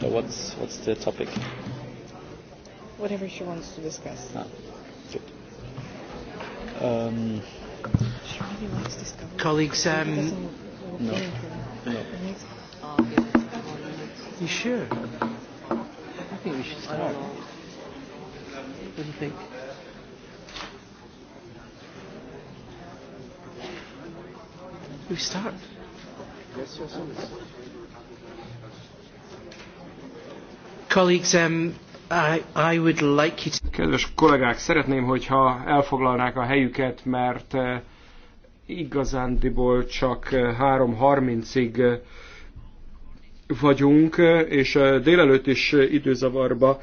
So what's, what's the topic? Whatever she wants to discuss. Ah, good. Um, um she really likes discovery. Colleagues, um, no. no. You sure? I think we should start. What do you think? We start. Yes, yes, yes. Um, Kedves kollégák, szeretném, hogyha elfoglalnák a helyüket, mert uh, igazándiból csak 3.30-ig uh, uh, vagyunk, és délelőtt is időzavarba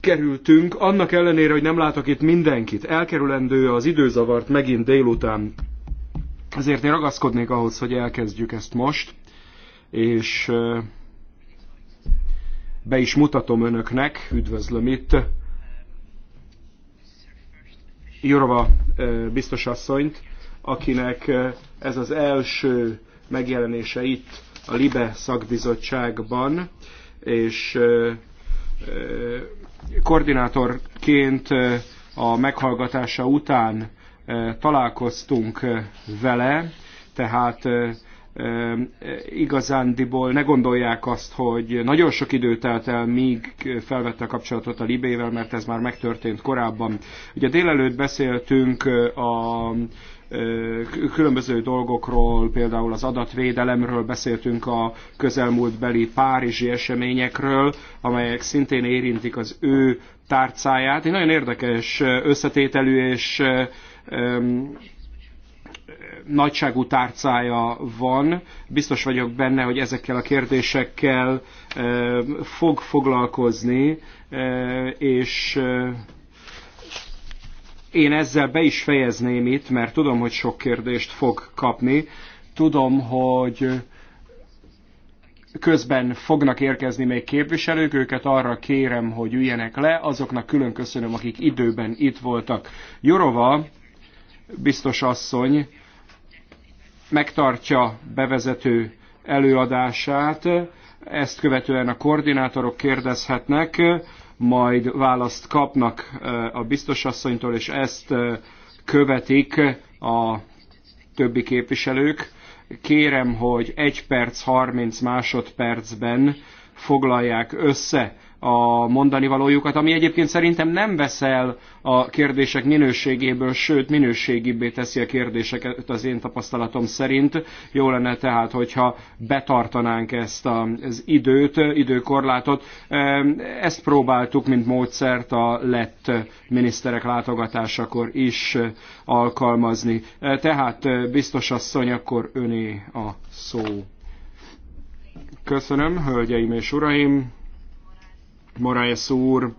kerültünk, annak ellenére, hogy nem látok itt mindenkit. Elkerülendő az időzavart megint délután. Ezért én ragaszkodnék ahhoz, hogy elkezdjük ezt most, és be is mutatom önöknek, üdvözlöm itt Jurova biztosasszonyt, akinek ez az első megjelenése itt a LIBE szakbizottságban, és koordinátorként a meghallgatása után találkoztunk vele, tehát igazándiból ne gondolják azt, hogy nagyon sok idő telt el, míg felvette a kapcsolatot a Libével, mert ez már megtörtént korábban. Ugye délelőtt beszéltünk a különböző dolgokról, például az adatvédelemről beszéltünk a közelmúltbeli párizsi eseményekről, amelyek szintén érintik az ő tárcáját. Egy nagyon érdekes összetételű és nagyságú tárcája van. Biztos vagyok benne, hogy ezekkel a kérdésekkel fog foglalkozni, és én ezzel be is fejezném itt, mert tudom, hogy sok kérdést fog kapni. Tudom, hogy közben fognak érkezni még képviselők, őket arra kérem, hogy üljenek le, azoknak külön köszönöm, akik időben itt voltak. Jurova, biztos asszony, megtartja bevezető előadását, ezt követően a koordinátorok kérdezhetnek, majd választ kapnak eh, a biztosasszonytól, és ezt eh, követik a többi képviselők. Kérem, hogy 1 perc 30 másodpercben foglalják össze a mondani valójukat, ami egyébként szerintem nem veszel a kérdések minőségéből, sőt minőségibbé teszi a kérdéseket az én tapasztalatom szerint. Jó lenne tehát, hogyha betartanánk ezt az időt, időkorlátot. Ezt próbáltuk, mint módszert a lett miniszterek látogatásakor is alkalmazni. E, tehát e, biztos asszony, akkor öné a szó. Köszönöm, hölgyeim és uraim! Moraes úr,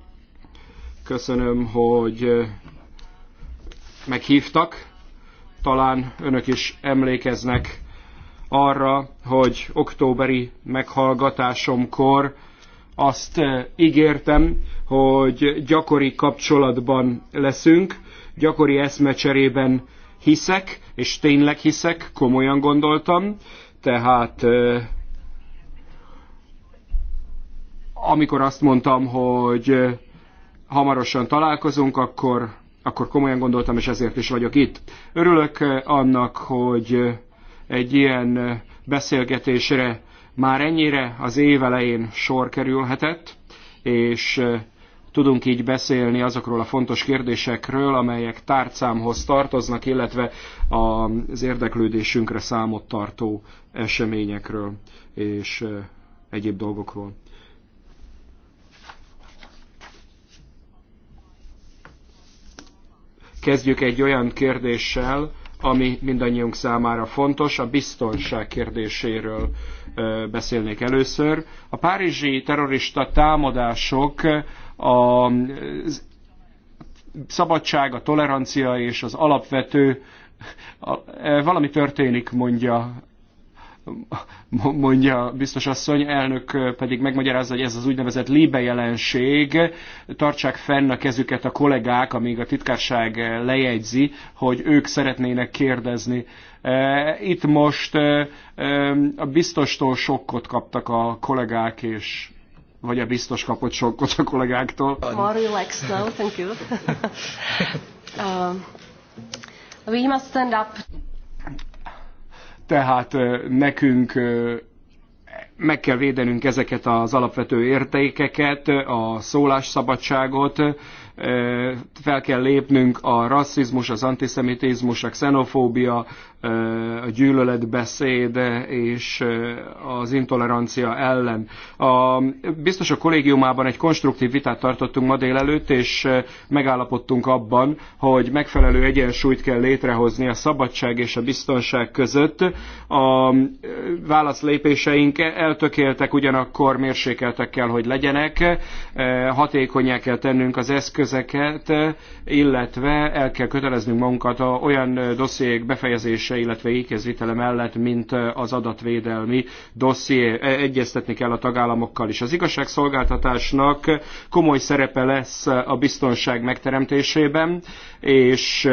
köszönöm, hogy eh, meghívtak. Talán önök is emlékeznek arra, hogy októberi meghallgatásomkor azt eh, ígértem, hogy gyakori kapcsolatban leszünk, gyakori eszmecserében hiszek, és tényleg hiszek, komolyan gondoltam, tehát eh, amikor azt mondtam, hogy hamarosan találkozunk, akkor, akkor komolyan gondoltam, és ezért is vagyok itt. Örülök annak, hogy egy ilyen beszélgetésre már ennyire az év elején sor kerülhetett, és tudunk így beszélni azokról a fontos kérdésekről, amelyek tárcámhoz tartoznak, illetve az érdeklődésünkre számot tartó eseményekről és egyéb dolgokról. kezdjük egy olyan kérdéssel, ami mindannyiunk számára fontos, a biztonság kérdéséről beszélnék először. A párizsi terrorista támadások a szabadság, a tolerancia és az alapvető valami történik, mondja mondja biztos asszony, elnök pedig megmagyarázza, hogy ez az úgynevezett líbe jelenség. Tartsák fenn a kezüket a kollégák, amíg a titkárság lejegyzi, hogy ők szeretnének kérdezni. E, itt most e, e, a biztostól sokkot kaptak a kollégák, és vagy a biztos kapott sokkot a kollégáktól. More relaxed now, thank you. uh, we must stand up tehát nekünk meg kell védenünk ezeket az alapvető értékeket, a szólásszabadságot, fel kell lépnünk a rasszizmus, az antiszemitizmus, a xenofóbia, a gyűlöletbeszéd és az intolerancia ellen. A biztos a kollégiumában egy konstruktív vitát tartottunk ma délelőtt, és megállapodtunk abban, hogy megfelelő egyensúlyt kell létrehozni a szabadság és a biztonság között. A válaszlépéseink eltökéltek, ugyanakkor mérsékeltek kell, hogy legyenek, hatékonyá kell tennünk az eszközeket, illetve el kell köteleznünk magunkat a olyan dossziék befejezése kezelése, illetve ékezvitele mellett, mint az adatvédelmi dosszié. E, egyeztetni kell a tagállamokkal is. Az igazságszolgáltatásnak komoly szerepe lesz a biztonság megteremtésében, és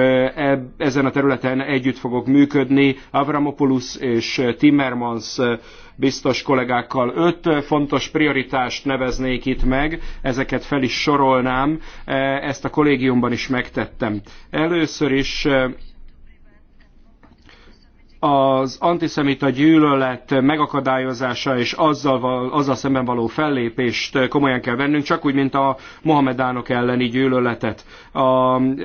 ezen a területen együtt fogok működni Avramopoulos és Timmermans biztos kollégákkal. Öt fontos prioritást neveznék itt meg, ezeket fel is sorolnám, e, ezt a kollégiumban is megtettem. Először is az antiszemita gyűlölet megakadályozása és azzal, azzal szemben való fellépést komolyan kell vennünk, csak úgy, mint a mohamedánok elleni gyűlöletet. A e,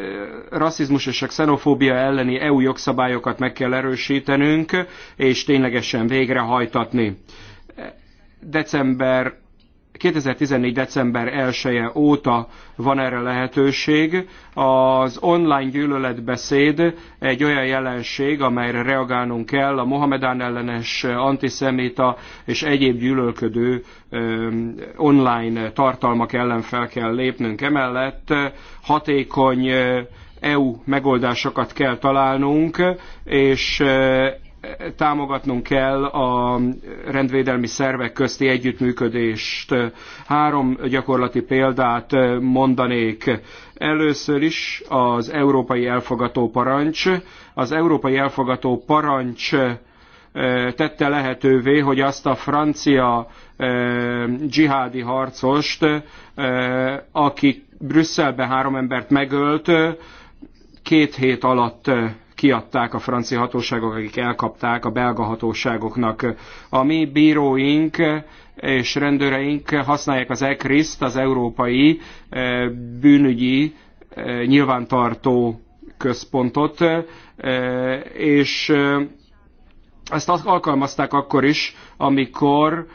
rasszizmus és a xenofóbia elleni EU jogszabályokat meg kell erősítenünk, és ténylegesen végrehajtatni. E, december 2014. december 1-e óta van erre lehetőség. Az online gyűlöletbeszéd egy olyan jelenség, amelyre reagálnunk kell a Mohamedán ellenes, antiszemita és egyéb gyűlölködő online tartalmak ellen fel kell lépnünk. Emellett hatékony EU megoldásokat kell találnunk, és támogatnunk kell a rendvédelmi szervek közti együttműködést. Három gyakorlati példát mondanék. Először is az európai elfogató parancs. Az európai elfogató parancs eh, tette lehetővé, hogy azt a francia eh, dzsihádi harcost, eh, aki Brüsszelben három embert megölt, két hét alatt kiadták a francia hatóságok, akik elkapták a belga hatóságoknak. A mi bíróink és rendőreink használják az ECRIS-t, az Európai eh, Bűnügyi eh, Nyilvántartó Központot, eh, és ezt alkalmazták akkor is, amikor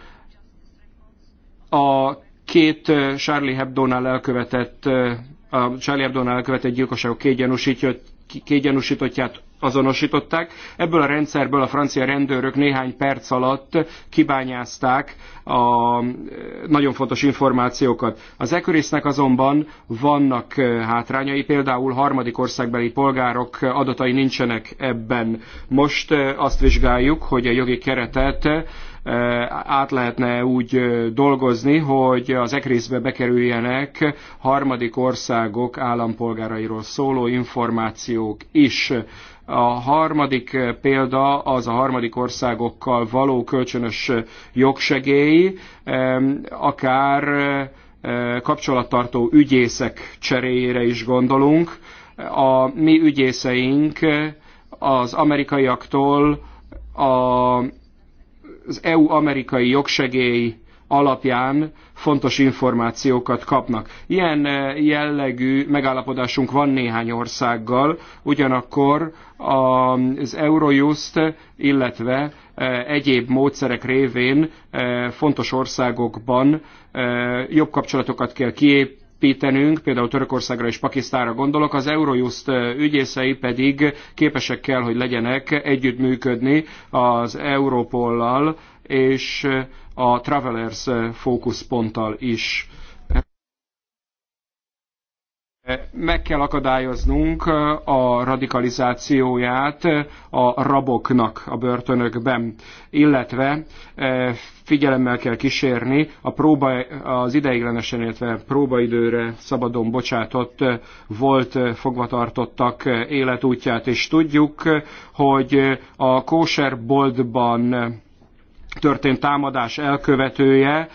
a két Charlie Hebdo-nál elkövetett a Charlie Hebdo-nál elkövetett gyilkosságok két gyanúsított, két azonosították. Ebből a rendszerből a francia rendőrök néhány perc alatt kibányázták a e, nagyon fontos információkat. Az ekörésznek azonban vannak e, hátrányai, például harmadik országbeli polgárok adatai nincsenek ebben. Most e, azt vizsgáljuk, hogy a jogi keretet át lehetne úgy dolgozni, hogy az ECRIS-be bekerüljenek harmadik országok állampolgárairól szóló információk is. A harmadik példa az a harmadik országokkal való kölcsönös jogsegély, akár kapcsolattartó ügyészek cseréjére is gondolunk. A mi ügyészeink az amerikaiaktól a az EU-amerikai jogsegély alapján fontos információkat kapnak. Ilyen eh, jellegű megállapodásunk van néhány országgal, ugyanakkor az Eurojust, illetve eh, egyéb módszerek révén eh, fontos országokban jobb kapcsolatokat kell kiépíteni, építenünk, például Törökországra és Pakisztánra gondolok, az Eurojust ügyészei pedig képesek kell, hogy legyenek együttműködni az Európollal és a Travelers fókuszponttal is meg kell akadályoznunk a radikalizációját a raboknak a börtönökben, illetve figyelemmel kell kísérni a próba, az ideiglenesen, illetve próbaidőre szabadon bocsátott volt fogvatartottak életútját, és tudjuk, hogy a kóserboltban történt támadás elkövetője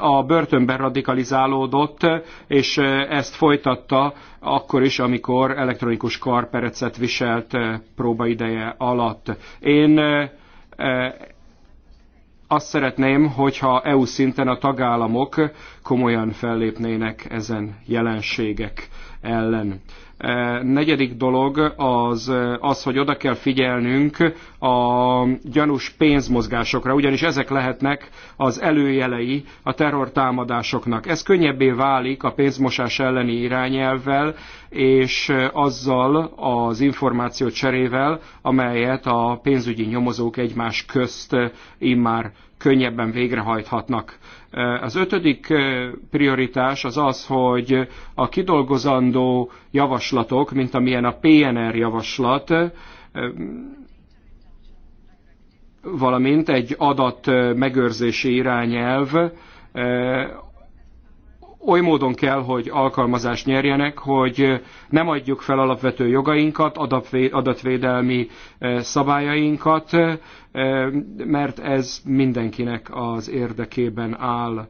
a börtönben radikalizálódott, és e, ezt folytatta akkor is, amikor elektronikus karperecet viselt e, próbaideje alatt. Én e, azt szeretném, hogyha EU szinten a tagállamok komolyan fellépnének ezen jelenségek ellen. Eh, negyedik dolog az, eh, az, hogy oda kell figyelnünk a gyanús pénzmozgásokra, ugyanis ezek lehetnek az előjelei a terrortámadásoknak. Ez könnyebbé válik a pénzmosás elleni irányelvvel és eh, azzal az információ cserével, amelyet a pénzügyi nyomozók egymás közt immár könnyebben végrehajthatnak. Az ötödik prioritás az az, hogy a kidolgozandó javaslatok, mint amilyen a PNR javaslat, valamint egy adat megőrzési irányelv oly módon kell, hogy alkalmazást nyerjenek, hogy nem adjuk fel alapvető jogainkat, adatvédelmi szabályainkat, mert ez mindenkinek az érdekében áll.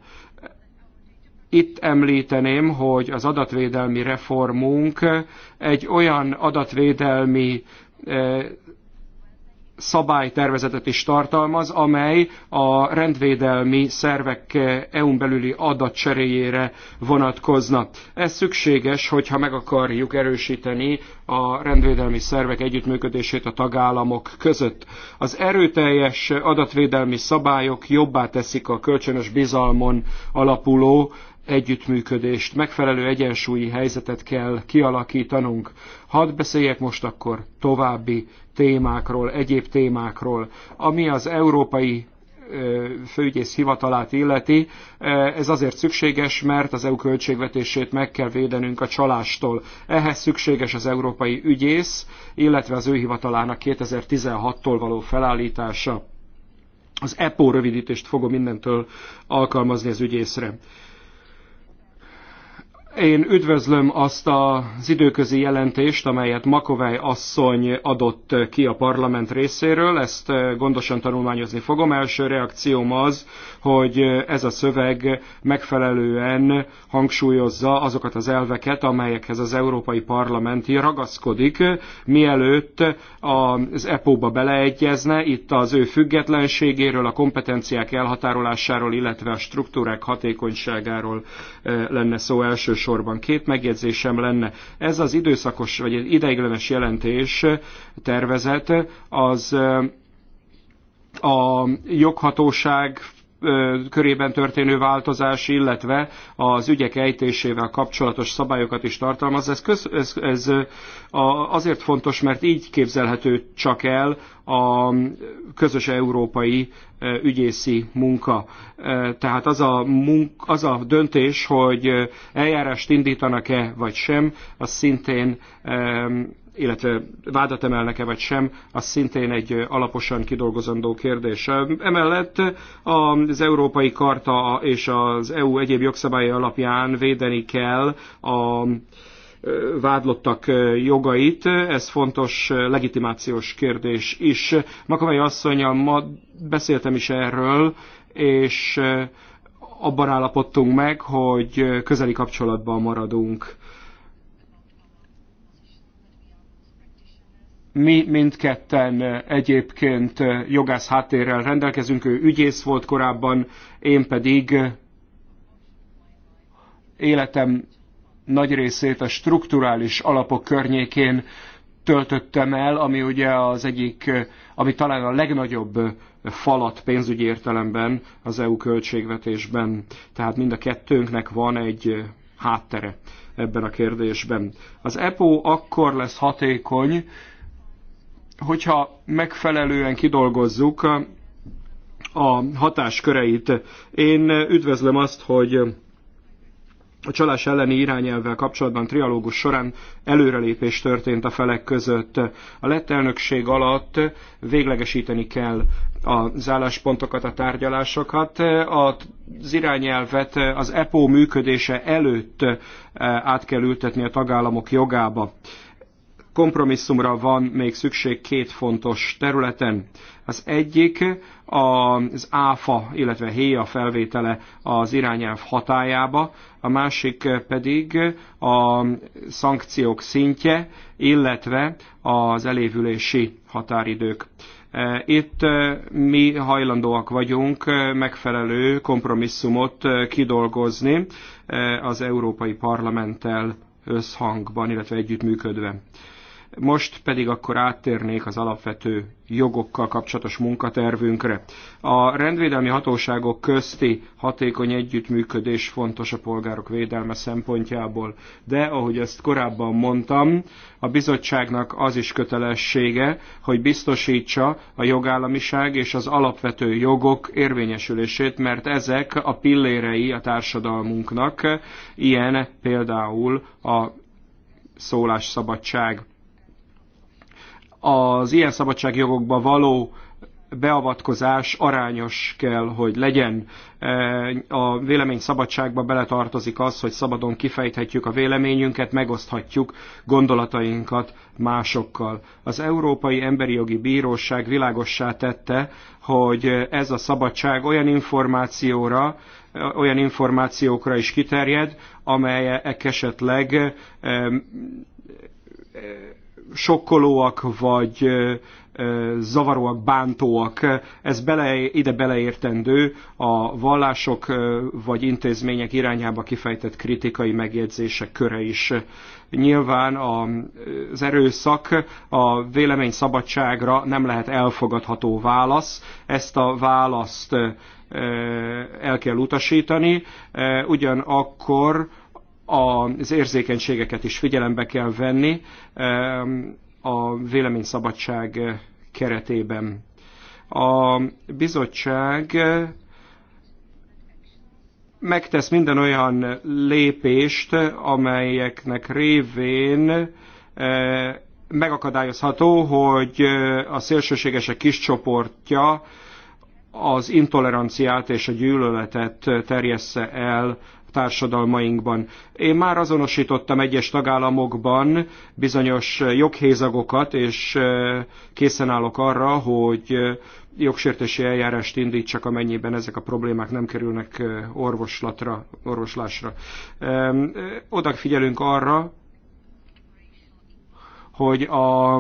Itt említeném, hogy az adatvédelmi reformunk egy olyan adatvédelmi szabálytervezetet is tartalmaz, amely a rendvédelmi szervek eh, EU-n belüli adatcseréjére vonatkozna. Ez szükséges, hogyha meg akarjuk erősíteni a rendvédelmi szervek együttműködését a tagállamok között. Az erőteljes adatvédelmi szabályok jobbá teszik a kölcsönös bizalmon alapuló együttműködést, megfelelő egyensúlyi helyzetet kell kialakítanunk. Hadd beszéljek most akkor további témákról, egyéb témákról. Ami az európai főügyész hivatalát illeti. Ez azért szükséges, mert az EU költségvetését meg kell védenünk a csalástól. Ehhez szükséges az európai ügyész, illetve az ő hivatalának 2016-tól való felállítása. Az EPO rövidítést fogom mindentől alkalmazni az ügyészre. Én üdvözlöm azt az időközi jelentést, amelyet Makovej asszony adott ki a parlament részéről. Ezt eh, gondosan tanulmányozni fogom. Első reakcióm az, hogy ez a szöveg megfelelően hangsúlyozza azokat az elveket, amelyekhez az Európai Parlament ragaszkodik, mielőtt az EPO-ba beleegyezne, itt az ő függetlenségéről, a kompetenciák elhatárolásáról, illetve a struktúrák hatékonyságáról eh, lenne szó elsősorban. Két megjegyzésem lenne. Ez az időszakos, vagy ideiglenes jelentés eh, tervezet az eh, a joghatóság körében történő változás, illetve az ügyek ejtésével kapcsolatos szabályokat is tartalmaz. Ez, köz, ez, ez azért fontos, mert így képzelhető csak el a közös európai ügyészi munka. Tehát az a, munk, az a döntés, hogy eljárást indítanak-e vagy sem, az szintén illetve vádat emelnek-e vagy sem, az szintén egy alaposan kidolgozandó kérdés. Emellett az Európai Karta és az EU egyéb jogszabályai alapján védeni kell a vádlottak jogait, ez fontos legitimációs kérdés is. Makamai asszonyal ma beszéltem is erről, és abban állapodtunk meg, hogy közeli kapcsolatban maradunk Mi mindketten egyébként jogász háttérrel rendelkezünk, ő ügyész volt korábban, én pedig életem nagy részét a strukturális alapok környékén töltöttem el, ami ugye az egyik, ami talán a legnagyobb falat pénzügyi értelemben az EU költségvetésben. Tehát mind a kettőnknek van egy háttere ebben a kérdésben. Az EPO akkor lesz hatékony, hogyha megfelelően kidolgozzuk a hatásköreit. Én üdvözlöm azt, hogy a csalás elleni irányelvvel kapcsolatban trialógus során előrelépés történt a felek között. A lett elnökség alatt véglegesíteni kell az álláspontokat, a tárgyalásokat. Az irányelvet az EPO működése előtt át kell ültetni a tagállamok jogába kompromisszumra van még szükség két fontos területen. Az egyik az áfa, illetve héja felvétele az irányelv hatájába, a másik pedig a szankciók szintje, illetve az elévülési határidők. Itt mi hajlandóak vagyunk megfelelő kompromisszumot kidolgozni az Európai Parlamenttel összhangban, illetve együttműködve. Most pedig akkor áttérnék az alapvető jogokkal kapcsolatos munkatervünkre. A rendvédelmi hatóságok közti hatékony együttműködés fontos a polgárok védelme szempontjából, de ahogy ezt korábban mondtam, a bizottságnak az is kötelessége, hogy biztosítsa a jogállamiság és az alapvető jogok érvényesülését, mert ezek a pillérei a társadalmunknak, ilyen például a szólásszabadság az ilyen szabadságjogokba való beavatkozás arányos kell, hogy legyen. E, a vélemény szabadságba beletartozik az, hogy szabadon kifejthetjük a véleményünket, megoszthatjuk gondolatainkat másokkal. Az Európai Emberi Jogi Bíróság világossá tette, hogy ez a szabadság olyan információra, olyan információkra is kiterjed, amelyek esetleg sokkolóak, vagy zavaróak, bántóak. Ez bele, ide beleértendő a vallások vagy intézmények irányába kifejtett kritikai megjegyzések köre is. Nyilván az erőszak a vélemény szabadságra nem lehet elfogadható válasz. Ezt a választ el kell utasítani, ugyanakkor az érzékenységeket is figyelembe kell venni a véleményszabadság keretében. A bizottság megtesz minden olyan lépést, amelyeknek révén megakadályozható, hogy a szélsőségesek kis csoportja az intoleranciát és a gyűlöletet terjessze el társadalmainkban. Én már azonosítottam egyes tagállamokban bizonyos joghézagokat, és készen állok arra, hogy jogsértési eljárást indítsak, amennyiben ezek a problémák nem kerülnek orvoslatra, orvoslásra. Oda figyelünk arra, hogy a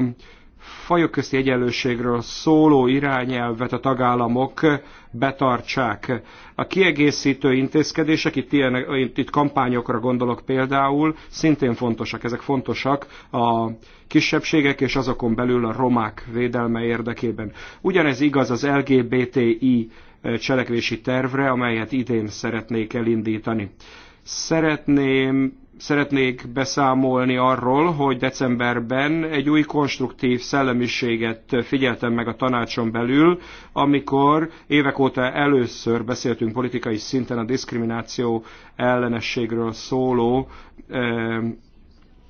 fajok közti egyenlőségről szóló irányelvet a tagállamok betartsák. A kiegészítő intézkedések, itt, ilyen, itt kampányokra gondolok például, szintén fontosak. Ezek fontosak a kisebbségek és azokon belül a romák védelme érdekében. Ugyanez igaz az LGBTI cselekvési tervre, amelyet idén szeretnék elindítani. Szeretném szeretnék beszámolni arról, hogy decemberben egy új konstruktív szellemiséget figyeltem meg a tanácson belül, amikor évek óta először beszéltünk politikai szinten a diszkrimináció ellenességről szóló eh,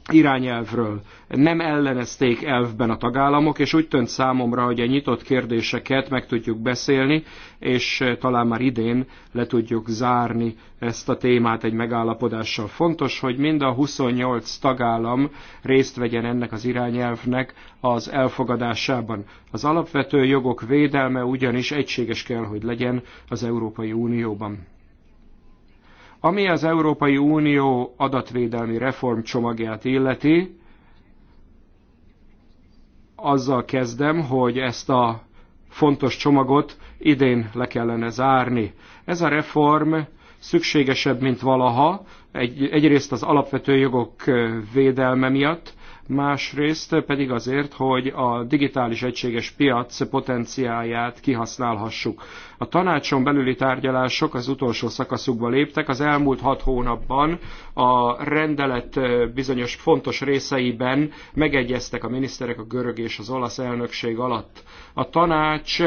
irányelvről nem ellenezték elvben a tagállamok, és úgy tönt számomra, hogy a nyitott kérdéseket meg tudjuk beszélni, és eh, talán már idén le tudjuk zárni ezt a témát egy megállapodással. Fontos, hogy mind a 28 tagállam részt vegyen ennek az irányelvnek az elfogadásában. Az alapvető jogok védelme ugyanis egységes kell, hogy legyen az Európai Unióban. Ami az Európai Unió adatvédelmi reformcsomagját illeti, azzal kezdem, hogy ezt a fontos csomagot idén le kellene zárni. Ez a reform szükségesebb, mint valaha, egy, egyrészt az alapvető jogok védelme miatt, másrészt pedig azért, hogy a digitális egységes piac potenciáját kihasználhassuk. A tanácson belüli tárgyalások az utolsó szakaszukba léptek. Az elmúlt hat hónapban a rendelet bizonyos fontos részeiben megegyeztek a miniszterek a görög és az olasz elnökség alatt. A tanács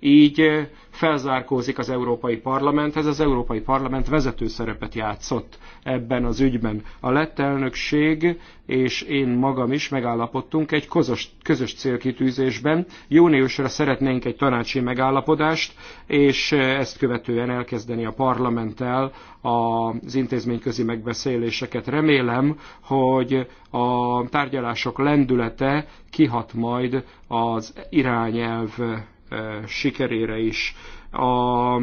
így felzárkózik az Európai Parlamenthez. Az Európai Parlament vezető szerepet játszott ebben az ügyben. A lett elnökség és én magam is megállapodtunk egy közös, közös célkitűzésben. Júniusra szeretnénk egy tanácsi megállapodást, és ezt követően elkezdeni a parlamenttel az intézményközi megbeszéléseket. Remélem, hogy a tárgyalások lendülete kihat majd az irányelv sikerére is. A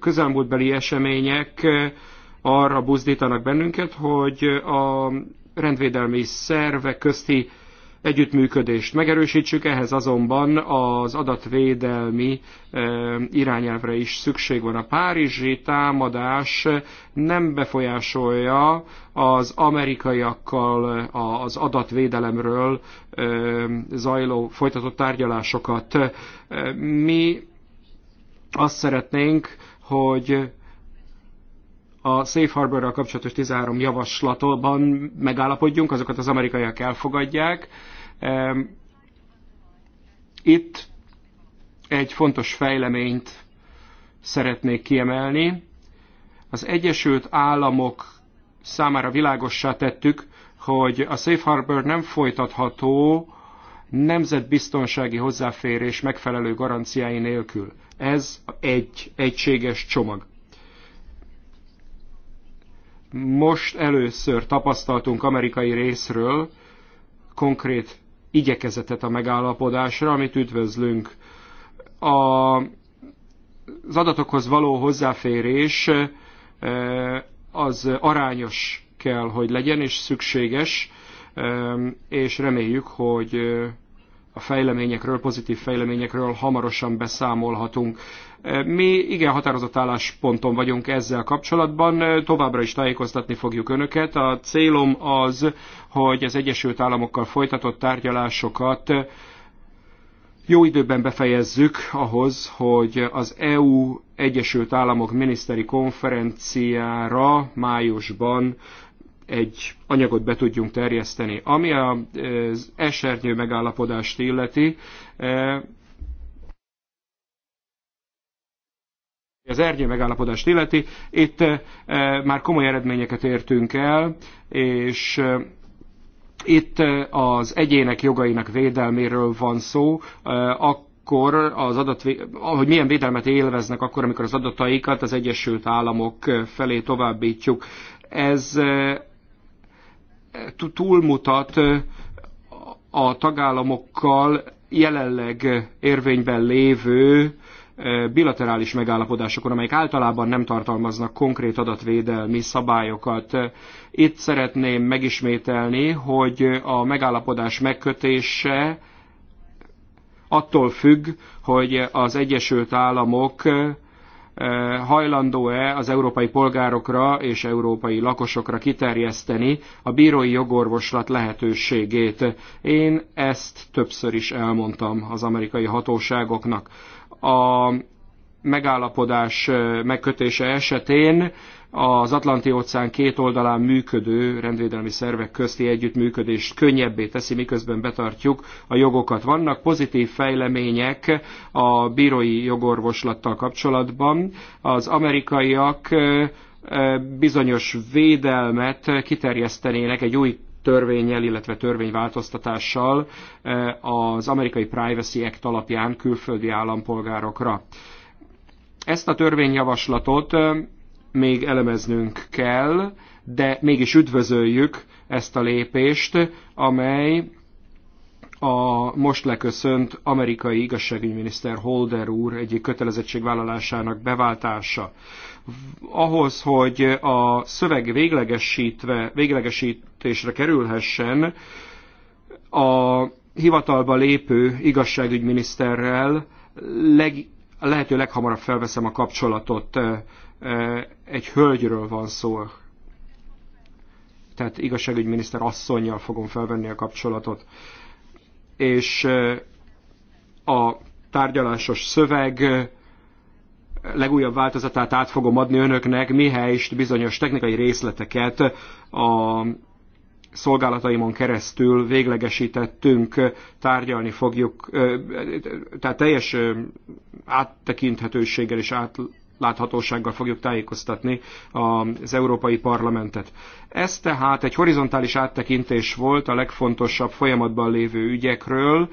közelmúltbeli események arra buzdítanak bennünket, hogy a rendvédelmi szervek közti együttműködést megerősítsük, ehhez azonban az adatvédelmi eh, irányelvre is szükség van. A párizsi támadás nem befolyásolja az amerikaiakkal az adatvédelemről eh, zajló, folytatott tárgyalásokat. Eh, mi azt szeretnénk, hogy a Safe harbor kapcsolatos 13 javaslatban megállapodjunk, azokat az amerikaiak elfogadják. Itt egy fontos fejleményt szeretnék kiemelni. Az Egyesült Államok számára világossá tettük, hogy a Safe Harbor nem folytatható nemzetbiztonsági hozzáférés megfelelő garanciái nélkül. Ez egy egységes csomag most először tapasztaltunk amerikai részről konkrét igyekezetet a megállapodásra, amit üdvözlünk. A, az adatokhoz való hozzáférés e, az arányos kell, hogy legyen, és szükséges, e, és reméljük, hogy e, a fejleményekről, pozitív fejleményekről hamarosan beszámolhatunk. Mi igen határozott állásponton vagyunk ezzel kapcsolatban, továbbra is tájékoztatni fogjuk önöket. A célom az, hogy az Egyesült Államokkal folytatott tárgyalásokat jó időben befejezzük ahhoz, hogy az EU Egyesült Államok miniszteri konferenciára májusban egy anyagot be tudjunk terjeszteni. Ami e, az esernyő megállapodást illeti, e, az erdő megállapodást illeti, itt eh, már komoly eredményeket értünk el, és eh, itt eh, az egyének jogainak védelméről van szó, akkor az adat, hogy milyen védelmet élveznek akkor, amikor az adataikat az Egyesült Államok felé továbbítjuk. Ez túlmutat a tagállamokkal jelenleg érvényben lévő bilaterális megállapodásokon, amelyek általában nem tartalmaznak konkrét adatvédelmi szabályokat. Itt szeretném megismételni, hogy a megállapodás megkötése attól függ, hogy az Egyesült Államok hajlandó-e az európai polgárokra és európai lakosokra kiterjeszteni a bírói jogorvoslat lehetőségét. Én ezt többször is elmondtam az amerikai hatóságoknak a megállapodás megkötése esetén az Atlanti-óceán két oldalán működő rendvédelmi szervek közti együttműködést könnyebbé teszi, miközben betartjuk a jogokat. Vannak pozitív fejlemények a bírói jogorvoslattal kapcsolatban. Az amerikaiak bizonyos védelmet kiterjesztenének egy új törvényel, illetve törvényváltoztatással eh, az amerikai Privacy Act alapján külföldi állampolgárokra. Ezt a törvényjavaslatot eh, még elemeznünk kell, de mégis üdvözöljük ezt a lépést, amely a most leköszönt amerikai igazságügyminiszter Holder úr egyik kötelezettségvállalásának beváltása. Ahhoz, hogy a szöveg véglegesítve, véglegesítésre kerülhessen, a hivatalba lépő igazságügyminiszterrel leg, lehető leghamarabb felveszem a kapcsolatot. Egy hölgyről van szó, tehát igazságügyminiszter asszonynal fogom felvenni a kapcsolatot és a tárgyalásos szöveg legújabb változatát át fogom adni önöknek, mihelyst bizonyos technikai részleteket a szolgálataimon keresztül véglegesítettünk, tárgyalni fogjuk, tehát teljes áttekinthetőséggel és át, láthatósággal fogjuk tájékoztatni az Európai Parlamentet. Ez tehát egy horizontális áttekintés volt a legfontosabb folyamatban lévő ügyekről,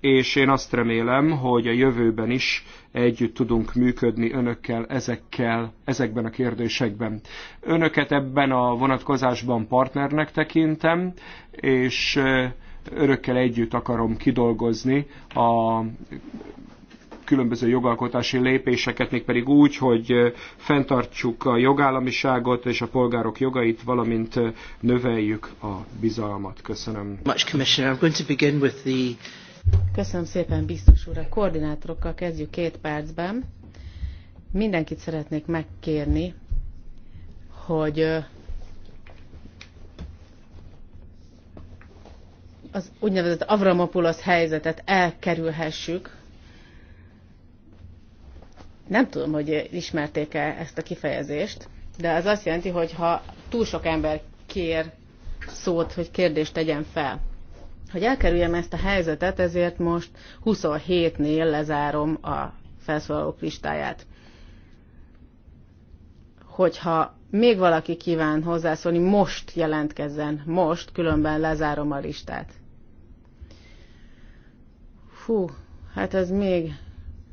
és én azt remélem, hogy a jövőben is együtt tudunk működni önökkel ezekkel, ezekben a kérdésekben. Önöket ebben a vonatkozásban partnernek tekintem, és örökkel együtt akarom kidolgozni a különböző jogalkotási lépéseket, mégpedig úgy, hogy fenntartsuk a jogállamiságot és a polgárok jogait, valamint növeljük a bizalmat. Köszönöm. Köszönöm szépen, biztos úr. A koordinátorokkal kezdjük két percben. Mindenkit szeretnék megkérni, hogy az úgynevezett Avramopulosz helyzetet elkerülhessük, nem tudom, hogy ismerték-e ezt a kifejezést, de az azt jelenti, hogy ha túl sok ember kér szót, hogy kérdést tegyen fel. Hogy elkerüljem ezt a helyzetet, ezért most 27-nél lezárom a felszólalók listáját. Hogyha még valaki kíván hozzászólni, most jelentkezzen, most, különben lezárom a listát. Fú, hát ez még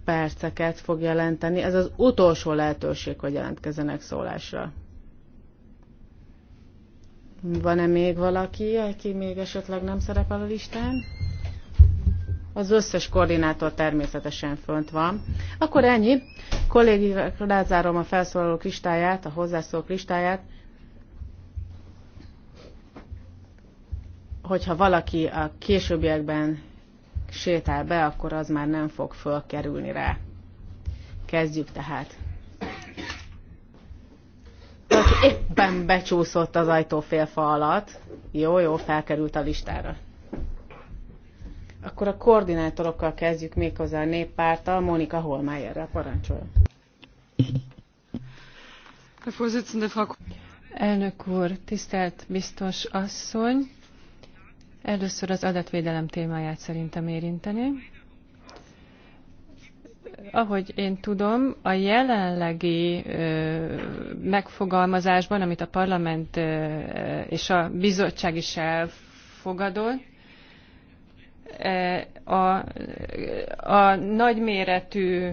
perceket fog jelenteni. Ez az utolsó lehetőség, hogy jelentkezenek szólásra. Van-e még valaki, aki még esetleg nem szerepel a listán? Az összes koordinátor természetesen fönt van. Akkor ennyi. Kollégák, lezárom a felszólalók listáját, a hozzászólók listáját. Hogyha valaki a későbbiekben sétál be, akkor az már nem fog fölkerülni rá. Kezdjük tehát. Aki éppen becsúszott az félfa alatt, jó, jó, felkerült a listára. Akkor a koordinátorokkal kezdjük méghozzá a néppárta, Monika Holmájerrel parancsol. Elnök úr, tisztelt biztos asszony! Először az adatvédelem témáját szerintem érinteni. Ahogy én tudom, a jelenlegi ö, megfogalmazásban, amit a parlament ö, és a bizottság is elfogadott, a, a nagyméretű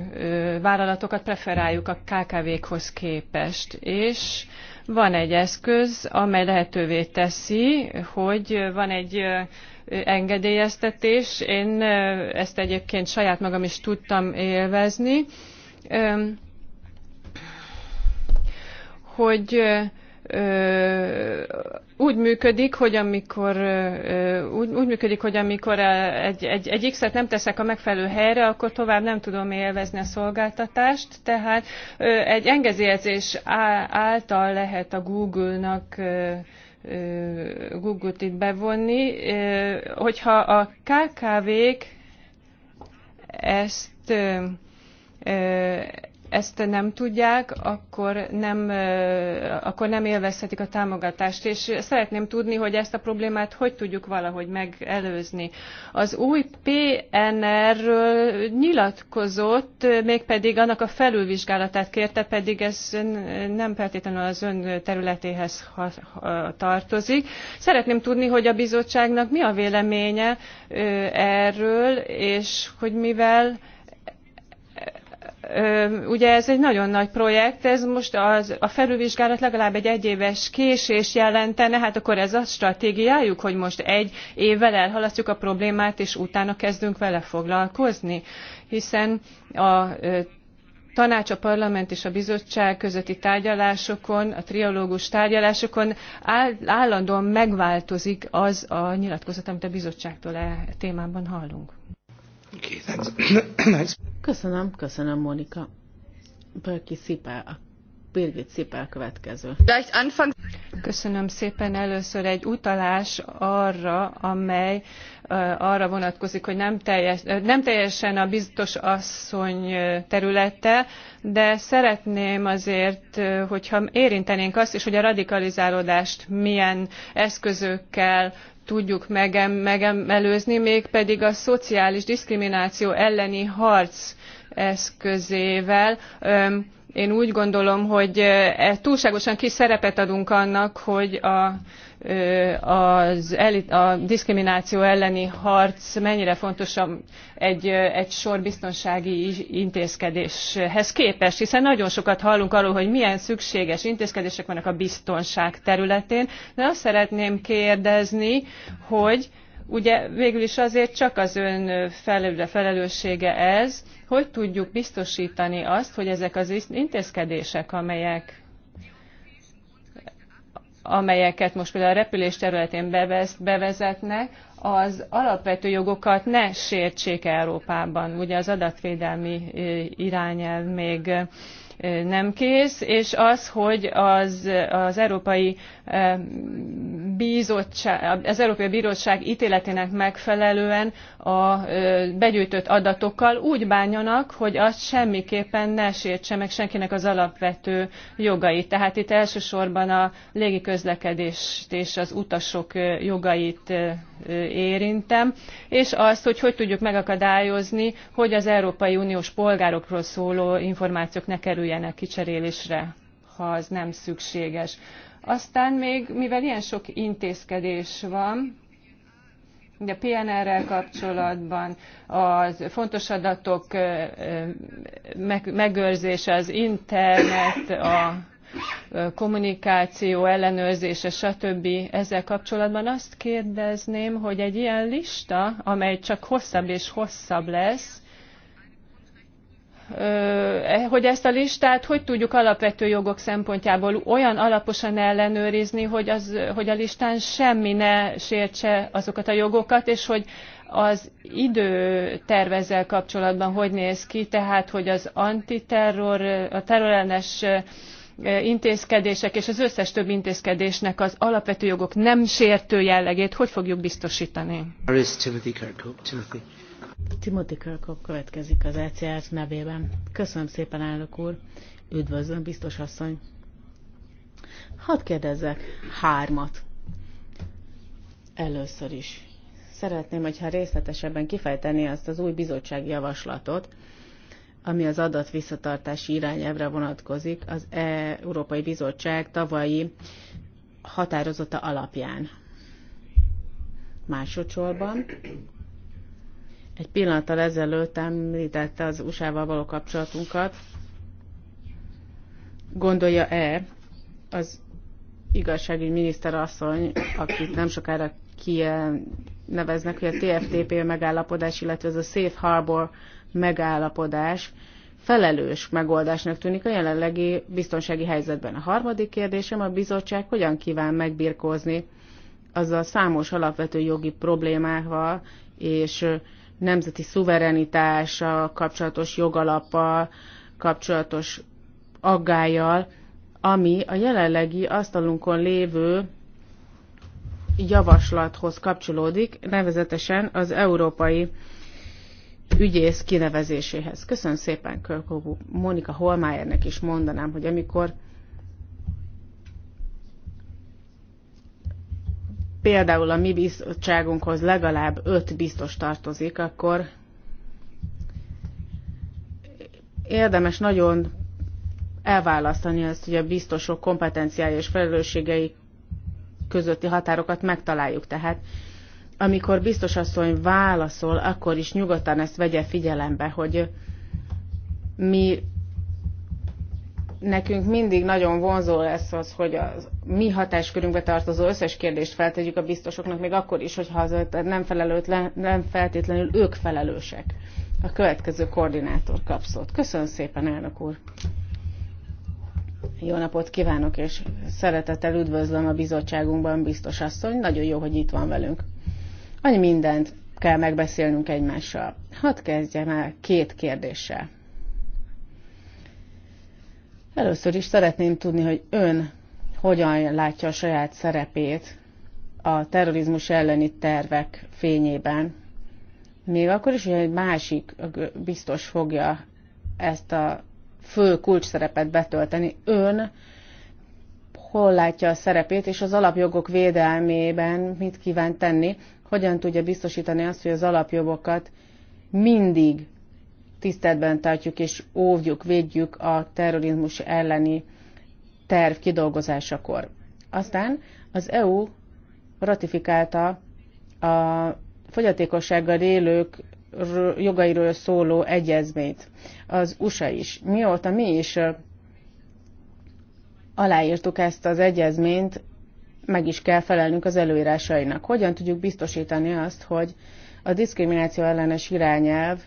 vállalatokat preferáljuk a KKV-khoz képest, és van egy eszköz, amely lehetővé teszi, hogy van egy engedélyeztetés. Én ezt egyébként saját magam is tudtam élvezni, hogy úgy működik, hogy amikor úgy, úgy működik, hogy amikor egy, egy, egy X-et nem teszek a megfelelő helyre, akkor tovább nem tudom élvezni a szolgáltatást, tehát egy engedélyezés által lehet a Google-nak Google-t itt bevonni, hogyha a KKV-k ezt ezt nem tudják, akkor nem, akkor nem élvezhetik a támogatást. És szeretném tudni, hogy ezt a problémát hogy tudjuk valahogy megelőzni. Az új PNR-ről nyilatkozott, mégpedig annak a felülvizsgálatát kérte, pedig ez nem feltétlenül az ön területéhez tartozik. Szeretném tudni, hogy a bizottságnak mi a véleménye erről, és hogy mivel ugye ez egy nagyon nagy projekt, ez most az, a felülvizsgálat legalább egy egyéves késés jelentene, hát akkor ez a stratégiájuk, hogy most egy évvel elhalasztjuk a problémát, és utána kezdünk vele foglalkozni, hiszen a tanács, a parlament és a bizottság közötti tárgyalásokon, a triológus tárgyalásokon állandóan megváltozik az a nyilatkozat, amit a bizottságtól e témában hallunk köszönöm, köszönöm, Monika. Bölki Szipál, Birgit Szipál következő. Köszönöm szépen először egy utalás arra, amely arra vonatkozik, hogy nem, teljes, nem teljesen a biztos asszony területe, de szeretném azért, hogyha érintenénk azt is, hogy a radikalizálódást milyen eszközökkel tudjuk megem, megemelőzni, mégpedig a szociális diszkrimináció elleni harc eszközével. Én úgy gondolom, hogy e, túlságosan kis szerepet adunk annak, hogy a az elit, a diszkrimináció elleni harc mennyire fontos egy, egy sor biztonsági intézkedéshez képest, hiszen nagyon sokat hallunk arról, hogy milyen szükséges intézkedések vannak a biztonság területén, de azt szeretném kérdezni, hogy ugye végül is azért csak az ön felelőssége ez, hogy tudjuk biztosítani azt, hogy ezek az intézkedések, amelyek amelyeket most például a repülés területén bevezetnek, az alapvető jogokat ne sértsék Európában. Ugye az adatvédelmi irányelv még nem kész, és az, hogy az, az Európai Bizottság, az Európai Bíróság ítéletének megfelelően a begyűjtött adatokkal úgy bánjanak, hogy azt semmiképpen ne sértse meg senkinek az alapvető jogait. Tehát itt elsősorban a légiközlekedést és az utasok jogait érintem, és azt, hogy hogy tudjuk megakadályozni, hogy az Európai Uniós polgárokról szóló információk ne kerüljenek kerüljenek kicserélésre, ha az nem szükséges. Aztán még, mivel ilyen sok intézkedés van, a PNR-rel kapcsolatban a fontos adatok megőrzése, az internet, a kommunikáció ellenőrzése, stb. ezzel kapcsolatban azt kérdezném, hogy egy ilyen lista, amely csak hosszabb és hosszabb lesz, E, hogy ezt a listát hogy tudjuk alapvető jogok szempontjából olyan alaposan ellenőrizni, hogy, az, hogy a listán semmi ne sértse azokat a jogokat, és hogy az tervezzel kapcsolatban hogy néz ki, tehát hogy az antiterror, a terrorellenes intézkedések és az összes több intézkedésnek az alapvető jogok nem sértő jellegét hogy fogjuk biztosítani? Timothy Kirkhope. Timothy. Timothy Kirkhope következik az ECR nevében. Köszönöm szépen, elnök úr. Üdvözlöm, biztos asszony. Hadd kérdezzek hármat. Először is. Szeretném, hogyha részletesebben kifejteni azt az új bizottsági javaslatot, ami az adat visszatartási irányelvre vonatkozik az Európai Bizottság tavalyi határozata alapján. Másodszorban egy pillanattal ezelőtt említette az USA-val való kapcsolatunkat. Gondolja-e az igazságügyi miniszter asszony, akit nem sokára ki neveznek, hogy a TFTP megállapodás, illetve ez a Safe Harbor megállapodás felelős megoldásnak tűnik a jelenlegi biztonsági helyzetben. A harmadik kérdésem a bizottság hogyan kíván megbirkózni azzal számos alapvető jogi problémával és nemzeti szuverenitással kapcsolatos jogalappal kapcsolatos aggájjal, ami a jelenlegi asztalunkon lévő javaslathoz kapcsolódik, nevezetesen az európai ügyész kinevezéséhez. Köszönöm szépen Körkogú Monika Holmájernek is mondanám, hogy amikor például a mi bizottságunkhoz legalább öt biztos tartozik, akkor érdemes nagyon elválasztani azt, hogy a biztosok kompetenciái és felelősségei közötti határokat megtaláljuk. Tehát amikor biztos asszony válaszol, akkor is nyugodtan ezt vegye figyelembe, hogy mi nekünk mindig nagyon vonzó lesz az, hogy a mi hatáskörünkbe tartozó összes kérdést feltegyük a biztosoknak, még akkor is, hogyha az nem, felelőtlen, nem feltétlenül ők felelősek. A következő koordinátor kapszott. Köszönöm szépen, elnök úr! Jó napot kívánok, és szeretettel üdvözlöm a bizottságunkban, biztos asszony. Nagyon jó, hogy itt van velünk. Annyi mindent kell megbeszélnünk egymással. Hadd kezdjem el két kérdéssel. Először is szeretném tudni, hogy ön hogyan látja a saját szerepét a terrorizmus elleni tervek fényében. Még akkor is, hogy egy másik biztos fogja ezt a fő kulcsszerepet betölteni. Ön hol látja a szerepét, és az alapjogok védelmében mit kíván tenni, hogyan tudja biztosítani azt, hogy az alapjogokat mindig tiszteletben tartjuk és óvjuk, védjük a terrorizmus elleni terv kidolgozásakor. Aztán az EU ratifikálta a fogyatékossággal élők jogairól szóló egyezményt. Az USA is. Mióta mi is aláírtuk ezt az egyezményt, meg is kell felelnünk az előírásainak. Hogyan tudjuk biztosítani azt, hogy a diszkrimináció ellenes irányelv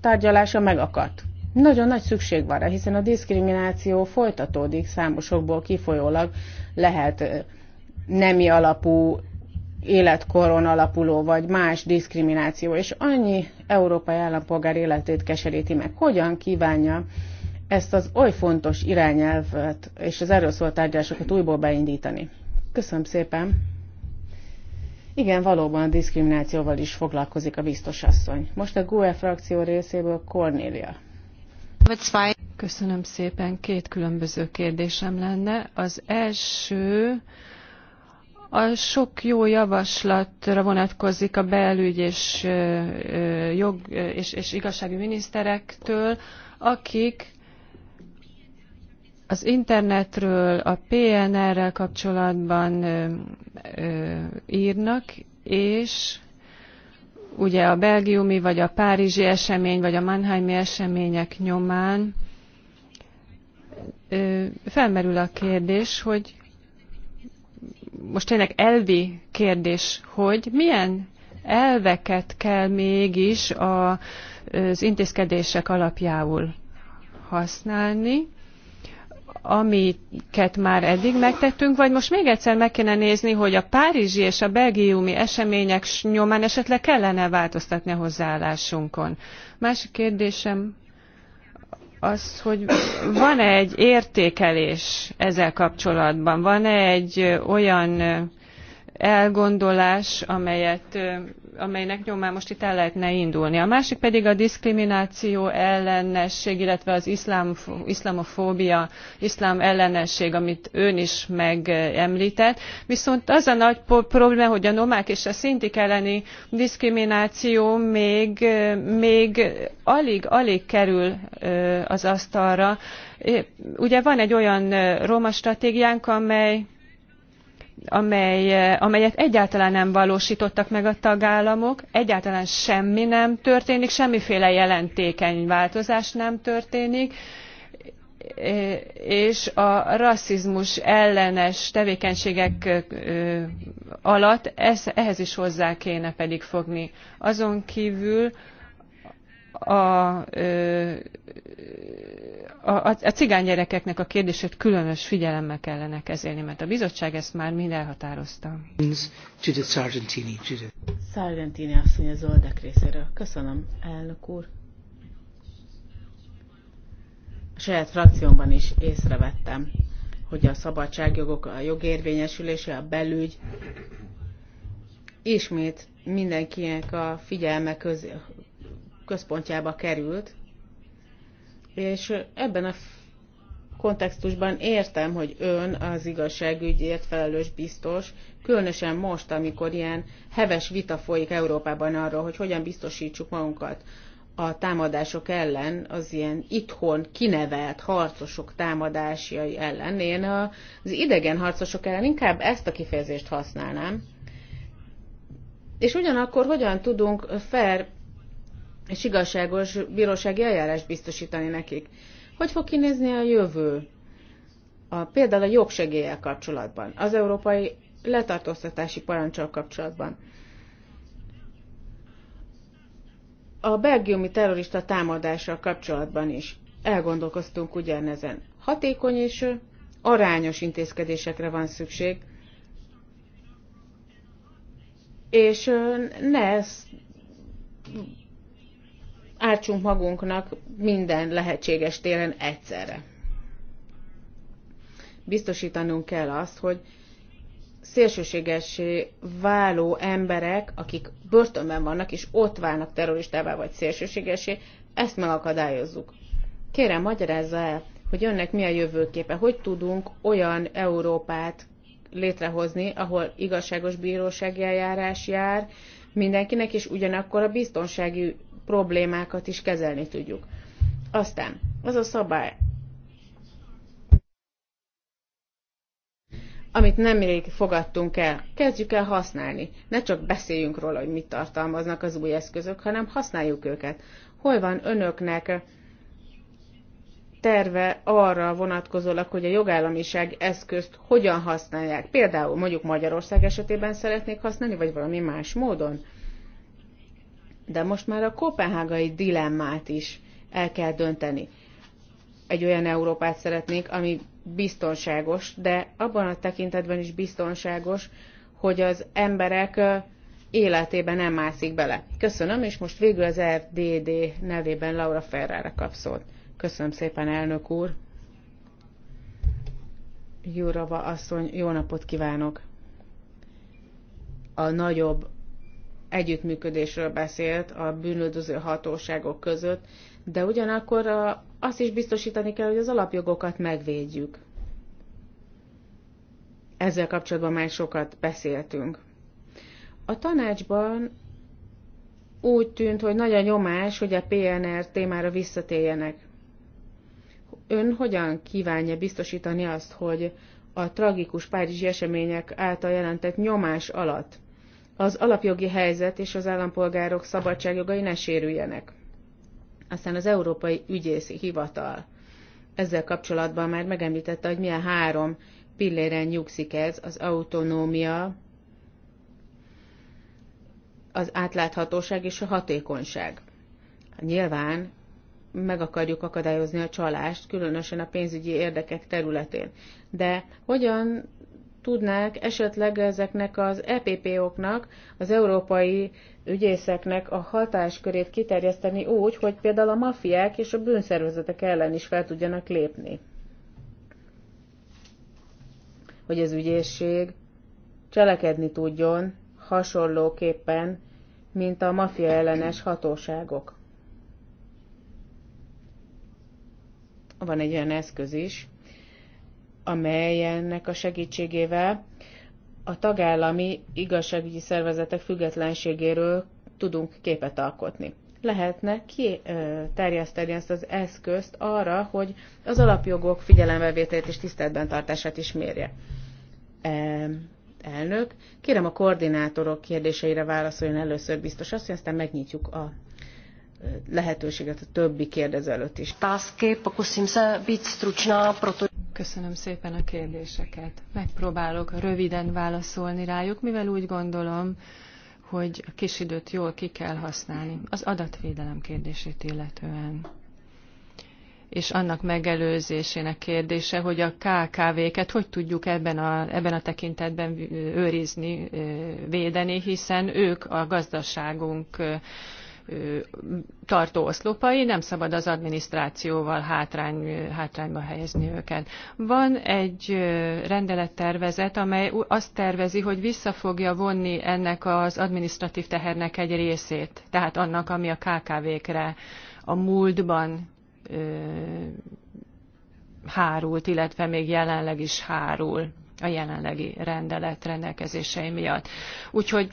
tárgyalása megakadt. Nagyon nagy szükség van rá, hiszen a diszkrimináció folytatódik számosokból kifolyólag, lehet nemi alapú, életkoron alapuló, vagy más diszkrimináció, és annyi európai állampolgár életét keseríti meg. Hogyan kívánja ezt az oly fontos irányelvet és az erről szólt tárgyalásokat újból beindítani? Köszönöm szépen! Igen, valóban a diszkriminációval is foglalkozik a biztos asszony. Most a GUE frakció részéből Cornélia. Köszönöm szépen. Két különböző kérdésem lenne. Az első a sok jó javaslatra vonatkozik a belügy és, jog, és, és igazságügyi miniszterektől, akik az internetről, a PNR-rel kapcsolatban ö, ö, írnak, és ugye a belgiumi, vagy a párizsi esemény, vagy a Mannheimi események nyomán ö, felmerül a kérdés, hogy most tényleg elvi kérdés, hogy milyen elveket kell mégis a, az intézkedések alapjául használni, amiket már eddig megtettünk, vagy most még egyszer meg kéne nézni, hogy a párizsi és a belgiumi események nyomán esetleg kellene változtatni a hozzáállásunkon. Másik kérdésem az, hogy van-e egy értékelés ezzel kapcsolatban? Van-e egy olyan elgondolás, amelyet amelynek nyomán most itt el lehetne indulni. A másik pedig a diszkrimináció ellenesség, illetve az iszlám, iszlamofóbia, iszlám ellenesség, amit ön is megemlített. Viszont az a nagy probléma, hogy a nomák és a szintik elleni diszkrimináció még, még alig, alig kerül az asztalra. Ugye van egy olyan roma stratégiánk, amely amely, eh, amelyet egyáltalán nem valósítottak meg a tagállamok, egyáltalán semmi nem történik, semmiféle jelentékeny változás nem történik, eh, és a rasszizmus ellenes tevékenységek eh, alatt ez, ehhez is hozzá kéne pedig fogni. Azon kívül a a, a gyerekeknek a kérdését különös figyelemmel kellene kezelni, mert a bizottság ezt már mind elhatározta. Sargentini, Sargentini asszony az oldek részéről. Köszönöm, elnök úr. A saját frakciómban is észrevettem, hogy a szabadságjogok, a jogérvényesülése, a belügy ismét mindenkinek a figyelme köz, központjába került, és ebben a kontextusban értem, hogy ön az igazságügyért felelős biztos, különösen most, amikor ilyen heves vita folyik Európában arról, hogy hogyan biztosítsuk magunkat a támadások ellen, az ilyen itthon kinevelt harcosok támadásai ellen. Én az idegen harcosok ellen inkább ezt a kifejezést használnám. És ugyanakkor hogyan tudunk fair és igazságos bírósági eljárást biztosítani nekik. Hogy fog kinézni a jövő? A, például a jogsegéllyel kapcsolatban, az európai letartóztatási parancsal kapcsolatban. A belgiumi terrorista támadással kapcsolatban is elgondolkoztunk ugyanezen. Hatékony és arányos intézkedésekre van szükség, és ne ártsunk magunknak minden lehetséges téren egyszerre. Biztosítanunk kell azt, hogy szélsőségesé váló emberek, akik börtönben vannak és ott válnak terroristává vagy szélsőségesé, ezt megakadályozzuk. Kérem, magyarázza el, hogy önnek mi a jövőképe, hogy tudunk olyan Európát létrehozni, ahol igazságos bírósági eljárás jár mindenkinek, és ugyanakkor a biztonsági problémákat is kezelni tudjuk. Aztán az a szabály, amit nemrég fogadtunk el, kezdjük el használni. Ne csak beszéljünk róla, hogy mit tartalmaznak az új eszközök, hanem használjuk őket. Hol van önöknek terve arra vonatkozólag, hogy a jogállamiság eszközt hogyan használják? Például mondjuk Magyarország esetében szeretnék használni, vagy valami más módon? de most már a kopenhágai dilemmát is el kell dönteni. Egy olyan Európát szeretnék, ami biztonságos, de abban a tekintetben is biztonságos, hogy az emberek életében nem mászik bele. Köszönöm, és most végül az FDD nevében Laura Ferrara kap szót. Köszönöm szépen, elnök úr. Jurava asszony, jó napot kívánok! A nagyobb együttműködésről beszélt a bűnöldöző hatóságok között, de ugyanakkor azt is biztosítani kell, hogy az alapjogokat megvédjük. Ezzel kapcsolatban már sokat beszéltünk. A tanácsban úgy tűnt, hogy nagy a nyomás, hogy a PNR témára visszatérjenek. Ön hogyan kívánja biztosítani azt, hogy a tragikus párizsi események által jelentett nyomás alatt az alapjogi helyzet és az állampolgárok szabadságjogai ne sérüljenek. Aztán az Európai Ügyészi Hivatal. Ezzel kapcsolatban már megemlítette, hogy milyen három pilléren nyugszik ez, az autonómia, az átláthatóság és a hatékonyság. Nyilván meg akarjuk akadályozni a csalást, különösen a pénzügyi érdekek területén. De hogyan tudnák esetleg ezeknek az EPP-oknak, az európai ügyészeknek a hatáskörét kiterjeszteni úgy, hogy például a mafiák és a bűnszervezetek ellen is fel tudjanak lépni. Hogy az ügyészség cselekedni tudjon hasonlóképpen, mint a mafia ellenes hatóságok. Van egy olyan eszköz is, amelyennek a segítségével a tagállami igazságügyi szervezetek függetlenségéről tudunk képet alkotni. Lehetne kiterjeszteni ezt az eszközt arra, hogy az alapjogok figyelembevételét és tiszteletben tartását is mérje. Elnök, kérem a koordinátorok kérdéseire válaszoljon először biztos azt, hogy aztán megnyitjuk a lehetőséget a többi kérdező előtt is. Tázky, pokusím se být stručná, proto... Köszönöm szépen a kérdéseket. Megpróbálok röviden válaszolni rájuk, mivel úgy gondolom, hogy a kis időt jól ki kell használni. Az adatvédelem kérdését illetően és annak megelőzésének kérdése, hogy a KKV-ket hogy tudjuk ebben a, ebben a tekintetben őrizni, védeni, hiszen ők a gazdaságunk tartó oszlopai, nem szabad az adminisztrációval hátrány, hátrányba helyezni őket. Van egy rendelettervezet, amely azt tervezi, hogy vissza fogja vonni ennek az adminisztratív tehernek egy részét, tehát annak, ami a KKV-kre a múltban hárult, illetve még jelenleg is hárul a jelenlegi rendelet rendelkezései miatt. Úgyhogy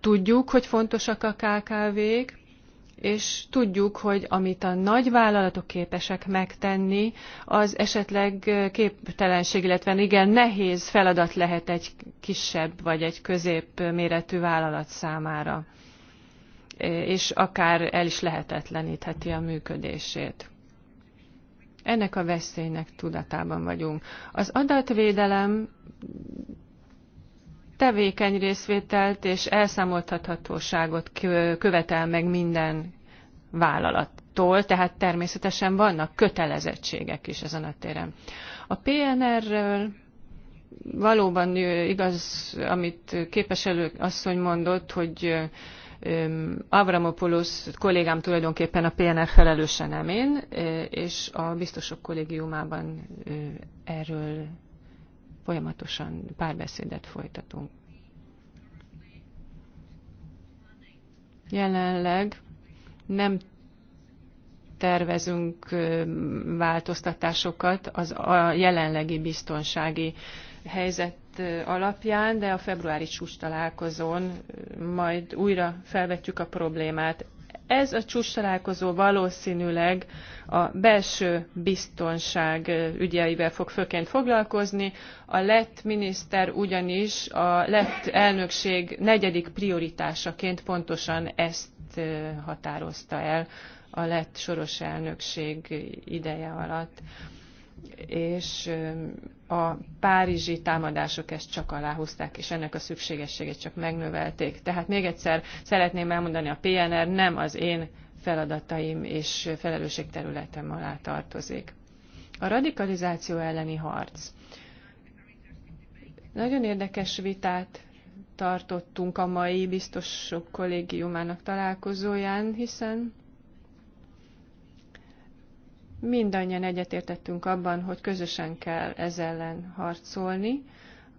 Tudjuk, hogy fontosak a KKV-k, és tudjuk, hogy amit a nagyvállalatok képesek megtenni, az esetleg képtelenség, illetve igen nehéz feladat lehet egy kisebb vagy egy középméretű vállalat számára, és akár el is lehetetlenítheti a működését. Ennek a veszélynek tudatában vagyunk. Az adatvédelem tevékeny részvételt és elszámoltathatóságot követel meg minden vállalattól, tehát természetesen vannak kötelezettségek is ezen a téren. A PNR-ről valóban igaz, amit képeselő asszony mondott, hogy Avramopoulos kollégám tulajdonképpen a PNR felelőse nem én, és a biztosok kollégiumában erről folyamatosan párbeszédet folytatunk. Jelenleg nem tervezünk változtatásokat az a jelenlegi biztonsági helyzet alapján, de a februári csúcs találkozón majd újra felvetjük a problémát. Ez a csúcs találkozó valószínűleg a belső biztonság ügyeivel fog főként foglalkozni. A lett miniszter ugyanis a lett elnökség negyedik prioritásaként pontosan ezt határozta el a lett soros elnökség ideje alatt és a párizsi támadások ezt csak aláhúzták, és ennek a szükségességét csak megnövelték. Tehát még egyszer szeretném elmondani, a PNR nem az én feladataim és felelősségterületem alá tartozik. A radikalizáció elleni harc. Nagyon érdekes vitát tartottunk a mai biztosok kollégiumának találkozóján, hiszen mindannyian egyetértettünk abban, hogy közösen kell ez ellen harcolni.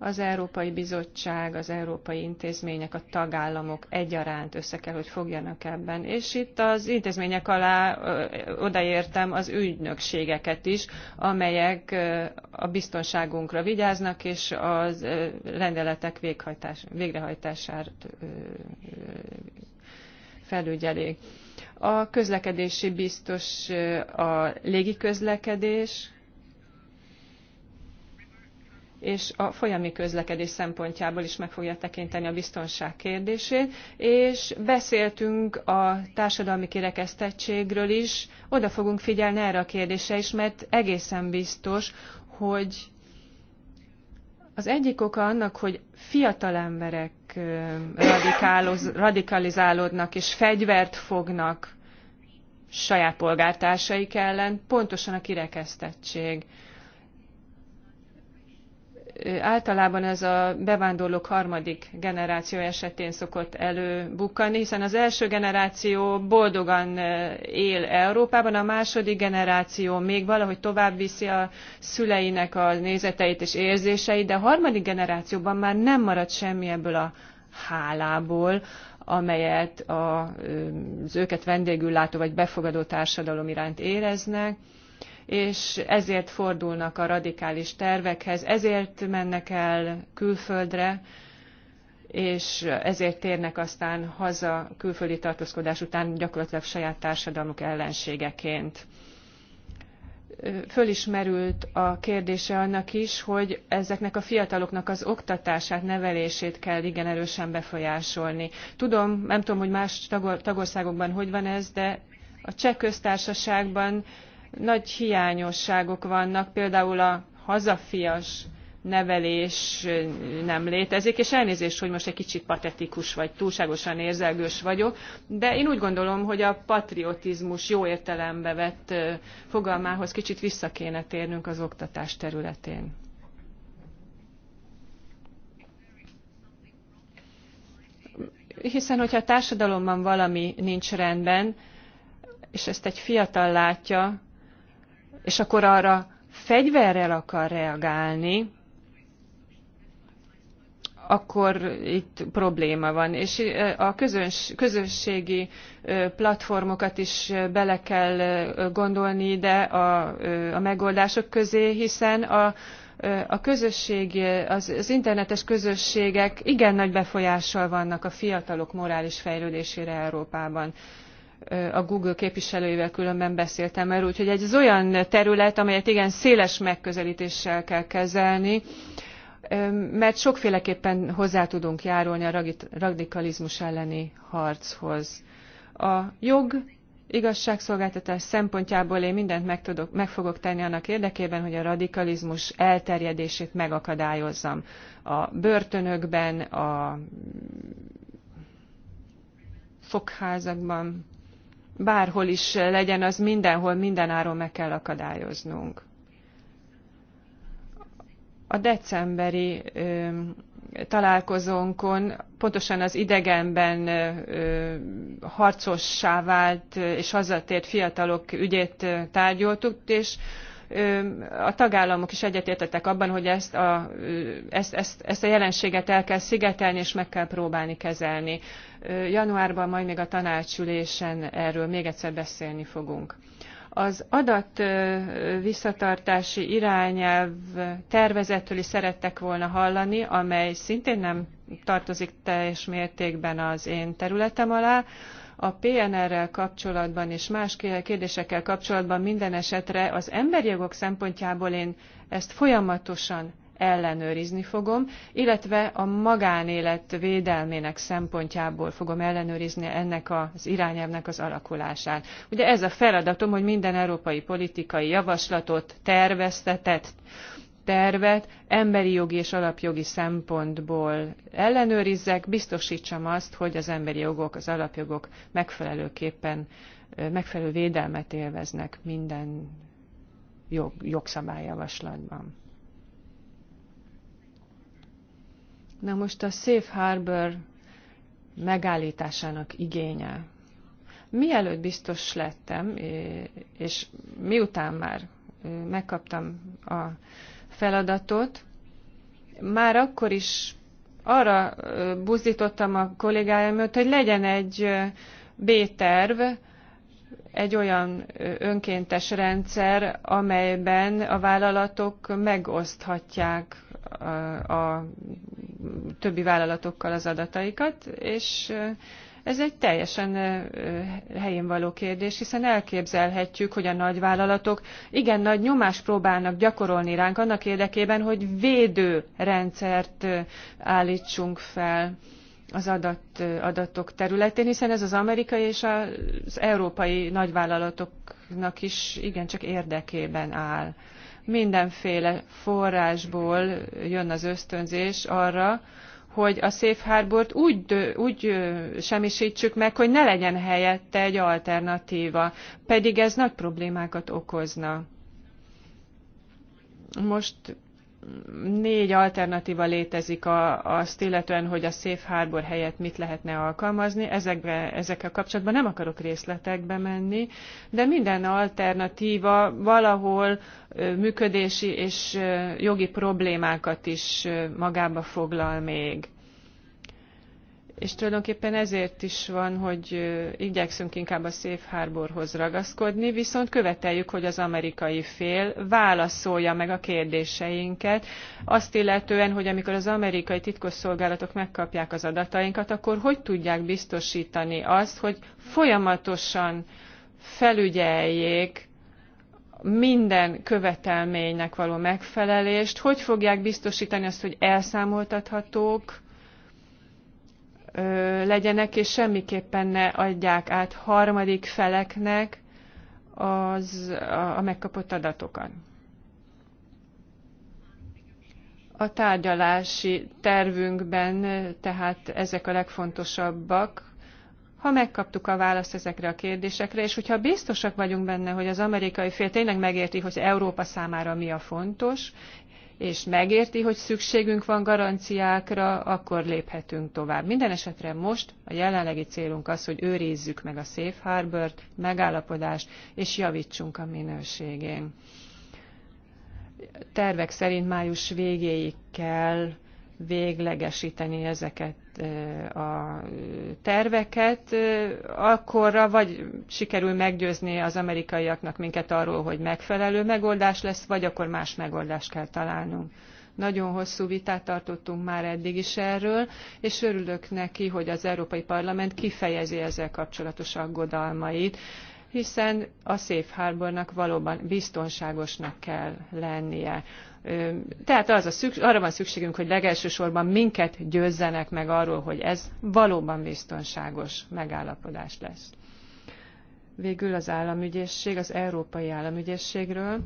Az Európai Bizottság, az európai intézmények, a tagállamok egyaránt össze kell, hogy fogjanak ebben. És itt az intézmények alá odaértem az ügynökségeket is, amelyek a biztonságunkra vigyáznak, és az rendeletek végrehajtását felügyelik a közlekedési biztos a légiközlekedés, és a folyami közlekedés szempontjából is meg fogja tekinteni a biztonság kérdését, és beszéltünk a társadalmi kirekesztettségről is, oda fogunk figyelni erre a kérdésre is, mert egészen biztos, hogy az egyik oka annak, hogy fiatal emberek radikalizálódnak és fegyvert fognak saját polgártársaik ellen, pontosan a kirekesztettség általában ez a bevándorlók harmadik generáció esetén szokott előbukkanni, hiszen az első generáció boldogan e, él Európában, a második generáció még valahogy tovább viszi a szüleinek a nézeteit és érzéseit, de a harmadik generációban már nem marad semmi ebből a hálából, amelyet e, az őket vendégül látó vagy befogadó társadalom iránt éreznek és ezért fordulnak a radikális tervekhez, ezért mennek el külföldre, és ezért térnek aztán haza külföldi tartózkodás után gyakorlatilag saját társadalmuk ellenségeként. Fölismerült a kérdése annak is, hogy ezeknek a fiataloknak az oktatását, nevelését kell igen erősen befolyásolni. Tudom, nem tudom, hogy más tagországokban hogy van ez, de a cseh köztársaságban nagy hiányosságok vannak, például a hazafias nevelés nem létezik, és elnézést, hogy most egy kicsit patetikus vagy túlságosan érzelgős vagyok, de én úgy gondolom, hogy a patriotizmus jó értelembe vett fogalmához kicsit vissza kéne térnünk az oktatás területén. Hiszen, hogyha a társadalomban valami nincs rendben, és ezt egy fiatal látja, és akkor arra fegyverrel akar reagálni, akkor itt probléma van. És a közöns, közösségi platformokat is bele kell gondolni ide a, a megoldások közé, hiszen a, a közösség, az, az internetes közösségek igen nagy befolyással vannak a fiatalok morális fejlődésére Európában a Google képviselőivel különben beszéltem erről, úgyhogy ez olyan terület, amelyet igen széles megközelítéssel kell kezelni, mert sokféleképpen hozzá tudunk járulni a radikalizmus elleni harchoz. A jog igazságszolgáltatás szempontjából én mindent meg, tudok, meg fogok tenni annak érdekében, hogy a radikalizmus elterjedését megakadályozzam. A börtönökben, a fogházakban, bárhol is legyen, az mindenhol, mindenáron meg kell akadályoznunk. A decemberi ö, találkozónkon pontosan az idegenben ö, harcossá vált és hazatért fiatalok ügyét tárgyoltuk, és a tagállamok is egyetértettek abban, hogy ezt a, ezt, ezt, ezt a jelenséget el kell szigetelni, és meg kell próbálni kezelni januárban, majd még a tanácsülésen erről még egyszer beszélni fogunk. Az adat visszatartási irányelv tervezettől is szerettek volna hallani, amely szintén nem tartozik teljes mértékben az én területem alá. A PNR-rel kapcsolatban és más kérdésekkel kapcsolatban minden esetre az emberi jogok szempontjából én ezt folyamatosan ellenőrizni fogom, illetve a magánélet védelmének szempontjából fogom ellenőrizni ennek az irányelvnek az alakulását. Ugye ez a feladatom, hogy minden európai politikai javaslatot, terveztetett tervet emberi jogi és alapjogi szempontból ellenőrizzek, biztosítsam azt, hogy az emberi jogok, az alapjogok megfelelőképpen megfelelő védelmet élveznek minden jog, jogszabályjavaslatban. Na most a Safe Harbor megállításának igénye. Mielőtt biztos lettem, és miután már megkaptam a feladatot, már akkor is arra buzdítottam a kollégáimat, hogy legyen egy B-terv, egy olyan önkéntes rendszer, amelyben a vállalatok megoszthatják a többi vállalatokkal az adataikat, és ez egy teljesen helyén való kérdés, hiszen elképzelhetjük, hogy a nagyvállalatok igen nagy nyomást próbálnak gyakorolni ránk annak érdekében, hogy védőrendszert állítsunk fel az adat, adatok területén, hiszen ez az amerikai és az európai nagyvállalatoknak is igencsak érdekében áll mindenféle forrásból jön az ösztönzés arra, hogy a Safe Harbort úgy, úgy semmisítsük meg, hogy ne legyen helyette egy alternatíva, pedig ez nagy problémákat okozna. Most négy alternatíva létezik a, azt illetően, hogy a Safe Harbor helyett mit lehetne alkalmazni. Ezekbe, ezekkel kapcsolatban nem akarok részletekbe menni, de minden alternatíva valahol működési és jogi problémákat is magába foglal még. És tulajdonképpen ezért is van, hogy igyekszünk inkább a Safe Harborhoz ragaszkodni, viszont követeljük, hogy az amerikai fél válaszolja meg a kérdéseinket, azt illetően, hogy amikor az amerikai titkosszolgálatok megkapják az adatainkat, akkor hogy tudják biztosítani azt, hogy folyamatosan felügyeljék minden követelménynek való megfelelést, hogy fogják biztosítani azt, hogy elszámoltathatók, legyenek, és semmiképpen ne adják át harmadik feleknek az, a, a megkapott adatokat. A tárgyalási tervünkben tehát ezek a legfontosabbak, ha megkaptuk a választ ezekre a kérdésekre, és hogyha biztosak vagyunk benne, hogy az amerikai fél tényleg megérti, hogy Európa számára mi a fontos, és megérti, hogy szükségünk van garanciákra, akkor léphetünk tovább. Minden esetre most a jelenlegi célunk az, hogy őrizzük meg a Safe Harbor-t, megállapodást, és javítsunk a minőségén. Tervek szerint május végéig kell véglegesíteni ezeket a terveket, akkorra vagy sikerül meggyőzni az amerikaiaknak minket arról, hogy megfelelő megoldás lesz, vagy akkor más megoldást kell találnunk. Nagyon hosszú vitát tartottunk már eddig is erről, és örülök neki, hogy az Európai Parlament kifejezi ezzel kapcsolatos aggodalmait, hiszen a Safe Harbornak valóban biztonságosnak kell lennie. Tehát az a szükség, arra van szükségünk, hogy legelsősorban minket győzzenek meg arról, hogy ez valóban biztonságos megállapodás lesz. Végül az államügyészség, az európai államügyészségről.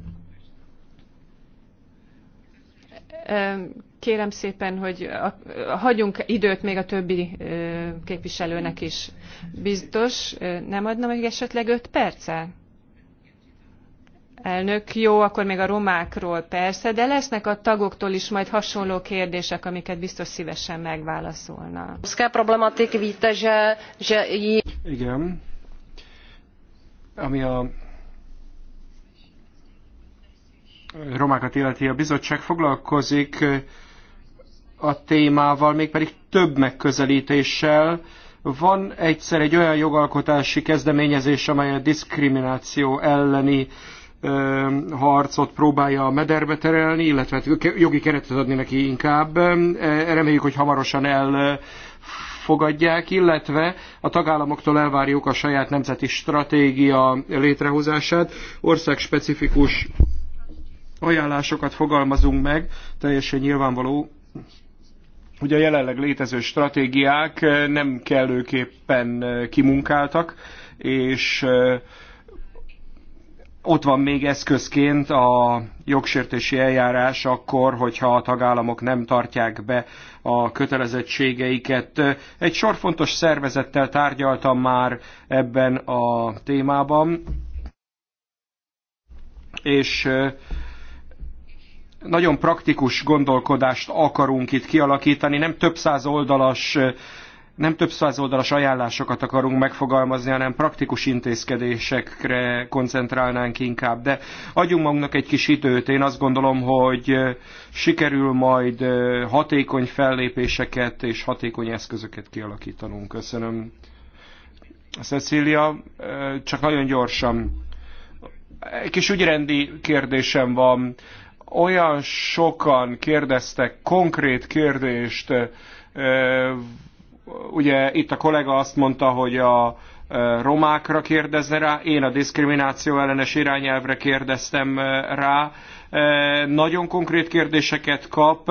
Kérem szépen, hogy hagyjunk időt még a többi képviselőnek is. Biztos, nem adna meg esetleg öt perccel? Elnök, jó, akkor még a romákról persze, de lesznek a tagoktól is majd hasonló kérdések, amiket biztos szívesen megválaszolna. Igen. Ami a romákat illeti, a bizottság foglalkozik a témával, mégpedig több megközelítéssel. Van egyszer egy olyan jogalkotási kezdeményezés, amely a diszkrimináció elleni harcot próbálja a mederbe terelni, illetve hát jogi keretet adni neki inkább. Reméljük, hogy hamarosan el fogadják, illetve a tagállamoktól elvárjuk a saját nemzeti stratégia létrehozását, országspecifikus ajánlásokat fogalmazunk meg, teljesen nyilvánvaló, hogy a jelenleg létező stratégiák nem kellőképpen kimunkáltak, és ott van még eszközként a jogsértési eljárás akkor, hogyha a tagállamok nem tartják be a kötelezettségeiket. Egy sor fontos szervezettel tárgyaltam már ebben a témában, és nagyon praktikus gondolkodást akarunk itt kialakítani, nem több száz oldalas nem több száz oldalas ajánlásokat akarunk megfogalmazni, hanem praktikus intézkedésekre koncentrálnánk inkább. De adjunk magunknak egy kis időt. Én azt gondolom, hogy sikerül majd hatékony fellépéseket és hatékony eszközöket kialakítanunk. Köszönöm. Cecília, csak nagyon gyorsan. Egy kis ügyrendi kérdésem van. Olyan sokan kérdeztek konkrét kérdést, ugye itt a kollega azt mondta, hogy a e, romákra kérdezne rá, én a diszkrimináció ellenes irányelvre kérdeztem e, rá. E, nagyon konkrét kérdéseket kap,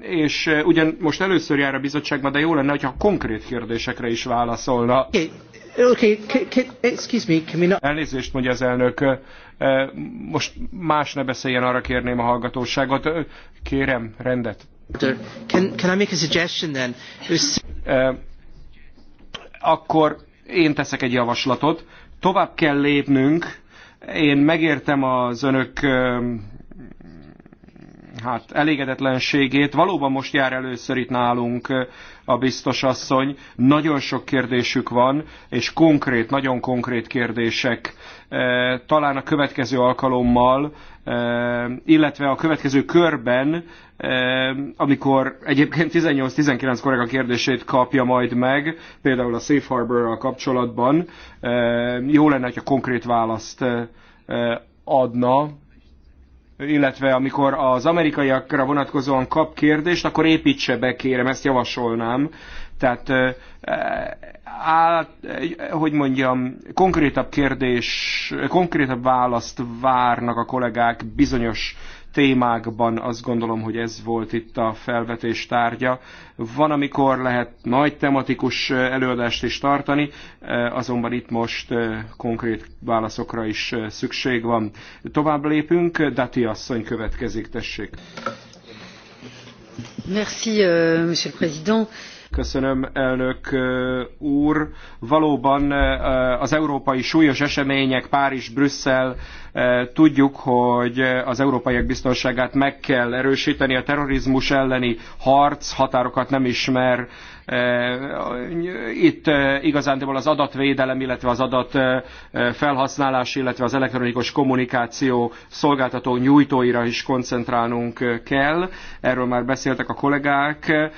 és ugyan most először jár a bizottságban, de jó lenne, hogyha konkrét kérdésekre is válaszolna. Elnézést mondja az elnök, most más ne beszéljen, arra kérném a hallgatóságot. Kérem, rendet. Eh, akkor én teszek egy javaslatot. Tovább kell lépnünk. Én megértem az önök eh, hát elégedetlenségét. Valóban most jár először itt nálunk eh, a biztos asszony. Nagyon sok kérdésük van, és konkrét, nagyon konkrét kérdések. Talán a következő alkalommal, illetve a következő körben amikor egyébként 18-19 a kérdését kapja majd meg, például a Safe Harbor-ral kapcsolatban, jó lenne, hogyha konkrét választ eh, adna, illetve amikor az amerikaiakra vonatkozóan kap kérdést, akkor építse be, kérem, ezt javasolnám. Tehát, eh, áll, eh, hogy mondjam, konkrétabb kérdés, konkrétabb választ várnak a kollégák bizonyos témákban azt gondolom, hogy ez volt itt a felvetés tárgya. Van, amikor lehet nagy tematikus előadást is tartani, azonban itt most konkrét válaszokra is szükség van. Tovább lépünk, Dati asszony következik, tessék. Merci, euh, monsieur le président. Köszönöm, elnök úr. Valóban az európai súlyos események, Párizs, Brüsszel, tudjuk, hogy az európaiak biztonságát meg kell erősíteni, a terrorizmus elleni harc határokat nem ismer, Eh, itt eh, igazándiból az adatvédelem, illetve az adat eh, felhasználás, illetve az elektronikus kommunikáció szolgáltató nyújtóira is koncentrálnunk kell. Erről már beszéltek a kollégák.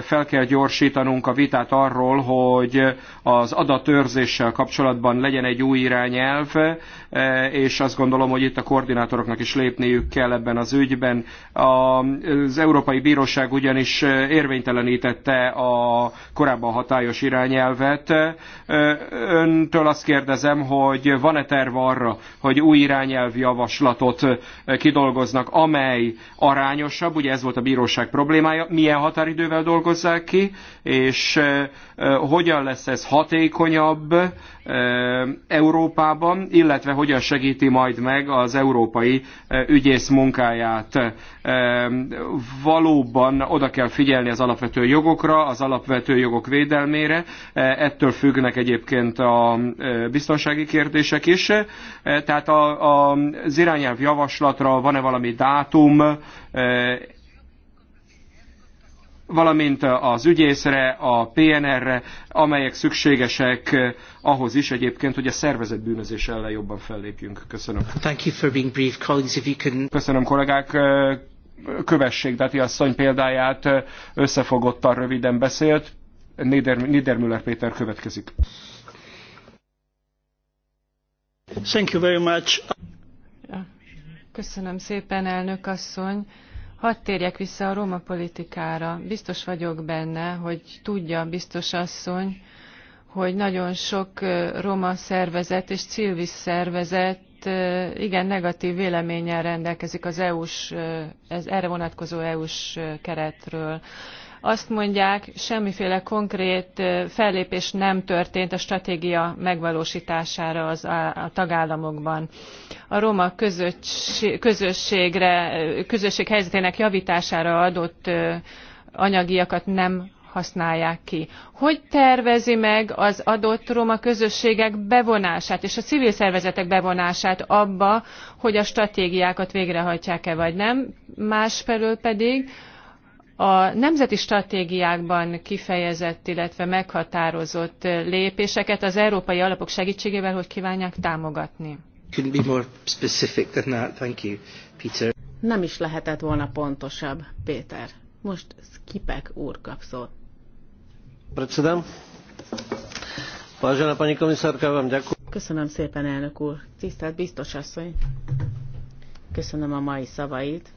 Fel kell gyorsítanunk a vitát arról, hogy az adatőrzéssel kapcsolatban legyen egy új irányelv, és azt gondolom, hogy itt a koordinátoroknak is lépniük kell ebben az ügyben. Az Európai Bíróság ugyanis érvénytelenítette a a korábban hatályos irányelvet. Öntől azt kérdezem, hogy van-e terv arra, hogy új irányelvi javaslatot kidolgoznak, amely arányosabb, ugye ez volt a bíróság problémája, milyen határidővel dolgozzák ki, és eh, hogyan lesz ez hatékonyabb, Európában, illetve hogyan segíti majd meg az európai ügyész munkáját. Valóban oda kell figyelni az alapvető jogokra, az alapvető jogok védelmére, ettől függnek egyébként a biztonsági kérdések is. Tehát az irányelv javaslatra van-e valami dátum, valamint az ügyészre, a PNR-re, amelyek szükségesek eh, ahhoz is egyébként, hogy a szervezett bűnözés ellen jobban fellépjünk. Köszönöm. Thank you for being brief, colleagues, if you can... Köszönöm, kollégák eh, kövesség, Dati asszony példáját eh, összefogottan röviden beszélt. Nieder, Niedermüller Péter következik. Thank you very much. Köszönöm szépen, elnök asszony. Hadd térjek vissza a roma politikára. Biztos vagyok benne, hogy tudja biztos asszony, hogy nagyon sok roma szervezet és civil szervezet igen negatív véleménnyel rendelkezik az EU-s, erre vonatkozó EU-s keretről azt mondják, semmiféle konkrét fellépés nem történt a stratégia megvalósítására az a tagállamokban. A roma közösségre, közösség helyzetének javítására adott anyagiakat nem használják ki. Hogy tervezi meg az adott roma közösségek bevonását és a civil szervezetek bevonását abba, hogy a stratégiákat végrehajtják-e vagy nem, másfelől pedig a nemzeti stratégiákban kifejezett, illetve meghatározott lépéseket az európai alapok segítségével hogy kívánják támogatni? Nem is lehetett volna pontosabb, Péter. Most Skipek úr kap szót. Köszönöm szépen, elnök úr. Tisztelt biztos asszony. Köszönöm a mai szavait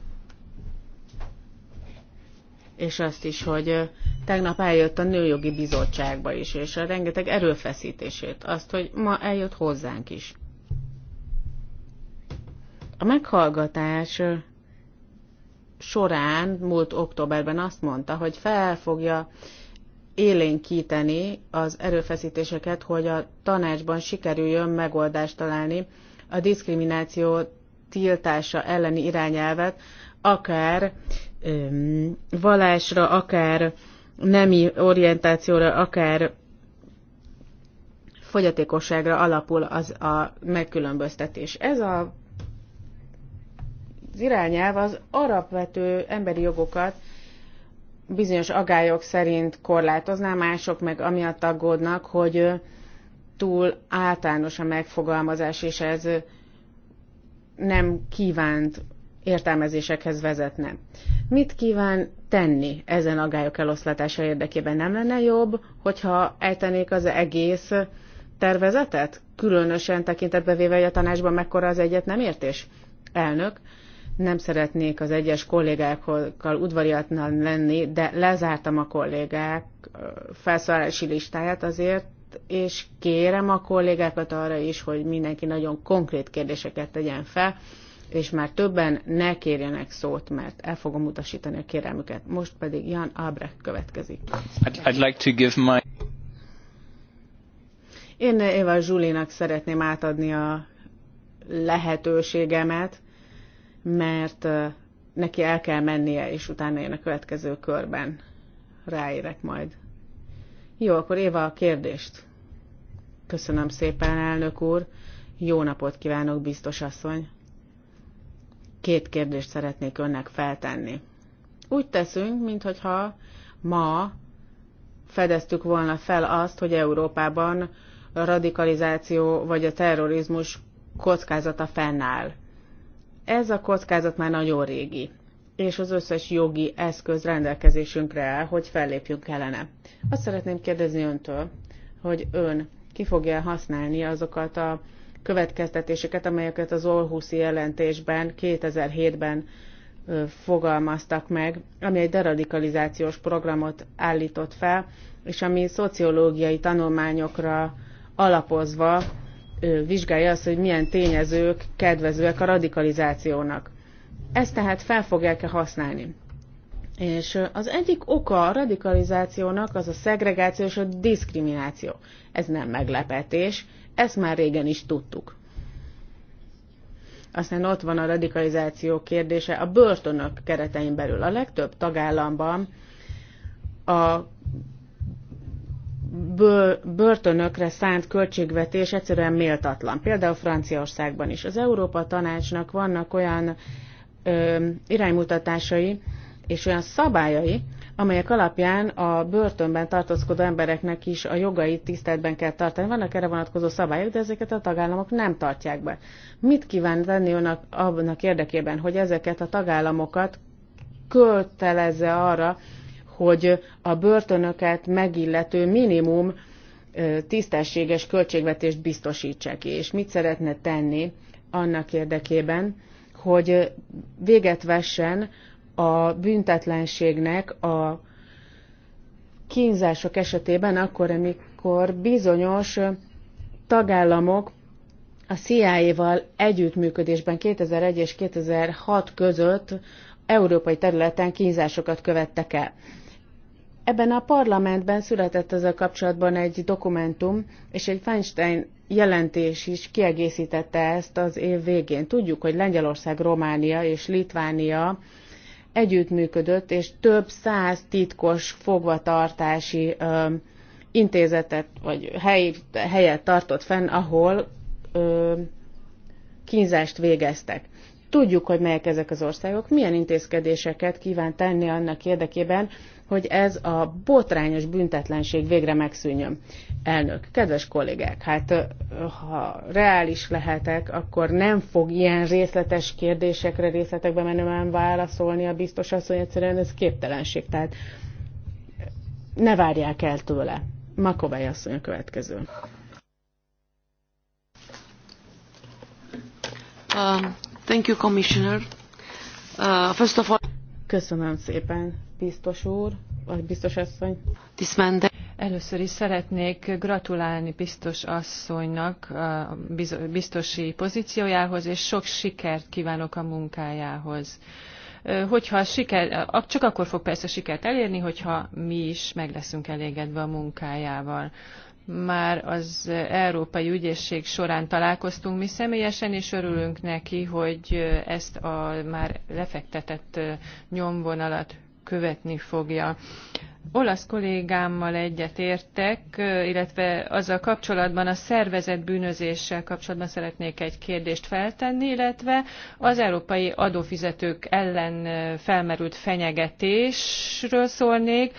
és azt is, hogy tegnap eljött a Nőjogi Bizottságba is, és a rengeteg erőfeszítését, azt, hogy ma eljött hozzánk is. A meghallgatás során múlt októberben azt mondta, hogy fel fogja élénkíteni az erőfeszítéseket, hogy a tanácsban sikerüljön megoldást találni a diszkrimináció tiltása elleni irányelvet, akár vallásra, akár nemi orientációra, akár fogyatékosságra alapul az a megkülönböztetés. Ez a, az irányelv az arapvető emberi jogokat bizonyos agályok szerint korlátozná, mások meg amiatt aggódnak, hogy túl általános a megfogalmazás, és ez nem kívánt értelmezésekhez vezetne. Mit kíván tenni ezen aggályok eloszlatása érdekében? Nem lenne jobb, hogyha ejtenék az egész tervezetet? Különösen tekintetbe véve, hogy a tanácsban mekkora az egyet nem értés? Elnök, nem szeretnék az egyes kollégákkal udvariatlan lenni, de lezártam a kollégák felszállási listáját azért, és kérem a kollégákat arra is, hogy mindenki nagyon konkrét kérdéseket tegyen fel, és már többen ne kérjenek szót, mert el fogom utasítani a kérelmüket. Most pedig Jan Albrecht következik. I'd, like to give my... Én Éva Zsulinak szeretném átadni a lehetőségemet, mert neki el kell mennie, és utána én a következő körben ráérek majd. Jó, akkor Éva a kérdést. Köszönöm szépen, elnök úr. Jó napot kívánok, biztos asszony. Két kérdést szeretnék önnek feltenni. Úgy teszünk, mintha ma fedeztük volna fel azt, hogy Európában a radikalizáció vagy a terrorizmus kockázata fennáll. Ez a kockázat már nagyon régi, és az összes jogi eszköz rendelkezésünkre áll, hogy fellépjünk ellene. Azt szeretném kérdezni öntől, hogy ön ki fogja használni azokat a következtetéseket, amelyeket az Olhuszi jelentésben 2007-ben fogalmaztak meg, ami egy deradikalizációs programot állított fel, és ami szociológiai tanulmányokra alapozva vizsgálja azt, hogy milyen tényezők kedvezőek a radikalizációnak. Ezt tehát fel fogják-e használni. És az egyik oka a radikalizációnak az a szegregáció és a diszkrimináció. Ez nem meglepetés, ezt már régen is tudtuk. Aztán ott van a radikalizáció kérdése. A börtönök keretein belül a legtöbb tagállamban a börtönökre szánt költségvetés egyszerűen méltatlan. Például Franciaországban is. Az Európa Tanácsnak vannak olyan ö, iránymutatásai és olyan szabályai, amelyek alapján a börtönben tartózkodó embereknek is a jogait tiszteletben kell tartani. Vannak erre vonatkozó szabályok, de ezeket a tagállamok nem tartják be. Mit kíván tenni önök annak érdekében, hogy ezeket a tagállamokat kötelezze arra, hogy a börtönöket megillető minimum tisztességes költségvetést biztosítsák, és mit szeretne tenni annak érdekében, hogy véget vessen a büntetlenségnek a kínzások esetében, akkor, amikor bizonyos tagállamok a CIA-val együttműködésben 2001 és 2006 között európai területen kínzásokat követtek el. Ebben a parlamentben született ezzel kapcsolatban egy dokumentum, és egy Feinstein jelentés is kiegészítette ezt az év végén. Tudjuk, hogy Lengyelország, Románia és Litvánia együttműködött, és több száz titkos fogvatartási ö, intézetet vagy hely, helyet tartott fenn, ahol ö, kínzást végeztek. Tudjuk, hogy melyek ezek az országok, milyen intézkedéseket kíván tenni annak érdekében, hogy ez a botrányos büntetlenség végre megszűnjön. Elnök, kedves kollégák, hát ha reális lehetek, akkor nem fog ilyen részletes kérdésekre részletekbe menően válaszolni a biztos asszony, egyszerűen ez képtelenség. Tehát ne várják el tőle. Makovály asszony a következő. A um, Uh, Köszönöm szépen, biztos úr, vagy biztos asszony. Először is szeretnék gratulálni biztos asszonynak a biztosi pozíciójához, és sok sikert kívánok a munkájához. Hogyha siker, csak akkor fog persze sikert elérni, hogyha mi is meg leszünk elégedve a munkájával már az Európai Ügyészség során találkoztunk mi személyesen, és örülünk neki, hogy ezt a már lefektetett nyomvonalat követni fogja. Olasz kollégámmal egyet értek, illetve azzal kapcsolatban a szervezett bűnözéssel kapcsolatban szeretnék egy kérdést feltenni, illetve az európai adófizetők ellen felmerült fenyegetésről szólnék,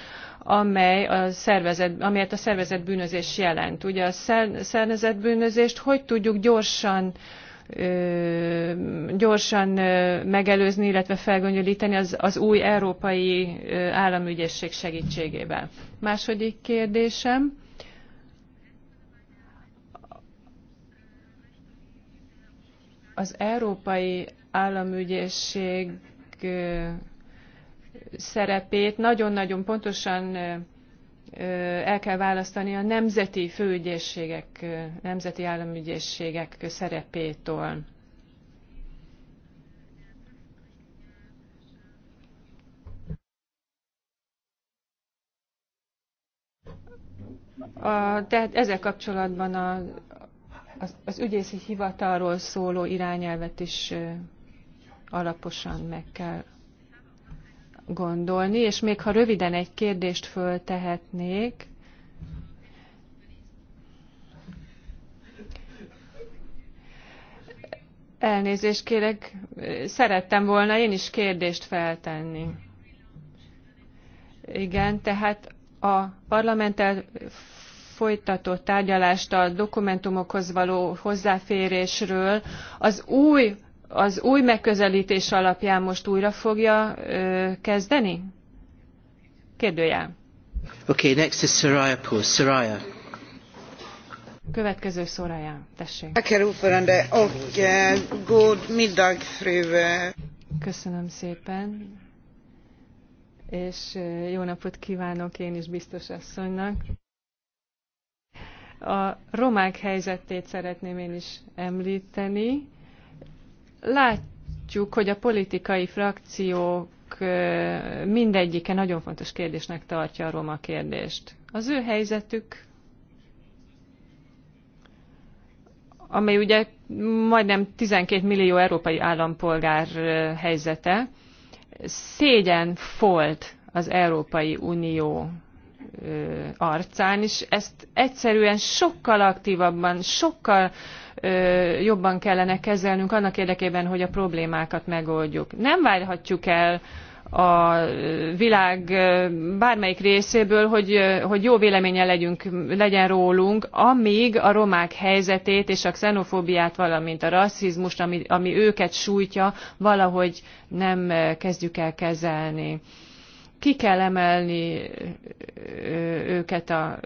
amely a szervezet, amelyet a szervezet bűnözés jelent. Ugye a szervezet bűnözést hogy tudjuk gyorsan gyorsan megelőzni, illetve felgöngyölíteni az, az új európai államügyészség segítségével. Második kérdésem. Az európai államügyészség szerepét nagyon-nagyon pontosan el kell választani a nemzeti főügyészségek, nemzeti államügyészségek szerepétől. A, tehát ezzel kapcsolatban a, az, az ügyészi hivatalról szóló irányelvet is alaposan meg kell gondolni, és még ha röviden egy kérdést föltehetnék, Elnézést kérek, szerettem volna én is kérdést feltenni. Igen, tehát a parlamenttel folytatott tárgyalást a dokumentumokhoz való hozzáférésről az új az új megközelítés alapján most újra fogja ö, kezdeni? Kérdőjel. Okay, next is Soraya Post. Soraya. Következő Soraya, tessék. Köszönöm szépen. És jó napot kívánok én is biztos asszonynak. A romák helyzetét szeretném én is említeni Látjuk, hogy a politikai frakciók mindegyike nagyon fontos kérdésnek tartja a roma kérdést. Az ő helyzetük, amely ugye majdnem 12 millió európai állampolgár helyzete, szégyen folt az Európai Unió arcán, és ezt egyszerűen sokkal aktívabban, sokkal jobban kellene kezelnünk annak érdekében, hogy a problémákat megoldjuk. Nem várhatjuk el a világ bármelyik részéből, hogy, hogy jó véleménye legyünk, legyen rólunk, amíg a romák helyzetét és a xenofóbiát, valamint a rasszizmust, ami, ami őket sújtja, valahogy nem kezdjük el kezelni ki kell emelni őket a,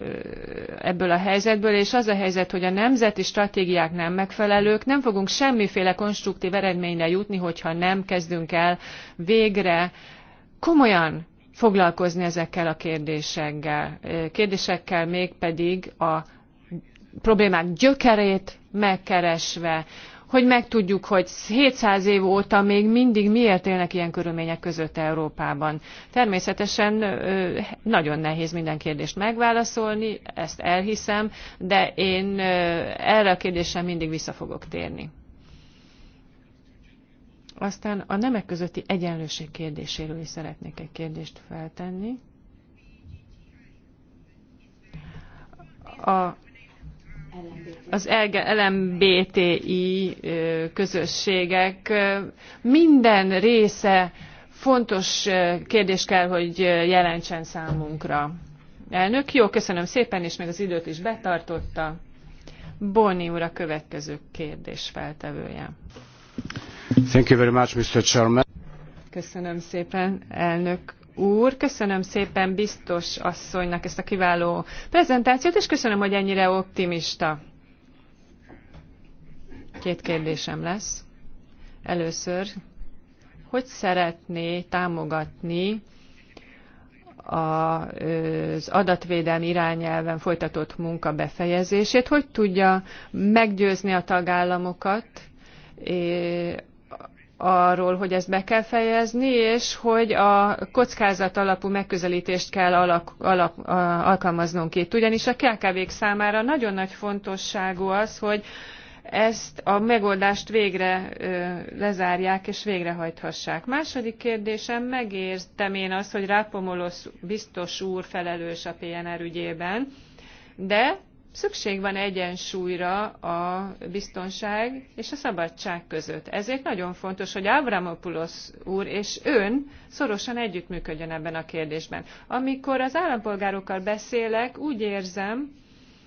ebből a helyzetből, és az a helyzet, hogy a nemzeti stratégiák nem megfelelők, nem fogunk semmiféle konstruktív eredményre jutni, hogyha nem kezdünk el végre komolyan foglalkozni ezekkel a kérdésekkel, kérdésekkel mégpedig a problémák gyökerét megkeresve, hogy megtudjuk, hogy 700 év óta még mindig miért élnek ilyen körülmények között Európában. Természetesen nagyon nehéz minden kérdést megválaszolni, ezt elhiszem, de én erre a kérdésre mindig vissza fogok térni. Aztán a nemek közötti egyenlőség kérdéséről is szeretnék egy kérdést feltenni. A az LMBTI közösségek minden része fontos kérdés kell, hogy jelentsen számunkra. Elnök, jó, köszönöm szépen, és meg az időt is betartotta. Boni úr a következő kérdés feltevője. Thank you very much, Mr. Chairman. Köszönöm szépen, elnök úr, köszönöm szépen biztos asszonynak ezt a kiváló prezentációt, és köszönöm, hogy ennyire optimista. Két kérdésem lesz. Először, hogy szeretné támogatni az adatvédelmi irányelven folytatott munka befejezését, hogy tudja meggyőzni a tagállamokat arról, hogy ezt be kell fejezni, és hogy a kockázat alapú megközelítést kell alak, alak, alkalmaznunk itt. Ugyanis a KKV-k számára nagyon nagy fontosságú az, hogy ezt a megoldást végre ö, lezárják és végrehajthassák. Második kérdésem, megértem én azt, hogy Rápomolosz biztos úr felelős a PNR ügyében, de Szükség van egyensúlyra a biztonság és a szabadság között. Ezért nagyon fontos, hogy Avramopoulos úr és ön szorosan együttműködjön ebben a kérdésben. Amikor az állampolgárokkal beszélek, úgy érzem,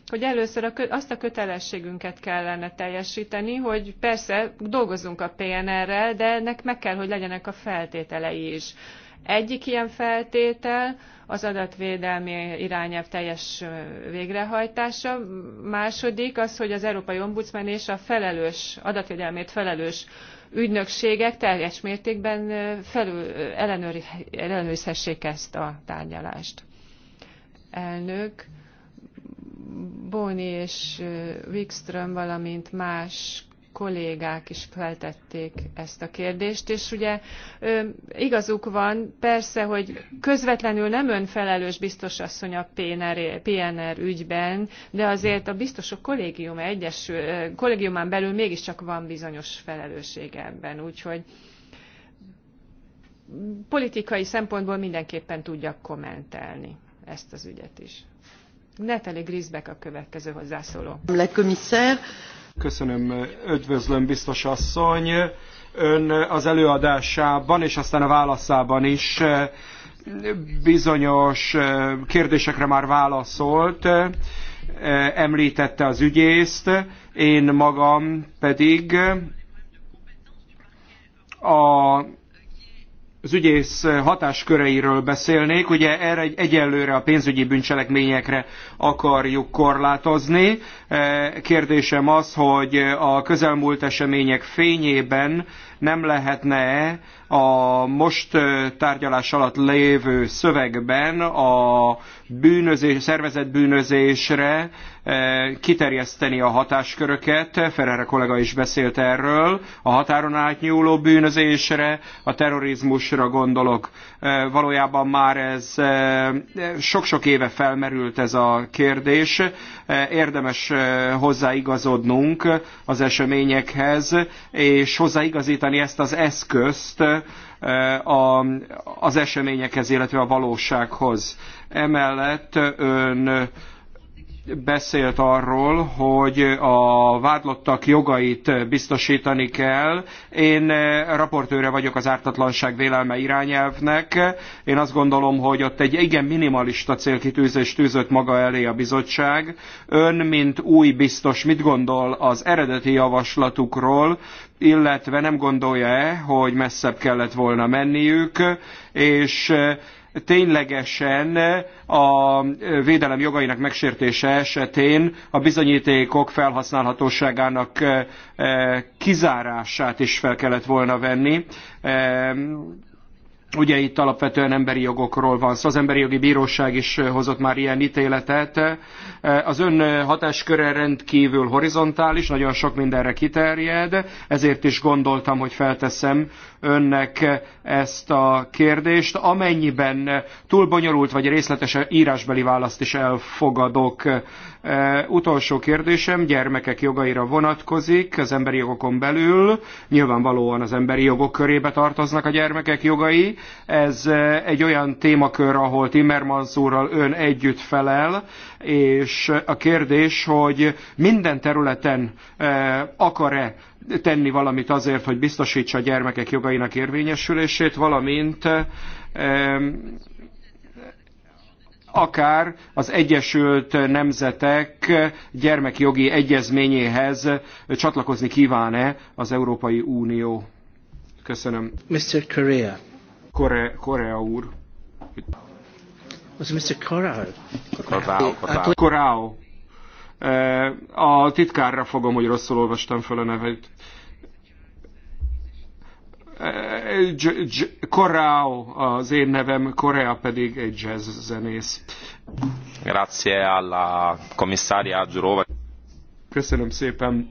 hogy először azt a kötelességünket kellene teljesíteni, hogy persze dolgozunk a PNR-rel, de ennek meg kell, hogy legyenek a feltételei is egyik ilyen feltétel az adatvédelmi irányelv teljes végrehajtása, második az, hogy az Európai Ombudsman és a felelős, adatvédelmét felelős ügynökségek teljes mértékben felül, ellenőri, ellenőrizhessék ezt a tárgyalást. Elnök, Bóni és Wikström, valamint más kollégák is feltették ezt a kérdést, és ugye igazuk van, persze, hogy közvetlenül nem önfelelős biztosasszony a PNR, PNR ügyben, de azért a biztosok kollégium egyes, kollégiumán belül mégiscsak van bizonyos felelősség ebben, úgyhogy politikai szempontból mindenképpen tudjak kommentelni ezt az ügyet is. Natalie Grisbeck a következő hozzászóló. Le commissaire, Köszönöm, üdvözlöm biztos asszony. Ön az előadásában és aztán a válaszában is eh, bizonyos eh, kérdésekre már válaszolt, eh, említette az ügyészt, én magam pedig a az ügyész hatásköreiről beszélnék, ugye erre egyelőre a pénzügyi bűncselekményekre akarjuk korlátozni. E, kérdésem az, hogy a közelmúlt események fényében nem lehetne a most e, tárgyalás alatt lévő szövegben a bűnözés, szervezett bűnözésre Eh, kiterjeszteni a hatásköröket, Ferrara kollega is beszélt erről, a határon átnyúló bűnözésre, a terrorizmusra gondolok. Eh, valójában már ez eh, sok-sok éve felmerült ez a kérdés, érdemes hozzáigazodnunk az eseményekhez, és hozzáigazítani ezt az eszközt az eseményekhez, illetve a valósághoz. Emellett ön beszélt arról, hogy a vádlottak jogait biztosítani kell. Én eh, raportőre vagyok az ártatlanság vélelme irányelvnek. Én azt gondolom, hogy ott egy igen minimalista célkitűzést tűzött maga elé a bizottság. Ön, mint új biztos, mit gondol az eredeti javaslatukról, illetve nem gondolja-e, hogy messzebb kellett volna menniük, és eh, ténylegesen a védelem jogainak megsértése esetén a bizonyítékok felhasználhatóságának kizárását is fel kellett volna venni. Ugye itt alapvetően emberi jogokról van szó, szóval az emberi jogi bíróság is hozott már ilyen ítéletet, Eh, az ön eh, hatásköre rendkívül horizontális, nagyon sok mindenre kiterjed, ezért is gondoltam, hogy felteszem önnek eh, ezt a kérdést. Amennyiben túl bonyolult vagy részletes írásbeli választ is elfogadok. Utolsó kérdésem gyermekek jogaira vonatkozik az emberi jogokon belül. Nyilvánvalóan az emberi jogok körébe tartoznak a gyermekek jogai. Ez egy olyan témakör, ahol Timmermans úrral ön együtt felel, és a kérdés, hogy minden területen eh, akar-e tenni valamit azért, hogy biztosítsa a gyermekek jogainak érvényesülését, valamint akár az Egyesült Nemzetek gyermekjogi egyezményéhez csatlakozni kíván-e az Európai Unió. Köszönöm. Mr. Korea. Korea, Korea úr was Mr. Corral. Corral. Corral. Corral. Eh, a titkárra fogom, hogy rosszul olvastam fel a nevét. Eh, Corral az én nevem, Korea pedig egy jazz zenész. Grazie alla commissaria Giurova. Köszönöm szépen.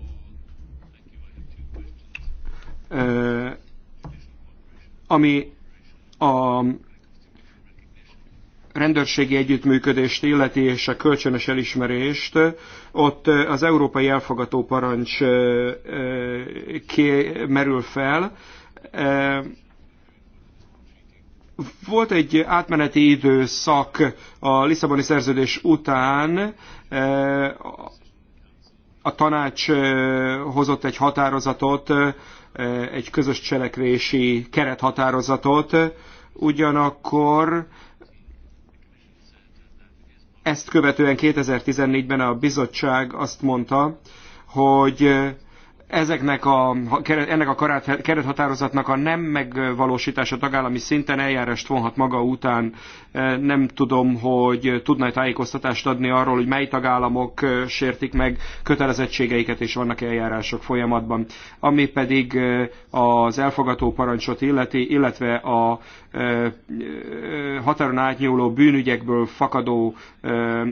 Eh, ami a rendőrségi együttműködést illeti és a kölcsönös elismerést, ott eh, az európai elfogató parancs eh, eh, merül fel. Volt egy átmeneti időszak a Lisszaboni szerződés után, a tanács hozott egy határozatot, egy közös cselekvési kerethatározatot, ugyanakkor ezt követően 2014-ben a bizottság azt mondta, hogy ezeknek a, ennek a kerethatározatnak a nem megvalósítása tagállami szinten eljárást vonhat maga után. Nem tudom, hogy tudna tájékoztatást adni arról, hogy mely tagállamok sértik meg kötelezettségeiket, és vannak eljárások folyamatban. Ami pedig az elfogató parancsot illeti, illetve a határon átnyúló bűnügyekből fakadó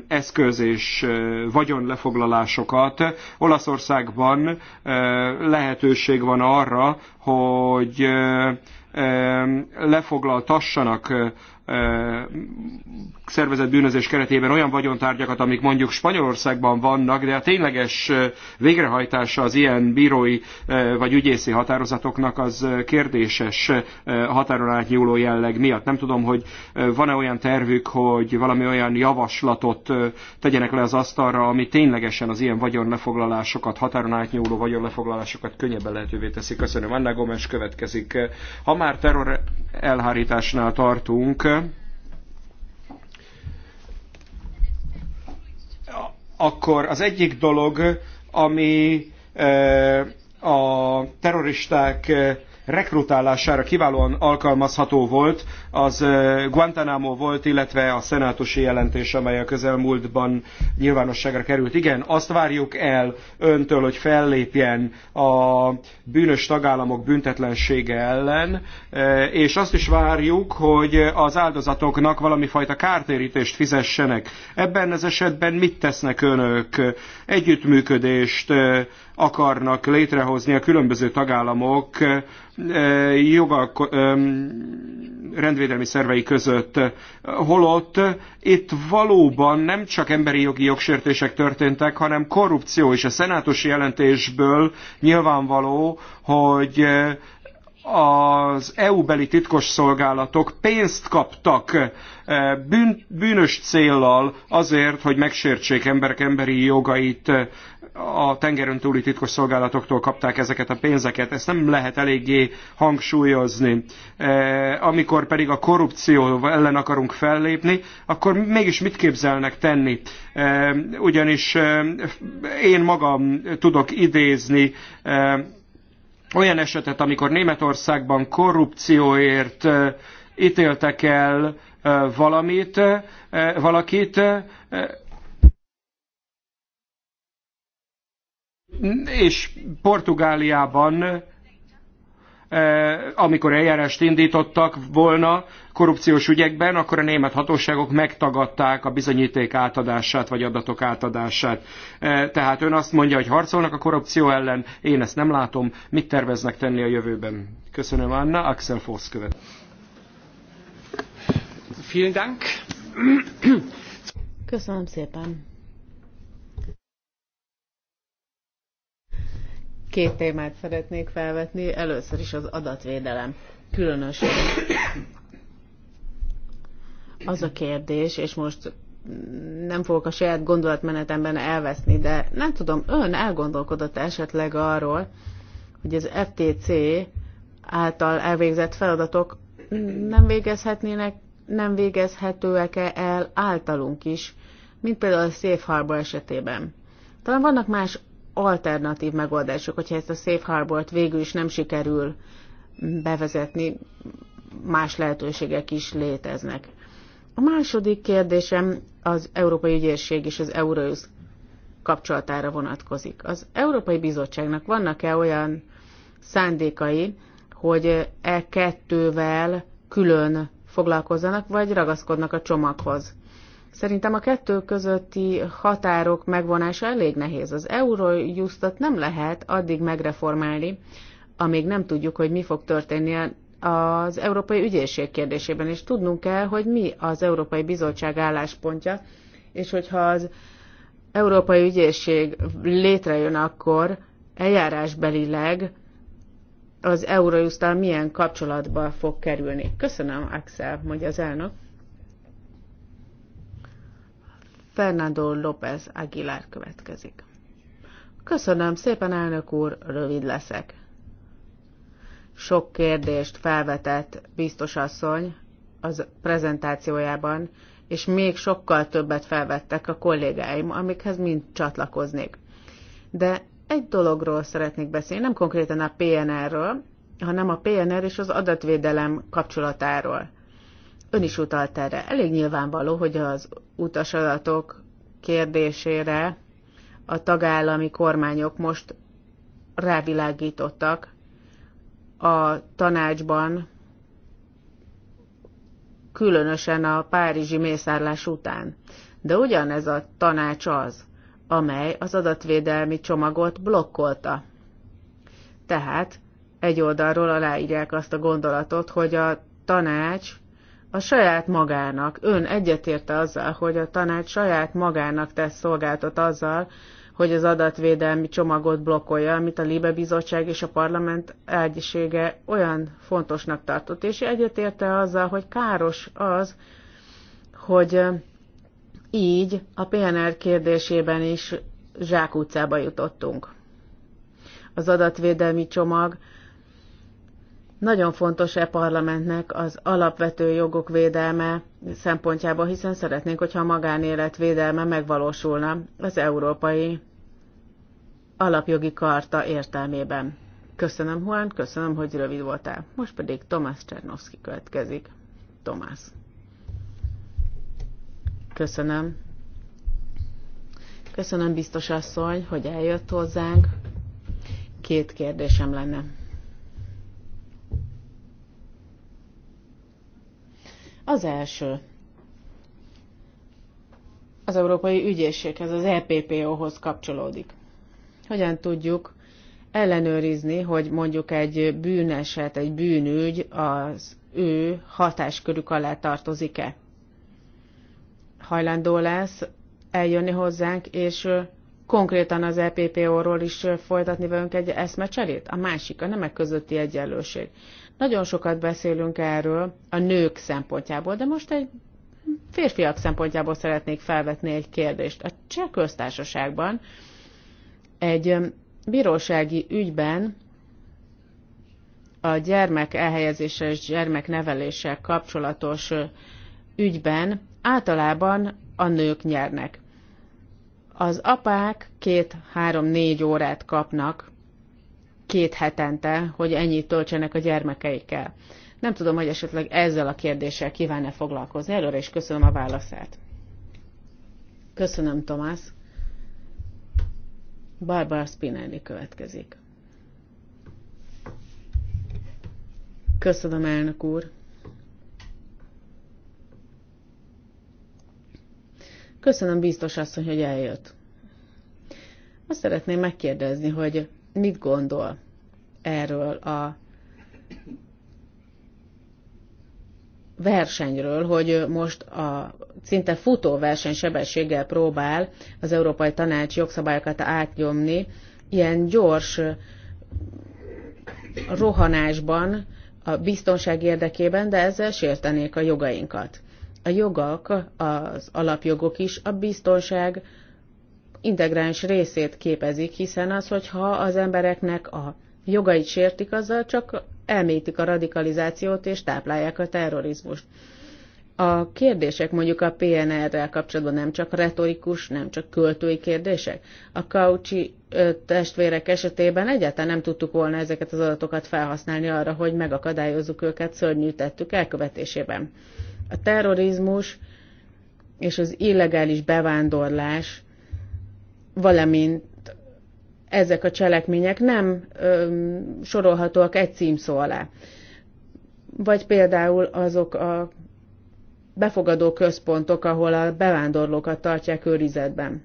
eszköz és vagyonlefoglalásokat. Olaszországban lehetőség van arra, hogy lefoglaltassanak szervezett bűnözés keretében olyan vagyontárgyakat, amik mondjuk Spanyolországban vannak, de a tényleges végrehajtása az ilyen bírói vagy ügyészi határozatoknak az kérdéses határon átnyúló jelleg miatt. Nem tudom, hogy van-e olyan tervük, hogy valami olyan javaslatot tegyenek le az asztalra, ami ténylegesen az ilyen vagyonlefoglalásokat, határon átnyúló vagyonlefoglalásokat könnyebben lehetővé teszi. Köszönöm. Anna Gomes következik. Ha már terror elhárításnál tartunk, akkor az egyik dolog, ami eh, a terroristák eh, rekrutálására kiválóan alkalmazható volt, az Guantánamo volt, illetve a szenátusi jelentés, amely a közelmúltban nyilvánosságra került. Igen, azt várjuk el öntől, hogy fellépjen a bűnös tagállamok büntetlensége ellen, és azt is várjuk, hogy az áldozatoknak valami fajta kártérítést fizessenek. Ebben az esetben mit tesznek önök? Együttműködést, akarnak létrehozni a különböző tagállamok eh, jogalko- eh, mm, rendvédelmi szervei között. Holott itt valóban nem csak emberi jogi jogsértések történtek, hanem korrupció is. A szenátusi jelentésből nyilvánvaló, hogy eh, az EU-beli titkosszolgálatok pénzt kaptak bűn, bűnös céllal azért, hogy megsértsék emberek emberi jogait a tengeren túli titkosszolgálatoktól kapták ezeket a pénzeket. Ezt nem lehet eléggé hangsúlyozni. E, amikor pedig a korrupció ellen akarunk fellépni, akkor mégis mit képzelnek tenni? E, ugyanis e, én magam tudok idézni olyan esetet, amikor Németországban korrupcióért ítéltek el valamit, valakit, és Portugáliában eh, amikor eljárást indítottak volna korrupciós ügyekben, akkor a német hatóságok megtagadták a bizonyíték átadását, vagy adatok átadását. Eh, tehát ön azt mondja, hogy harcolnak a korrupció ellen, én ezt nem látom. Mit terveznek tenni a jövőben? Köszönöm, Anna. Axel Foss követ. Vielen Dank. Köszönöm szépen. Két témát szeretnék felvetni, először is az adatvédelem. Különösen az a kérdés, és most nem fogok a saját gondolatmenetemben elveszni, de nem tudom, ön elgondolkodott esetleg arról, hogy az FTC által elvégzett feladatok nem végezhetnének, nem végezhetőek-e el általunk is, mint például a Safe Harbor esetében. Talán vannak más alternatív megoldások, hogyha ezt a safe harbor-t végül is nem sikerül bevezetni, más lehetőségek is léteznek. A második kérdésem az Európai Ügyészség és az Eurojust kapcsolatára vonatkozik. Az Európai Bizottságnak vannak-e olyan szándékai, hogy e kettővel külön foglalkozzanak, vagy ragaszkodnak a csomaghoz? Szerintem a kettő közötti határok megvonása elég nehéz. Az Eurojustot nem lehet addig megreformálni, amíg nem tudjuk, hogy mi fog történni az Európai Ügyészség kérdésében, és tudnunk kell, hogy mi az Európai Bizottság álláspontja, és hogyha az Európai Ügyészség létrejön, akkor eljárásbelileg az Eurojusttal milyen kapcsolatba fog kerülni. Köszönöm, Axel, mondja az elnök. Fernando López Aguilar következik. Köszönöm szépen, elnök úr, rövid leszek. Sok kérdést felvetett biztos asszony az prezentációjában, és még sokkal többet felvettek a kollégáim, amikhez mind csatlakoznék. De egy dologról szeretnék beszélni, nem konkrétan a PNR-ről, hanem a PNR és az adatvédelem kapcsolatáról. Ön is utalt erre. Elég nyilvánvaló, hogy az utasadatok kérdésére a tagállami kormányok most rávilágítottak a tanácsban, különösen a párizsi mészárlás után. De ugyanez a tanács az, amely az adatvédelmi csomagot blokkolta. Tehát egy oldalról aláírják azt a gondolatot, hogy a tanács a saját magának. Ön egyetérte azzal, hogy a tanács saját magának tesz szolgáltat azzal, hogy az adatvédelmi csomagot blokkolja, amit a Libe Bizottság és a Parlament egyisége olyan fontosnak tartott. És egyetérte azzal, hogy káros az, hogy így a PNR kérdésében is zsákutcába jutottunk. Az adatvédelmi csomag nagyon fontos e parlamentnek az alapvető jogok védelme szempontjából, hiszen szeretnénk, hogyha a magánélet védelme megvalósulna az európai alapjogi karta értelmében. Köszönöm, Juan, köszönöm, hogy rövid voltál. Most pedig Tomás Csernovszki következik. Tomás. Köszönöm. Köszönöm, biztos asszony, hogy eljött hozzánk. Két kérdésem lenne. Az első. Az Európai Ügyészséghez, az EPPO-hoz kapcsolódik. Hogyan tudjuk ellenőrizni, hogy mondjuk egy bűneset, egy bűnügy az ő hatáskörük alá tartozik-e? Hajlandó lesz eljönni hozzánk, és konkrétan az EPPO-ról is folytatni velünk egy eszmecserét? A másik, a nemek közötti egyenlőség. Nagyon sokat beszélünk erről a nők szempontjából, de most egy férfiak szempontjából szeretnék felvetni egy kérdést. A cseh köztársaságban egy um, bírósági ügyben a gyermek elhelyezése és gyermekneveléssel kapcsolatos ügyben általában a nők nyernek. Az apák két-három-négy órát kapnak két hetente, hogy ennyit töltsenek a gyermekeikkel. Nem tudom, hogy esetleg ezzel a kérdéssel kívánne foglalkozni. Előre is köszönöm a válaszát. Köszönöm, Tomás. Barbara Spinelli következik. Köszönöm, elnök úr. Köszönöm, biztos asszony, hogy eljött. Azt szeretném megkérdezni, hogy mit gondol erről a versenyről, hogy most a szinte futó versenysebességgel próbál az Európai Tanács jogszabályokat átnyomni, ilyen gyors rohanásban a biztonság érdekében, de ezzel sértenék a jogainkat. A jogak, az alapjogok is, a biztonság, integráns részét képezik, hiszen az, hogyha az embereknek a jogait sértik, azzal csak elmélyítik a radikalizációt és táplálják a terrorizmust. A kérdések mondjuk a PNR-rel kapcsolatban nem csak retorikus, nem csak költői kérdések. A kaucsi testvérek esetében egyáltalán nem tudtuk volna ezeket az adatokat felhasználni arra, hogy megakadályozzuk őket szörnyű tettük elkövetésében. A terrorizmus és az illegális bevándorlás valamint ezek a cselekmények nem ö, sorolhatóak egy címszó alá. Vagy például azok a befogadó központok, ahol a bevándorlókat tartják őrizetben.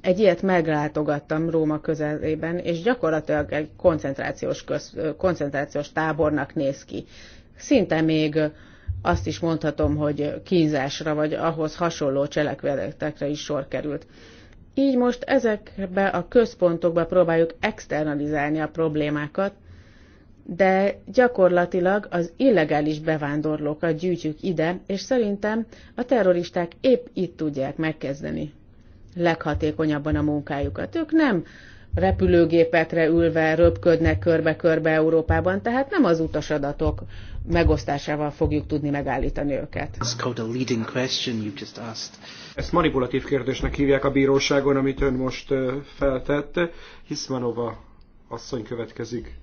Egy ilyet meglátogattam Róma közelében, és gyakorlatilag egy koncentrációs, köz, koncentrációs tábornak néz ki. Szinte még azt is mondhatom, hogy kínzásra vagy ahhoz hasonló cselekveletekre is sor került. Így most ezekbe a központokba próbáljuk externalizálni a problémákat, de gyakorlatilag az illegális bevándorlókat gyűjtjük ide, és szerintem a terroristák épp itt tudják megkezdeni leghatékonyabban a munkájukat. Ők nem repülőgépekre ülve röpködnek körbe-körbe Európában, tehát nem az utasadatok megosztásával fogjuk tudni megállítani őket. Ezt manipulatív kérdésnek hívják a bíróságon, amit ön most feltette, Hiszmanova asszony következik.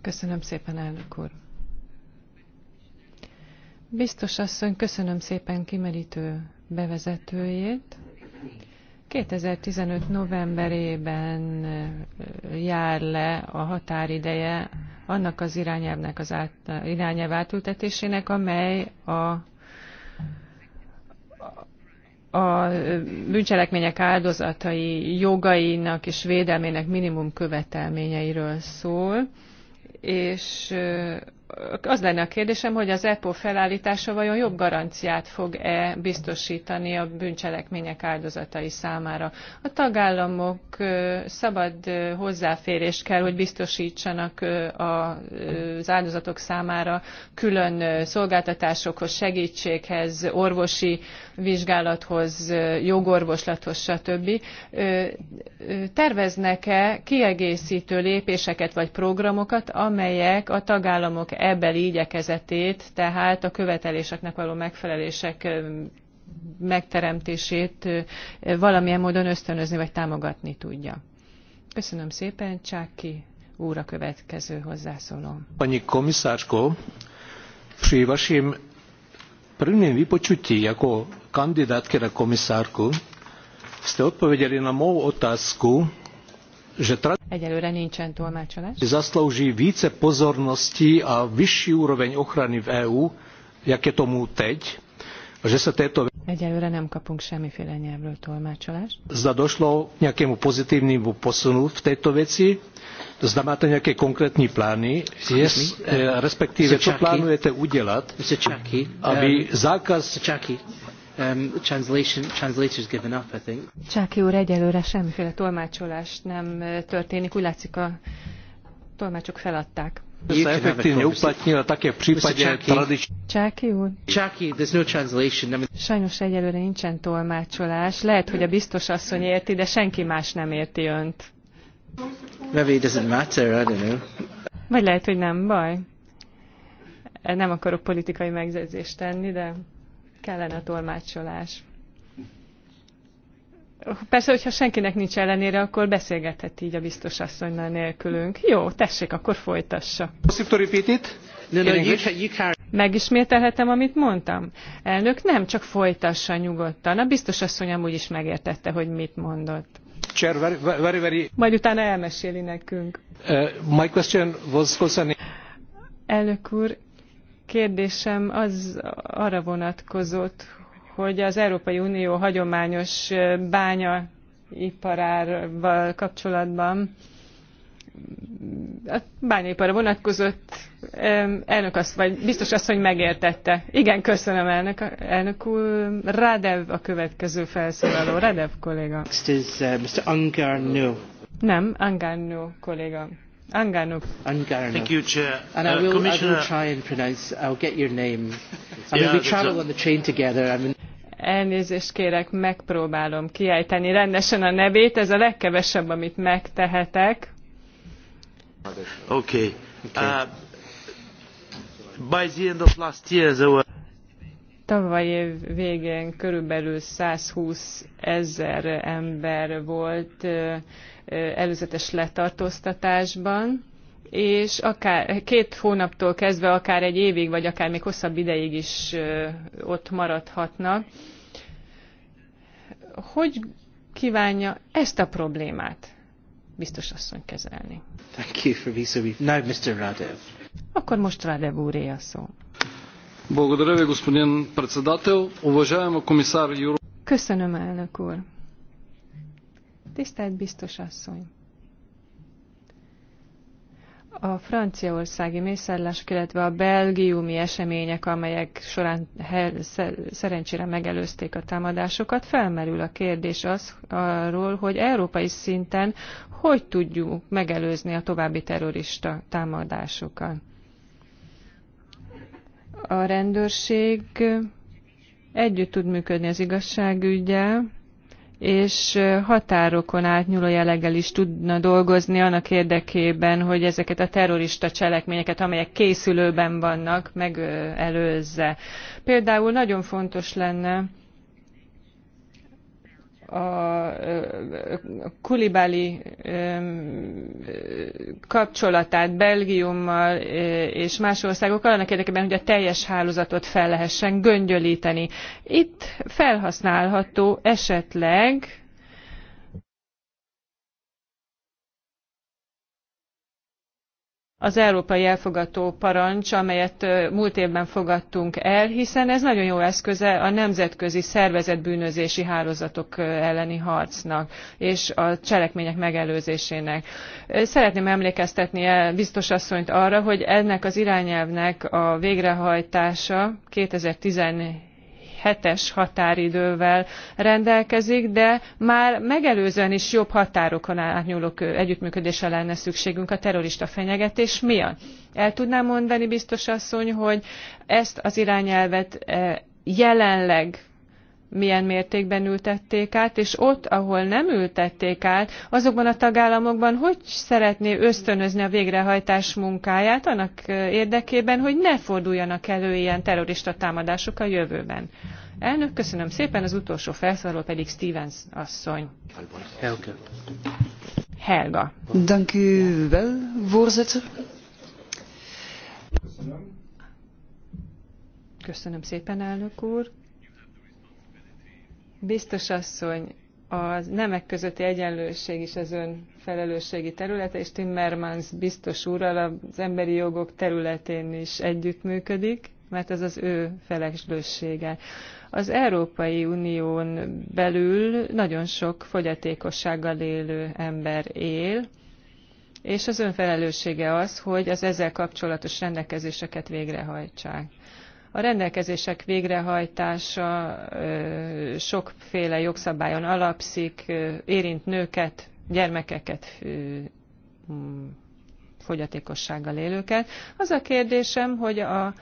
Köszönöm szépen, elnök úr. Biztos asszony, köszönöm szépen kimerítő bevezetőjét. 2015 novemberében jár le a határideje annak az irányelvnek az át, irányelv átültetésének, amely a a bűncselekmények áldozatai jogainak és védelmének minimum követelményeiről szól, és az lenne a kérdésem, hogy az EPO felállítása vajon jobb garanciát fog-e biztosítani a bűncselekmények áldozatai számára. A tagállamok szabad hozzáférést kell, hogy biztosítsanak az áldozatok számára külön szolgáltatásokhoz, segítséghez, orvosi vizsgálathoz, jogorvoslathoz, stb. Terveznek-e kiegészítő lépéseket vagy programokat, amelyek a tagállamok ebbeli igyekezetét, tehát a követeléseknek való megfelelések megteremtését valamilyen módon ösztönözni vagy támogatni tudja. Köszönöm szépen, Csáki úr a következő hozzászóló. Pani komisárko, pri vašim prvnim vypočutí jako kandidátky na komisárku ste odpovedeli na mou otázku, že Egyelőre nincsen tolmácsolás. Zaslouží více pozornosti a vyšší úroveň ochrany v EU, jak je tomu teď, že sa této... Egyelőre nem kapunk semmiféle nyelvről tolmácsolást. Zda došlo k nejakému pozitívnemu posunu v tejto veci? Zda máte nejaké konkrétní plány? Yes, eh, respektíve, čo plánujete udelať, aby eh, zákaz... Um, translation, translator's given up, I think. Csáki úr, egyelőre semmiféle tolmácsolás nem uh, történik. Úgy látszik, a tolmácsok feladták. Csáki úr? Csáki, there's no translation. Sajnos egyelőre nincsen tolmácsolás. Lehet, hogy a biztos asszony érti, de senki más nem érti önt. Maybe it doesn't matter, I don't know. Vagy lehet, hogy nem baj. Nem akarok politikai megjegyzést tenni, de kellene a tolmácsolás. Persze, hogyha senkinek nincs ellenére, akkor beszélgethet így a biztos asszonynal nélkülünk. Jó, tessék, akkor folytassa. Megismételhetem, amit mondtam? Elnök, nem, csak folytassa nyugodtan. A biztos asszony amúgy is megértette, hogy mit mondott. Chair, very, very, very... Majd utána elmeséli nekünk. Uh, my question was concerning... Elnök úr, kérdésem az arra vonatkozott, hogy az Európai Unió hagyományos iparával kapcsolatban a bányaipara vonatkozott. Elnök azt, vagy biztos azt, hogy megértette. Igen, köszönöm elnök, elnök úr. Radev a következő felszólaló. Radev kolléga. Is, uh, Mr. Angarno. Nem, Angarno kolléga. Angarno. Angarno. Thank you, Chair. And I uh, will, I will try and pronounce, I'll get your name. I mean, yeah, we travel on the train together. I mean... Elnézést kérek, megpróbálom kiejteni rendesen a nevét, ez a legkevesebb, amit megtehetek. Okay. okay. Uh, by the end of last year there were Tavaly év végén körülbelül 120 ezer ember volt előzetes letartóztatásban, és akár két hónaptól kezdve, akár egy évig, vagy akár még hosszabb ideig is ott maradhatnak. Hogy kívánja ezt a problémát biztos asszony kezelni? Thank you for Now, Mr. Radev. Akkor most Radev úré a szó. Köszönöm, elnök úr. Tisztelt biztos asszony! A franciaországi mészárlás illetve a belgiumi események, amelyek során szerencsére megelőzték a támadásokat, felmerül a kérdés az arról, hogy európai szinten hogy tudjuk megelőzni a további terrorista támadásokat a rendőrség együtt tud működni az igazságügyel, és határokon átnyúló jelleggel is tudna dolgozni annak érdekében, hogy ezeket a terrorista cselekményeket, amelyek készülőben vannak, megelőzze. Például nagyon fontos lenne, a Kulibáli kapcsolatát Belgiummal és más országokkal annak érdekében, hogy a teljes hálózatot fel lehessen göngyölíteni. Itt felhasználható esetleg az európai elfogadó parancs, amelyet múlt évben fogadtunk el, hiszen ez nagyon jó eszköze a nemzetközi bűnözési hálózatok elleni harcnak és a cselekmények megelőzésének. Szeretném emlékeztetni biztos asszonyt arra, hogy ennek az irányelvnek a végrehajtása 2014 hetes határidővel rendelkezik, de már megelőzően is jobb határokon átnyúló együttműködésre lenne szükségünk a terrorista fenyegetés miatt. El tudnám mondani, biztos asszony, hogy ezt az irányelvet eh, jelenleg milyen mértékben ültették át, és ott, ahol nem ültették át, azokban a tagállamokban hogy szeretné ösztönözni a végrehajtás munkáját annak eh, érdekében, hogy ne forduljanak elő ilyen terrorista támadások a jövőben. Elnök, köszönöm szépen, az utolsó felszólaló pedig Stevens asszony. Helga. Dank u wel, voorzitter. Köszönöm. Köszönöm szépen, elnök úr. Biztos asszony, a nemek közötti egyenlőség is az ön felelősségi területe, és Timmermans biztos úrral az emberi jogok területén is együttműködik, mert ez az ő felelőssége. Az Európai Unión belül nagyon sok fogyatékossággal élő ember él, és az ön felelőssége az, hogy az ezzel kapcsolatos rendelkezéseket végrehajtsák. A rendelkezések végrehajtása sokféle jogszabályon alapszik, érint nőket, gyermekeket, fogyatékossággal élőket. Az a kérdésem, hogy a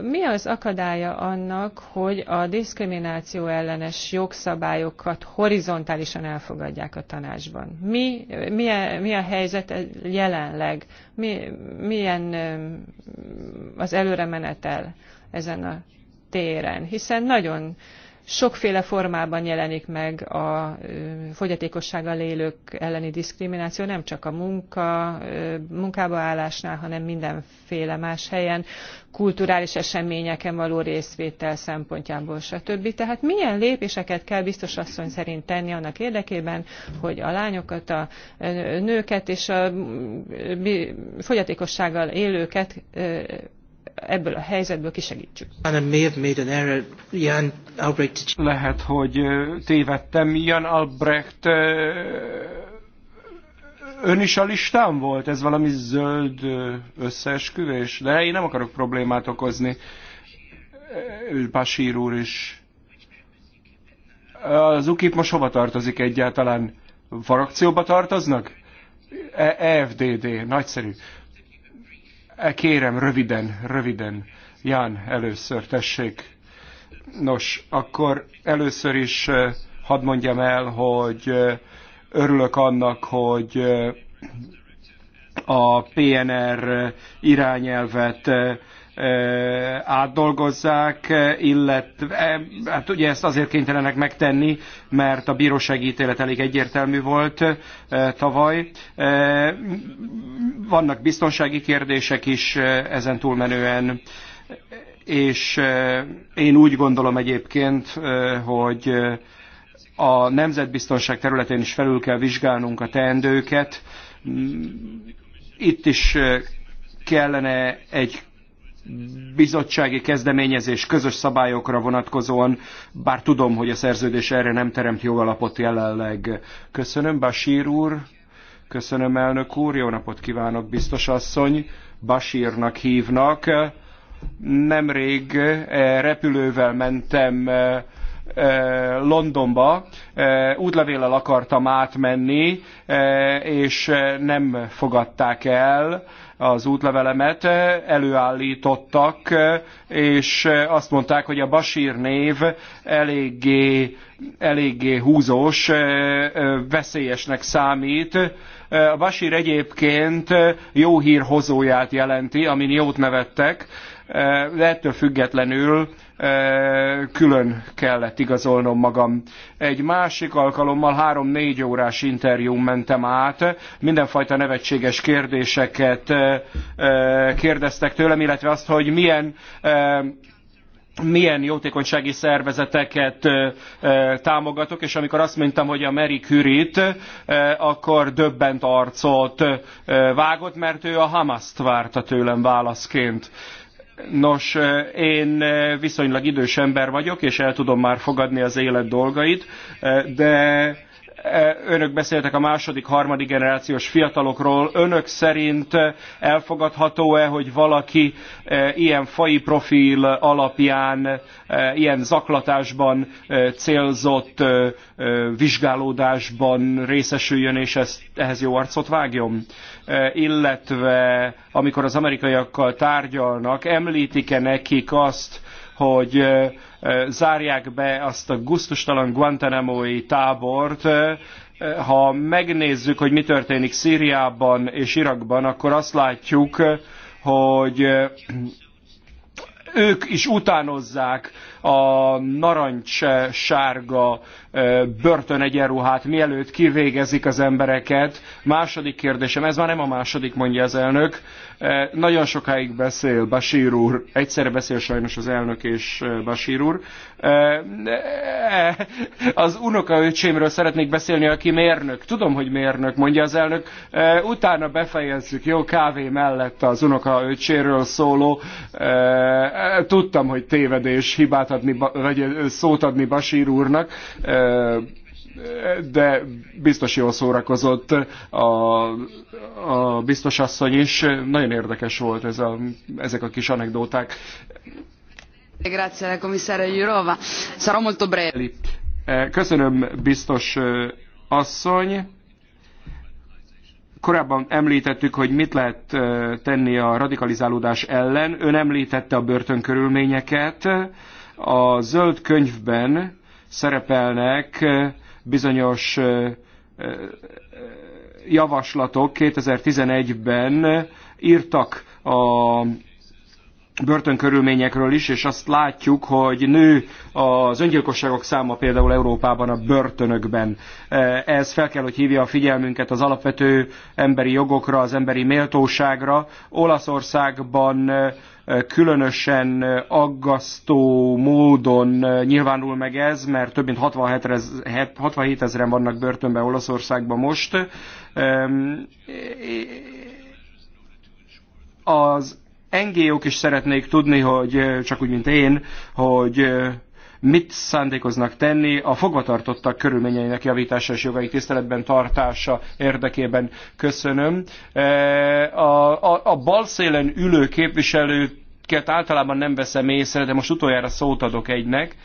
mi az akadálya annak, hogy a diszkrimináció ellenes jogszabályokat horizontálisan elfogadják a tanácsban? Mi, mi, a, mi a helyzet jelenleg? Mi, milyen az előre menetel ezen a téren? Hiszen nagyon uh, sokféle formában jelenik meg a fogyatékossággal élők elleni diszkrimináció, nem csak a munka, munkába állásnál, hanem mindenféle más helyen, kulturális eseményeken való részvétel szempontjából, stb. Tehát milyen lépéseket kell biztos asszony szerint tenni annak érdekében, hogy a lányokat, a nőket és a fogyatékossággal élőket ebből a helyzetből kisegítsük. Lehet, hogy tévedtem. Jan Albrecht ön is a listán volt? Ez valami zöld összeesküvés? De én nem akarok problémát okozni. Basír úr is. Az UKIP most hova tartozik egyáltalán? Frakcióba tartoznak? EFDD, e nagyszerű. E, kérem, röviden, röviden. Ján, először, tessék. Nos, akkor először is e, hadd mondjam el, hogy e, örülök annak, hogy a PNR irányelvet átdolgozzák, illetve hát ugye ezt azért kénytelenek megtenni, mert a bírósági ítélet elég egyértelmű volt tavaly. Vannak biztonsági kérdések is ezen túlmenően, és én úgy gondolom egyébként, hogy a nemzetbiztonság területén is felül kell vizsgálnunk a teendőket. Itt is kellene egy bizottsági kezdeményezés közös szabályokra vonatkozóan, bár tudom, hogy a szerződés erre nem teremt jó alapot jelenleg. Köszönöm, Basír úr, köszönöm, elnök úr, jó napot kívánok, biztos asszony, Basírnak hívnak. Nemrég eh, repülővel mentem eh, eh, Londonba, útlevéllel akartam átmenni, és nem fogadták el, az útlevelemet, előállítottak, és azt mondták, hogy a Basír név eléggé, eléggé húzós, veszélyesnek számít. A Basír egyébként jó hír hozóját jelenti, amin jót nevettek, Eh, de ettől függetlenül eh, külön kellett igazolnom magam. Egy másik alkalommal három-négy órás interjú mentem át, mindenfajta nevetséges kérdéseket eh, kérdeztek tőlem, illetve azt, hogy milyen milyen jótékonysági szervezeteket támogatok, és amikor azt mondtam, hogy a Mary Curie-t, akkor döbbent arcot vágott, mert ő a Hamaszt várta tőlem válaszként. Nos, eh, én eh, viszonylag idős ember vagyok, és el tudom már fogadni az élet dolgait, eh, de Eh, önök beszéltek a második, harmadik generációs fiatalokról. Önök szerint elfogadható-e, hogy valaki eh, ilyen fai profil alapján, eh, ilyen zaklatásban célzott vizsgálódásban részesüljön, és ezt, ehhez jó arcot vágjon? Illetve amikor az amerikaiakkal tárgyalnak, említik-e nekik azt, hogy zárják be azt a guztustalan Guantanamo-i tábort, ha megnézzük, hogy mi történik Szíriában és Irakban, akkor azt látjuk, hogy ők is utánozzák a narancssárga börtönegyenruhát, mielőtt kivégezik az embereket. Második kérdésem, ez már nem a második, mondja az elnök, Eh, nagyon sokáig beszél Basír úr, egyszerre beszél sajnos az elnök és eh, Basír úr. Eh, az öcsémről szeretnék beszélni, aki mérnök. Tudom, hogy mérnök, mondja az elnök. Utána befejezzük, jó kávé mellett az öcséről szóló. Tudtam, hogy tévedés, hibát adni, vagy szót adni Basír úrnak de biztos jól szórakozott a, a biztos asszony is. Nagyon érdekes volt ez a, ezek a kis anekdóták. molto eh, Köszönöm, biztos eh, asszony. Korábban említettük, hogy mit lehet eh, tenni a radikalizálódás ellen. Ön említette a börtönkörülményeket. A zöld könyvben szerepelnek bizonyos javaslatok 2011-ben írtak a börtönkörülményekről is, és azt látjuk, hogy nő az öngyilkosságok száma például Európában a börtönökben. Ez fel kell, hogy hívja a figyelmünket az alapvető emberi jogokra, az emberi méltóságra. Olaszországban különösen aggasztó módon nyilvánul meg ez, mert több mint 67 ezeren vannak börtönben Olaszországban most. Az NGO-k is szeretnék tudni, hogy csak úgy, mint én, hogy mit szándékoznak tenni a fogvatartottak körülményeinek javítása és jogai tiszteletben tartása érdekében. Köszönöm. E, a, a, a szélen ülő képviselőket általában nem veszem észre, de most utoljára szót adok egynek.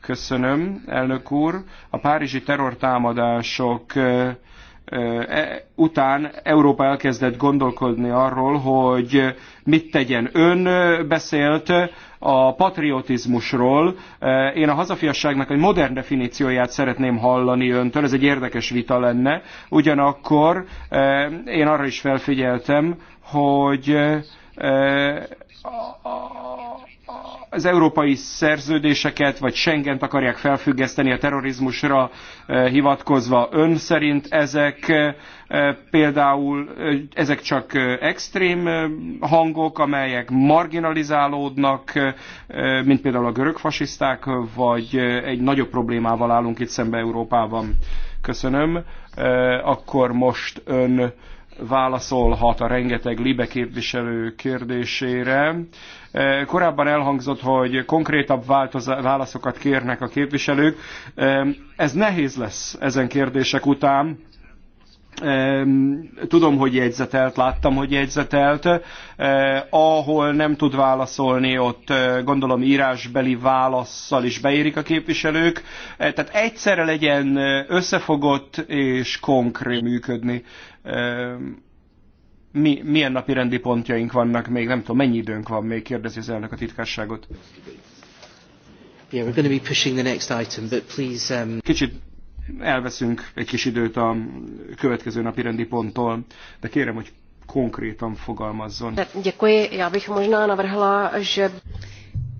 Köszönöm, elnök úr. A párizsi terrortámadások e, e, után Európa elkezdett gondolkodni arról, hogy mit tegyen. Ön beszélt a patriotizmusról. E, én a hazafiasságnak egy modern definícióját szeretném hallani öntől, ez egy érdekes vita lenne. Ugyanakkor e, én arra is felfigyeltem, hogy e, az európai szerződéseket, vagy Schengent akarják felfüggeszteni a terrorizmusra eh, hivatkozva ön szerint ezek eh, például, eh, ezek csak extrém hangok, amelyek marginalizálódnak, mint például a görög fasiszták, vagy egy nagyobb problémával állunk itt szembe Európában. Köszönöm. Akkor most ön válaszolhat a rengeteg libe képviselő kérdésére. Eh, korábban elhangzott, hogy konkrétabb válaszokat kérnek a képviselők. Eh, ez nehéz lesz ezen kérdések után. Eh, tudom, hogy jegyzetelt, láttam, hogy jegyzetelt. Ahol nem tud válaszolni, ott gondolom írásbeli válaszsal is beérik a képviselők. Tehát egyszerre legyen összefogott és konkrét működni mi, milyen napi rendi pontjaink vannak még, nem tudom, mennyi időnk van még, kérdezi az elnök a titkárságot. Um, Kicsit elveszünk egy kis időt a következő napi rendi ponttól, de kérem, hogy konkrétan fogalmazzon. Děkuji, já bych možná navrhla, že...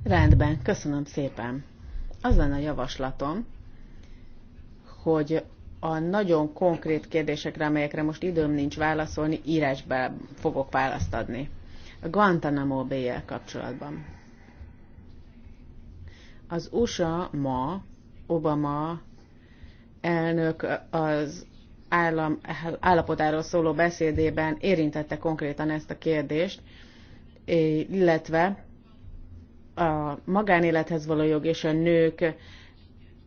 Rendben, köszönöm szépen. Az lenne a javaslatom, hogy a nagyon konkrét kérdésekre, amelyekre most időm nincs válaszolni, írásban fogok választ adni. A Guantanamo bay kapcsolatban. Az USA ma, Obama elnök az állam, állapotáról szóló beszédében érintette konkrétan ezt a kérdést, illetve a magánélethez való jog és a nők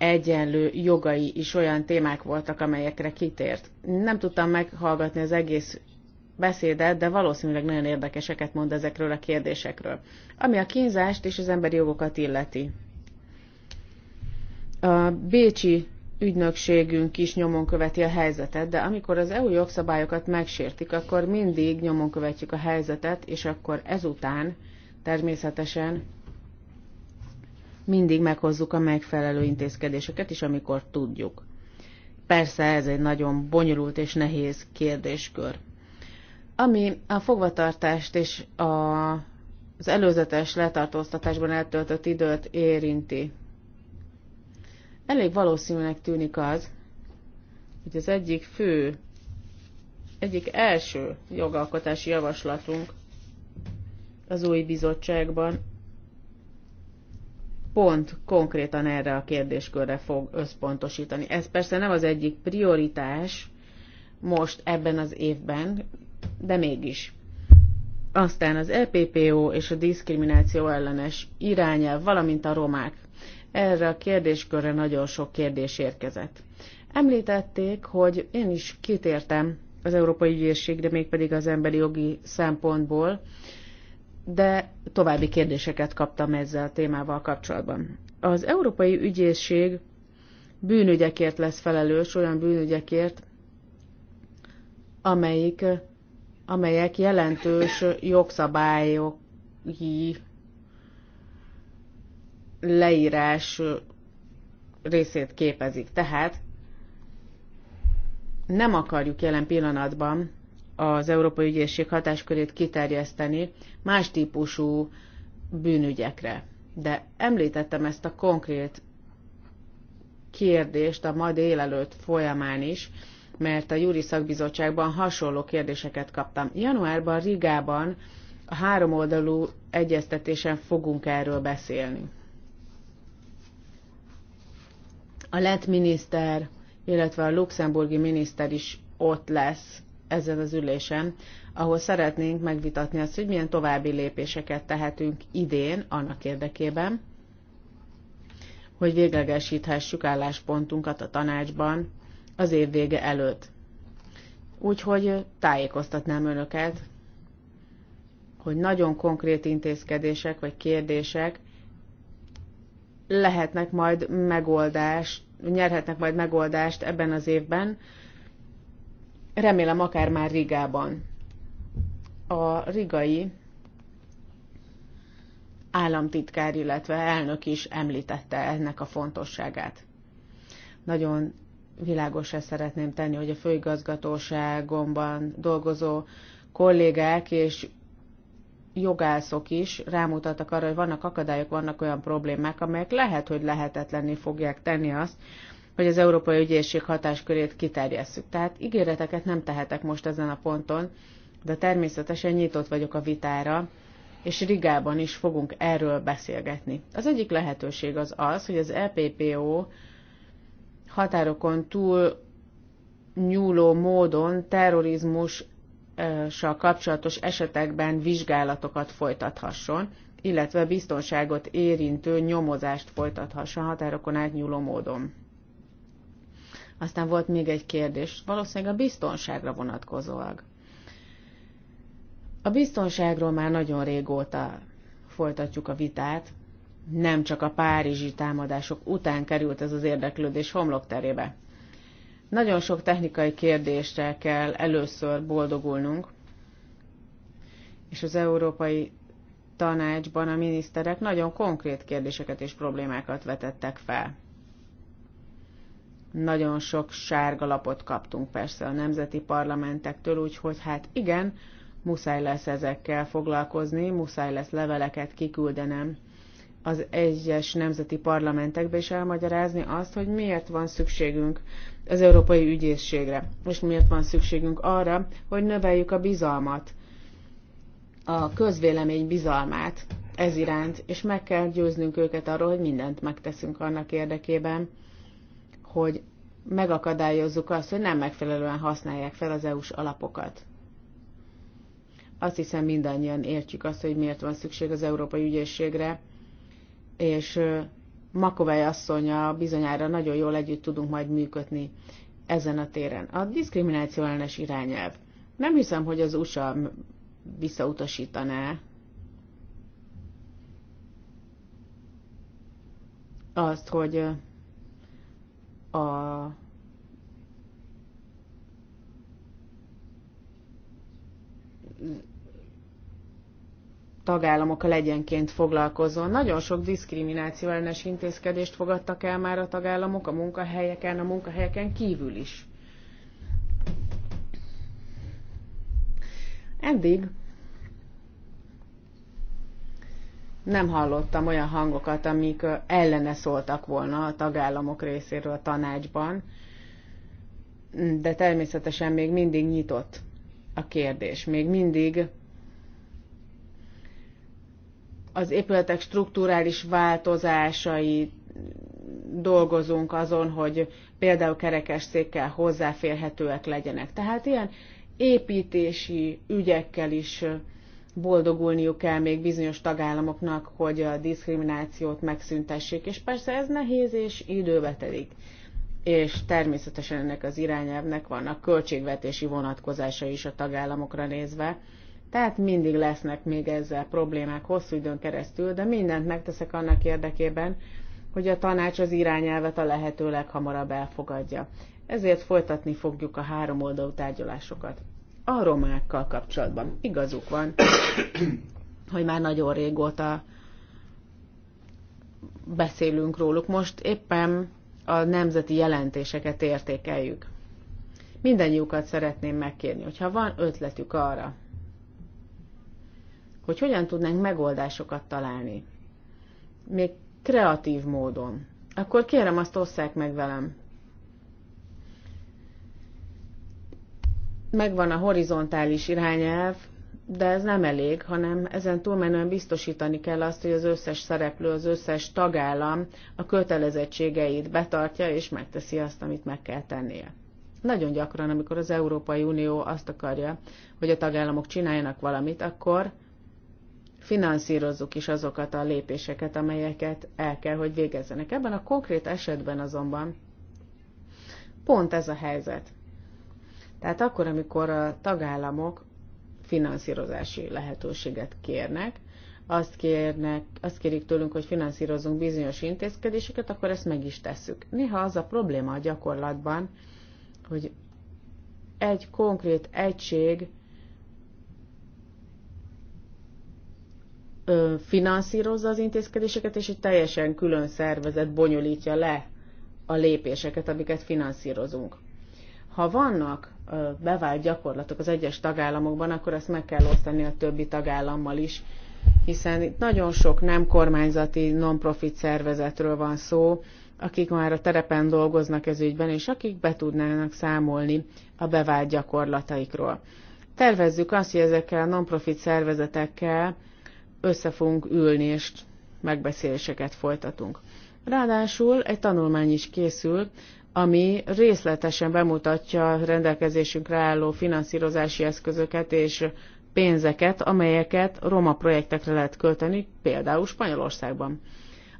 egyenlő jogai is olyan témák voltak, amelyekre kitért. Nem tudtam meghallgatni az egész beszédet, de valószínűleg nagyon érdekeseket mond ezekről a kérdésekről, ami a kínzást és az emberi jogokat illeti. A Bécsi ügynökségünk is nyomon követi a helyzetet, de amikor az EU jogszabályokat megsértik, akkor mindig nyomon követjük a helyzetet, és akkor ezután természetesen mindig meghozzuk a megfelelő intézkedéseket is, amikor tudjuk. Persze ez egy nagyon bonyolult és nehéz kérdéskör. Ami a fogvatartást és a, az előzetes letartóztatásban eltöltött időt érinti. Elég valószínűnek tűnik az, hogy az egyik fő, egyik első jogalkotási javaslatunk az új bizottságban pont konkrétan erre a kérdéskörre fog összpontosítani. Ez persze nem az egyik prioritás most ebben az évben, de mégis. Aztán az EPPO és a diszkrimináció ellenes irányel, valamint a romák. Erre a kérdéskörre nagyon sok kérdés érkezett. Említették, hogy én is kitértem az Európai Ügyészségre, mégpedig az emberi jogi szempontból, de további kérdéseket kaptam ezzel a témával kapcsolatban. Az Európai Ügyészség bűnügyekért lesz felelős, olyan bűnügyekért, amelyik, amelyek jelentős jogszabályi leírás részét képezik. Tehát nem akarjuk jelen pillanatban az Európai Ügyészség hatáskörét kiterjeszteni más típusú bűnügyekre. De említettem ezt a konkrét kérdést a ma délelőtt folyamán is, mert a Júri Szakbizottságban hasonló kérdéseket kaptam. Januárban Rigában a háromoldalú egyeztetésen fogunk erről beszélni. A lett miniszter, illetve a luxemburgi miniszter is ott lesz ezen az ülésen, ahol szeretnénk megvitatni azt, hogy milyen további lépéseket tehetünk idén annak érdekében, hogy véglegesíthessük álláspontunkat a tanácsban az év vége előtt. Úgyhogy tájékoztatnám önöket, hogy nagyon konkrét intézkedések vagy kérdések lehetnek majd megoldás, nyerhetnek majd megoldást ebben az évben, remélem akár már Rigában. A rigai államtitkár, illetve elnök is említette ennek a fontosságát. Nagyon világosra szeretném tenni, hogy a főigazgatóságomban dolgozó kollégák és jogászok is rámutattak arra, hogy vannak akadályok, vannak olyan problémák, amelyek lehet, hogy lehetetlenné fogják tenni azt, hogy az Európai Ügyészség hatáskörét kiterjesszük. Tehát ígéreteket nem tehetek most ezen a ponton, de természetesen nyitott vagyok a vitára, és Rigában is fogunk erről beszélgetni. Az egyik lehetőség az az, hogy az EPPO határokon túl nyúló módon terrorizmussal kapcsolatos esetekben vizsgálatokat folytathasson, illetve biztonságot érintő nyomozást folytathasson határokon átnyúló módon. Aztán volt még egy kérdés, valószínűleg a biztonságra vonatkozólag. A biztonságról már nagyon régóta folytatjuk a vitát, nem csak a párizsi támadások után került ez az érdeklődés homlokterébe. Nagyon sok technikai kérdésre kell először boldogulnunk, és az Európai Tanácsban a miniszterek nagyon konkrét kérdéseket és problémákat vetettek fel. Nagyon sok sárga lapot kaptunk persze a nemzeti parlamentektől, úgyhogy hát igen, muszáj lesz ezekkel foglalkozni, muszáj lesz leveleket kiküldenem az egyes nemzeti parlamentekbe is elmagyarázni azt, hogy miért van szükségünk az európai ügyészségre, és miért van szükségünk arra, hogy növeljük a bizalmat, a közvélemény bizalmát ez iránt, és meg kell győznünk őket arról, hogy mindent megteszünk annak érdekében, hogy megakadályozzuk azt, hogy nem megfelelően használják fel az EU-s alapokat. Azt hiszem mindannyian értjük azt, hogy miért van szükség az Európai Ügyészségre, és Makovely asszonya bizonyára nagyon jól együtt tudunk majd működni ezen a téren. A diszkrimináció ellenes irányelv. Nem hiszem, hogy az USA visszautasítaná azt, hogy a tagállamokkal egyenként foglalkozzon. Nagyon sok diszkrimináció ellenes intézkedést fogadtak el már a tagállamok a munkahelyeken, a munkahelyeken kívül is. Eddig nem hallottam olyan hangokat, amik ellene szóltak volna a tagállamok részéről a tanácsban, de természetesen még mindig nyitott a kérdés. Még mindig az épületek strukturális változásai dolgozunk azon, hogy például székkel hozzáférhetőek legyenek. Tehát ilyen építési ügyekkel is boldogulniuk kell még bizonyos tagállamoknak, hogy a diszkriminációt megszüntessék, és persze ez nehéz és időbe telik. És természetesen ennek az irányelvnek vannak költségvetési vonatkozása is a tagállamokra nézve, tehát mindig lesznek még ezzel problémák hosszú időn keresztül, de mindent megteszek annak érdekében, hogy a tanács az irányelvet a lehető leghamarabb elfogadja. Ezért folytatni fogjuk a három oldalú tárgyalásokat a romákkal kapcsolatban. Igazuk van, hogy már nagyon régóta beszélünk róluk. Most éppen a nemzeti jelentéseket értékeljük. Mindennyiukat szeretném megkérni, hogyha van ötletük arra, hogy hogyan tudnánk megoldásokat találni, még kreatív módon, akkor kérem azt osszák meg velem. Megvan a horizontális irányelv, de ez nem elég, hanem ezen túlmenően biztosítani kell azt, hogy az összes szereplő, az összes tagállam a kötelezettségeit betartja és megteszi azt, amit meg kell tennie. Nagyon gyakran, amikor az Európai Unió azt akarja, hogy a tagállamok csináljanak valamit, akkor finanszírozzuk is azokat a lépéseket, amelyeket el kell, hogy végezzenek. Ebben a konkrét esetben azonban pont ez a helyzet. Tehát akkor, amikor a tagállamok finanszírozási lehetőséget kérnek, azt, kérnek, azt kérik tőlünk, hogy finanszírozunk bizonyos intézkedéseket, akkor ezt meg is tesszük. Néha az a probléma a gyakorlatban, hogy egy konkrét egység finanszírozza az intézkedéseket, és egy teljesen külön szervezet bonyolítja le a lépéseket, amiket finanszírozunk. Ha vannak bevált gyakorlatok az egyes tagállamokban, akkor ezt meg kell osztani a többi tagállammal is, hiszen itt nagyon sok nem kormányzati non-profit szervezetről van szó, akik már a terepen dolgoznak ez ügyben, és akik be tudnának számolni a bevált gyakorlataikról. Tervezzük azt, hogy ezekkel a non-profit szervezetekkel össze fogunk ülni, és megbeszéléseket folytatunk. Ráadásul egy tanulmány is készül, ami részletesen bemutatja a rendelkezésünkre álló finanszírozási eszközöket és pénzeket, amelyeket roma projektekre lehet költeni, például Spanyolországban.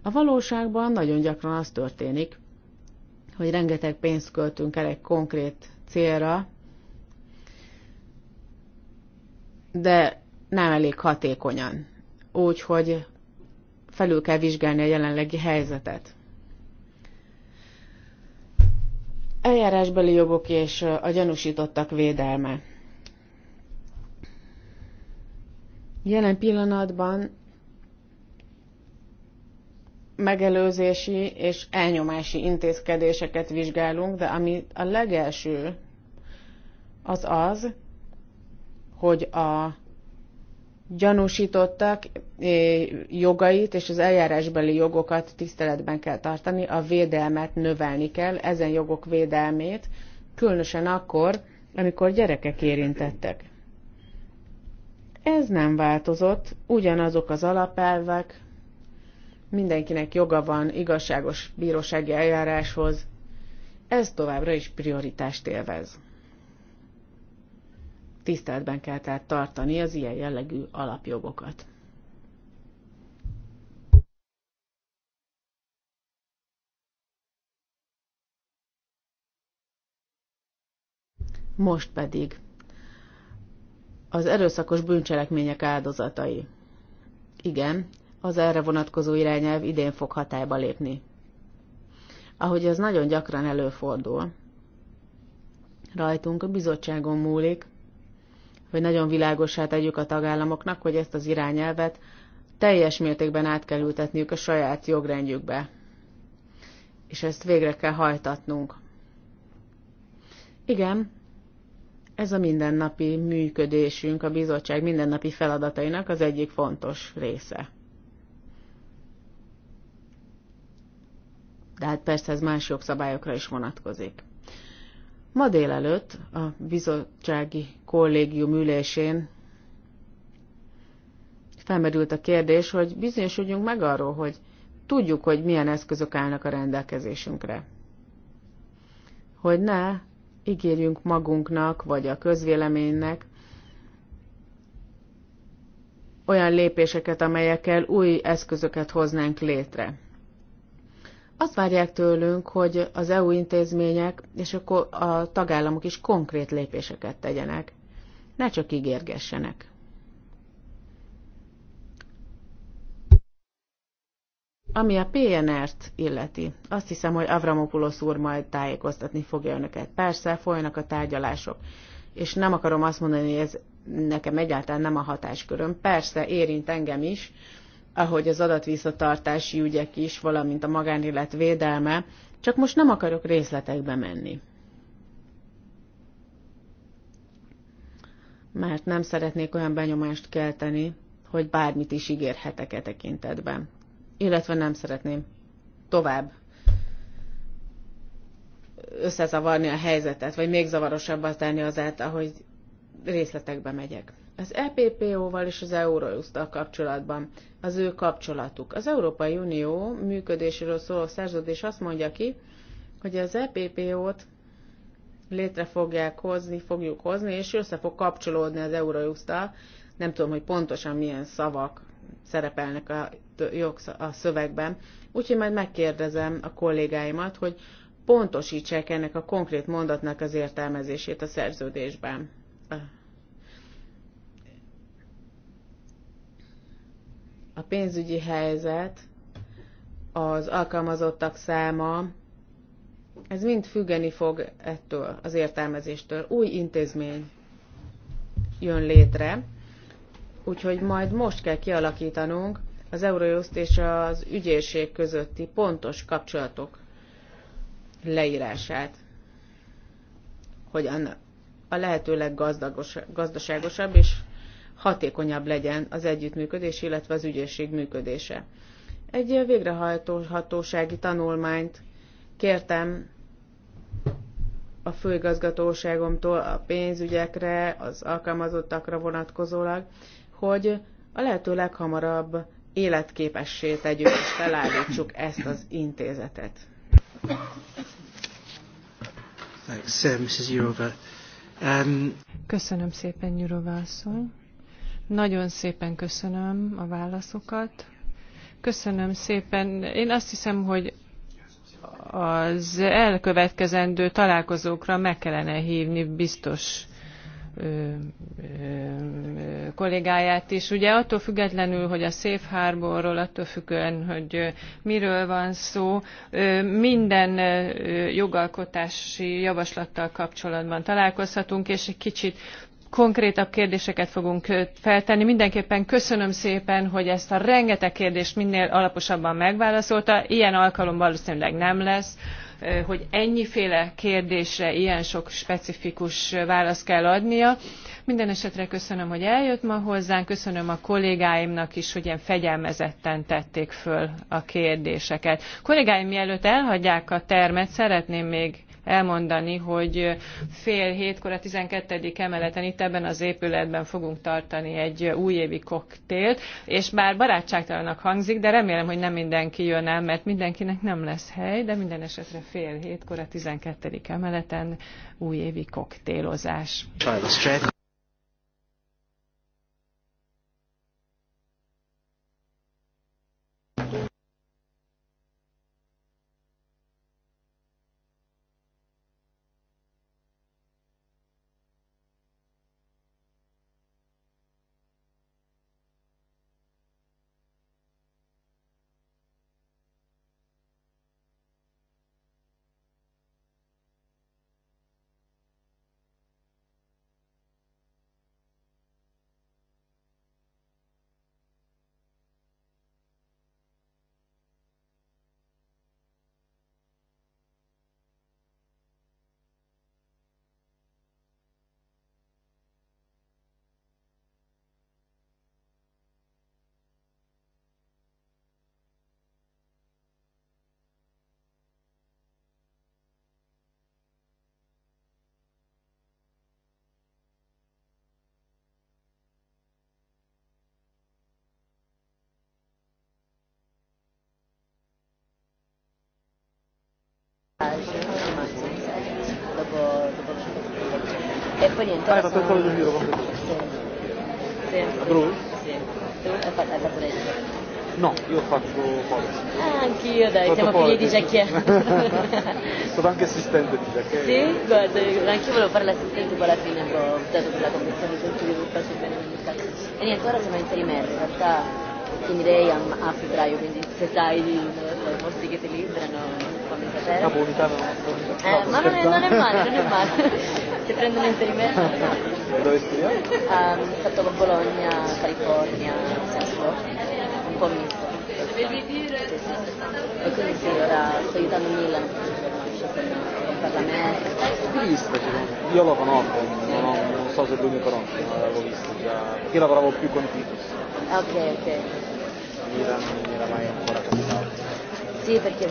A valóságban nagyon gyakran az történik, hogy rengeteg pénzt költünk el egy konkrét célra, de nem elég hatékonyan. Úgyhogy felül kell vizsgálni a jelenlegi helyzetet. Eljárásbeli jogok és a gyanúsítottak védelme. Jelen pillanatban megelőzési és elnyomási intézkedéseket vizsgálunk, de ami a legelső, az az, hogy a gyanúsítottak eh, jogait és az eljárásbeli jogokat tiszteletben kell tartani, a védelmet növelni kell, ezen jogok védelmét, különösen akkor, amikor gyerekek érintettek. Ez nem változott, ugyanazok az alapelvek, mindenkinek joga van igazságos bírósági eljáráshoz, ez továbbra is prioritást élvez tiszteletben kell tehát tartani az ilyen jellegű alapjogokat. Most pedig az erőszakos bűncselekmények áldozatai. Igen, az erre vonatkozó irányelv idén fog hatályba lépni. Ahogy ez nagyon gyakran előfordul, rajtunk a bizottságon múlik, hogy nagyon világosá tegyük a tagállamoknak, hogy ezt az irányelvet teljes mértékben át kell ültetniük a saját jogrendjükbe. És ezt végre kell hajtatnunk. Igen, ez a mindennapi működésünk, a bizottság mindennapi feladatainak az egyik fontos része. De hát persze ez más jogszabályokra is vonatkozik. Ma délelőtt a bizottsági kollégium ülésén felmerült a kérdés, hogy bizonyosodjunk meg arról, hogy tudjuk, hogy milyen eszközök állnak a rendelkezésünkre. Hogy ne ígérjünk magunknak, vagy a közvéleménynek olyan lépéseket, amelyekkel új eszközöket hoznánk létre. Azt várják tőlünk, hogy az EU intézmények és akkor a tagállamok is konkrét lépéseket tegyenek, ne csak ígérgessenek. Ami a PNR-t illeti, azt hiszem, hogy Avramopoulos úr majd tájékoztatni fogja önöket. Persze, folynak a tárgyalások, és nem akarom azt mondani, hogy ez nekem egyáltalán nem a hatásköröm. Persze, érint engem is, ahogy az adatvisszatartási ügyek is, valamint a magánélet védelme, csak most nem akarok részletekbe menni. Mert nem szeretnék olyan benyomást kelteni, hogy bármit is ígérhetek e tekintetben. Illetve nem szeretném tovább összezavarni a helyzetet, vagy még zavarosabbat tenni azáltal, hogy részletekbe megyek. Az EPPO-val és az eurojust kapcsolatban az ő kapcsolatuk. Az Európai Unió működéséről szóló szerződés azt mondja ki, hogy az EPPO-t létre fogják hozni, fogjuk hozni, és össze fog kapcsolódni az eurojust Nem tudom, hogy pontosan milyen szavak szerepelnek a, a szövegben. Úgyhogy majd megkérdezem a kollégáimat, hogy pontosítsák ennek a konkrét mondatnak az értelmezését a szerződésben, A pénzügyi helyzet, az alkalmazottak száma, ez mind függeni fog ettől, az értelmezéstől. Új intézmény jön létre, úgyhogy majd most kell kialakítanunk az Eurojust és az ügyészség közötti pontos kapcsolatok leírását, hogy a lehető leggazdaságosabb és hatékonyabb legyen az együttműködés, illetve az ügyészség működése. Egy végrehajtóhatósági tanulmányt kértem a főigazgatóságomtól a pénzügyekre, az alkalmazottakra vonatkozólag, hogy a lehető leghamarabb életképessé tegyük és felállítsuk ezt az intézetet. Uh, um, Köszönöm szépen, Jurova asszony. Nagyon szépen köszönöm a válaszokat. Köszönöm szépen. Én azt hiszem, hogy az elkövetkezendő találkozókra meg kellene hívni biztos ö, ö, kollégáját is. Ugye attól függetlenül, hogy a Safe Harborról, attól függően, hogy miről van szó, minden jogalkotási javaslattal kapcsolatban találkozhatunk, és egy kicsit konkrétabb kérdéseket fogunk feltenni. Mindenképpen köszönöm szépen, hogy ezt a rengeteg kérdést minél alaposabban megválaszolta. Ilyen alkalom valósznűleg nem lesz, hogy ennyiféle kérdésre ilyen sok specifikus választ kell adnia. Minden esetre köszönöm, hogy eljött ma hozzánk, köszönöm a kollégáimnak is, hogy ilyen fegyelmezetten tették föl a kérdéseket. Kollégáim, mielőtt elhagyják a termet, szeretném még elmondani, hogy fél hétkor a 12. emeleten itt ebben az épületben fogunk tartani egy újévi koktélt, és bár barátságtalanak hangzik, de remélem, hogy nem mindenki jön el, mert mindenkinek nem lesz hely, de minden esetre fél hétkor a 12. emeleten újévi koktélozás. fue ni Ah, pasó por el unido Sì. No, io ho fatto Forest. Ah, anch'io, dai, fatto siamo figli di Jacquier. Sono anche assistente di Jacquier. Sì, guarda, anch'io volevo fare l'assistente, poi alla fine ho optato per la commissione con Giulio Ruffa sul bene ambientale. E niente, ora siamo in Trimer, in realtà finirei a, a febbraio, quindi se sai di posti che ti liberano Eh? eh, no, no, no, no es male, non è male. Ti prendono in serimento. Ah, Dove studiamo? Um, fatto con Bologna, California, Sanford, un po' misto. E quindi sì, ora sto aiutando Milan con Parlamento. Di io lo conosco, non, ho, non so se lui mi conosce, ma l'avevo visto già. Io lavoravo più con Titus. Ah, ok, ok. Milan non mi era mai ancora capitato. Sì, perché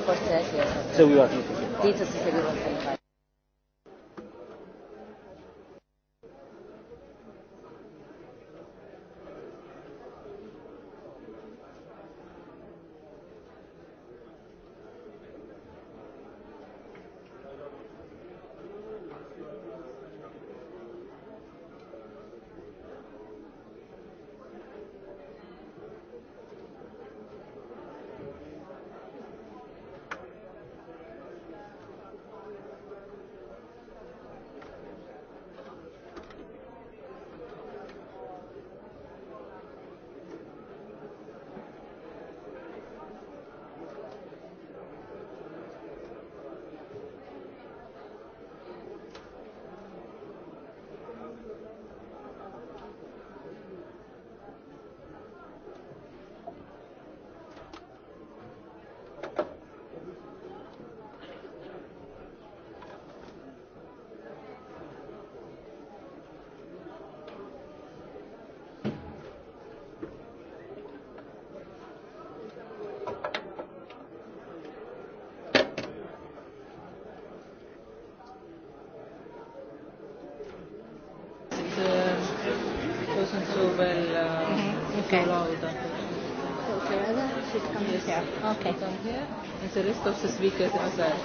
There is also speakers as well.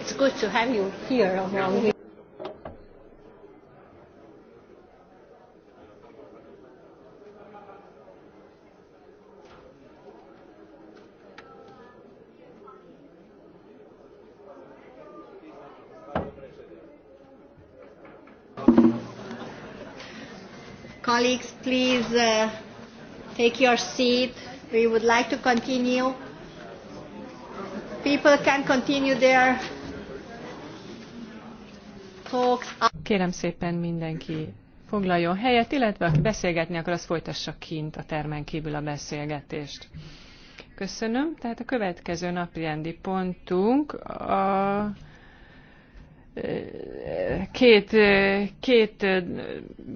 It's good to have you here among me. Colleagues, please uh, take your seat. We would like to continue. People can continue their talks. Kérem szépen mindenki foglaljon helyet, illetve aki beszélgetni akar, az folytassa kint a termen kívül a beszélgetést. Köszönöm. Tehát a következő napi rendi pontunk a két, két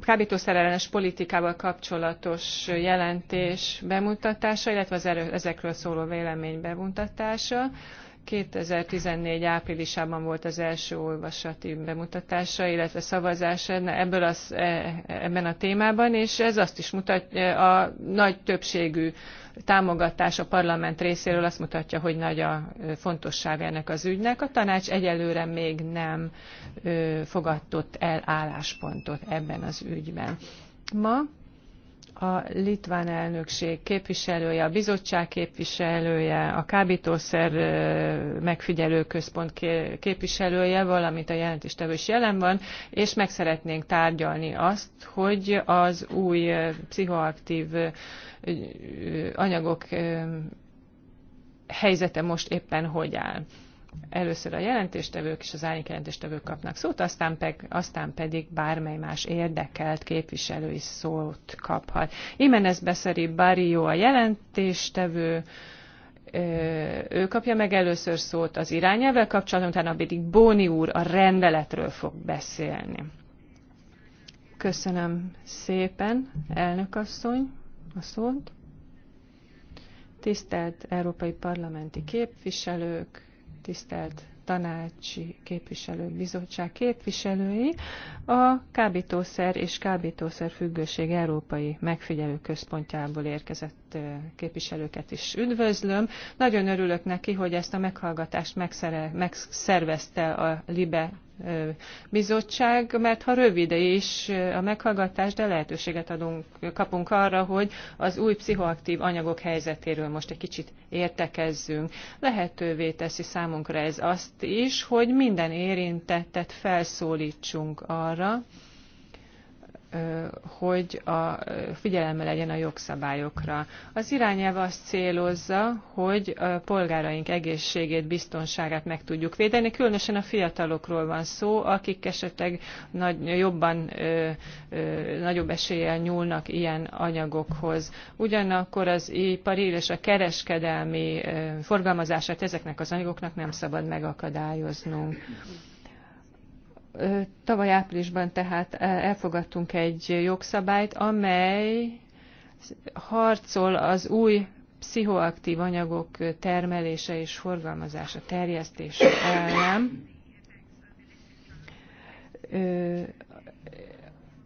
kábítószerellenes politikával kapcsolatos jelentés bemutatása, illetve az erő, ezekről szóló vélemény bemutatása. 2014 áprilisában volt az első olvasati bemutatása, illetve szavazás ebből az, e- ebben a témában, és ez azt is mutatja, e, a nagy többségű támogatás a parlament részéről azt mutatja, hogy nagy a e, fontosság ennek az ügynek. A tanács egyelőre még nem fogadtott el álláspontot ebben az ügyben. Ma a litván elnökség képviselője, a bizottság képviselője, a kábítószer megfigyelő központ képviselője, valamint a jelentéstevő is jelen van, és meg szeretnénk tárgyalni azt, hogy az új pszichoaktív anyagok helyzete most éppen hogy áll először a jelentéstevők és az árnyék jelentéstevők kapnak szót, aztán, pe- aztán pedig bármely más érdekelt képviselő is szót kaphat. Imenez Beszeri Barrio a jelentéstevő, ő kapja meg először szót az irányelvvel kapcsolatban, utána pedig Bóni úr a rendeletről fog beszélni. Köszönöm szépen, elnök asszony, a szót. Tisztelt Európai Parlamenti képviselők, tisztelt tanácsi képviselő bizottság képviselői, a kábítószer és kábítószer függőség Európai Megfigyelő Központjából érkezett képviselőket is üdvözlöm. Nagyon örülök neki, hogy ezt a meghallgatást megszervezte a LIBE bizottság, mert ha rövid is a meghallgatás, de lehetőséget adunk, kapunk arra, hogy az új pszichoaktív anyagok helyzetéről most egy kicsit értekezzünk. Lehetővé teszi számunkra ez azt is, hogy minden érintettet felszólítsunk arra, hogy a figyelemmel legyen a jogszabályokra. Az irányelv azt célozza, hogy a polgáraink egészségét, biztonságát meg tudjuk védeni, különösen a fiatalokról van szó, akik esetleg nagy, jobban, ö, ö, nagyobb eséllyel nyúlnak ilyen anyagokhoz. Ugyanakkor az ipari és a kereskedelmi ö, forgalmazását ezeknek az anyagoknak nem szabad megakadályoznunk. Tavaly áprilisban tehát elfogadtunk egy jogszabályt, amely harcol az új pszichoaktív anyagok termelése és forgalmazása, terjesztése ellen,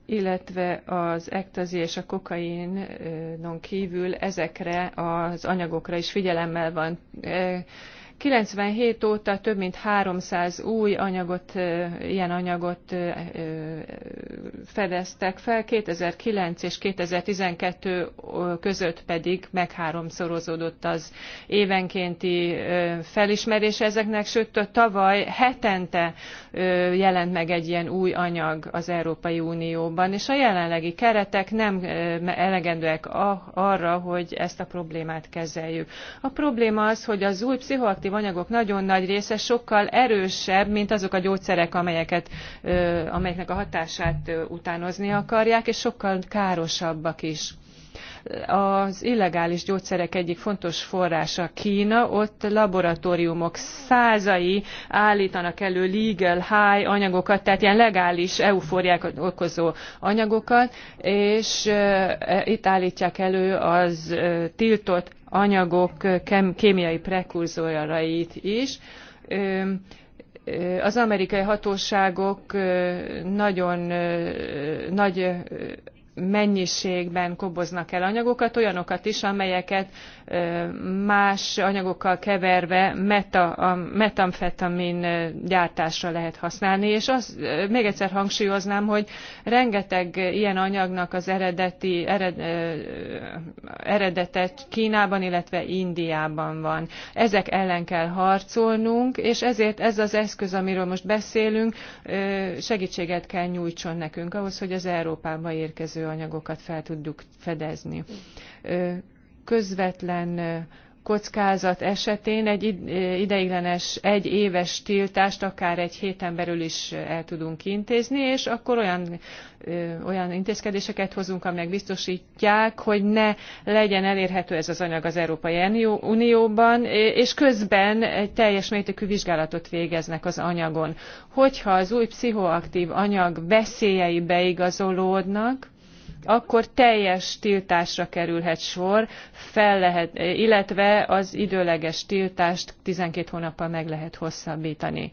illetve az ektazi és a kokainon kívül ezekre az anyagokra is figyelemmel van 97 óta több mint 300 új anyagot, ilyen anyagot fedeztek fel, 2009 és 2012 között pedig megháromszorozódott az évenkénti felismerés ezeknek, sőt tavaly hetente jelent meg egy ilyen új anyag az Európai Unióban, és a jelenlegi keretek nem elegendőek arra, hogy ezt a problémát kezeljük. A probléma az, hogy az új pszichoaktív aktív anyagok nagyon nagy része sokkal erősebb, mint azok a gyógyszerek, amelyeket, amelyeknek a hatását utánozni akarják, és sokkal károsabbak is az illegális gyógyszerek egyik fontos forrása Kína, ott laboratóriumok százai állítanak elő legal high anyagokat, tehát ilyen legális eufóriák okozó anyagokat, és e, itt állítják elő az tiltott anyagok kémiai prekurzorait is. Az amerikai hatóságok nagyon nagy mennyiségben koboznak el anyagokat, olyanokat is, amelyeket más anyagokkal keverve meta, a metamfetamin gyártásra lehet használni. És az, még egyszer hangsúlyoznám, hogy rengeteg ilyen anyagnak az eredeti, ered, eredetet Kínában, illetve Indiában van. Ezek ellen kell harcolnunk, és ezért ez az eszköz, amiről most beszélünk, segítséget kell nyújtson nekünk ahhoz, hogy az Európába érkező különböző anyagokat fel tudjuk fedezni. Közvetlen kockázat esetén egy ideiglenes egy éves tiltást akár egy héten belül is el tudunk intézni, és akkor olyan, olyan intézkedéseket hozunk, amelyek biztosítják, hogy ne legyen elérhető ez az anyag az Európai Unióban, és közben egy teljes mértékű vizsgálatot végeznek az anyagon. Hogyha az új pszichoaktív anyag veszélyei beigazolódnak, akkor teljes tiltásra kerülhet sor, fel lehet, illetve az időleges tiltást 12 hónappal meg lehet hosszabbítani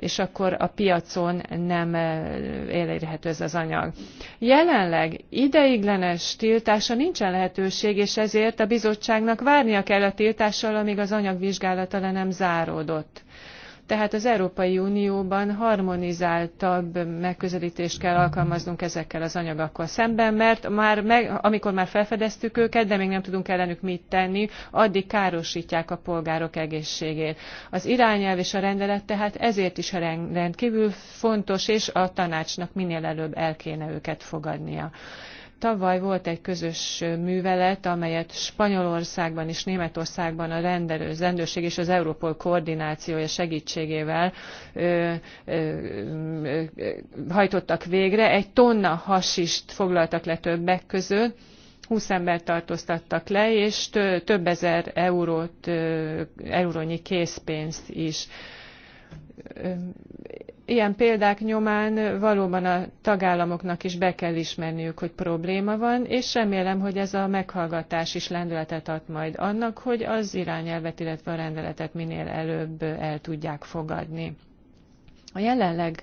és akkor a piacon nem eh, elérhető ez az anyag. Jelenleg ideiglenes tiltása nincsen lehetőség, és ezért a bizottságnak várnia kell a tiltással, amíg az anyag vizsgálata le nem záródott. Tehát az Európai Unióban harmonizáltabb megközelítést kell alkalmaznunk ezekkel az anyagokkal szemben, mert már meg, amikor már felfedeztük őket, de még nem tudunk ellenük mit tenni, addig károsítják a polgárok egészségét. Az irányelv és a rendelet tehát ezért is rendkívül fontos, és a tanácsnak minél előbb el kéne őket fogadnia. Tavaly volt egy közös művelet, amelyet Spanyolországban és Németországban a rendelő, rendőrség és az Európol koordinációja segítségével ö, ö, ö, hajtottak végre. Egy tonna hasist foglaltak le többek között, 20 ember tartóztattak le, és több ezer eurót, eurónyi készpénzt is ilyen példák nyomán valóban a tagállamoknak is be kell ismerniük, hogy probléma van, és remélem, hogy ez a meghallgatás is lendületet ad majd annak, hogy az irányelvet, illetve a rendeletet minél előbb el tudják fogadni. A jelenleg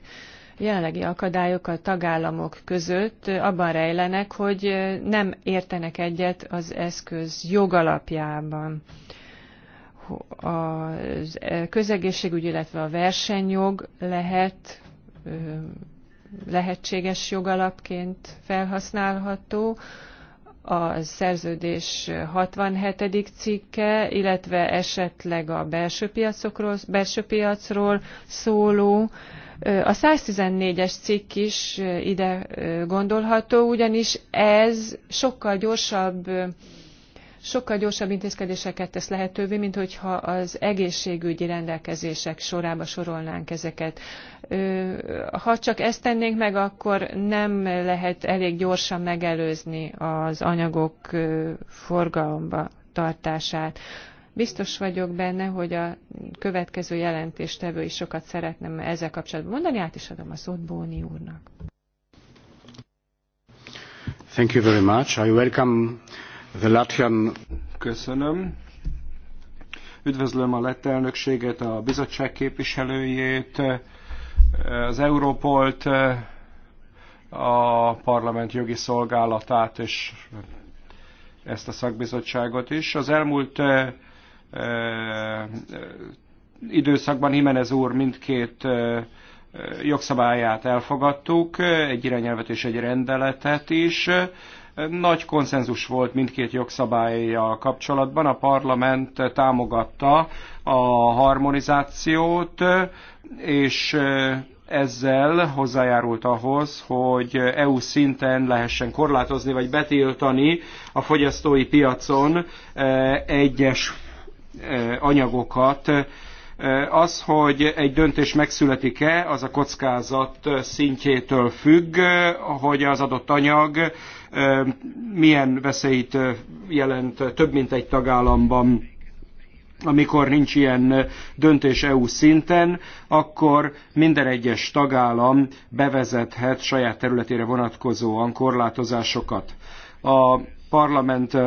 jelenlegi akadályok a tagállamok között abban rejlenek, hogy nem értenek egyet az eszköz jogalapjában a e, közegészségügy, illetve a versenyjog lehet lehetséges jogalapként felhasználható. A szerződés 67. cikke, illetve esetleg a belső, piacokról, belső piacról szóló a 114-es cikk is ide gondolható, ugyanis ez sokkal gyorsabb sokkal gyorsabb intézkedéseket tesz lehetővé, mint hogyha az egészségügyi rendelkezések sorába sorolnánk ezeket. Ha csak ezt tennénk meg, akkor nem lehet elég gyorsan megelőzni az anyagok forgalomba tartását. Biztos vagyok benne, hogy a következő jelentéstevő is sokat szeretném ezzel kapcsolatban mondani, át is adom a szót Bóni úrnak. Thank you very much. I welcome Köszönöm. Üdvözlöm a lett elnökséget, a bizottság képviselőjét, az Európolt, a parlament jogi szolgálatát és ezt a szakbizottságot is. Az elmúlt időszakban Jimenez úr mindkét jogszabályát elfogadtuk, egy irányelvet és egy rendeletet is. Nagy konszenzus volt mindkét jogszabályjal kapcsolatban. A parlament támogatta a harmonizációt, és ezzel hozzájárult ahhoz, hogy EU szinten lehessen korlátozni vagy betiltani a fogyasztói piacon eh, egyes eh, anyagokat, Eh, az, hogy egy döntés megszületik-e, az a kockázat eh, szintjétől függ, eh, hogy az adott anyag milyen veszélyt jelent több mint egy tagállamban amikor nincs ilyen döntés EU szinten, akkor minden egyes tagállam bevezethet saját területére vonatkozóan korlátozásokat. A parlament,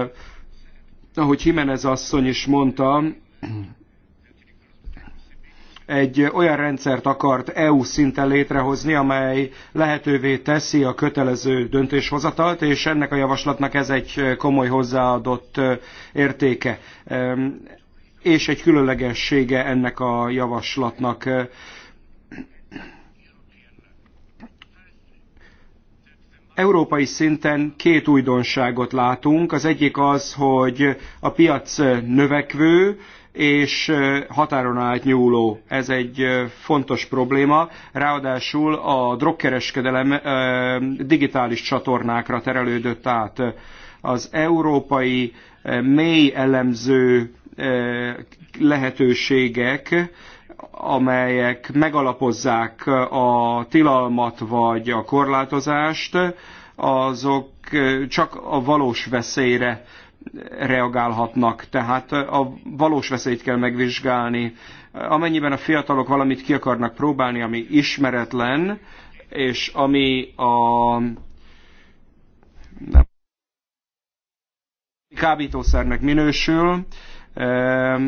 ahogy Jimenez asszony is mondta, egy olyan rendszert akart EU szinten létrehozni, amely lehetővé teszi a kötelező döntéshozatalt, és ennek a javaslatnak ez egy komoly hozzáadott értéke ehm, és egy különlegessége ennek a javaslatnak. Európai szinten két újdonságot látunk. Az egyik az, hogy a piac növekvő, és határon átnyúló. Ez egy fontos probléma. Ráadásul a drogkereskedelem digitális csatornákra terelődött át. Az európai mély elemző lehetőségek amelyek megalapozzák a tilalmat vagy a korlátozást, azok csak a valós veszélyre reagálhatnak. Tehát a valós veszélyt kell megvizsgálni. Amennyiben a fiatalok valamit ki akarnak próbálni, ami ismeretlen, és ami a kábítószernek minősül, ehm,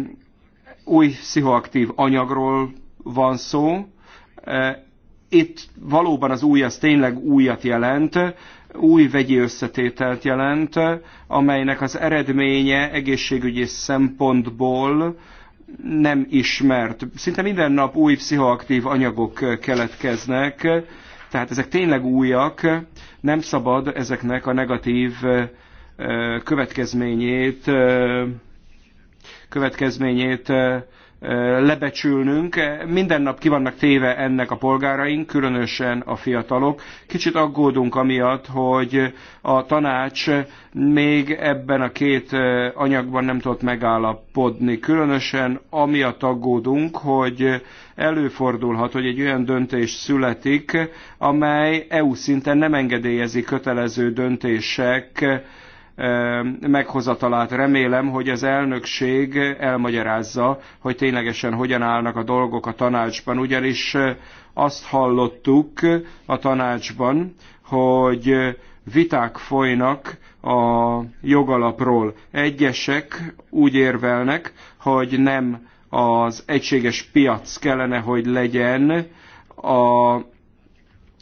új pszichoaktív anyagról van szó. Ehm, itt valóban az új az tényleg újat jelent, új vegyi összetételt jelent, amelynek az eredménye egészségügyi szempontból nem ismert. Szinte minden nap új pszichoaktív anyagok keletkeznek, tehát ezek tényleg újak, nem szabad ezeknek a negatív következményét következményét lebecsülnünk. Minden nap ki vannak téve ennek a polgáraink, különösen a fiatalok. Kicsit aggódunk amiatt, hogy a tanács még ebben a két anyagban nem tudott megállapodni. Különösen amiatt aggódunk, hogy előfordulhat, hogy egy olyan döntés születik, amely EU szinten nem engedélyezi kötelező döntések meghozatalát. Remélem, hogy az elnökség elmagyarázza, hogy ténylegesen hogyan állnak a dolgok a tanácsban, ugyanis azt hallottuk a tanácsban, hogy viták folynak a jogalapról. Egyesek úgy érvelnek, hogy nem az egységes piac kellene, hogy legyen a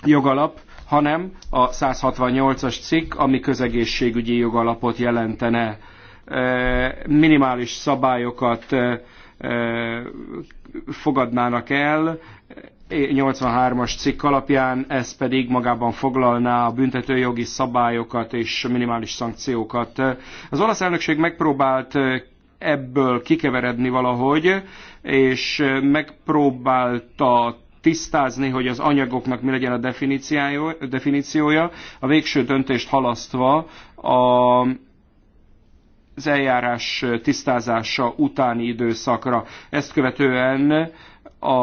jogalap, hanem a 168-as cikk, ami közegészségügyi jogalapot jelentene, e, minimális szabályokat e, e, fogadnának el, 83-as cikk alapján, ez pedig magában foglalná a büntetőjogi szabályokat és minimális szankciókat. Az olasz elnökség megpróbált ebből kikeveredni valahogy, és megpróbálta tisztázni, hogy az anyagoknak mi legyen a definíciója, a végső döntést halasztva a az eljárás tisztázása utáni időszakra. Ezt követően a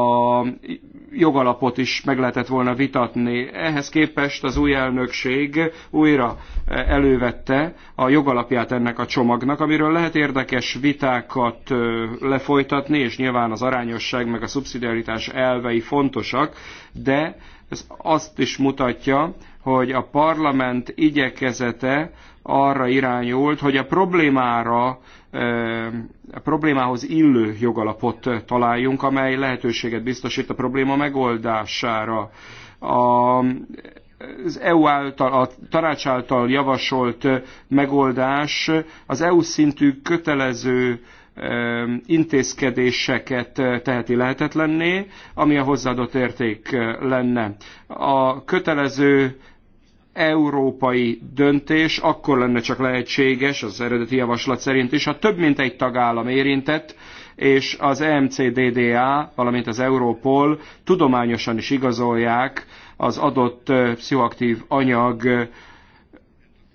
jogalapot is meg lehetett volna vitatni. Ehhez képest az új elnökség újra e, elővette a jogalapját ennek a csomagnak, amiről lehet érdekes vitákat e, lefolytatni, és nyilván az arányosság meg a szubszidiaritás elvei fontosak, de ez azt is mutatja, hogy a parlament igyekezete arra irányult, hogy a problémára a problémához illő jogalapot találjunk, amely lehetőséget biztosít a probléma megoldására. A, az EU által, a tanács által javasolt megoldás az EU szintű kötelező intézkedéseket teheti lehetetlenné, ami a hozzáadott érték lenne. A kötelező európai döntés akkor lenne csak lehetséges, az eredeti javaslat szerint is, ha több mint egy tagállam érintett, és az EMCDDA, valamint az Europol tudományosan is igazolják az adott pszichoaktív anyag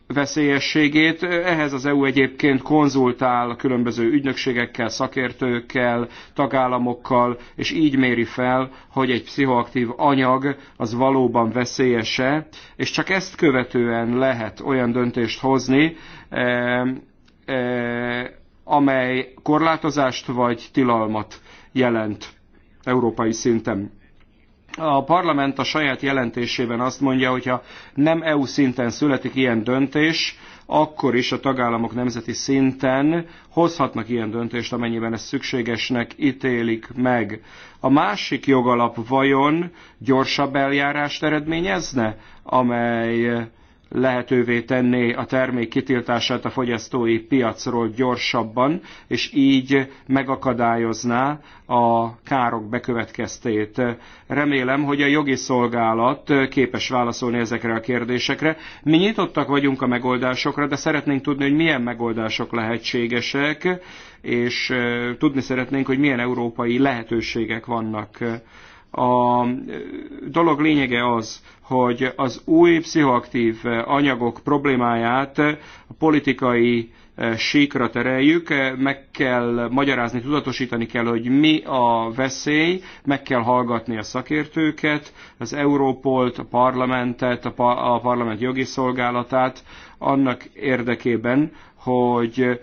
veszélyességét. Ehhez az EU egyébként konzultál a különböző ügynökségekkel, szakértőkkel, tagállamokkal, és így méri fel, hogy egy pszichoaktív anyag az valóban veszélyese, és csak ezt követően lehet olyan döntést hozni, eh, eh, amely korlátozást vagy tilalmat jelent európai szinten. A parlament a saját jelentésében azt mondja, hogyha nem EU szinten születik ilyen döntés, akkor is a tagállamok nemzeti szinten hozhatnak ilyen döntést, amennyiben ezt szükségesnek ítélik meg. A másik jogalap vajon gyorsabb eljárást eredményezne, amely lehetővé tenné a termék kitiltását a fogyasztói piacról gyorsabban, és így megakadályozná a károk bekövetkeztét. Remélem, hogy a jogi szolgálat képes válaszolni ezekre a kérdésekre. Mi nyitottak vagyunk a megoldásokra, de szeretnénk tudni, hogy milyen megoldások lehetségesek, és tudni szeretnénk, hogy milyen európai lehetőségek vannak a dolog lényege az, hogy az új pszichoaktív anyagok problémáját a politikai e, síkra tereljük, e, meg kell magyarázni, tudatosítani kell, hogy mi a veszély, meg kell hallgatni a szakértőket, az Európolt, a parlamentet, a, par a parlament jogi szolgálatát, annak érdekében, hogy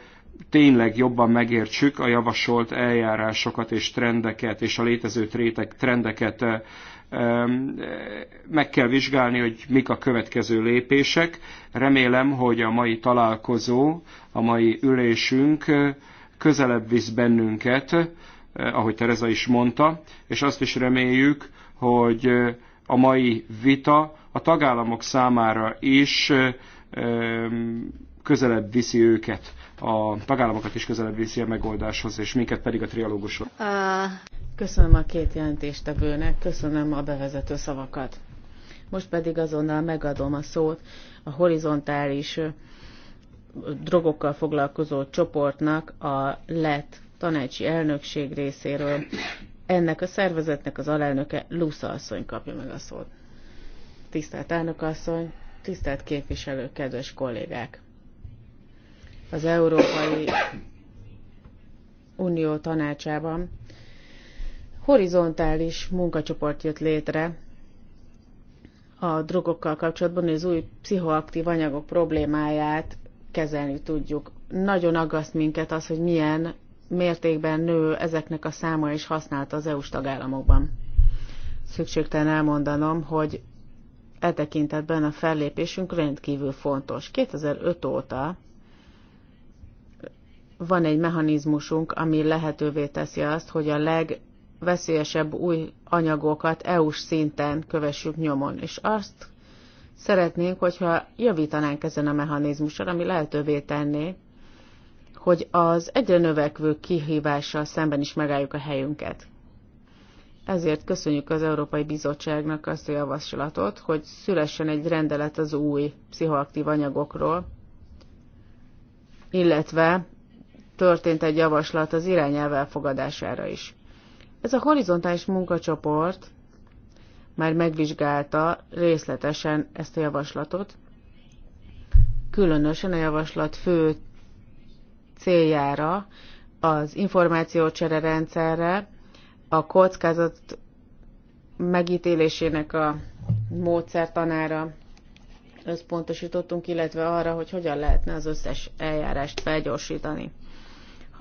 tényleg jobban megértsük a javasolt eljárásokat és trendeket, és a létező trétek, trendeket meg kell vizsgálni, hogy mik a következő lépések. Remélem, hogy a mai találkozó, a mai ülésünk közelebb visz bennünket, ahogy Tereza is mondta, és azt is reméljük, hogy a mai vita a tagállamok számára is közelebb viszi őket, a tagállamokat is közelebb viszi a megoldáshoz, és minket pedig a Uh, Köszönöm a két jelentéstevőnek, köszönöm a bevezető szavakat. Most pedig azonnal megadom a szót a horizontális drogokkal foglalkozó csoportnak a lett tanácsi elnökség részéről. Ennek a szervezetnek az alelnöke Lusza asszony kapja meg a szót. Tisztelt elnök asszony, tisztelt képviselő, kedves kollégák! az Európai Unió tanácsában horizontális munkacsoport jött létre a drogokkal kapcsolatban, hogy az új pszichoaktív anyagok problémáját kezelni tudjuk. Nagyon aggaszt minket az, hogy milyen mértékben nő ezeknek a száma és használata az EU-s tagállamokban. Szükségtelen elmondanom, hogy e tekintetben a fellépésünk rendkívül fontos. 2005 óta van egy mechanizmusunk, ami lehetővé teszi azt, hogy a legveszélyesebb új anyagokat EU-s szinten kövessük nyomon, és azt szeretnénk, hogyha javítanánk ezen a mechanizmuson, ami lehetővé tenné, hogy az egyre növekvő kihívással szemben is megálljuk a helyünket. Ezért köszönjük az Európai Bizottságnak azt a javaslatot, hogy szülessen egy rendelet az új pszichoaktív anyagokról, illetve történt egy javaslat az irányelv elfogadására is. Ez a horizontális munkacsoport már megvizsgálta részletesen ezt a javaslatot, különösen a javaslat fő céljára, az információcsere rendszerre, a kockázat megítélésének a módszertanára összpontosítottunk, illetve arra, hogy hogyan lehetne az összes eljárást felgyorsítani.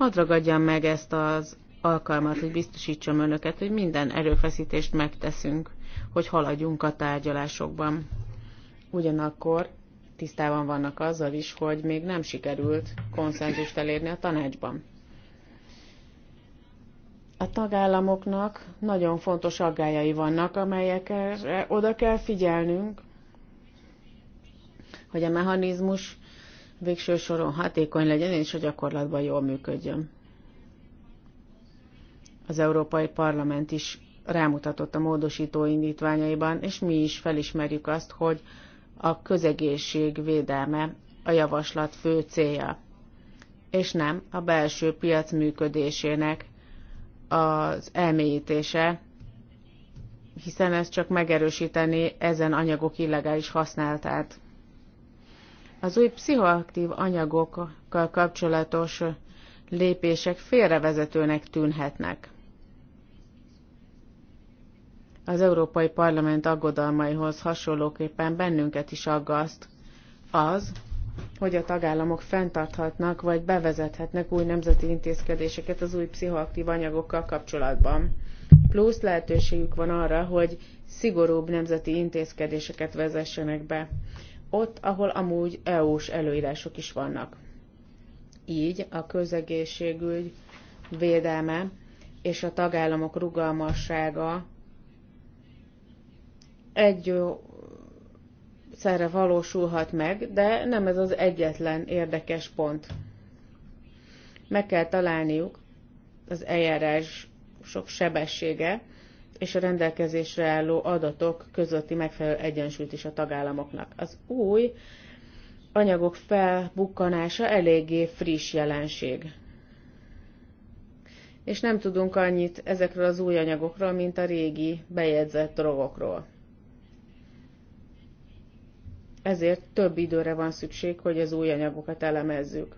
Hadd ragadjam meg ezt az alkalmat, hogy biztosítsam önöket, hogy minden erőfeszítést megteszünk, hogy haladjunk a tárgyalásokban. Ugyanakkor tisztában vannak azzal is, hogy még nem sikerült konszenzust elérni a tanácsban. A tagállamoknak nagyon fontos aggályai vannak, amelyekre oda kell figyelnünk, hogy a mechanizmus végső soron hatékony legyen, és a gyakorlatban jól működjön. Az Európai Parlament is rámutatott a módosító indítványaiban, és mi is felismerjük azt, hogy a közegészség védelme a javaslat fő célja, és nem a belső piac működésének az elmélyítése, hiszen ez csak megerősíteni ezen anyagok illegális használatát. Az új pszichoaktív anyagokkal kapcsolatos lépések félrevezetőnek tűnhetnek. Az Európai Parlament aggodalmaihoz hasonlóképpen bennünket is aggaszt az, hogy a tagállamok fenntarthatnak vagy bevezethetnek új nemzeti intézkedéseket az új pszichoaktív anyagokkal kapcsolatban. Plusz lehetőségük van arra, hogy szigorúbb nemzeti intézkedéseket vezessenek be ott, ahol amúgy EU-s előírások is vannak. Így a közegészségügy védelme és a tagállamok rugalmassága egy szerre valósulhat meg, de nem ez az egyetlen érdekes pont. Meg kell találniuk az eljárás sok sebessége, és a rendelkezésre álló adatok közötti megfelelő egyensúlyt is a tagállamoknak. Az új anyagok felbukkanása eléggé friss jelenség. És nem tudunk annyit ezekről az új anyagokról, mint a régi bejegyzett drogokról. Ezért több időre van szükség, hogy az új anyagokat elemezzük,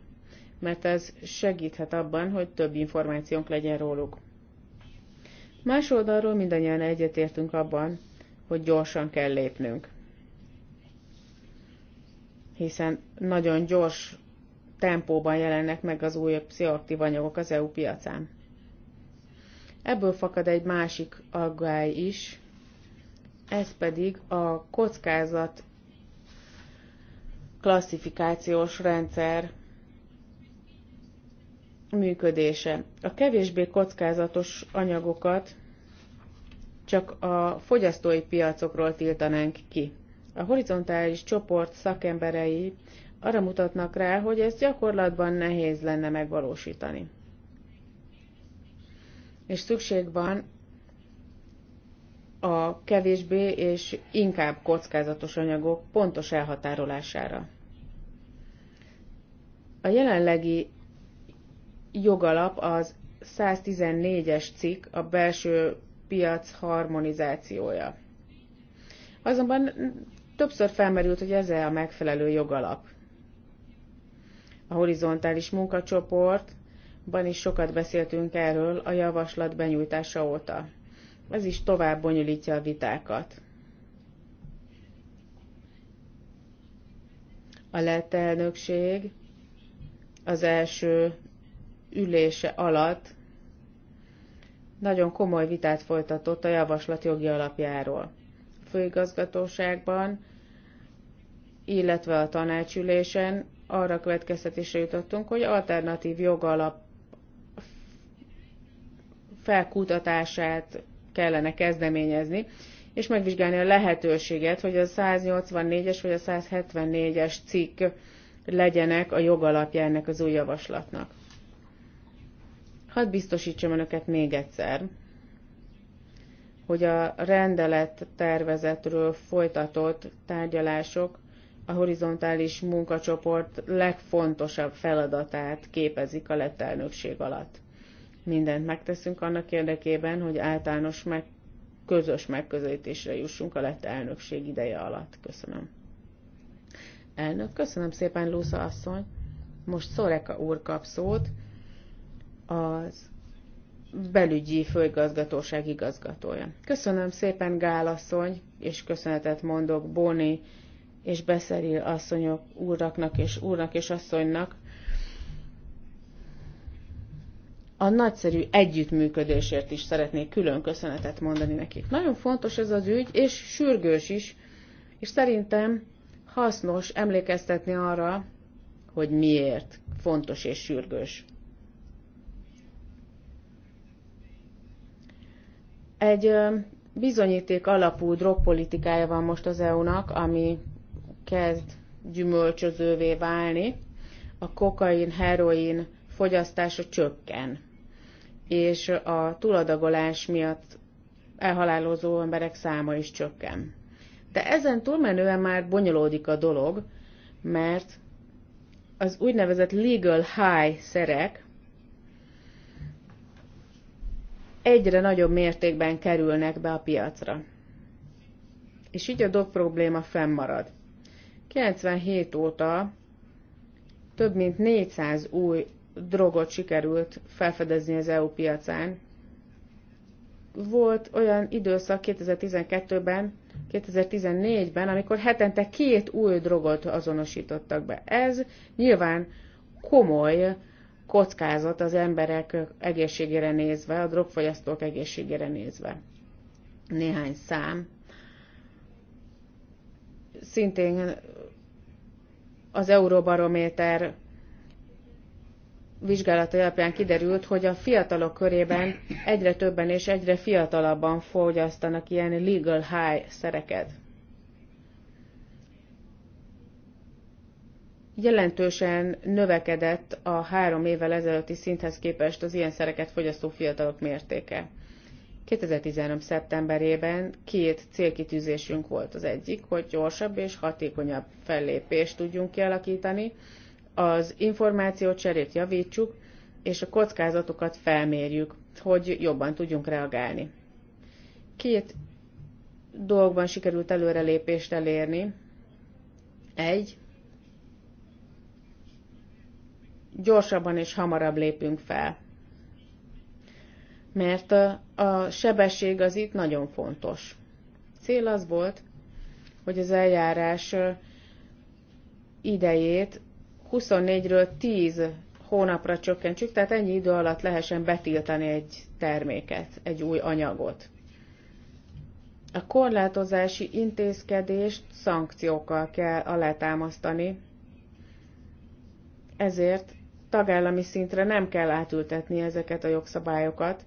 mert ez segíthet abban, hogy több információnk legyen róluk. Más oldalról mindannyian egyetértünk abban, hogy gyorsan kell lépnünk. Hiszen nagyon gyors tempóban jelennek meg az új pszichoaktív anyagok az EU piacán. Ebből fakad egy másik aggály is, ez pedig a kockázat klasszifikációs rendszer működése. A kevésbé kockázatos anyagokat csak a fogyasztói piacokról tiltanánk ki. A horizontális csoport szakemberei arra mutatnak rá, hogy ezt gyakorlatban nehéz lenne megvalósítani. És szükség van a kevésbé és inkább kockázatos anyagok pontos elhatárolására. A jelenlegi jogalap az 114-es cikk a belső piac harmonizációja. Azonban többször felmerült, hogy ez -e a megfelelő jogalap. A horizontális munkacsoportban is sokat beszéltünk erről a javaslat benyújtása óta. Ez is tovább bonyolítja a vitákat. A lett elnökség az első ülése alatt nagyon komoly vitát folytatott a javaslat jogi alapjáról. A főigazgatóságban, illetve a tanácsülésen arra következtetésre jutottunk, hogy alternatív jogalap felkutatását kellene kezdeményezni, és megvizsgálni a lehetőséget, hogy a 184-es vagy a 174-es cikk legyenek a jogalapja ennek az új javaslatnak. Hadd biztosítsam önöket még egyszer, hogy a rendelet tervezetről folytatott tárgyalások a horizontális munkacsoport legfontosabb feladatát képezik a lett elnökség alatt. Mindent megteszünk annak érdekében, hogy általános meg közös megközelítésre jussunk a lett elnökség ideje alatt. Köszönöm. Elnök, köszönöm szépen, Lúza asszony. Most Szoreka úr kap szót, az belügyi főigazgatóság igazgatója. Köszönöm szépen Gál asszony, és köszönetet mondok Bóni és Beszeril asszonyok, úraknak és úrnak és asszonynak a nagyszerű együttműködésért is szeretnék külön köszönetet mondani nekik. Nagyon fontos ez az ügy, és sürgős is, és szerintem hasznos emlékeztetni arra, hogy miért fontos és sürgős. Egy bizonyíték alapú drogpolitikája van most az EU-nak, ami kezd gyümölcsözővé válni. A kokain, heroin fogyasztása csökken, és a túladagolás miatt elhalálozó emberek száma is csökken. De ezen túlmenően már bonyolódik a dolog, mert az úgynevezett legal high szerek, egyre nagyobb mértékben kerülnek be a piacra. És így a dob probléma fennmarad. 97 óta több mint 400 új drogot sikerült felfedezni az EU piacán. Volt olyan időszak 2012-ben, 2014-ben, amikor hetente két új drogot azonosítottak be. Ez nyilván komoly kockázat az emberek egészségére nézve, a drogfogyasztók egészségére nézve. Néhány szám. Szintén az Euróbarométer vizsgálata alapján kiderült, hogy a fiatalok körében egyre többen és egyre fiatalabban fogyasztanak ilyen legal high szereket. jelentősen növekedett a három évvel ezelőtti szinthez képest az ilyen szereket fogyasztó fiatalok mértéke. 2013. szeptemberében két célkitűzésünk volt az egyik, hogy gyorsabb és hatékonyabb fellépést tudjunk kialakítani, az cserét javítsuk, és a kockázatokat felmérjük, hogy jobban tudjunk reagálni. Két dolgban sikerült előrelépést elérni. Egy, gyorsabban és hamarabb lépünk fel. Mert a, a sebesség az itt nagyon fontos. Cél az volt, hogy az eljárás idejét 24-ről 10 hónapra csökkentsük, tehát ennyi idő alatt lehessen betiltani egy terméket, egy új anyagot. A korlátozási intézkedést szankciókkal kell alátámasztani, ezért tagállami szintre nem kell átültetni ezeket a jogszabályokat,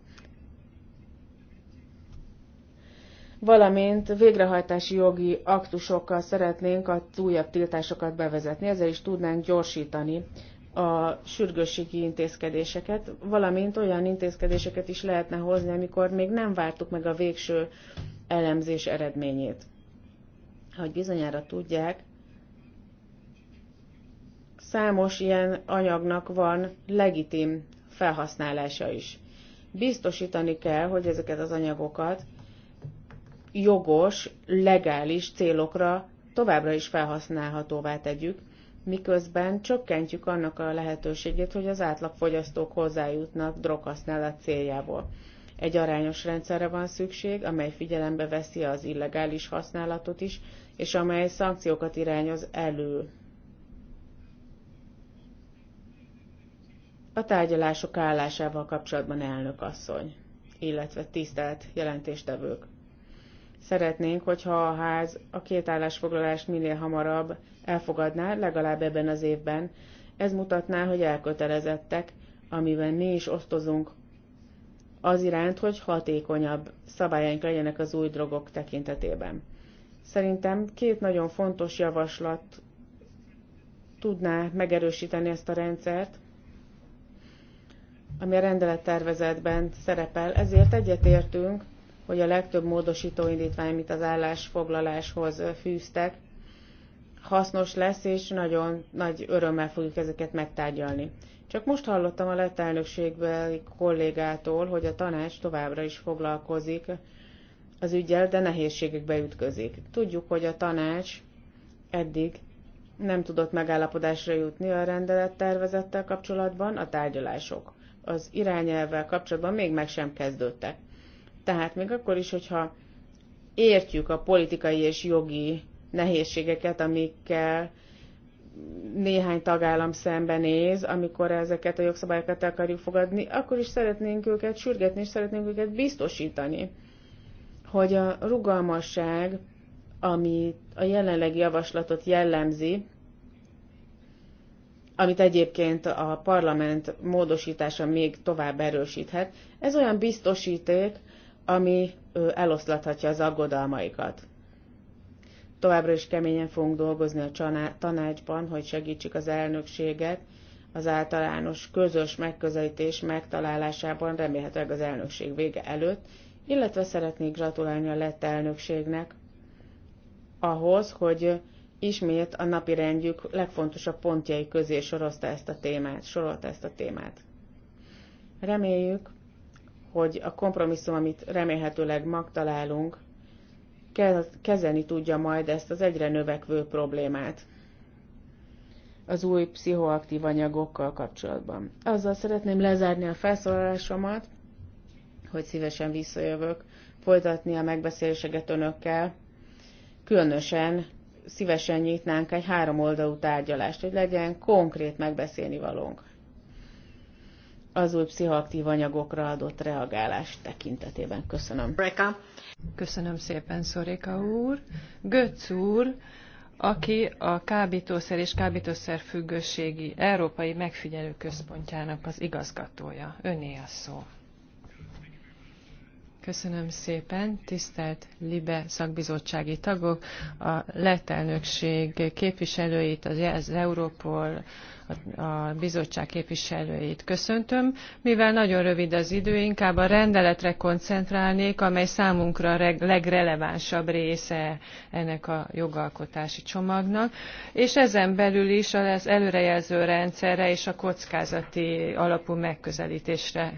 valamint végrehajtási jogi aktusokkal szeretnénk a újabb tiltásokat bevezetni, ezzel is tudnánk gyorsítani a sürgősségi intézkedéseket, valamint olyan intézkedéseket is lehetne hozni, amikor még nem vártuk meg a végső elemzés eredményét. Hogy bizonyára tudják, számos ilyen anyagnak van legitim felhasználása is. Biztosítani kell, hogy ezeket az anyagokat jogos, legális célokra továbbra is felhasználhatóvá tegyük, miközben csökkentjük annak a lehetőségét, hogy az átlagfogyasztók hozzájutnak droghasználat céljából. Egy arányos rendszerre van szükség, amely figyelembe veszi az illegális használatot is, és amely szankciókat irányoz elő a tárgyalások állásával kapcsolatban elnök asszony, illetve tisztelt jelentéstevők. Szeretnénk, hogyha a ház a két állásfoglalást minél hamarabb elfogadná, legalább ebben az évben. Ez mutatná, hogy elkötelezettek, amiben mi is osztozunk az iránt, hogy hatékonyabb szabályaink legyenek az új drogok tekintetében. Szerintem két nagyon fontos javaslat tudná megerősíteni ezt a rendszert, ami a rendelettervezetben szerepel, ezért egyetértünk, hogy a legtöbb módosító indítvány, amit az állásfoglaláshoz fűztek, hasznos lesz, és nagyon nagy örömmel fogjuk ezeket megtárgyalni. Csak most hallottam a lett elnökségbeli kollégától, hogy a tanács továbbra is foglalkozik az ügyel, de nehézségekbe ütközik. Tudjuk, hogy a tanács eddig nem tudott megállapodásra jutni a rendelettervezettel kapcsolatban a tárgyalások az irányelvvel kapcsolatban még meg sem kezdődtek. Tehát még akkor is, hogyha értjük a politikai és jogi nehézségeket, amikkel néhány tagállam szembenéz, amikor ezeket a jogszabályokat akarjuk fogadni, akkor is szeretnénk őket sürgetni, és szeretnénk őket biztosítani, hogy a rugalmasság, ami a jelenlegi javaslatot jellemzi, amit egyébként a parlament módosítása még tovább erősíthet. Ez olyan biztosíték, ami eloszlathatja az aggodalmaikat. Továbbra is keményen fogunk dolgozni a tanácsban, hogy segítsük az elnökséget az általános közös megközelítés megtalálásában, remélhetőleg az elnökség vége előtt, illetve szeretnék gratulálni a lett elnökségnek ahhoz, hogy ismét a napi rendjük legfontosabb pontjai közé sorozta ezt a témát, sorolta ezt a témát. Reméljük, hogy a kompromisszum, amit remélhetőleg magtalálunk, kezelni tudja majd ezt az egyre növekvő problémát az új pszichoaktív anyagokkal kapcsolatban. Azzal szeretném lezárni a felszólalásomat, hogy szívesen visszajövök, folytatni a megbeszéléseket önökkel, különösen szívesen nyitnánk egy három oldalú tárgyalást, hogy legyen konkrét megbeszélni valónk az új pszichoaktív anyagokra adott reagálás tekintetében. Köszönöm. Reka. Köszönöm szépen, Szoréka úr. Götz úr, aki a kábítószer és kábítószer függőségi Európai Megfigyelő Központjának az igazgatója. Öné a szó. Köszönöm szépen, tisztelt Libe szakbizottsági tagok, a lett elnökség képviselőit, az Európol, a bizottság képviselőit köszöntöm. Mivel nagyon rövid az idő, inkább a rendeletre koncentrálnék, amely számunkra a legrelevánsabb része ennek a jogalkotási csomagnak, és ezen belül is az előrejelző rendszerre és a kockázati alapú megközelítésre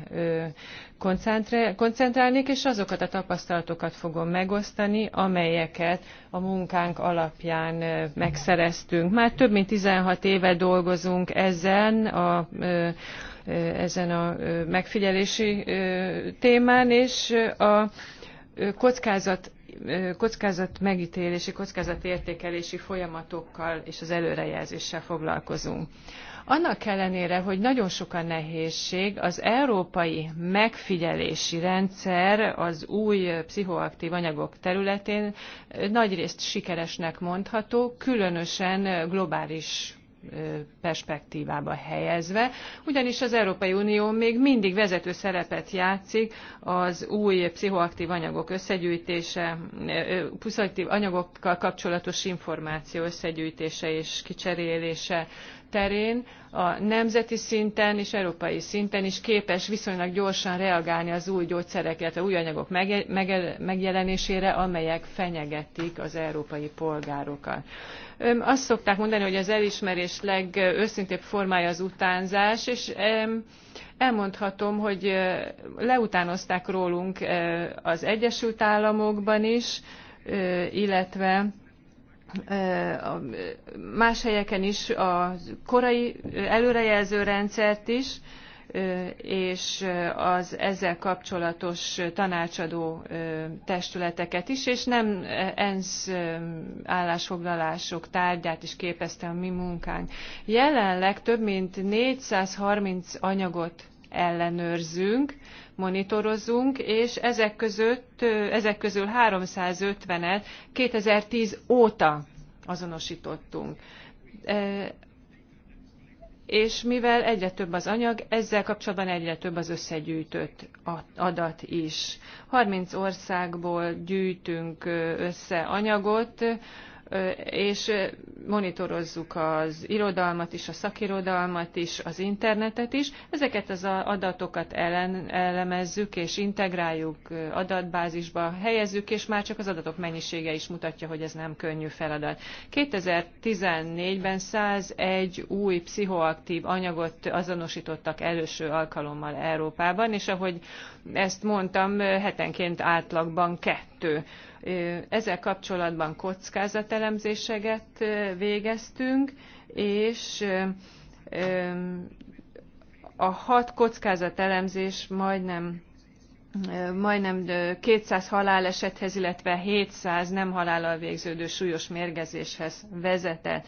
koncentrálnék, és azokat a tapasztalatokat fogom megosztani, amelyeket a munkánk alapján megszereztünk. Már több mint 16 éve dolgozunk, dolgozunk ezen a, ezen a megfigyelési témán, és a kockázat kockázat megítélési, értékelési folyamatokkal és az előrejelzéssel foglalkozunk. Annak ellenére, hogy nagyon sok a nehézség, az európai megfigyelési rendszer az új pszichoaktív anyagok területén nagyrészt sikeresnek mondható, különösen globális perspektívába helyezve, ugyanis az Európai Unió még mindig vezető szerepet játszik az új pszichoaktív anyagok összegyűjtése, pszichoaktív anyagokkal kapcsolatos információ összegyűjtése és kicserélése terén a nemzeti szinten és európai szinten is képes viszonylag gyorsan reagálni az új gyógyszerek, illetve új anyagok megjelenésére, amelyek fenyegetik az európai polgárokat. Azt szokták mondani, hogy az elismerés legőszintébb formája az utánzás, és elmondhatom, hogy leutánozták rólunk az Egyesült Államokban is, illetve más helyeken is a korai előrejelző rendszert is, és az ezzel kapcsolatos tanácsadó testületeket is, és nem ENSZ állásfoglalások tárgyát is képezte a mi munkánk. Jelenleg több mint 430 anyagot ellenőrzünk, monitorozzunk, és ezek, között, ezek közül 350-et 2010 óta azonosítottunk. És mivel egyre több az anyag, ezzel kapcsolatban egyre több az összegyűjtött adat is. 30 országból gyűjtünk össze anyagot, és monitorozzuk az irodalmat is, a szakirodalmat is, az internetet is. Ezeket az adatokat ellen, elemezzük és integráljuk adatbázisba, helyezzük, és már csak az adatok mennyisége is mutatja, hogy ez nem könnyű feladat. 2014-ben 101 új pszichoaktív anyagot azonosítottak előső alkalommal Európában, és ahogy ezt mondtam, hetenként átlagban kettő kettő. Ezzel kapcsolatban kockázatelemzéseket végeztünk, és a hat kockázatelemzés majdnem majdnem 200 halálesethez, illetve 700 nem halállal végződő súlyos mérgezéshez vezetett.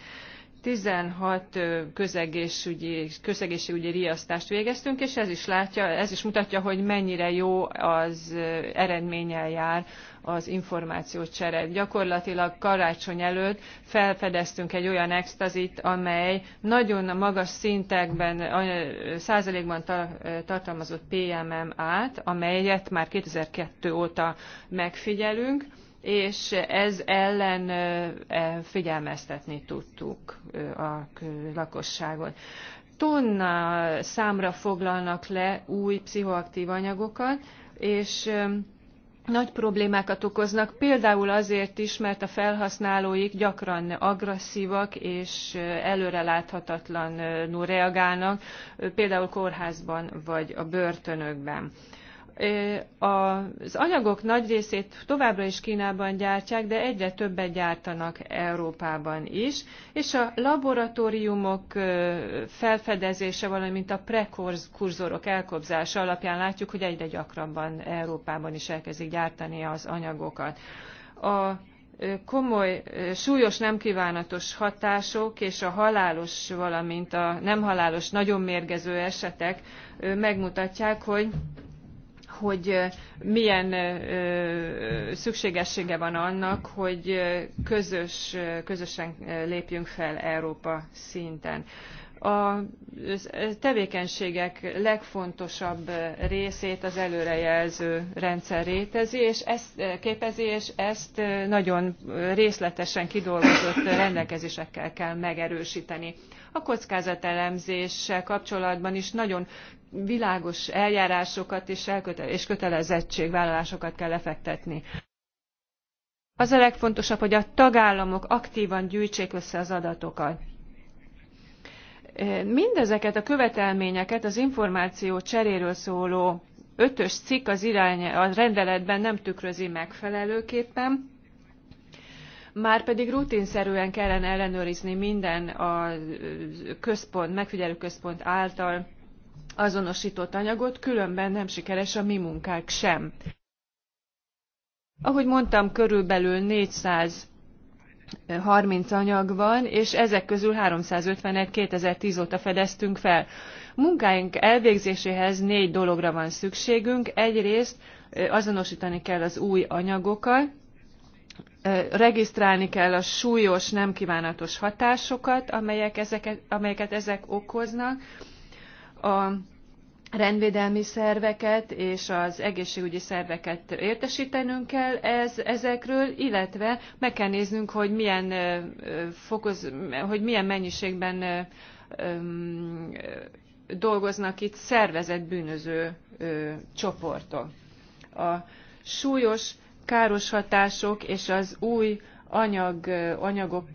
16 közegészségügyi, közegészségügyi riasztást végeztünk, és ez is, látja, ez is mutatja, hogy mennyire jó az eredménnyel jár az információcsere. Gyakorlatilag karácsony előtt felfedeztünk egy olyan extazit, amely nagyon magas szintekben, százalékban tartalmazott PMM-át, amelyet már 2002 óta megfigyelünk, és ez ellen e, figyelmeztetni tudtuk a lakosságot. Tonna számra foglalnak le új pszichoaktív anyagokat, és nagy problémákat okoznak, például azért is, mert a felhasználóik gyakran agresszívak és előreláthatatlanul reagálnak, például kórházban vagy a börtönökben az anyagok nagy részét továbbra is Kínában gyártják, de egyre többet gyártanak Európában is, és a laboratóriumok felfedezése, valamint a prekurzorok elkobzása alapján látjuk, hogy egyre gyakrabban Európában is elkezdik gyártani az anyagokat. A komoly, súlyos nem kívánatos hatások és a halálos, valamint a nem halálos, nagyon mérgező esetek megmutatják, hogy hogy milyen szükségessége van annak, hogy közös, közösen lépjünk fel Európa szinten. A tevékenységek legfontosabb részét az előrejelző rendszer rétezi, és ezt képezi, és ezt nagyon részletesen kidolgozott rendelkezésekkel kell megerősíteni. A kockázatelemzéssel kapcsolatban is nagyon világos eljárásokat és, elköte és kötelezettségvállalásokat kell lefektetni. Az a legfontosabb, hogy a tagállamok aktívan gyűjtsék össze az adatokat. Mindezeket a követelményeket az információ cseréről szóló ötös cikk az irány, a rendeletben nem tükrözi megfelelőképpen, Már pedig rutinszerűen kellene ellenőrizni minden a központ, megfigyelő központ által azonosított anyagot, különben nem sikeres a mi munkánk sem. Ahogy mondtam, körülbelül 400 30 anyag van, és ezek közül 350-et 2010 óta fedeztünk fel. Munkáink elvégzéséhez négy dologra van szükségünk. Egyrészt azonosítani kell az új anyagokat, regisztrálni kell a súlyos, nem kívánatos hatásokat, amelyek ezeket, amelyeket ezek okoznak, a rendvédelmi szerveket és az egészségügyi szerveket értesítenünk kell ez, ezekről, illetve meg kell néznünk, hogy milyen, fokoz, hogy milyen mennyiségben dolgoznak itt szervezett bűnöző csoportok. A súlyos káros hatások és az új anyag, anyagok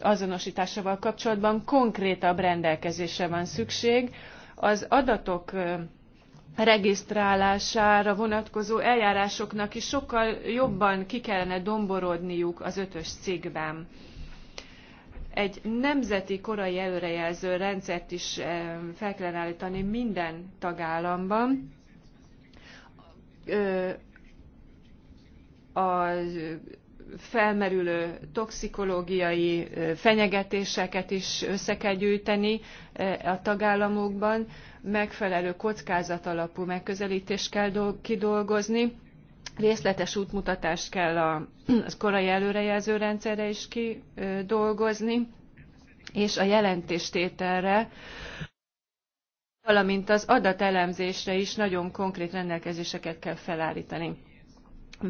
azonosításával kapcsolatban konkrétabb rendelkezésre van szükség, az adatok regisztrálására vonatkozó eljárásoknak is sokkal jobban ki kellene domborodniuk az ötös cikkben. Egy nemzeti korai előrejelző rendszert is fel kellene állítani minden tagállamban. A felmerülő toxikológiai fenyegetéseket is össze kell gyűjteni a tagállamokban, megfelelő kockázatalapú megközelítést kell kidolgozni, részletes útmutatást kell a korai előrejelző rendszerre is kidolgozni, és a jelentéstételre, valamint az adatelemzésre is nagyon konkrét rendelkezéseket kell felállítani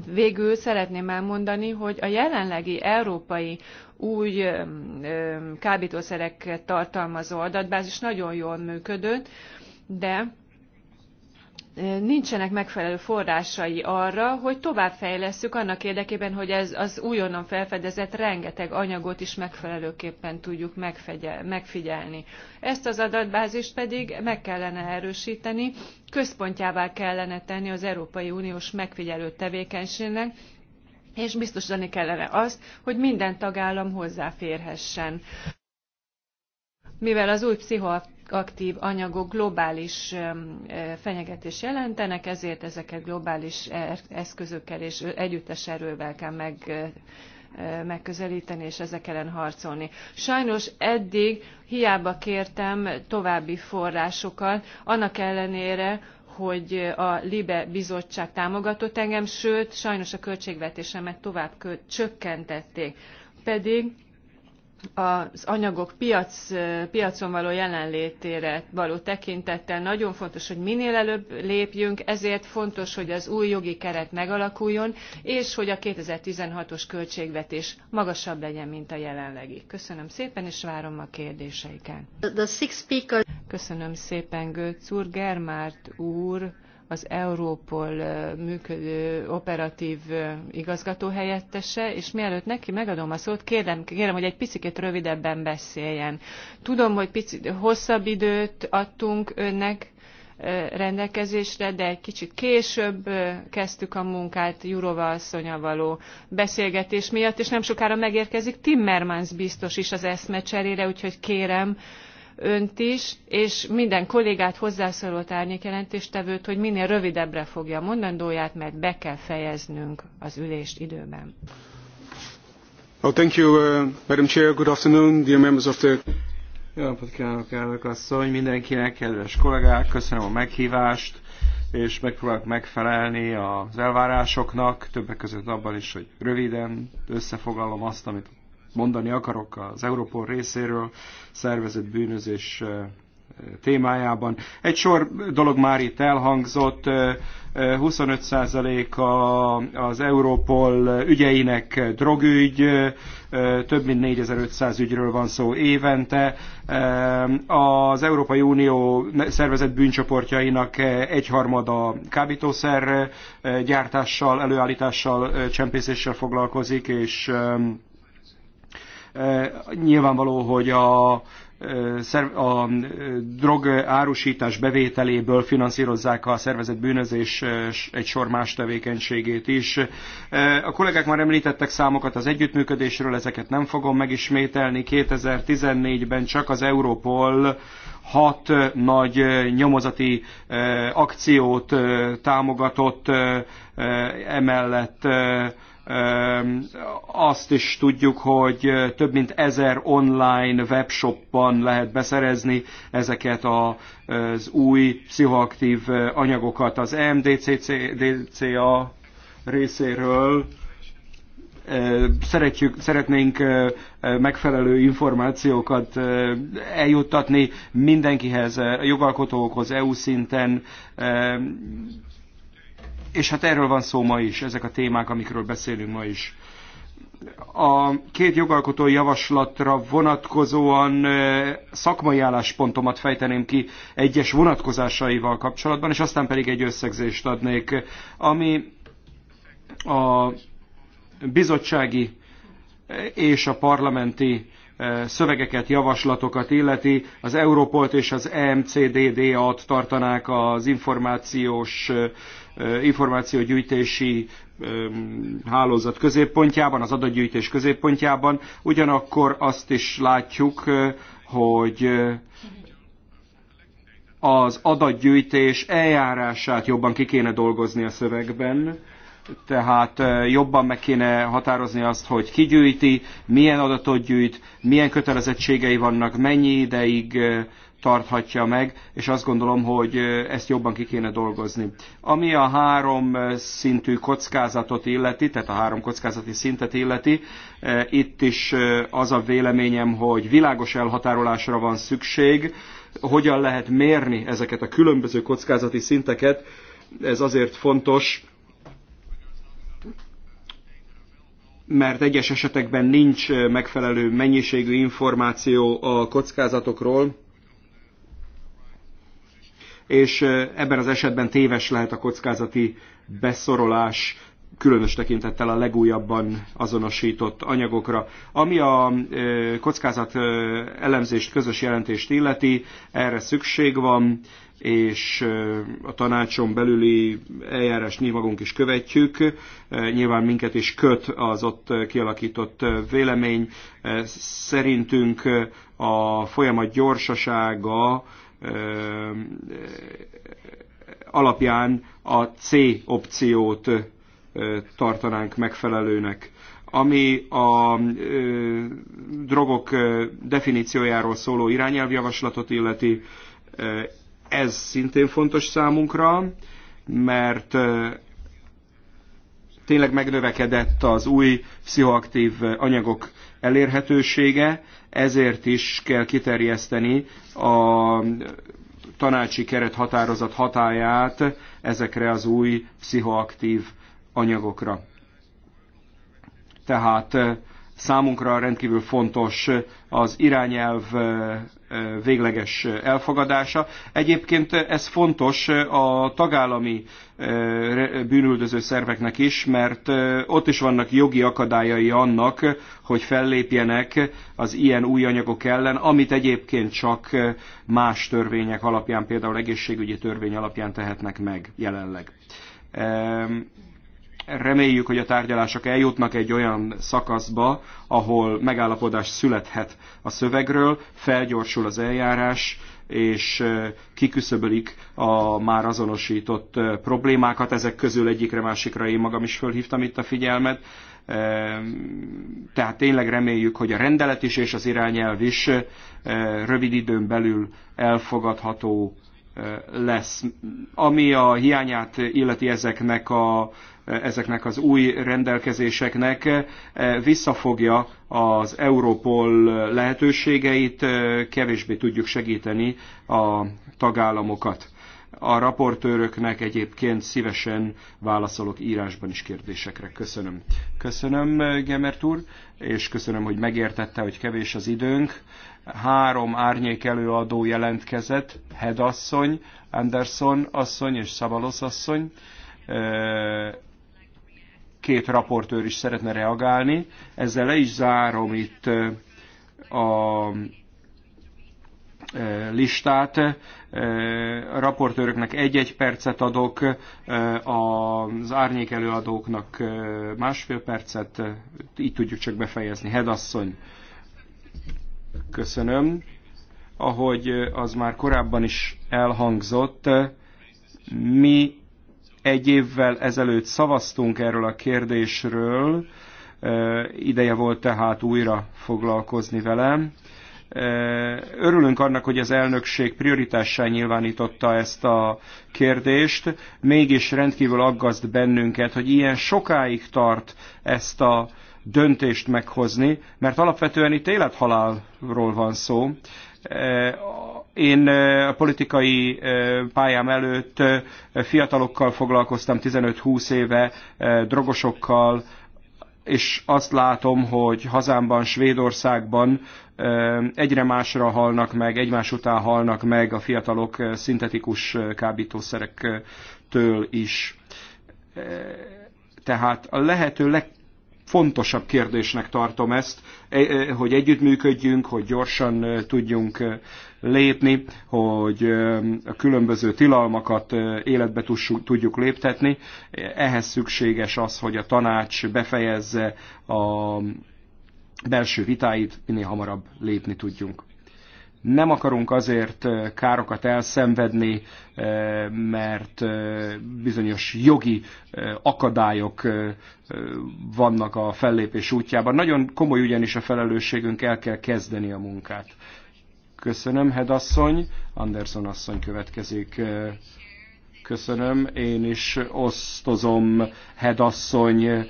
Végül szeretném elmondani, hogy a jelenlegi európai új kábítószereket tartalmazó adatbázis nagyon jól működött, de nincsenek megfelelő forrásai arra, hogy továbbfejlesszük annak érdekében, hogy ez az újonnan felfedezett rengeteg anyagot is megfelelőképpen tudjuk megfigyelni. Ezt az adatbázist pedig meg kellene erősíteni, központjává kellene tenni az Európai Uniós megfigyelő tevékenységnek, és biztosítani kellene azt, hogy minden tagállam hozzáférhessen mivel az új aktív anyagok globális e, fenyegetés jelentenek, ezért ezeket globális e, eszközökkel és együttes erővel kell meg e, megközelíteni és ezek ellen harcolni. Sajnos eddig hiába kértem további forrásokat, annak ellenére, hogy a LIBE bizottság támogatott engem, sőt, sajnos a költségvetésemet tovább csökkentették. Pedig az anyagok piac, piacon való jelenlétére való tekintettel nagyon fontos, hogy minél előbb lépjünk, ezért fontos, hogy az új jogi keret megalakuljon, és hogy a 2016-os költségvetés magasabb legyen, mint a jelenlegi. Köszönöm szépen, és várom a kérdéseiket. Köszönöm szépen, Götz úr, Germárt úr, az Európol működő operatív igazgató helyettese, és mielőtt neki megadom a szót, kérem, kérem hogy egy picit rövidebben beszéljen. Tudom, hogy picit hosszabb időt adtunk önnek rendelkezésre, de egy kicsit később kezdtük a munkát Jurova asszonya való beszélgetés miatt, és nem sokára megérkezik Timmermans biztos is az eszmecserére, úgyhogy kérem, önt is, és minden kollégát hozzászólót árnyékjelentéstevőt, hogy minél rövidebbre fogja a mondandóját, mert be kell fejeznünk az ülést időben. Oh, thank you, uh, Madam Chair. Good afternoon, dear members of the... Jó napot kívánok, elnök asszony, mindenkinek, kedves kollégák, köszönöm a meghívást, és megpróbálok megfelelni az elvárásoknak, többek között abban is, hogy röviden összefoglalom azt, amit mondani akarok az Európol részéről szervezett bűnözés témájában. Egy sor dolog már itt elhangzott, 25% az Európol ügyeinek drogügy, több mint 4500 ügyről van szó évente. Az Európai Unió szervezett bűncsoportjainak egyharmada kábítószer gyártással, előállítással, csempészéssel foglalkozik, és Eh, nyilvánvaló, hogy a eh, a eh, drog árusítás bevételéből finanszírozzák a szervezet bűnözés egy sor más tevékenységét is. A kollégák már említettek számokat az együttműködésről, ezeket nem fogom megismételni. 2014-ben csak az Europol hat nagy nyomozati akciót támogatott, emellett azt is tudjuk, hogy több mint ezer online webshopban lehet beszerezni ezeket az új pszichoaktív anyagokat. Az MDCCA részéről szeretjük, szeretnénk megfelelő információkat eljuttatni mindenkihez, jogalkotókhoz, EU szinten, és hát erről van szó ma is, ezek a témák, amikről beszélünk ma is. A két jogalkotó javaslatra vonatkozóan szakmai álláspontomat fejteném ki egyes vonatkozásaival kapcsolatban, és aztán pedig egy összegzést adnék, ami a bizottsági és a parlamenti szövegeket, javaslatokat illeti, az Europolt és az EMCDDA-t tartanák az információs információgyűjtési hálózat középpontjában, az adatgyűjtés középpontjában. Ugyanakkor azt is látjuk, hogy az adatgyűjtés eljárását jobban ki kéne dolgozni a szövegben, tehát jobban meg kéne határozni azt, hogy ki gyűjti, milyen adatot gyűjt, milyen kötelezettségei vannak, mennyi ideig tarthatja meg, és azt gondolom, hogy ezt jobban ki kéne dolgozni. Ami a három szintű kockázatot illeti, tehát a három kockázati szintet illeti, itt is az a véleményem, hogy világos elhatárolásra van szükség, hogyan lehet mérni ezeket a különböző kockázati szinteket, ez azért fontos, mert egyes esetekben nincs megfelelő mennyiségű információ a kockázatokról, és ebben az esetben téves lehet a kockázati beszorolás különös tekintettel a legújabban azonosított anyagokra. Ami a kockázat elemzést, közös jelentést illeti, erre szükség van, és a tanácson belüli eljárás mi magunk is követjük. Nyilván minket is köt az ott kialakított vélemény. Szerintünk a folyamat gyorsasága alapján a C opciót tartanánk megfelelőnek. Ami a ö, drogok ö, definíciójáról szóló irányelvjavaslatot illeti, ö, ez szintén fontos számunkra, mert ö, tényleg megnövekedett az új pszichoaktív anyagok elérhetősége, ezért is kell kiterjeszteni a tanácsi keret határozat hatáját ezekre az új pszichoaktív anyagokra. Tehát számunkra rendkívül fontos az irányelv végleges elfogadása. Egyébként ez fontos a tagállami bűnüldöző szerveknek is, mert ott is vannak jogi akadályai annak, hogy fellépjenek az ilyen új anyagok ellen, amit egyébként csak más törvények alapján, például egészségügyi törvény alapján tehetnek meg jelenleg reméljük, hogy a tárgyalások eljutnak egy olyan szakaszba, ahol megállapodás születhet a szövegről, felgyorsul az eljárás, és kiküszöbölik a már azonosított problémákat. Ezek közül egyikre másikra én magam is fölhívtam itt a figyelmet. Tehát tényleg reméljük, hogy a rendelet is és az irányelv is rövid időn belül elfogadható lesz. Ami a hiányát illeti ezeknek a ezeknek az új rendelkezéseknek eh, visszafogja az Európol lehetőségeit, eh, kevésbé tudjuk segíteni a tagállamokat. A raportőröknek egyébként szívesen válaszolok írásban is kérdésekre. Köszönöm. Köszönöm, Gemert úr, és köszönöm, hogy megértette, hogy kevés az időnk. Három árnyék előadó jelentkezett, Hedasszony, Anderson asszony és Szabalosz asszony eh, két raportőr is szeretne reagálni. Ezzel le is zárom itt a listát. A raportőröknek egy-egy percet adok, az árnyék előadóknak másfél percet, így tudjuk csak befejezni. Hedasszony, köszönöm. Ahogy az már korábban is elhangzott, mi egy évvel ezelőtt szavaztunk erről a kérdésről, ideje volt tehát újra foglalkozni velem. Örülünk annak, hogy az elnökség prioritássá nyilvánította ezt a kérdést, mégis rendkívül aggaszt bennünket, hogy ilyen sokáig tart ezt a döntést meghozni, mert alapvetően itt élethalálról van szó én a politikai pályám előtt fiatalokkal foglalkoztam 15-20 éve, drogosokkal, és azt látom, hogy hazámban, Svédországban egyre másra halnak meg, egymás után halnak meg a fiatalok szintetikus kábítószerektől is. Tehát a lehető leg fontosabb kérdésnek tartom ezt, e, e, hogy együttműködjünk, hogy gyorsan e, tudjunk lépni, hogy a különböző tilalmakat életbe tudjuk léptetni. Ehhez szükséges az, hogy a tanács befejezze a belső vitáit, minél hamarabb lépni tudjunk nem akarunk azért károkat elszenvedni, mert bizonyos jogi akadályok vannak a fellépés útjában. Nagyon komoly ugyanis a felelősségünk, el kell kezdeni a munkát. Köszönöm, Hedasszony. Anderson asszony következik. Köszönöm, én is osztozom Hedasszony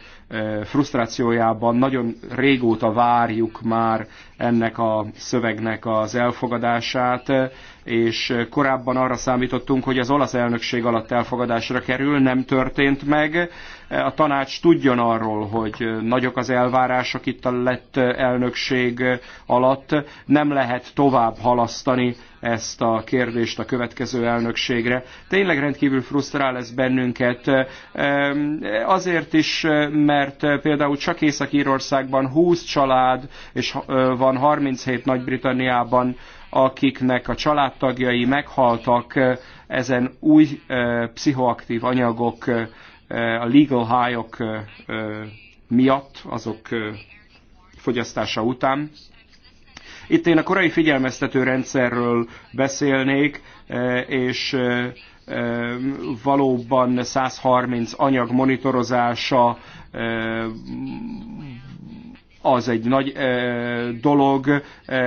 frusztrációjában nagyon régóta várjuk már ennek a szövegnek az elfogadását, és korábban arra számítottunk, hogy az olasz elnökség alatt elfogadásra kerül, nem történt meg. A tanács tudjon arról, hogy nagyok az elvárások itt a lett elnökség alatt, nem lehet tovább halasztani ezt a kérdést a következő elnökségre. Tényleg rendkívül frusztrál ez bennünket. Azért is, mert például csak Észak-Írországban 20 család, és van 37 Nagy-Britanniában, akiknek a családtagjai meghaltak ezen új pszichoaktív anyagok, a legal high-ok miatt, azok fogyasztása után. Itt én a korai figyelmeztető rendszerről beszélnék, e, és e, e, valóban 130 anyag monitorozása az egy nagy e, dolog, e,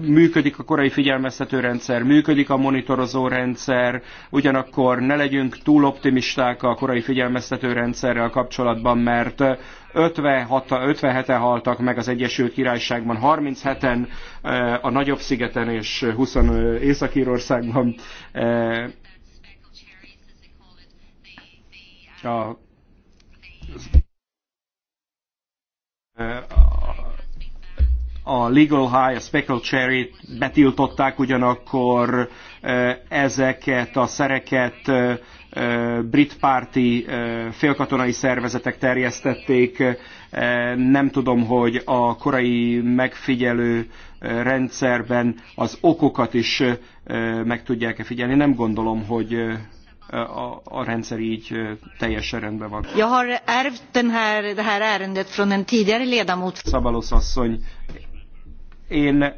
működik a korai figyelmeztető rendszer, működik a monitorozó rendszer, ugyanakkor ne legyünk túl optimisták a korai figyelmeztető rendszerrel kapcsolatban, mert 57-en haltak meg az Egyesült Királyságban, 37-en eh, a Nagyobb-szigeten és 20 eh, Észak-Írországban. Eh, a a Legal High, a Speckled Cherry betiltották, ugyanakkor ezeket a szereket brit párti félkatonai szervezetek terjesztették. Nem tudom, hogy a korai megfigyelő rendszerben az okokat is meg tudják-e figyelni. Nem gondolom, hogy a, a rendszer így teljesen rendben van. Jag har ärvt den här, det här ärendet från en tidigare ledamot. Szabalos asszony, én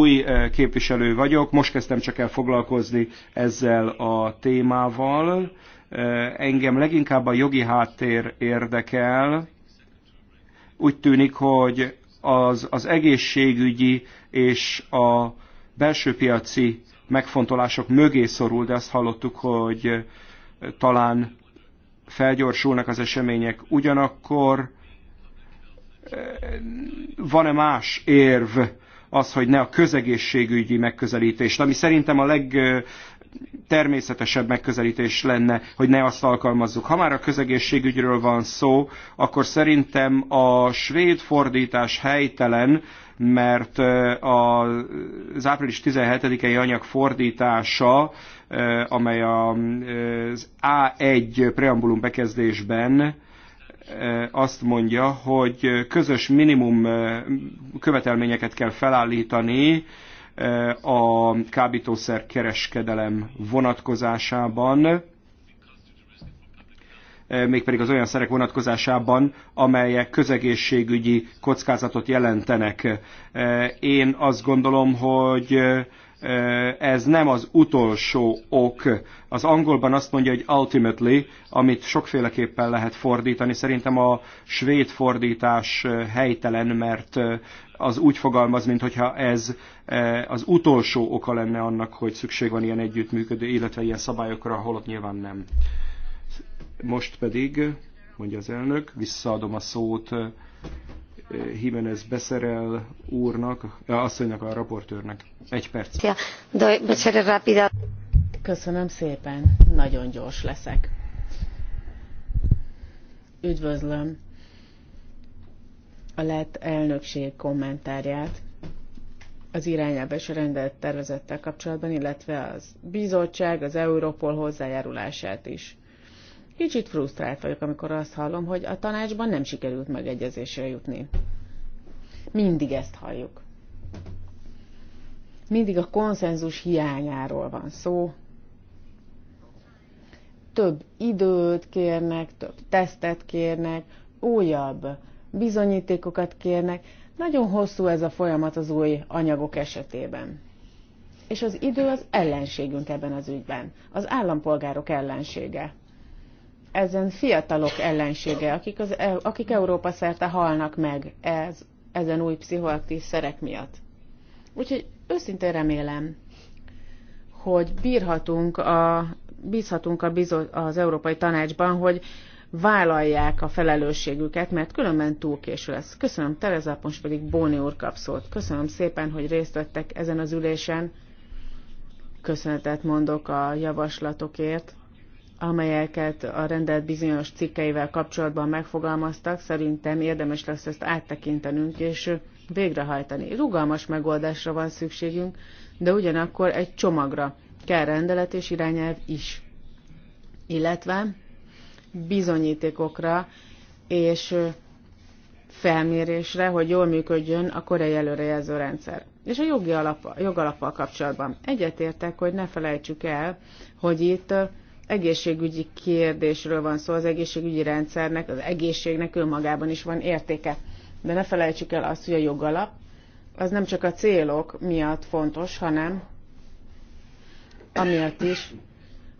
új eh, képviselő vagyok, most kezdtem csak el foglalkozni ezzel a témával. Eh, engem leginkább a jogi háttér érdekel. Úgy tűnik, hogy az, az egészségügyi és a belső piaci megfontolások mögé szorul, de azt hallottuk, hogy eh, talán felgyorsulnak az események. Ugyanakkor van-e más érv az, hogy ne a közegészségügyi megközelítést, ami szerintem a leg természetesebb megközelítés lenne, hogy ne azt alkalmazzuk. Ha már a közegészségügyről van szó, akkor szerintem a svéd fordítás helytelen, mert az április 17-i anyag fordítása, amely az A1 preambulum bekezdésben Eh, azt mondja, hogy eh, közös minimum eh, követelményeket kell felállítani a kábítószer kereskedelem vonatkozásában, mégpedig az olyan szerek vonatkozásában, amelyek közegészségügyi kockázatot jelentenek. Én azt gondolom, hogy ez nem az utolsó ok. Az angolban azt mondja, hogy ultimately, amit sokféleképpen lehet fordítani. Szerintem a svéd fordítás helytelen, mert az úgy fogalmaz, mintha ez az utolsó oka lenne annak, hogy szükség van ilyen együttműködő, illetve ilyen szabályokra, holott nyilván nem. Most pedig, mondja az elnök, visszaadom a szót Jiménez Beszerel úrnak, asszonynak a raportőrnek. Egy perc. Köszönöm szépen, nagyon gyors leszek. Üdvözlöm a lett elnökség kommentárját az irányába és a rendelt tervezettel kapcsolatban, illetve az bizottság, az Europol hozzájárulását is. Kicsit frusztrált vagyok, amikor azt hallom, hogy a tanácsban nem sikerült megegyezésre jutni. Mindig ezt halljuk. Mindig a konszenzus hiányáról van szó. Több időt kérnek, több tesztet kérnek, újabb bizonyítékokat kérnek. Nagyon hosszú ez a folyamat az új anyagok esetében. És az idő az ellenségünk ebben az ügyben, az állampolgárok ellensége ezen fiatalok ellensége, akik, az, e- akik Európa szerte halnak meg ez, ezen új pszichoaktív szerek miatt. Úgyhogy őszintén remélem, hogy bírhatunk a, bízhatunk a bizo- az Európai Tanácsban, hogy vállalják a felelősségüket, mert különben túl késő lesz. Köszönöm Tereza, most pedig Bóni úr kap szót. Köszönöm szépen, hogy részt vettek ezen az ülésen. Köszönetet mondok a javaslatokért amelyeket a rendelet bizonyos cikkeivel kapcsolatban megfogalmaztak, szerintem érdemes lesz ezt áttekintenünk és végrehajtani. Rugalmas megoldásra van szükségünk, de ugyanakkor egy csomagra kell rendelet és irányelv is. Illetve bizonyítékokra és felmérésre, hogy jól működjön a korai előrejelző rendszer. És a jogi alap, jogalappal kapcsolatban egyetértek, hogy ne felejtsük el, hogy itt egészségügyi kérdésről van szó, az egészségügyi rendszernek, az egészségnek önmagában is van értéke. De ne felejtsük el azt, hogy a jogalap az nem csak a célok miatt fontos, hanem amiatt is,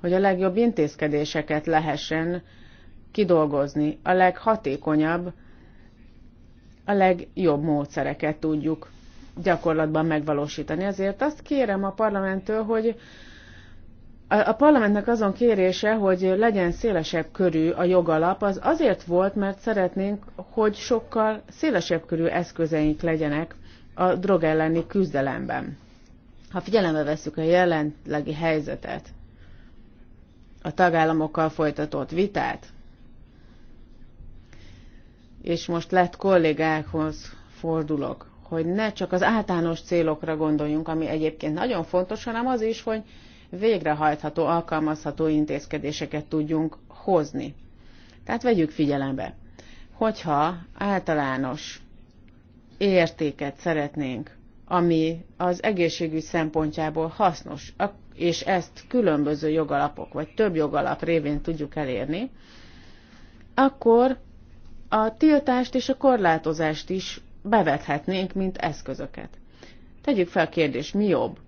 hogy a legjobb intézkedéseket lehessen kidolgozni, a leghatékonyabb, a legjobb módszereket tudjuk gyakorlatban megvalósítani. Ezért azt kérem a parlamenttől, hogy a parlamentnek azon kérése, hogy legyen szélesebb körű a jogalap, az azért volt, mert szeretnénk, hogy sokkal szélesebb körű eszközeink legyenek a drog elleni küzdelemben. Ha figyelembe vesszük a jelenlegi helyzetet, a tagállamokkal folytatott vitát, és most lett kollégákhoz fordulok, hogy ne csak az általános célokra gondoljunk, ami egyébként nagyon fontos, hanem az is, hogy végrehajtható, alkalmazható intézkedéseket tudjunk hozni. Tehát vegyük figyelembe, hogyha általános értéket szeretnénk, ami az egészségügy szempontjából hasznos, és ezt különböző jogalapok, vagy több jogalap révén tudjuk elérni, akkor a tiltást és a korlátozást is bevethetnénk, mint eszközöket. Tegyük fel a kérdést, mi jobb?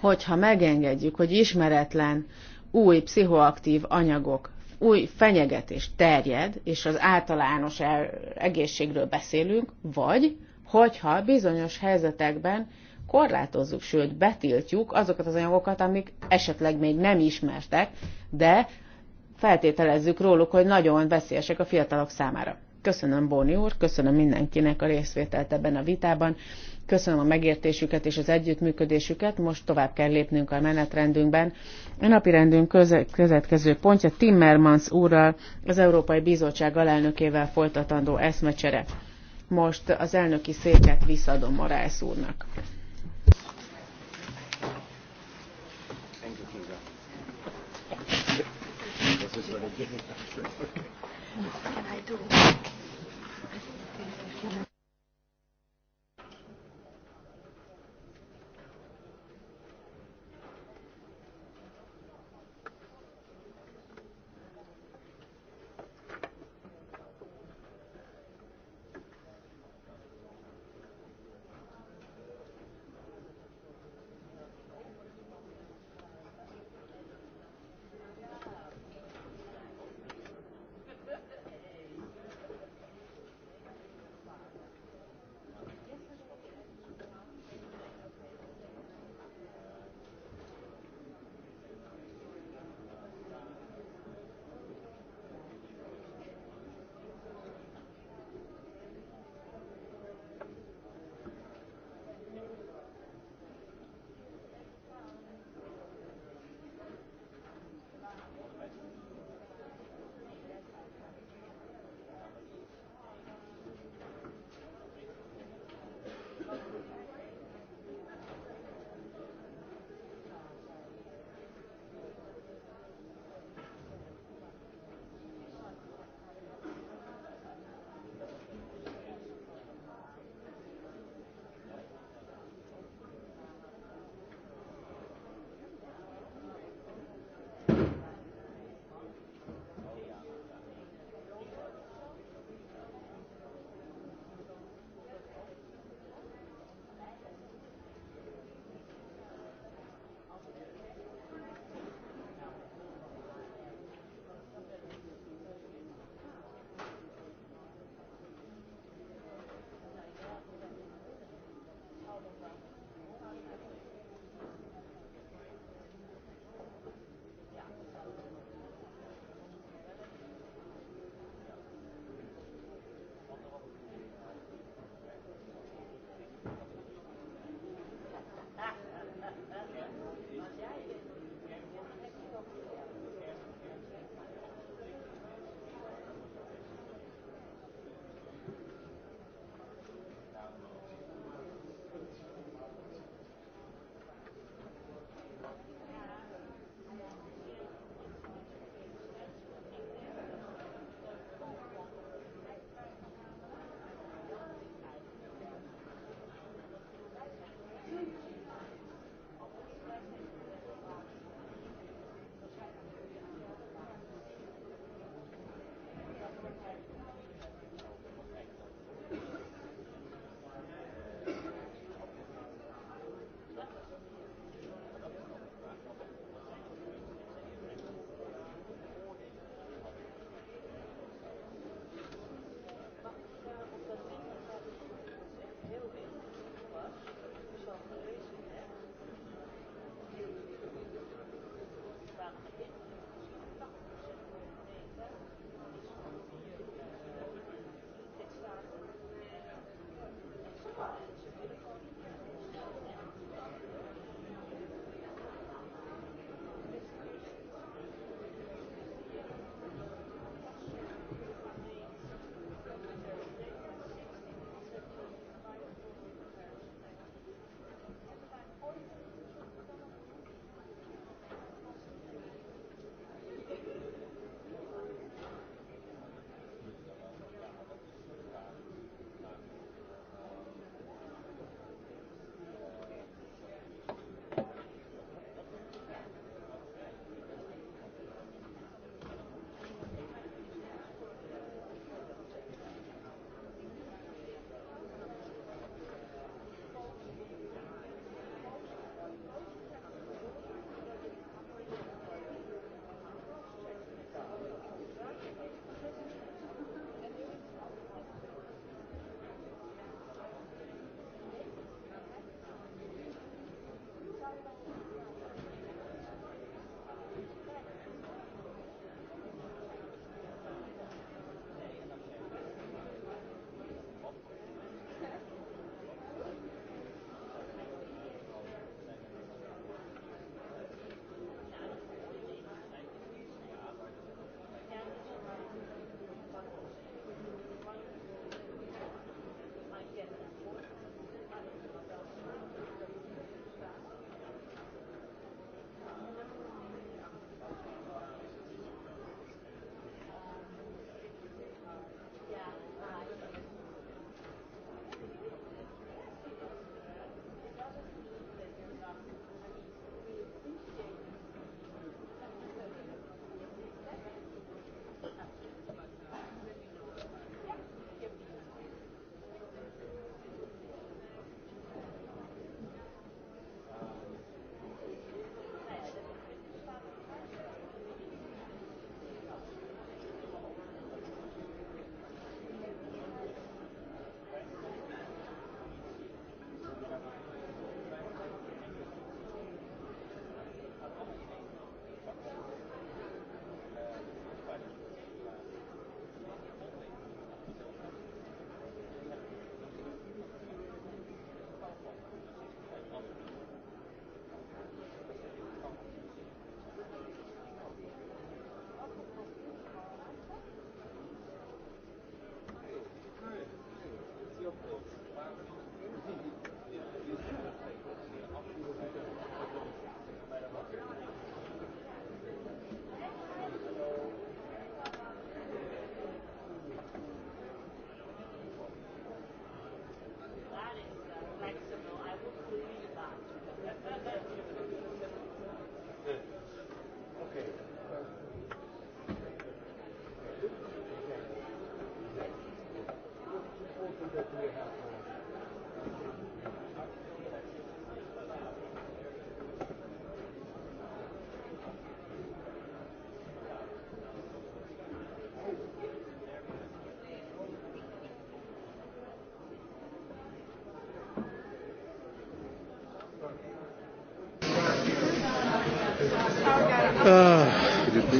hogyha megengedjük, hogy ismeretlen új pszichoaktív anyagok, új fenyegetés terjed, és az általános egészségről beszélünk, vagy hogyha bizonyos helyzetekben korlátozzuk, sőt betiltjuk azokat az anyagokat, amik esetleg még nem ismertek, de feltételezzük róluk, hogy nagyon veszélyesek a fiatalok számára. Köszönöm Bóni úr, köszönöm mindenkinek a részvételt ebben a vitában. Köszönöm a megértésüket és az együttműködésüket. Most tovább kell lépnünk a menetrendünkben. A rendünk következő pontja Timmermans úrral, az Európai Bizottság alelnökével folytatandó eszmecsere. Most az elnöki széket visszadom Morász úrnak. Thank you,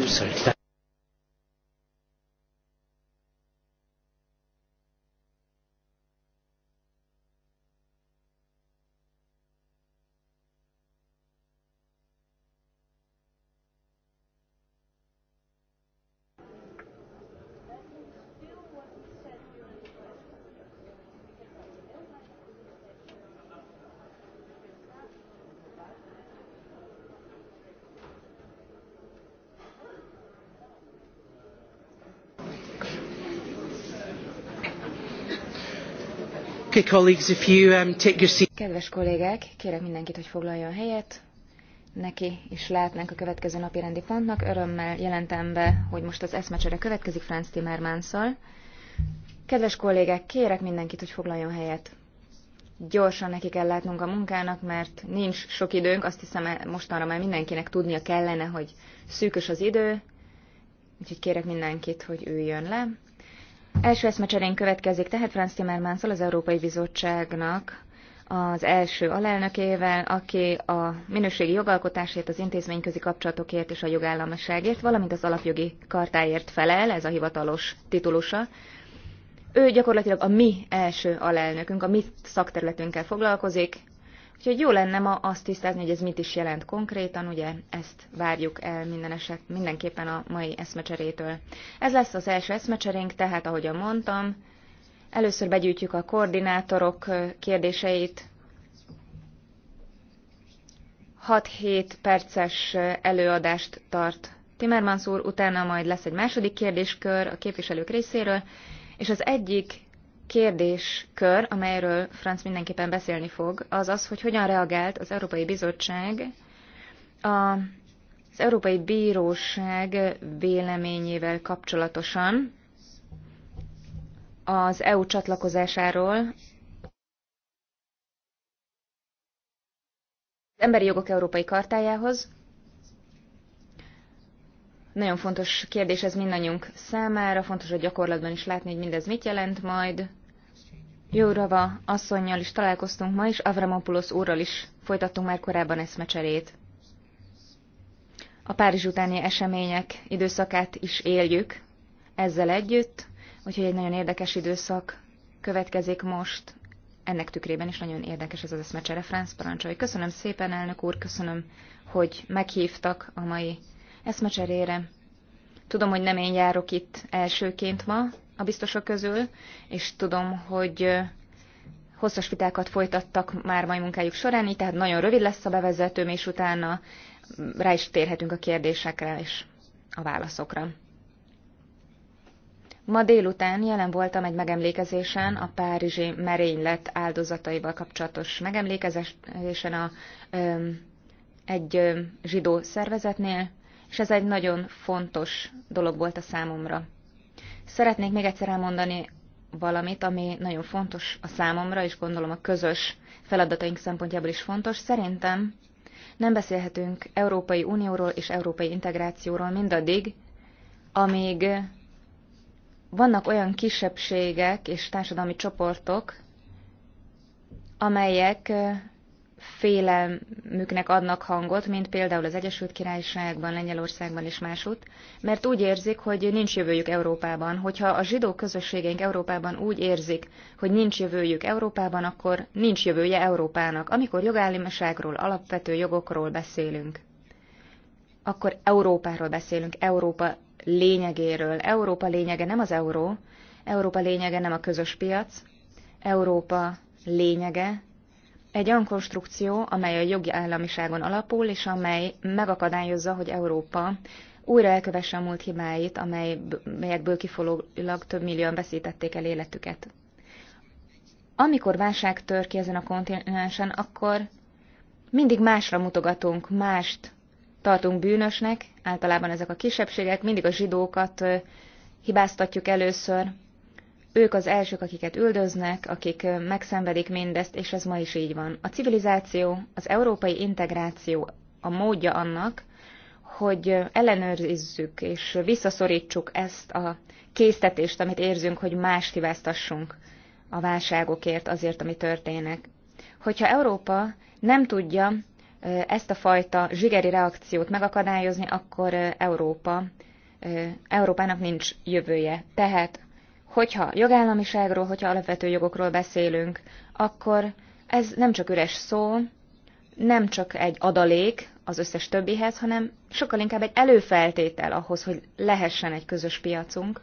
Sorry. Um, Kedves kollégák, kérek mindenkit, hogy foglaljon helyet. Neki is látnánk a következő napi rendi pontnak. Örömmel jelentem be, hogy most az eszmecsere következik Franz -szal. Kedves kollégák, kérek mindenkit, hogy foglaljon helyet. Gyorsan neki kell látnunk a munkának, mert nincs sok időnk. Azt hiszem, e, mostanra már mindenkinek tudnia kellene, hogy szűkös az idő. Úgyhogy kérek mindenkit, hogy üljön le. Első eszmecserén következik, tehát Franz timmermans az Európai Bizottságnak az első alelnökével, aki a minőségi jogalkotásért, az intézményközi kapcsolatokért és a jogállamiságért, valamint az alapjogi kartáért felel, ez a hivatalos titulusa. Ő gyakorlatilag a mi első alelnökünk, a mi szakterületünkkel foglalkozik, Úgyhogy jó lenne ma azt tisztázni, hogy ez mit is jelent konkrétan, ugye ezt várjuk el minden eset, mindenképpen a mai eszmecserétől. Ez lesz az első eszmecserénk, tehát ahogyan mondtam, először begyűjtjük a koordinátorok kérdéseit, 6-7 perces előadást tart Timmermans úr, utána majd lesz egy második kérdéskör a képviselők részéről, és az egyik kérdéskör, amelyről Franz mindenképpen beszélni fog, az az, hogy hogyan reagált az Európai Bizottság a az Európai Bíróság véleményével kapcsolatosan az EU csatlakozásáról az Emberi Jogok Európai Kartájához, nagyon fontos kérdés ez mindannyiunk számára, fontos a gyakorlatban is látni, hogy mindez mit jelent majd. Jórava asszonynal is találkoztunk ma, és Avramopoulos úrral is folytattunk már korábban eszmecserét. A Párizs utáni események időszakát is éljük ezzel együtt, úgyhogy egy nagyon érdekes időszak következik most. Ennek tükrében is nagyon érdekes ez az eszmecsere, Franz parancsolj. Köszönöm szépen, elnök úr, köszönöm, hogy meghívtak a mai eszmecserére. Tudom, hogy nem én járok itt elsőként ma a biztosok közül, és tudom, hogy hosszas vitákat folytattak már mai munkájuk során, így tehát nagyon rövid lesz a bevezetőm, és utána rá is térhetünk a kérdésekre és a válaszokra. Ma délután jelen voltam egy megemlékezésen, a Párizsi merénylet áldozataival kapcsolatos megemlékezésen a, ö, egy ö, zsidó szervezetnél és ez egy nagyon fontos dolog volt a számomra. Szeretnék még egyszer elmondani valamit, ami nagyon fontos a számomra, és gondolom a közös feladataink szempontjából is fontos. Szerintem nem beszélhetünk Európai Unióról és Európai Integrációról mindaddig, amíg vannak olyan kisebbségek és társadalmi csoportok, amelyek félelmüknek adnak hangot, mint például az Egyesült Királyságban, Lengyelországban és másút, mert úgy érzik, hogy nincs jövőjük Európában. Hogyha a zsidó közösségeink Európában úgy érzik, hogy nincs jövőjük Európában, akkor nincs jövője Európának. Amikor jogállamiságról, alapvető jogokról beszélünk, akkor Európáról beszélünk, Európa lényegéről. Európa lényege nem az euró, Európa lényege nem a közös piac, Európa lényege egy olyan konstrukció, amely a jogi államiságon alapul, és amely megakadályozza, hogy Európa újra elkövesse a múlt hibáit, amelyekből kifolyólag több millióan veszítették el életüket. Amikor válság tör ki ezen a kontinensen, akkor mindig másra mutogatunk, mást tartunk bűnösnek, általában ezek a kisebbségek, mindig a zsidókat hibáztatjuk először, ők az elsők, akiket üldöznek, akik megszenvedik mindezt, és ez ma is így van. A civilizáció, az európai integráció a módja annak, hogy ellenőrizzük és visszaszorítsuk ezt a késztetést, amit érzünk, hogy más hibáztassunk a válságokért, azért, ami történik. Hogyha Európa nem tudja ezt a fajta zsigeri reakciót megakadályozni, akkor Európa, Európának nincs jövője. Tehát Hogyha jogállamiságról, hogyha alapvető jogokról beszélünk, akkor ez nem csak üres szó, nem csak egy adalék az összes többihez, hanem sokkal inkább egy előfeltétel ahhoz, hogy lehessen egy közös piacunk,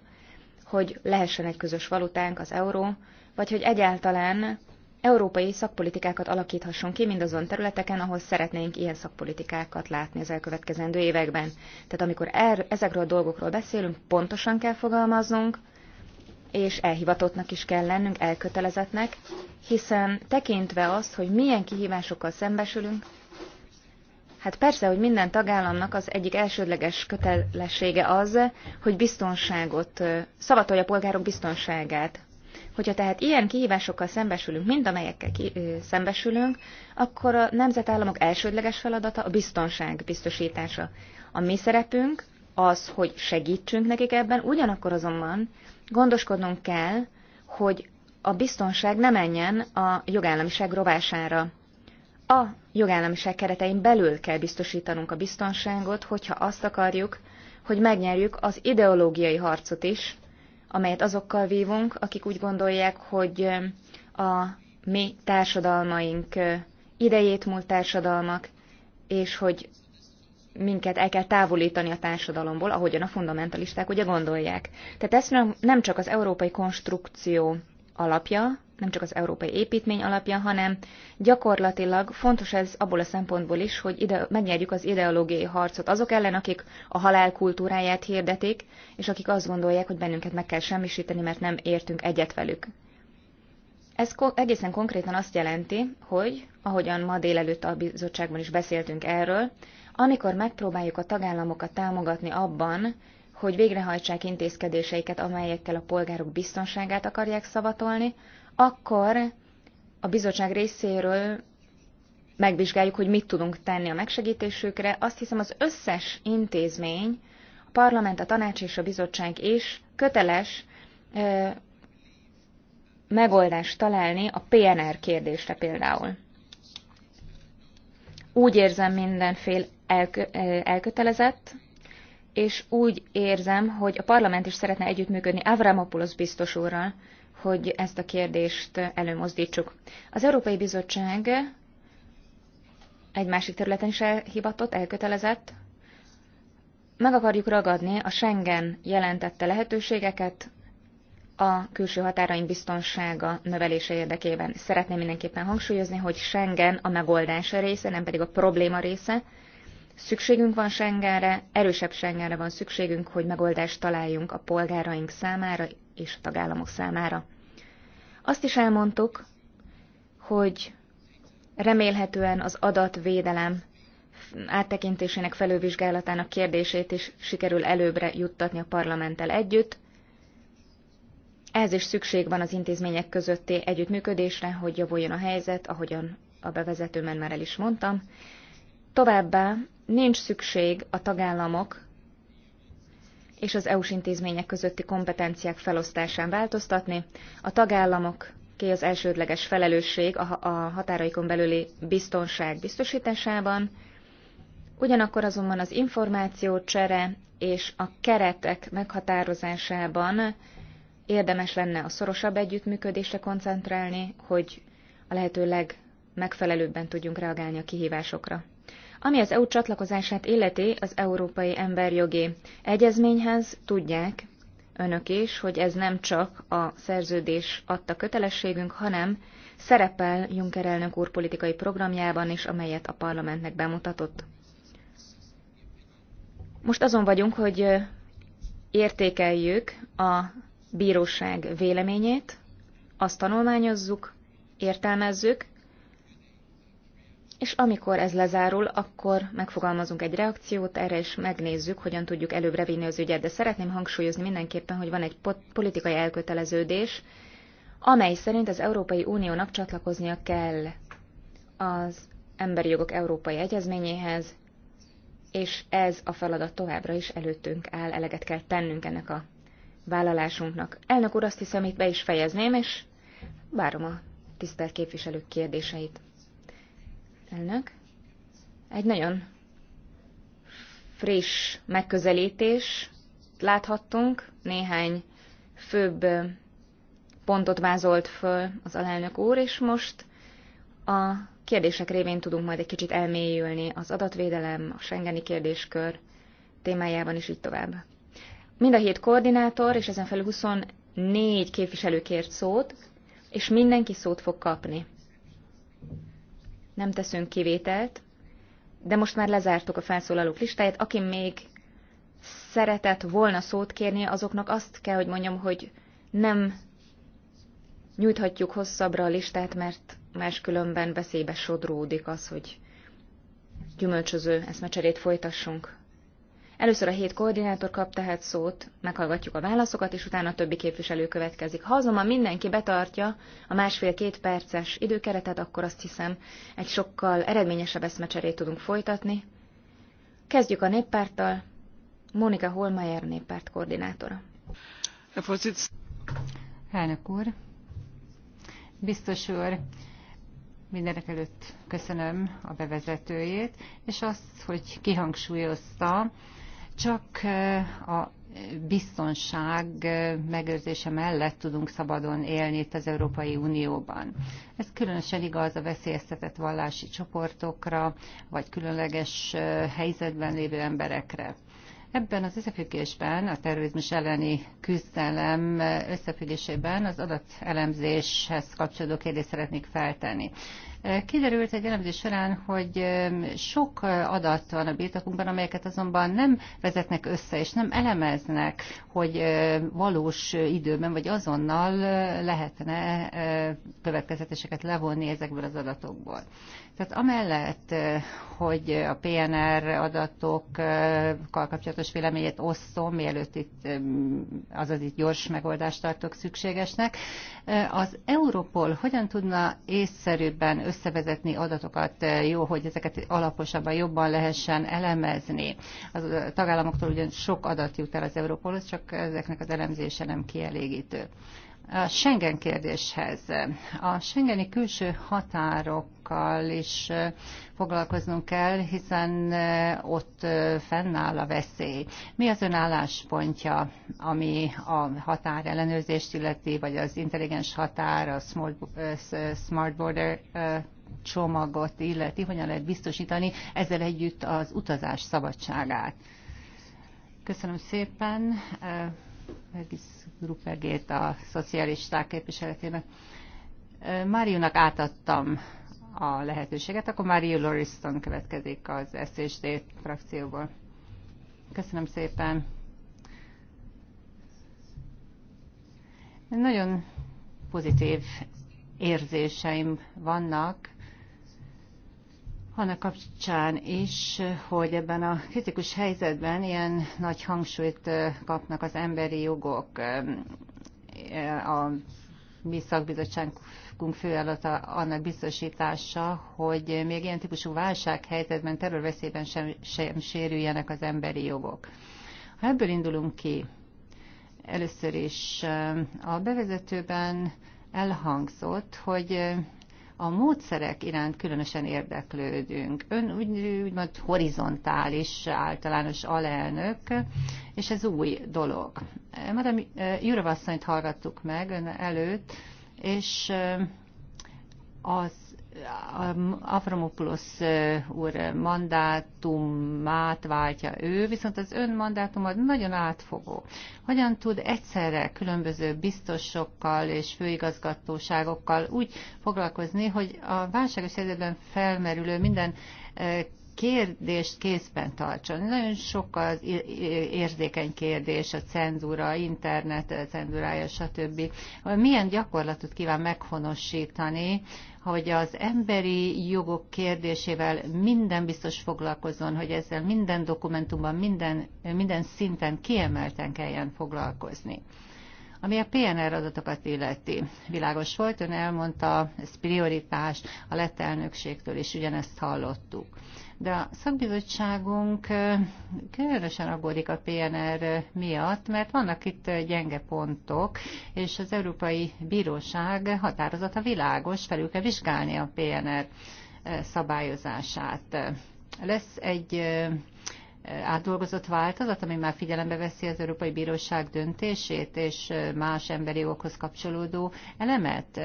hogy lehessen egy közös valutánk, az euró, vagy hogy egyáltalán európai szakpolitikákat alakíthasson ki mindazon területeken, ahol szeretnénk ilyen szakpolitikákat látni az elkövetkezendő években. Tehát amikor er, ezekről a dolgokról beszélünk, pontosan kell fogalmaznunk, és elhivatottnak is kell lennünk, elkötelezettnek, hiszen tekintve azt, hogy milyen kihívásokkal szembesülünk, Hát persze, hogy minden tagállamnak az egyik elsődleges kötelessége az, hogy biztonságot, szavatolja a polgárok biztonságát. Hogyha tehát ilyen kihívásokkal szembesülünk, mind amelyekkel ki, ö, szembesülünk, akkor a nemzetállamok elsődleges feladata a biztonság biztosítása. A mi szerepünk az, hogy segítsünk nekik ebben, ugyanakkor azonban Gondoskodnunk kell, hogy a biztonság ne menjen a jogállamiság rovására. A jogállamiság keretein belül kell biztosítanunk a biztonságot, hogyha azt akarjuk, hogy megnyerjük az ideológiai harcot is, amelyet azokkal vívunk, akik úgy gondolják, hogy a mi társadalmaink idejét múlt társadalmak, és hogy minket el kell távolítani a társadalomból, ahogyan a fundamentalisták ugye gondolják. Tehát ez nem csak az európai konstrukció alapja, nem csak az európai építmény alapja, hanem gyakorlatilag fontos ez abból a szempontból is, hogy ide, megnyerjük az ideológiai harcot azok ellen, akik a halál kultúráját hirdetik, és akik azt gondolják, hogy bennünket meg kell semmisíteni, mert nem értünk egyet velük. Ez ko- egészen konkrétan azt jelenti, hogy, ahogyan ma délelőtt a bizottságban is beszéltünk erről, amikor megpróbáljuk a tagállamokat támogatni abban, hogy végrehajtsák intézkedéseiket, amelyekkel a polgárok biztonságát akarják szavatolni, akkor a bizottság részéről megvizsgáljuk, hogy mit tudunk tenni a megsegítésükre. Azt hiszem az összes intézmény, a parlament, a tanács és a bizottság is köteles ö, megoldást találni a PNR kérdésre például. Úgy érzem minden fél Eh, elkötelezett, és úgy érzem, hogy a parlament is szeretne együttműködni Avramopoulos biztos úrral, hogy ezt a kérdést előmozdítsuk. Az Európai Bizottság egy másik területen is elhivatott, elkötelezett. Meg akarjuk ragadni a Schengen jelentette lehetőségeket a külső határaink biztonsága növelése érdekében. Szeretném mindenképpen hangsúlyozni, hogy Schengen a megoldása része, nem pedig a probléma része, Szükségünk van Schengenre, erősebb Schengenre van szükségünk, hogy megoldást találjunk a polgáraink számára és a tagállamok számára. Azt is elmondtuk, hogy remélhetően az adatvédelem áttekintésének felővizsgálatának kérdését is sikerül előbbre juttatni a parlamenttel együtt. Ez is szükség van az intézmények közötti együttműködésre, hogy javuljon a helyzet, ahogyan a bevezetőben már el is mondtam, Továbbá nincs szükség a tagállamok és az EU-s intézmények közötti kompetenciák felosztásán változtatni. A tagállamok ki az elsődleges felelősség a határaikon belüli biztonság biztosításában, ugyanakkor azonban az információ csere és a keretek meghatározásában érdemes lenne a szorosabb együttműködésre koncentrálni, hogy a lehető legmegfelelőbben tudjunk reagálni a kihívásokra. Ami az EU csatlakozását illeti az Európai Emberjogi Egyezményhez, tudják önök is, hogy ez nem csak a szerződés adta kötelességünk, hanem szerepel Juncker elnök úr politikai programjában is, amelyet a parlamentnek bemutatott. Most azon vagyunk, hogy értékeljük a bíróság véleményét, azt tanulmányozzuk, értelmezzük, és amikor ez lezárul, akkor megfogalmazunk egy reakciót, erre is megnézzük, hogyan tudjuk előbbre vinni az ügyet, de szeretném hangsúlyozni mindenképpen, hogy van egy politikai elköteleződés, amely szerint az Európai Uniónak csatlakoznia kell az Emberi Jogok Európai Egyezményéhez, és ez a feladat továbbra is előttünk áll, eleget kell tennünk ennek a vállalásunknak. Elnök úr, azt hiszem, itt be is fejezném, és várom a tisztelt képviselők kérdéseit. Elnök. Egy nagyon friss megközelítés láthattunk, néhány főbb pontot vázolt föl az alelnök úr, és most a kérdések révén tudunk majd egy kicsit elmélyülni az adatvédelem, a Schengeni kérdéskör témájában, is így tovább. Mind a hét koordinátor, és ezen felül 24 képviselő kért szót, és mindenki szót fog kapni nem teszünk kivételt, de most már lezártuk a felszólalók listáját. Aki még szeretett volna szót kérni, azoknak azt kell, hogy mondjam, hogy nem nyújthatjuk hosszabbra a listát, mert máskülönben veszélybe sodródik az, hogy gyümölcsöző eszmecserét folytassunk. Először a hét koordinátor kap tehát szót, meghallgatjuk a válaszokat, és utána a többi képviselő következik. Ha azonban mindenki betartja a másfél-két perces időkeretet, akkor azt hiszem egy sokkal eredményesebb eszmecserét tudunk folytatni. Kezdjük a néppárttal. Monika Holmeier néppárt koordinátora. Elnök úr, biztos úr, mindenek előtt köszönöm a bevezetőjét, és azt, hogy kihangsúlyozta, csak eh, a biztonság eh, megőrzése mellett tudunk szabadon élni itt az Európai Unióban. Ez különösen igaz a veszélyeztetett vallási csoportokra, vagy különleges eh, helyzetben lévő emberekre. Ebben az összefüggésben, a terrorizmus elleni küzdelem összefüggésében az adatelemzéshez kapcsolódó kérdést szeretnék feltenni. Kiderült egy elemzés során, hogy um, sok adat van a birtokunkban, amelyeket azonban nem vezetnek össze, és nem elemeznek, hogy um, valós időben vagy azonnal uh, lehetne uh, következetéseket levonni ezekből az adatokból. Tehát amellett, hogy a PNR adatokkal kapcsolatos véleményét osztom, mielőtt itt, azaz itt gyors megoldást tartok szükségesnek, az Europol hogyan tudna észszerűbben összevezetni adatokat, jó, hogy ezeket alaposabban, jobban lehessen elemezni. Az tagállamoktól ugyan sok adat jut el az Europolhoz, csak ezeknek az elemzése nem kielégítő. A Schengen kérdéshez. A Schengeni külső határokkal is foglalkoznunk kell, hiszen ott fennáll a veszély. Mi az ön álláspontja, ami a határ ellenőrzést illeti, vagy az intelligens határ, a Smart Border csomagot illeti, hogyan lehet biztosítani ezzel együtt az utazás szabadságát? Köszönöm szépen. Megis Gruppergét a szocialisták képviseletének. Máriónak átadtam a lehetőséget, akkor Mário Loriston következik az SZSD frakcióból. Köszönöm szépen. Nagyon pozitív érzéseim vannak annak kapcsán is, hogy ebben a kritikus helyzetben ilyen nagy hangsúlyt kapnak az emberi jogok. A mi szakbizottságunk főállata annak biztosítása, hogy még ilyen típusú válsághelyzetben, terrorveszélyben sem, sem sérüljenek az emberi jogok. Ha ebből indulunk ki, először is a bevezetőben elhangzott, hogy a módszerek iránt különösen érdeklődünk. Ön úgy, úgymond horizontális általános alelnök, és ez új dolog. Madame eh, Jurovasszonyt hallgattuk meg ön előtt, és eh, az Avramopoulos úr mandátumát váltja ő, viszont az ön mandátuma nagyon átfogó. Hogyan tud egyszerre különböző biztosokkal és főigazgatóságokkal úgy foglalkozni, hogy a válságos helyzetben felmerülő minden kérdést kézben tartson. Nagyon sok az érzékeny kérdés, a cenzúra, a internet cenzúrája, stb. Milyen gyakorlatot kíván meghonosítani, hogy az emberi jogok kérdésével minden biztos foglalkozzon, hogy ezzel minden dokumentumban, minden, minden szinten kiemelten kelljen foglalkozni. Ami a PNR adatokat illeti, világos volt, ön elmondta, ez prioritás, a lett elnökségtől is ugyanezt hallottuk de a szakbizottságunk különösen aggódik a PNR miatt, mert vannak itt gyenge pontok, és az Európai Bíróság határozata világos, felül kell vizsgálni a PNR szabályozását. Lesz egy átdolgozott változat, ami már figyelembe veszi az Európai Bíróság döntését és más emberi okhoz kapcsolódó elemet.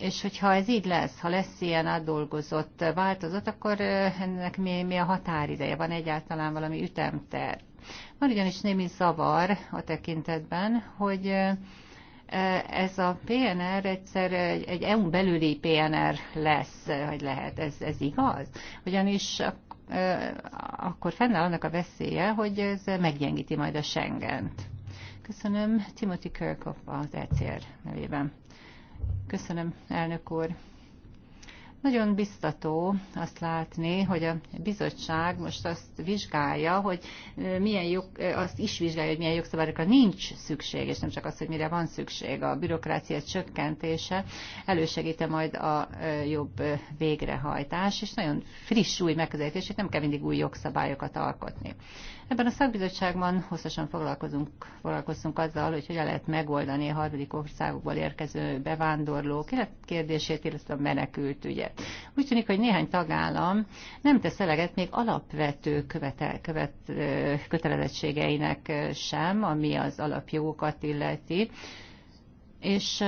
És hogyha ez így lesz, ha lesz ilyen átdolgozott változat, akkor ennek mi, mi a határideje? Van egyáltalán valami ütemter? Van ugyanis némi zavar a tekintetben, hogy ez a PNR egyszer egy, egy EU-n belüli PNR lesz, hogy lehet, ez, ez igaz? Ugyanis akkor fennáll annak a veszélye, hogy ez meggyengíti majd a Schengent. Köszönöm Timothy Kirkhoff az ECR nevében. Köszönöm, elnök úr. Nagyon biztató azt látni, hogy a bizottság most azt vizsgálja, hogy milyen jog, azt is vizsgálja, hogy milyen jogszabályokra nincs szükség, és nem csak az, hogy mire van szükség. A bürokrácia csökkentése elősegíte majd a jobb végrehajtás, és nagyon friss új megközelítését nem kell mindig új jogszabályokat alkotni. Ebben a szakbizottságban hosszasan foglalkozunk, foglalkozunk azzal, hogy hogyan lehet megoldani a harmadik országokból érkező bevándorlók kérdését, illetve a menekült ügyet. Úgy tűnik, hogy néhány tagállam nem tesz eleget még alapvető követel, követ, kötelezettségeinek sem, ami az alapjogokat illeti és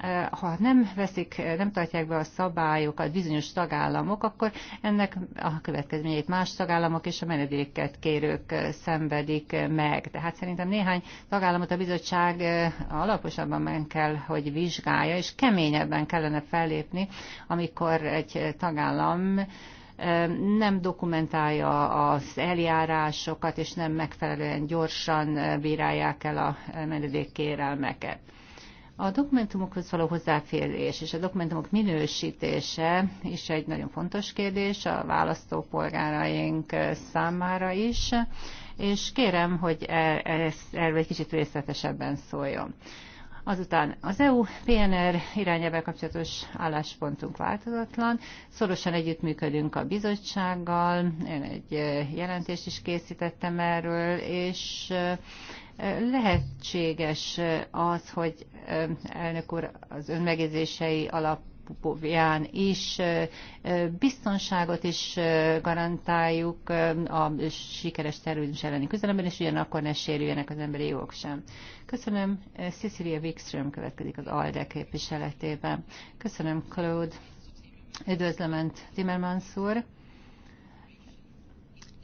Eh, ha nem veszik, eh, nem tartják be a szabályokat bizonyos tagállamok, akkor ennek a következményeit más tagállamok és a menedéket kérők eh, szenvedik meg. Tehát szerintem néhány tagállamot a bizottság alaposabban meg kell, hogy vizsgálja, és keményebben kellene fellépni, amikor egy tagállam nem dokumentálja az eljárásokat, és nem megfelelően gyorsan bírálják el a menedékkérelmeket. A dokumentumokhoz való hozzáférés és a dokumentumok minősítése is egy nagyon fontos kérdés a választópolgáraink számára is, és kérem, hogy e- erről egy kicsit részletesebben szóljon. Azután az EU PNR irányába kapcsolatos álláspontunk változatlan. Szorosan együttműködünk a bizottsággal, én egy eh, jelentést is készítettem erről, és eh, lehetséges eh, az, hogy elnök úr az önmegjegyzései alap alapján is biztonságot is garantáljuk a sikeres terrorizmus elleni küzdelemben, és ugyanakkor ne sérüljenek az emberi jogok sem. Köszönöm. Cecilia Wikström következik az ALDE képviseletében. Köszönöm, Claude. Üdvözlöm, Timmermans úr.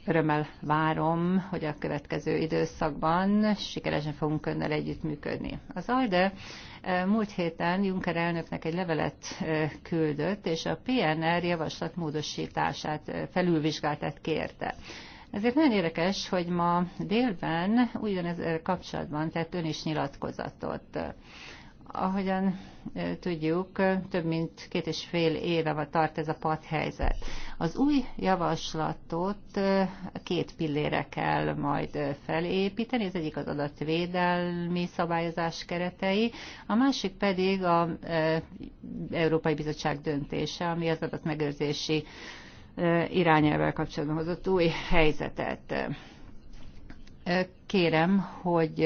Örömmel várom, hogy a következő időszakban sikeresen fogunk önnel együttműködni. Az ALDE e, múlt héten Juncker elnöknek egy levelet e, küldött, és a PNR javaslat módosítását, e, felülvizsgáltat kérte. Ezért nagyon érdekes, hogy ma délben ugyanezzel kapcsolatban tett ön is nyilatkozatot. Ahogyan tudjuk, több mint két és fél éve tart ez a padhelyzet. Az új javaslatot két pillére kell majd felépíteni, az egyik az adatvédelmi szabályozás keretei, a másik pedig az Európai Bizottság döntése, ami az adatmegőrzési irányelvvel kapcsolatban hozott új helyzetet. Kérem, hogy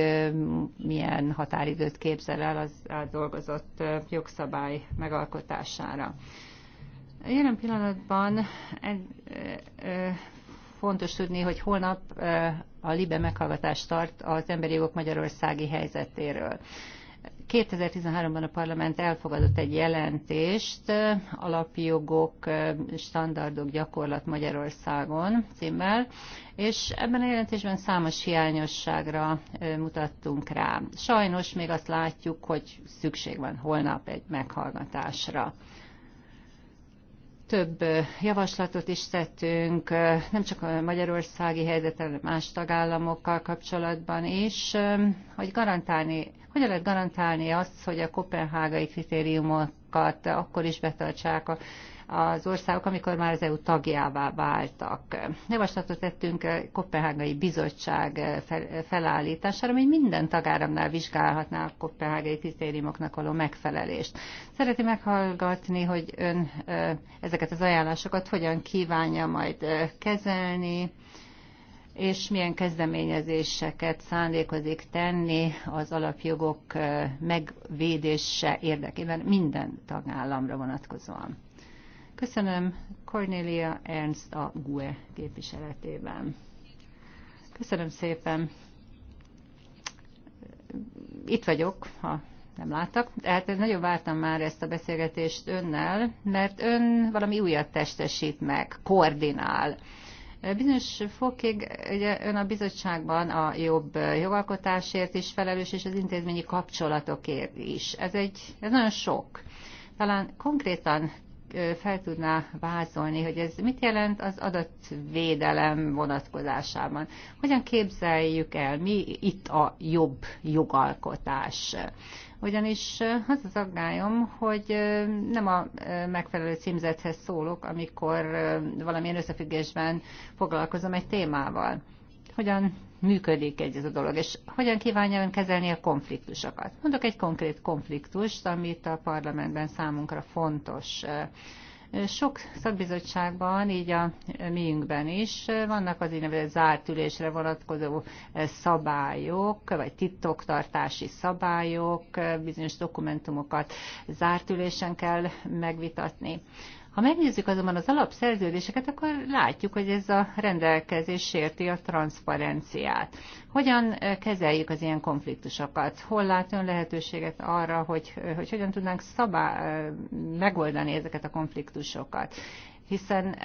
milyen határidőt képzel el az dolgozott jogszabály megalkotására. Jelen pillanatban fontos tudni, hogy holnap a LIBE meghallgatást tart az emberi jogok magyarországi helyzetéről. 2013-ban a parlament elfogadott egy jelentést alapjogok, standardok, gyakorlat Magyarországon címmel, és ebben a jelentésben számos hiányosságra mutattunk rá. Sajnos még azt látjuk, hogy szükség van holnap egy meghallgatásra több javaslatot is tettünk, nem csak a magyarországi helyzetel, más tagállamokkal kapcsolatban is, hogy garantálni hogyan lehet garantálni azt, hogy a kopenhágai kritériumokat akkor is betartsák a az országok, amikor már az EU tagjává váltak. Javaslatot tettünk a Kopenhágai Bizottság felállítására, ami minden tagáramnál vizsgálhatná a kopenhágai kritériumoknak való megfelelést. Szereti meghallgatni, hogy ön ezeket az ajánlásokat hogyan kívánja majd kezelni, és milyen kezdeményezéseket szándékozik tenni az alapjogok megvédése érdekében minden tagállamra vonatkozóan. Köszönöm Cornelia Ernst a GUE képviseletében. Köszönöm szépen. Itt vagyok, ha nem láttak. Tehát nagyon vártam már ezt a beszélgetést önnel, mert ön valami újat testesít meg, koordinál. Bizonyos fokig ugye ön a bizottságban a jobb jogalkotásért is felelős, és az intézményi kapcsolatokért is. Ez, egy, ez nagyon sok. Talán konkrétan fel tudná vázolni, hogy ez mit jelent az adatvédelem vonatkozásában. Hogyan képzeljük el, mi itt a jobb jogalkotás? ugyanis az az aggályom, hogy nem a megfelelő címzethez szólok, amikor valamilyen összefüggésben foglalkozom egy témával. Hogyan működik egy ez a dolog, és hogyan kívánja ön kezelni a konfliktusokat. Mondok egy konkrét konfliktust, amit a parlamentben számunkra fontos sok szakbizottságban, így a miünkben is vannak az úgynevezett zárt ülésre vonatkozó eh, szabályok, vagy titoktartási szabályok, eh, bizonyos dokumentumokat zárt ülésen kell megvitatni. Ha megnézzük azonban az alapszerződéseket, akkor látjuk, hogy ez a rendelkezés sérti a transzparenciát. Hogyan eh, kezeljük az ilyen konfliktusokat? Hol lát ön lehetőséget arra, hogy, eh, hogy hogyan tudnánk szabá, eh, megoldani ezeket a konfliktusokat? Hiszen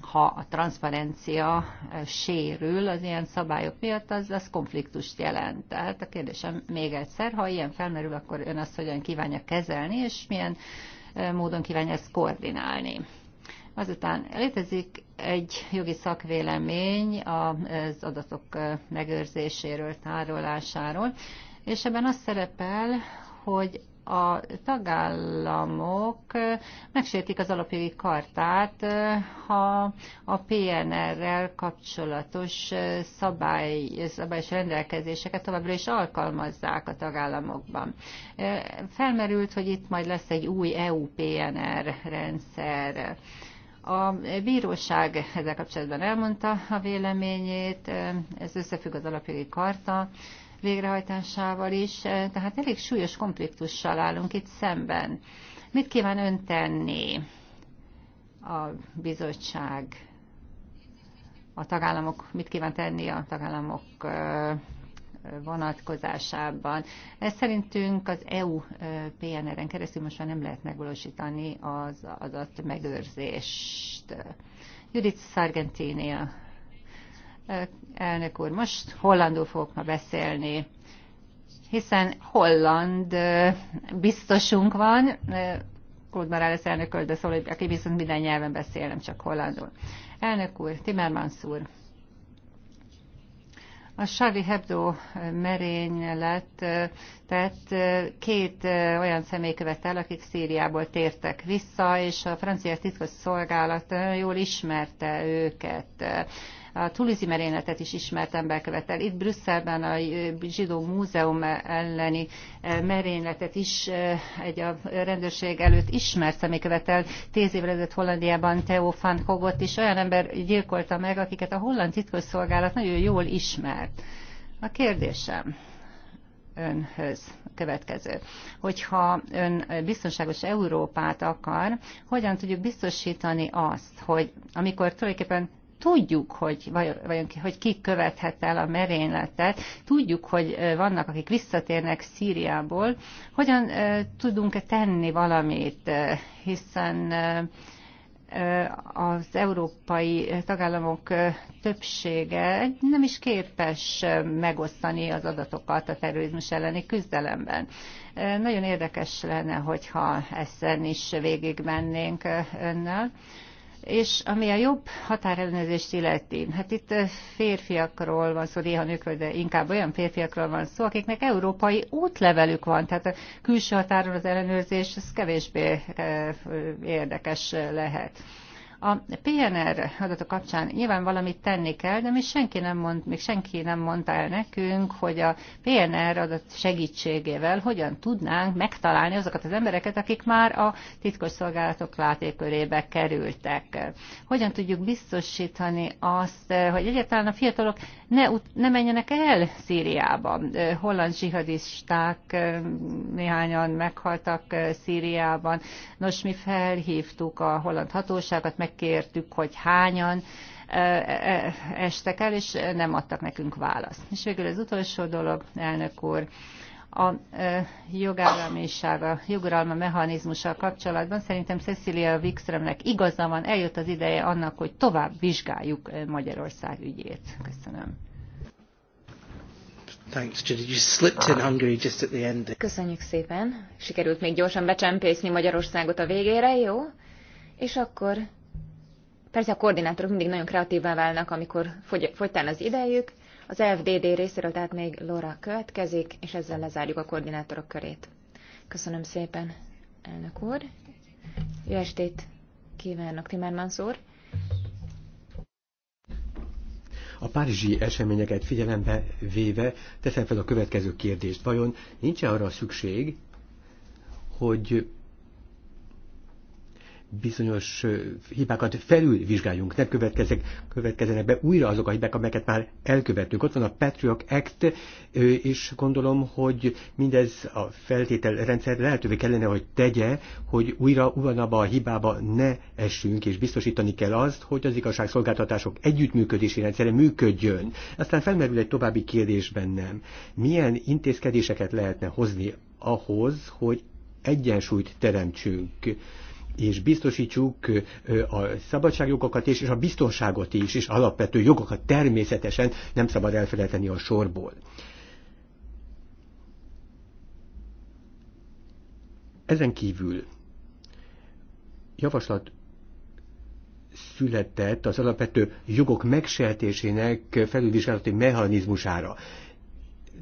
ha a transzparencia sérül az ilyen szabályok miatt, az, az konfliktust jelent. Tehát a kérdésem még egyszer, ha ilyen felmerül, akkor ön azt hogyan kívánja kezelni, és milyen módon kívánja ezt koordinálni. Azután létezik egy jogi szakvélemény az adatok megőrzéséről, tárolásáról, és ebben az szerepel, hogy a tagállamok eh, megsértik az alapjogi kartát, eh, ha a PNR-rel kapcsolatos eh, szabály, szabályos rendelkezéseket továbbra is alkalmazzák a tagállamokban. Felmerült, hogy itt majd lesz egy új EU-PNR rendszer. A bíróság ezzel kapcsolatban elmondta a véleményét, ez összefügg az alapjogi karta végrehajtásával is, eh, tehát elég súlyos konfliktussal állunk itt szemben. Mit kíván ön tenni a bizottság, a tagállamok, mit kíván tenni a tagállamok eh, vonatkozásában. Ez szerintünk az EU eh, PNR-en keresztül most már nem lehet megvalósítani az adatmegőrzést. Judith Sargentini a elnök úr. Most hollandul fogok ma beszélni, hiszen holland biztosunk van, Claude Morales elnököl, de szól, aki viszont minden nyelven beszél, nem csak hollandul. Elnök úr, Timmermans úr, a Charlie Hebdo merénylet tehát két olyan személy el, akik Szíriából tértek vissza, és a francia titkos szolgálat jól ismerte őket a tulizi merényletet is ismertem bekövetel. Itt Brüsszelben a e, zsidó múzeum elleni e, merényletet is e, egy a rendőrség előtt ismert személykövetel. Tíz évvel ezelőtt Hollandiában Theo van Hogot is olyan ember gyilkolta meg, akiket a holland titkosszolgálat nagyon jól ismert. A kérdésem, önhöz következő. Hogyha ön biztonságos Európát akar, hogyan tudjuk biztosítani azt, hogy amikor tulajdonképpen tudjuk, hogy vajon hogy ki követhet el a merényletet, tudjuk, hogy vannak, akik visszatérnek Szíriából, hogyan tudunk-e tenni valamit, hiszen az európai tagállamok többsége nem is képes megosztani az adatokat a terrorizmus elleni küzdelemben. Nagyon érdekes lenne, hogyha ezen is végigmennénk önnel. És ami a jobb határellenőrzést illeti, hát itt férfiakról van szó, néha nőkről, de inkább olyan férfiakról van szó, akiknek európai útlevelük van, tehát a külső határon az ellenőrzés, ez kevésbé érdekes lehet. A PNR adatok kapcsán nyilván valamit tenni kell, de még senki nem, mond, még senki nem mondta el nekünk, hogy a PNR adat segítségével hogyan tudnánk megtalálni azokat az embereket, akik már a titkos szolgálatok látékörébe kerültek. Hogyan tudjuk biztosítani azt, hogy egyáltalán a fiatalok ne, ne menjenek el Szíriába. Holland zsihadisták néhányan meghaltak eh, Szíriában. Nos, mi felhívtuk a holland hatóságot, meg megkértük, hogy hányan estek el, és nem adtak nekünk választ. És végül az utolsó dolog, elnök úr, a jogállamisága, joguralma jogralma mechanizmussal kapcsolatban szerintem Cecilia Wikströmnek igaza van, eljött az ideje annak, hogy tovább vizsgáljuk Magyarország ügyét. Köszönöm. Thanks, You slipped in Hungary just at the end. Köszönjük szépen. Sikerült még gyorsan becsempészni Magyarországot a végére, jó? És akkor Persze a koordinátorok mindig nagyon kreatívvá válnak, amikor fogy, fogytán az idejük. Az FDD részéről tehát még Laura következik, és ezzel lezárjuk a koordinátorok körét. Köszönöm szépen, elnök úr. Jó estét kívánok, Timmermans úr. A párizsi eseményeket figyelembe véve teszem fel a következő kérdést. Vajon nincs -e arra szükség, hogy bizonyos hibákat felülvizsgáljunk, ne következzenek, következenek be újra azok a hibák, amelyeket már elkövetünk. Ott van a Patriot Act, és gondolom, hogy mindez a feltételrendszer lehetővé kellene, hogy tegye, hogy újra ugyanabba a hibába ne essünk, és biztosítani kell azt, hogy az igazságszolgáltatások együttműködési rendszere működjön. Aztán felmerül egy további kérdés bennem. Milyen intézkedéseket lehetne hozni ahhoz, hogy egyensúlyt teremtsünk? és biztosítsuk a szabadságjogokat is, és a biztonságot is, és alapvető jogokat természetesen nem szabad elfelejteni a sorból. Ezen kívül javaslat született az alapvető jogok megsértésének felülvizsgálati mechanizmusára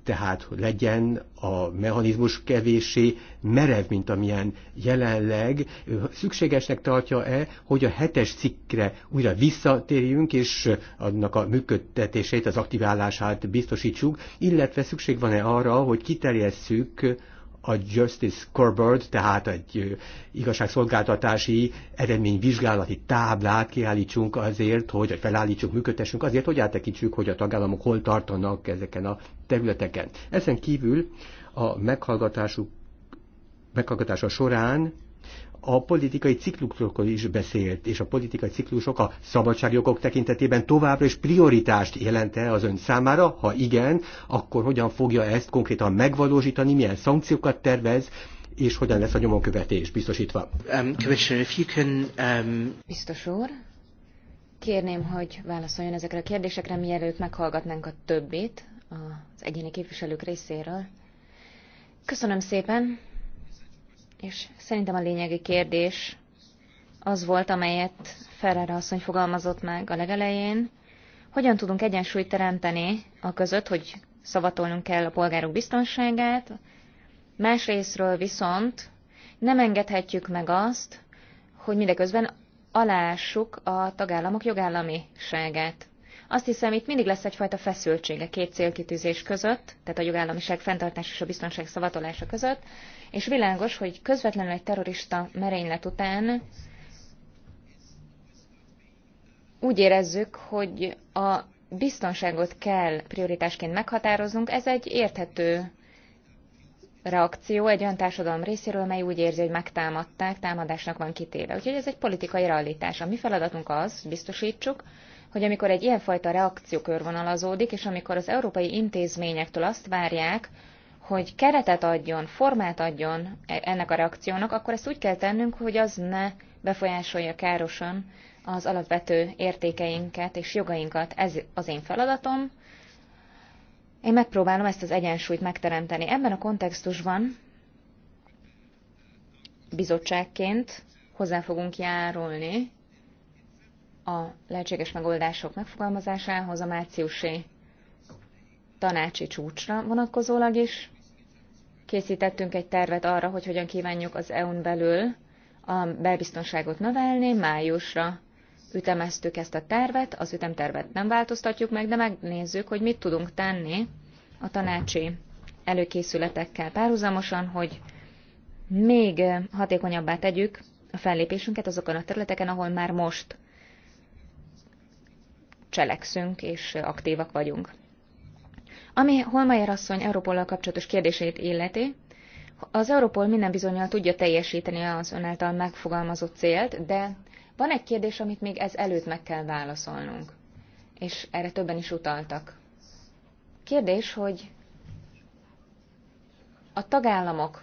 tehát legyen a mechanizmus kevésé merev, mint amilyen jelenleg. Szükségesnek tartja-e, hogy a hetes cikkre újra visszatérjünk, és annak a működtetését, az aktiválását biztosítsuk, illetve szükség van-e arra, hogy kiterjesszük a Justice Scoreboard, tehát egy igazságszolgáltatási eredményvizsgálati táblát kiállítsunk azért, hogy vagy felállítsunk, működtessünk azért, hogy áttekintsük, hogy a tagállamok hol tartanak ezeken a területeken. Ezen kívül a meghallgatásuk meghallgatása során a politikai ciklusokról is beszélt, és a politikai ciklusok a szabadságjogok tekintetében továbbra is prioritást jelente az ön számára? Ha igen, akkor hogyan fogja ezt konkrétan megvalósítani, milyen szankciókat tervez, és hogyan lesz a nyomonkövetés biztosítva? um... um Biztos úr, kérném, hogy válaszoljon ezekre a kérdésekre, mielőtt meghallgatnánk a többit az egyéni képviselők részéről. Köszönöm szépen, és szerintem a lényegi kérdés az volt, amelyet Ferrer asszony fogalmazott meg a legelején, hogyan tudunk egyensúlyt teremteni a között, hogy szavatolnunk kell a polgárok biztonságát, másrésztről viszont nem engedhetjük meg azt, hogy mindeközben alássuk a tagállamok jogállamiságát. Azt hiszem, itt mindig lesz egyfajta feszültsége két célkitűzés között, tehát a jogállamiság fenntartás és a biztonság szavatolása között, és világos, hogy közvetlenül egy terrorista merénylet után úgy érezzük, hogy a biztonságot kell prioritásként meghatároznunk, ez egy érthető reakció egy olyan társadalom részéről, mely úgy érzi, hogy megtámadták, támadásnak van kitéve. Úgyhogy ez egy politikai realitás. A mi feladatunk az, biztosítsuk, hogy amikor egy ilyenfajta reakció körvonalazódik, és amikor az európai intézményektől azt várják, hogy keretet adjon, formát adjon e- ennek a reakciónak, akkor ezt úgy kell tennünk, hogy az ne befolyásolja károsan az alapvető értékeinket és jogainkat. Ez az én feladatom. Én megpróbálom ezt az egyensúlyt megteremteni. Ebben a kontextusban bizottságként hozzá fogunk járulni a lehetséges megoldások megfogalmazásához a márciusi tanácsi csúcsra vonatkozólag is. Készítettünk egy tervet arra, hogy hogyan kívánjuk az EU-n belül a belbiztonságot növelni. Májusra ütemeztük ezt a tervet, az ütemtervet nem változtatjuk meg, de megnézzük, hogy mit tudunk tenni a tanácsi előkészületekkel párhuzamosan, hogy még hatékonyabbá tegyük a fellépésünket azokon a területeken, ahol már most cselekszünk és aktívak vagyunk. Ami Holmeier asszony Európollal kapcsolatos kérdését illeti, az Európol minden bizonyal tudja teljesíteni az ön által megfogalmazott célt, de van egy kérdés, amit még ez előtt meg kell válaszolnunk, és erre többen is utaltak. Kérdés, hogy a tagállamok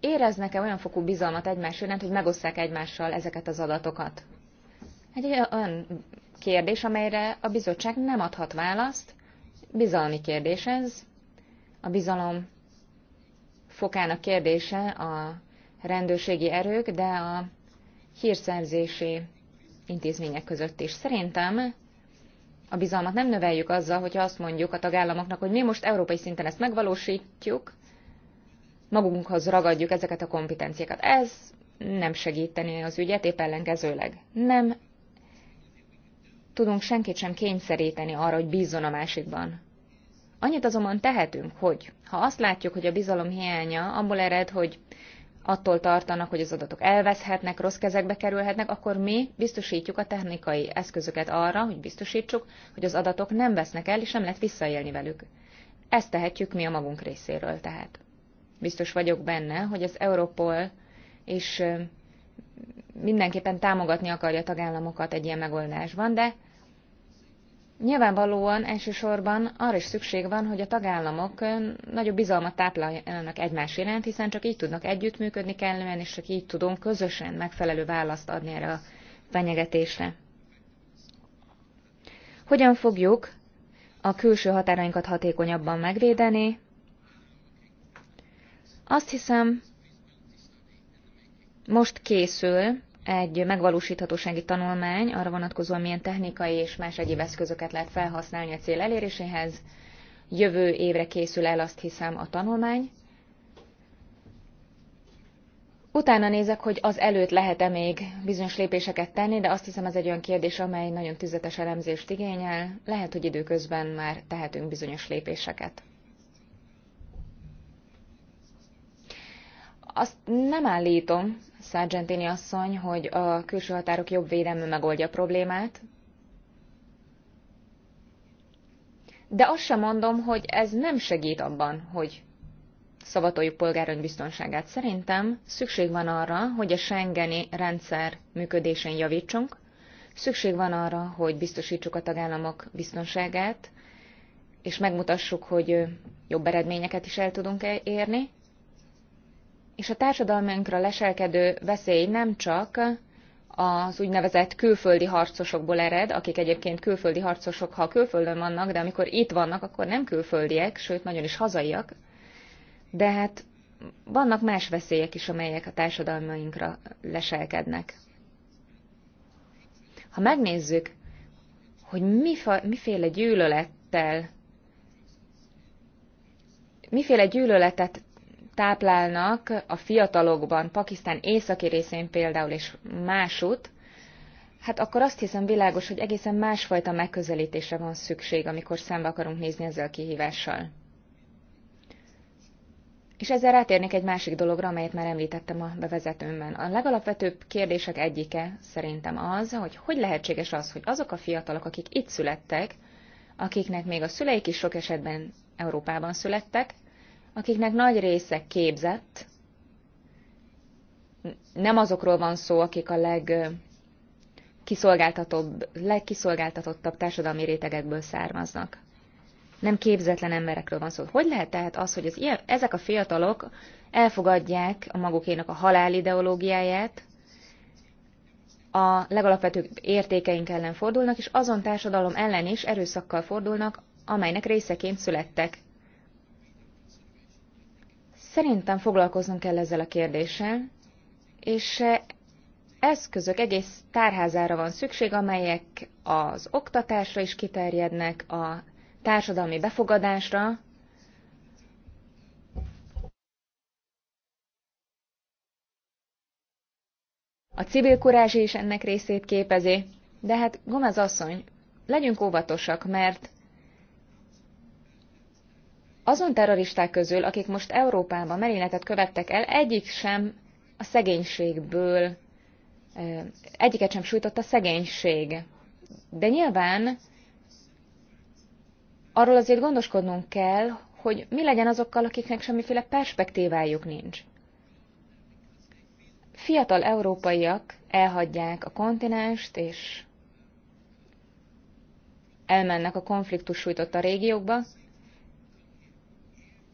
éreznek-e olyan fokú bizalmat egymás iránt, hogy megosszák egymással ezeket az adatokat? Egy olyan kérdés, amelyre a bizottság nem adhat választ. Bizalmi kérdés ez. A bizalom fokának kérdése a rendőrségi erők, de a hírszerzési intézmények között is. Szerintem a bizalmat nem növeljük azzal, hogyha azt mondjuk a tagállamoknak, hogy mi most európai szinten ezt megvalósítjuk, magunkhoz ragadjuk ezeket a kompetenciákat. Ez nem segíteni az ügyet, épp ellenkezőleg. Nem tudunk senkit sem kényszeríteni arra, hogy bízzon a másikban. Annyit azonban tehetünk, hogy ha azt látjuk, hogy a bizalom hiánya abból ered, hogy attól tartanak, hogy az adatok elveszhetnek, rossz kezekbe kerülhetnek, akkor mi biztosítjuk a technikai eszközöket arra, hogy biztosítsuk, hogy az adatok nem vesznek el, és nem lehet visszaélni velük. Ezt tehetjük mi a magunk részéről tehát. Biztos vagyok benne, hogy az Europol és mindenképpen támogatni akarja a tagállamokat egy ilyen megoldásban, de Nyilvánvalóan elsősorban arra is szükség van, hogy a tagállamok nagyobb bizalmat tápláljanak egymás iránt, hiszen csak így tudnak együttműködni kellően, és csak így tudunk közösen megfelelő választ adni erre a fenyegetésre. Hogyan fogjuk a külső határainkat hatékonyabban megvédeni? Azt hiszem, most készül egy megvalósíthatósági tanulmány arra vonatkozóan, milyen technikai és más egyéb eszközöket lehet felhasználni a cél eléréséhez. Jövő évre készül el, azt hiszem, a tanulmány. Utána nézek, hogy az előtt lehet-e még bizonyos lépéseket tenni, de azt hiszem ez egy olyan kérdés, amely nagyon tüzetes elemzést igényel. Lehet, hogy időközben már tehetünk bizonyos lépéseket. Azt nem állítom, Sargentini asszony, hogy a külső határok jobb védelme megoldja a problémát. De azt sem mondom, hogy ez nem segít abban, hogy szavatoljuk polgáraink biztonságát. Szerintem szükség van arra, hogy a Schengeni rendszer működésén javítsunk, szükség van arra, hogy biztosítsuk a tagállamok biztonságát, és megmutassuk, hogy jobb eredményeket is el tudunk érni, és a társadalmunkra leselkedő veszély nem csak az úgynevezett külföldi harcosokból ered, akik egyébként külföldi harcosok, ha külföldön vannak, de amikor itt vannak, akkor nem külföldiek, sőt, nagyon is hazaiak. De hát vannak más veszélyek is, amelyek a társadalmainkra leselkednek. Ha megnézzük, hogy miféle gyűlölettel, miféle gyűlöletet táplálnak a fiatalokban, Pakisztán északi részén például, és másút, hát akkor azt hiszem világos, hogy egészen másfajta megközelítésre van szükség, amikor szembe akarunk nézni ezzel a kihívással. És ezzel rátérnék egy másik dologra, amelyet már említettem a bevezetőmben. A legalapvetőbb kérdések egyike szerintem az, hogy hogy lehetséges az, hogy azok a fiatalok, akik itt születtek, akiknek még a szüleik is sok esetben Európában születtek, akiknek nagy része képzett, nem azokról van szó, akik a leg kiszolgáltatóbb, legkiszolgáltatottabb társadalmi rétegekből származnak. Nem képzetlen emberekről van szó. Hogy lehet tehát az, hogy az ilyen, ezek a fiatalok elfogadják a magukénak a halál ideológiáját, a legalapvetőbb értékeink ellen fordulnak, és azon társadalom ellen is erőszakkal fordulnak, amelynek részeként születtek. Szerintem foglalkoznunk kell ezzel a kérdéssel, és eh, eszközök egész tárházára van szükség, amelyek az oktatásra is kiterjednek, a társadalmi befogadásra, A civil kurázs is ennek részét képezi, de hát Gomez asszony, legyünk óvatosak, mert azon terroristák közül, akik most Európában merényletet követtek el, egyik sem a szegénységből, egyiket sem sújtott a szegénység. De nyilván arról azért gondoskodnunk kell, hogy mi legyen azokkal, akiknek semmiféle perspektívájuk nincs. Fiatal európaiak elhagyják a kontinenst, és elmennek a konfliktus sújtotta régiókba,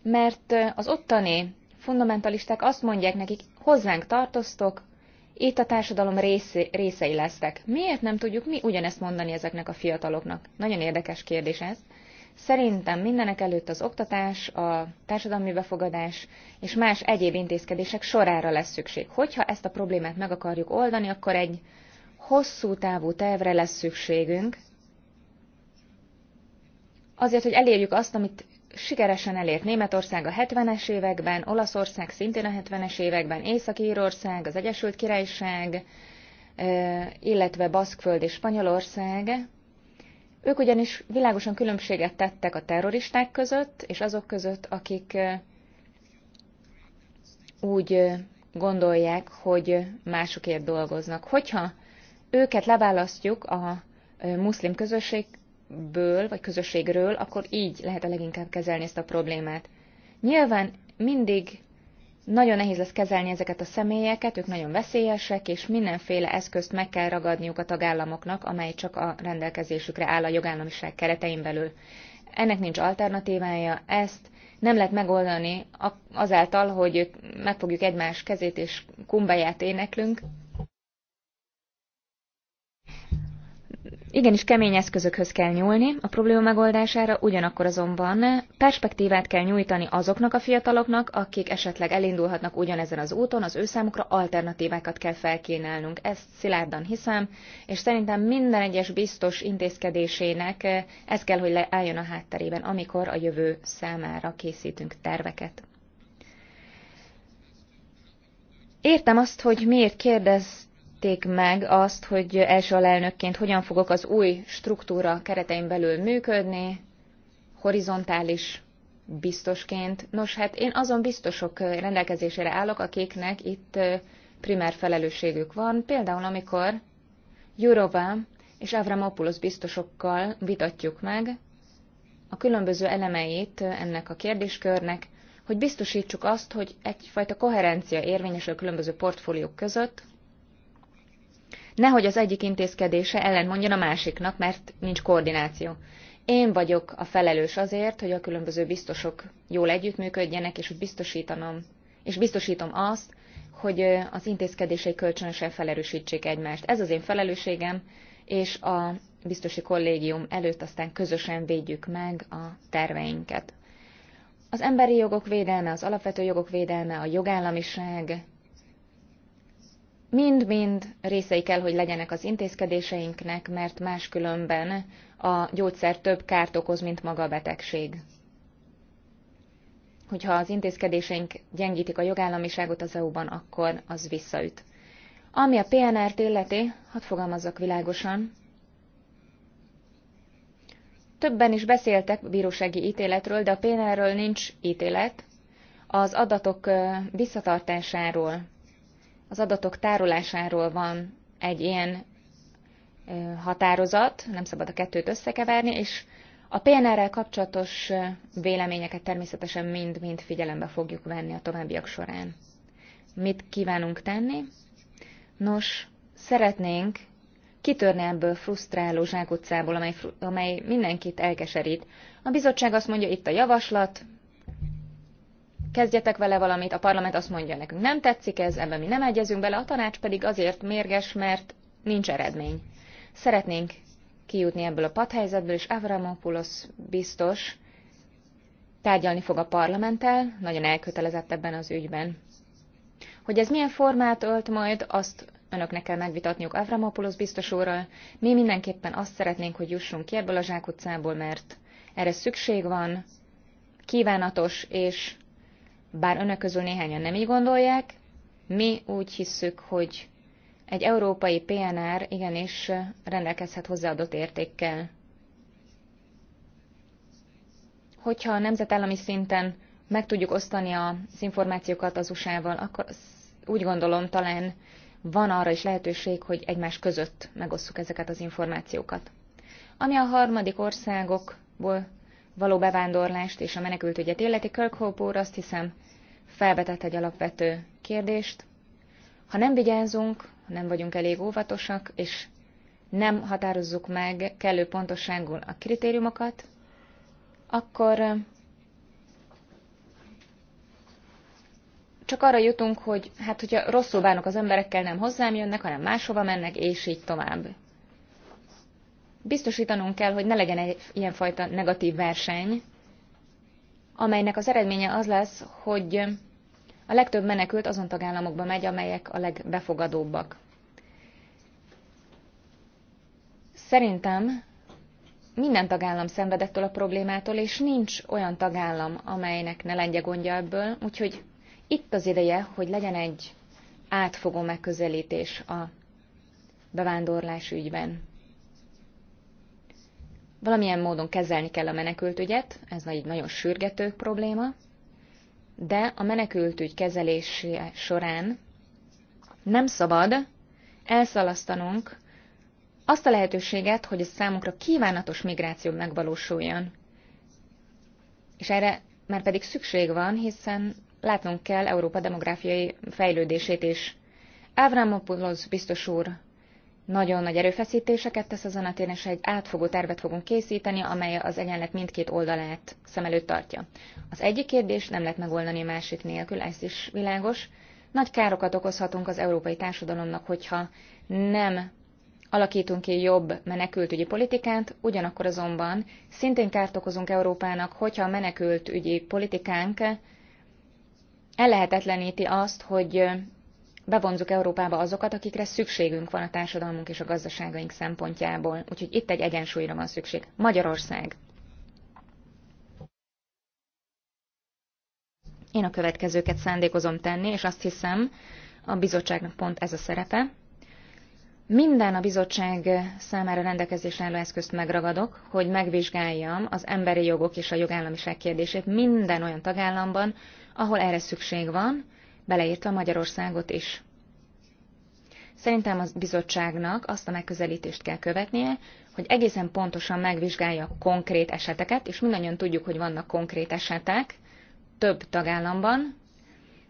mert az ottani fundamentalisták azt mondják nekik, hozzánk tartoztok, itt a társadalom részi, részei lesztek. Miért nem tudjuk mi ugyanezt mondani ezeknek a fiataloknak? Nagyon érdekes kérdés ez. Szerintem mindenek előtt az oktatás, a társadalmi befogadás és más egyéb intézkedések sorára lesz szükség. Hogyha ezt a problémát meg akarjuk oldani, akkor egy hosszú távú tervre lesz szükségünk, azért, hogy elérjük azt, amit sikeresen elért Németország a 70-es években, Olaszország szintén a 70-es években, Észak-Írország, az Egyesült Királyság, illetve Baszkföld és Spanyolország. Ők ugyanis világosan különbséget tettek a terroristák között, és azok között, akik úgy gondolják, hogy másokért dolgoznak. Hogyha őket leválasztjuk a muszlim közösség közösségből, vagy közösségről, akkor így lehet a leginkább kezelni ezt a problémát. Nyilván mindig nagyon nehéz lesz kezelni ezeket a személyeket, ők nagyon veszélyesek, és mindenféle eszközt meg kell ragadniuk a tagállamoknak, amely csak a rendelkezésükre áll a jogállamiság keretein belül. Ennek nincs alternatívája, ezt nem lehet megoldani azáltal, hogy megfogjuk egymás kezét és kumbáját éneklünk, Igenis kemény eszközökhöz kell nyúlni a probléma megoldására, ugyanakkor azonban perspektívát kell nyújtani azoknak a fiataloknak, akik esetleg elindulhatnak ugyanezen az úton, az ő számukra alternatívákat kell felkínálnunk. Ezt szilárdan hiszem, és szerintem minden egyes biztos intézkedésének eh, ez kell, hogy leálljon a hátterében, amikor a jövő számára készítünk terveket. Értem azt, hogy miért kérdez említették meg azt, hogy első alelnökként hogyan fogok az új struktúra keretein belül működni, horizontális biztosként. Nos, hát én azon biztosok rendelkezésére állok, akiknek itt primár felelősségük van. Például, amikor Jurova és Avramopoulos biztosokkal vitatjuk meg a különböző elemeit ennek a kérdéskörnek, hogy biztosítsuk azt, hogy egyfajta koherencia érvényesül a különböző portfóliók között, nehogy az egyik intézkedése mondjon a másiknak, mert nincs koordináció. Én vagyok a felelős azért, hogy a különböző biztosok jól együttműködjenek, és biztosítanom, és biztosítom azt, hogy az intézkedései kölcsönösen felerősítsék egymást. Ez az én felelősségem, és a biztosi kollégium előtt aztán közösen védjük meg a terveinket. Az emberi jogok védelme, az alapvető jogok védelme, a jogállamiság mind-mind részei kell, hogy legyenek az intézkedéseinknek, mert máskülönben a gyógyszer több kárt okoz, mint maga a betegség. Hogyha az intézkedéseink gyengítik a jogállamiságot az EU-ban, akkor az visszaüt. Ami a PNR-t illeti, hadd fogalmazzak világosan, Többen is beszéltek bírósági ítéletről, de a PNR-ről nincs ítélet. Az adatok visszatartásáról az adatok tárolásáról van egy ilyen határozat, nem szabad a kettőt összekeverni, és a PNR-rel kapcsolatos véleményeket természetesen mind-mind figyelembe fogjuk venni a továbbiak során. Mit kívánunk tenni? Nos, szeretnénk kitörni ebből frusztráló zsákutcából, amely, amely mindenkit elkeserít. A bizottság azt mondja, itt a javaslat, kezdjetek vele valamit, a parlament azt mondja nekünk, nem tetszik ez, ebben mi nem egyezünk bele, a tanács pedig azért mérges, mert nincs eredmény. Szeretnénk kijutni ebből a padhelyzetből, és Avramopoulos biztos tárgyalni fog a parlamenttel, nagyon elkötelezett ebben az ügyben. Hogy ez milyen formát ölt majd, azt önöknek kell megvitatniuk Avramopoulos biztos úrral. Mi mindenképpen azt szeretnénk, hogy jussunk ki ebből a zsákutcából, mert erre szükség van, kívánatos és bár önök közül néhányan nem így gondolják, mi úgy hisszük, hogy egy európai PNR igenis rendelkezhet hozzáadott értékkel. Hogyha a nemzetállami szinten meg tudjuk osztani az információkat az USA-val, akkor úgy gondolom talán van arra is lehetőség, hogy egymás között megosszuk ezeket az információkat. Ami a harmadik országokból való bevándorlást és a ügyet illeti, Kirkhope úr azt hiszem felvetett egy alapvető kérdést. Ha nem vigyázunk, nem vagyunk elég óvatosak, és nem határozzuk meg kellő pontosággal a kritériumokat, akkor csak arra jutunk, hogy hát hogyha rosszul bánok az emberekkel, nem hozzám jönnek, hanem máshova mennek, és így tovább. Biztosítanunk kell, hogy ne legyen egy ilyenfajta negatív verseny, amelynek az eredménye az lesz, hogy a legtöbb menekült azon tagállamokba megy, amelyek a legbefogadóbbak. Szerintem minden tagállam szenvedettől a problémától, és nincs olyan tagállam, amelynek ne lengye gondja ebből, úgyhogy itt az ideje, hogy legyen egy átfogó megközelítés a bevándorlás ügyben. Valamilyen módon kezelni kell a menekültügyet, ez egy nagyon sürgető probléma, de a menekültügy kezelése során nem szabad elszalasztanunk azt a lehetőséget, hogy a számunkra kívánatos migráció megvalósuljon. És erre már pedig szükség van, hiszen látnunk kell Európa demográfiai fejlődését is. Avramopoulos biztos úr nagyon nagy erőfeszítéseket tesz ezen a és egy átfogó tervet fogunk készíteni, amely az egyenlet mindkét oldalát szem előtt tartja. Az egyik kérdés nem lehet megoldani a másik nélkül, ez is világos. Nagy károkat okozhatunk az európai társadalomnak, hogyha nem alakítunk ki jobb menekültügyi politikát, ugyanakkor azonban szintén kárt okozunk Európának, hogyha a menekültügyi politikánk ellehetetleníti azt, hogy bevonzuk Európába azokat, akikre szükségünk van a társadalmunk és a gazdaságaink szempontjából. Úgyhogy itt egy egyensúlyra van szükség. Magyarország. Én a következőket szándékozom tenni, és azt hiszem, a bizottságnak pont ez a szerepe. Minden a bizottság számára rendelkezésre álló eszközt megragadok, hogy megvizsgáljam az emberi jogok és a jogállamiság kérdését minden olyan tagállamban, ahol erre szükség van, beleértve Magyarországot is. Szerintem a bizottságnak azt a megközelítést kell követnie, hogy egészen pontosan megvizsgálja a konkrét eseteket, és mindannyian tudjuk, hogy vannak konkrét esetek több tagállamban,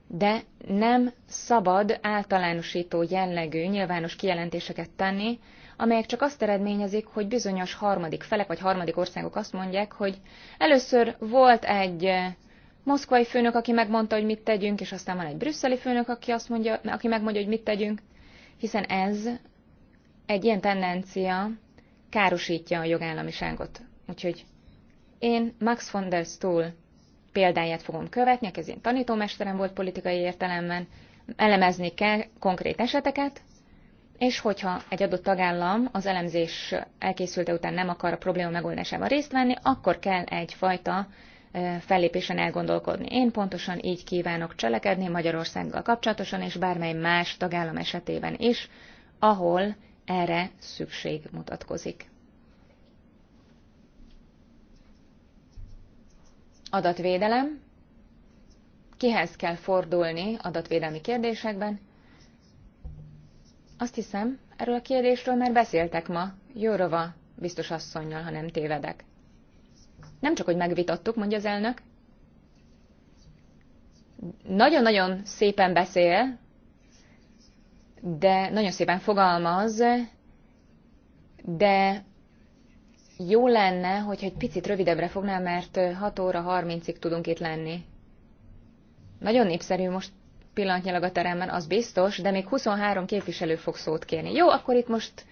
de nem szabad általánosító jellegű nyilvános kijelentéseket tenni, amelyek csak azt eredményezik, hogy bizonyos harmadik felek vagy harmadik országok azt mondják, hogy először volt egy moszkvai főnök, aki megmondta, hogy mit tegyünk, és aztán van egy brüsszeli főnök, aki, azt mondja, aki megmondja, hogy mit tegyünk, hiszen ez egy ilyen tendencia károsítja a jogállamiságot. Úgyhogy én Max von der Stuhl példáját fogom követni, aki az én tanítómesterem volt politikai értelemben, elemezni kell konkrét eseteket, és hogyha egy adott tagállam az elemzés elkészülte után nem akar a probléma megoldásában részt venni, akkor kell egyfajta fellépésen elgondolkodni. Én pontosan így kívánok cselekedni Magyarországgal kapcsolatosan, és bármely más tagállam esetében is, ahol erre szükség mutatkozik. Adatvédelem. Kihez kell fordulni adatvédelmi kérdésekben? Azt hiszem, erről a kérdésről már beszéltek ma, Jórova biztos asszonynal, ha nem tévedek. Nem csak, hogy megvitattuk, mondja az elnök. Nagyon-nagyon szépen beszél, de nagyon szépen fogalmaz, de jó lenne, hogy egy picit rövidebbre fognál, mert 6 óra 30-ig tudunk itt lenni. Nagyon népszerű most pillanatnyilag a teremben, az biztos, de még 23 képviselő fog szót kérni. Jó, akkor itt most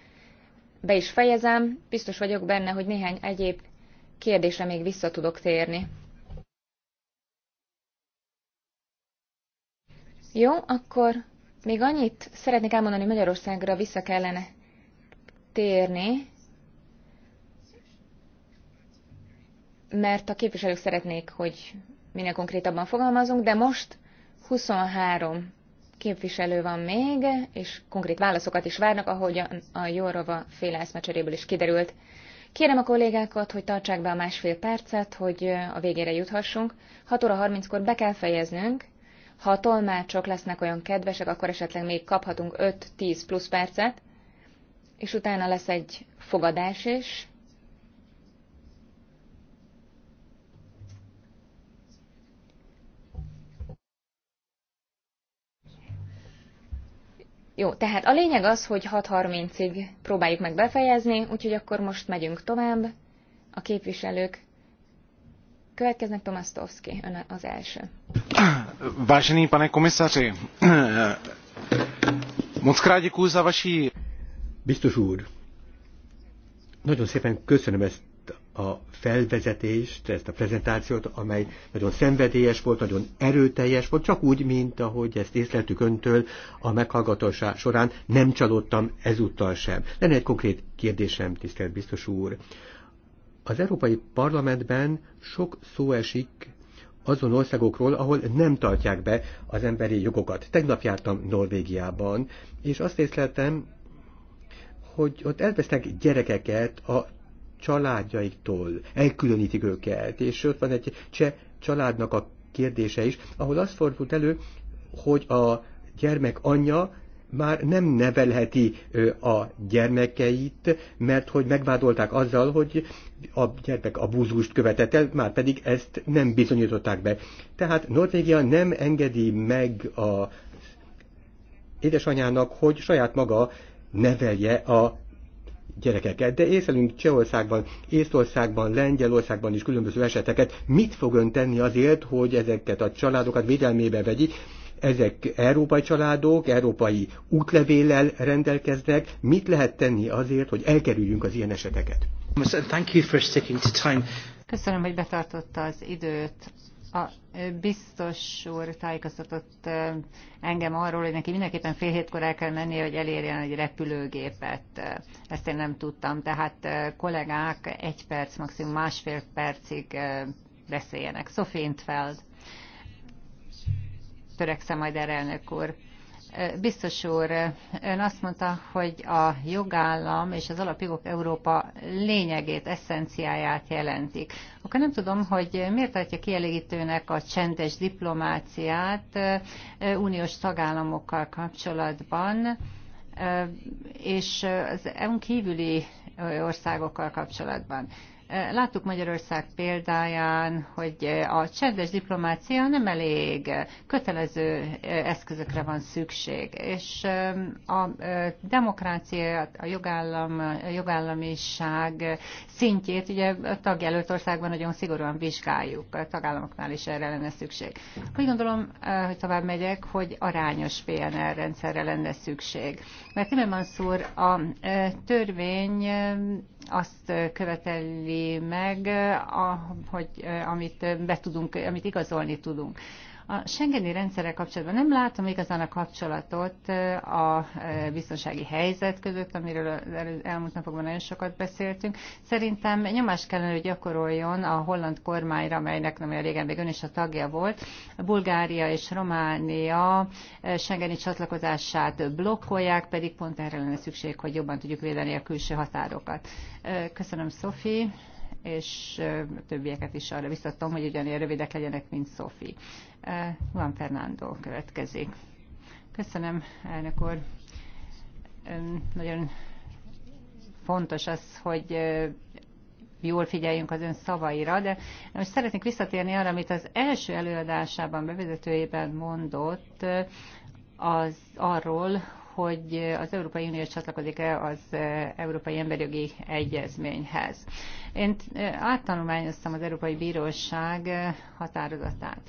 be is fejezem, biztos vagyok benne, hogy néhány egyéb kérdésre még vissza tudok térni. Jó, akkor még annyit szeretnék elmondani, Magyarországra vissza kellene térni, mert a képviselők szeretnék, hogy minél konkrétabban fogalmazunk, de most 23 képviselő van még, és konkrét válaszokat is várnak, ahogy a Jorova féle eszmecseréből is kiderült. Kérem a kollégákat, hogy tartsák be a másfél percet, hogy a végére juthassunk. 6 óra 30-kor be kell fejeznünk. Ha a tolmácsok lesznek olyan kedvesek, akkor esetleg még kaphatunk 5-10 plusz percet, és utána lesz egy fogadás is, Jó, tehát a lényeg az, hogy 6.30-ig próbáljuk meg befejezni, úgyhogy akkor most megyünk tovább. A képviselők következnek, Tomasztovszki, ön az első. Vážený pane komisaři, moc krát děkuji za vaši... Biztos úr, nagyon szépen köszönöm ezt a felvezetést, ezt a prezentációt, amely nagyon szenvedélyes volt, nagyon erőteljes volt, csak úgy, mint ahogy ezt észleltük öntől a meghallgatása során, nem csalódtam ezúttal sem. Lenne egy konkrét kérdésem, tisztelt biztos úr. Az Európai Parlamentben sok szó esik azon országokról, ahol nem tartják be az emberi jogokat. Tegnap jártam Norvégiában, és azt észleltem, hogy ott elvesznek gyerekeket a családjaiktól, elkülönítik őket, és ott van egy cseh családnak a kérdése is, ahol az fordult elő, hogy a gyermek anyja már nem nevelheti a gyermekeit, mert hogy megvádolták azzal, hogy a gyermek abúzust követett el, már pedig ezt nem bizonyították be. Tehát Norvégia nem engedi meg a édesanyának, hogy saját maga nevelje a gyerekeket, de észlelünk Csehországban, Észtországban, Lengyelországban is különböző eseteket. Mit fog ön tenni azért, hogy ezeket a családokat védelmébe vegyik? Ezek európai családok, európai útlevéllel rendelkeznek. Mit lehet tenni azért, hogy elkerüljünk az ilyen eseteket? Köszönöm, hogy betartotta az időt. A biztos úr tájékoztatott engem arról, hogy neki mindenképpen fél hétkor el kell mennie, hogy elérjen egy repülőgépet. Ezt én nem tudtam, tehát kollégák egy perc, maximum másfél percig beszéljenek. Sophie Intfeld. Törekszem majd erre, elnök úr. Biztos úr, ön azt mondta, hogy a jogállam és az alapjogok Európa lényegét, eszenciáját jelentik. Akkor nem tudom, hogy miért tartja kielégítőnek a csendes diplomáciát uniós tagállamokkal kapcsolatban, és az EU-n kívüli országokkal kapcsolatban. Láttuk Magyarország példáján, hogy a csendes diplomácia nem elég, kötelező eszközökre van szükség, és a demokrácia, a, jogállam, a jogállamiság szintjét ugye a tagjelölt országban nagyon szigorúan vizsgáljuk, a tagállamoknál is erre lenne szükség. Úgy gondolom, hogy tovább megyek, hogy arányos PNR rendszerre lenne szükség. Mert Timmermans úr, a törvény azt követeli, éri meg, hogy eh, amit, eh, be tudunk, amit igazolni tudunk. A Schengeni rendszerrel kapcsolatban nem látom igazán a kapcsolatot a biztonsági helyzet között, amiről elmúlt napokban nagyon sokat beszéltünk. Szerintem nyomás kellene, hogy gyakoroljon a holland kormányra, amelynek nem olyan régen még ön is a tagja volt. Bulgária és Románia Schengeni csatlakozását blokkolják, pedig pont erre lenne szükség, hogy jobban tudjuk védeni a külső határokat. Köszönöm, Szofi és többieket is arra visszatom, hogy ugyanilyen rövidek legyenek, mint Sophie. Juan Fernando következik. Köszönöm, elnök úr. Nagyon fontos az, hogy jól figyeljünk az ön szavaira, de most szeretnék visszatérni arra, amit az első előadásában, bevezetőjében mondott, az arról, hogy az Európai Unió csatlakozik-e az Európai Emberjogi Egyezményhez. Én áttanulmányoztam az Európai Bíróság határozatát,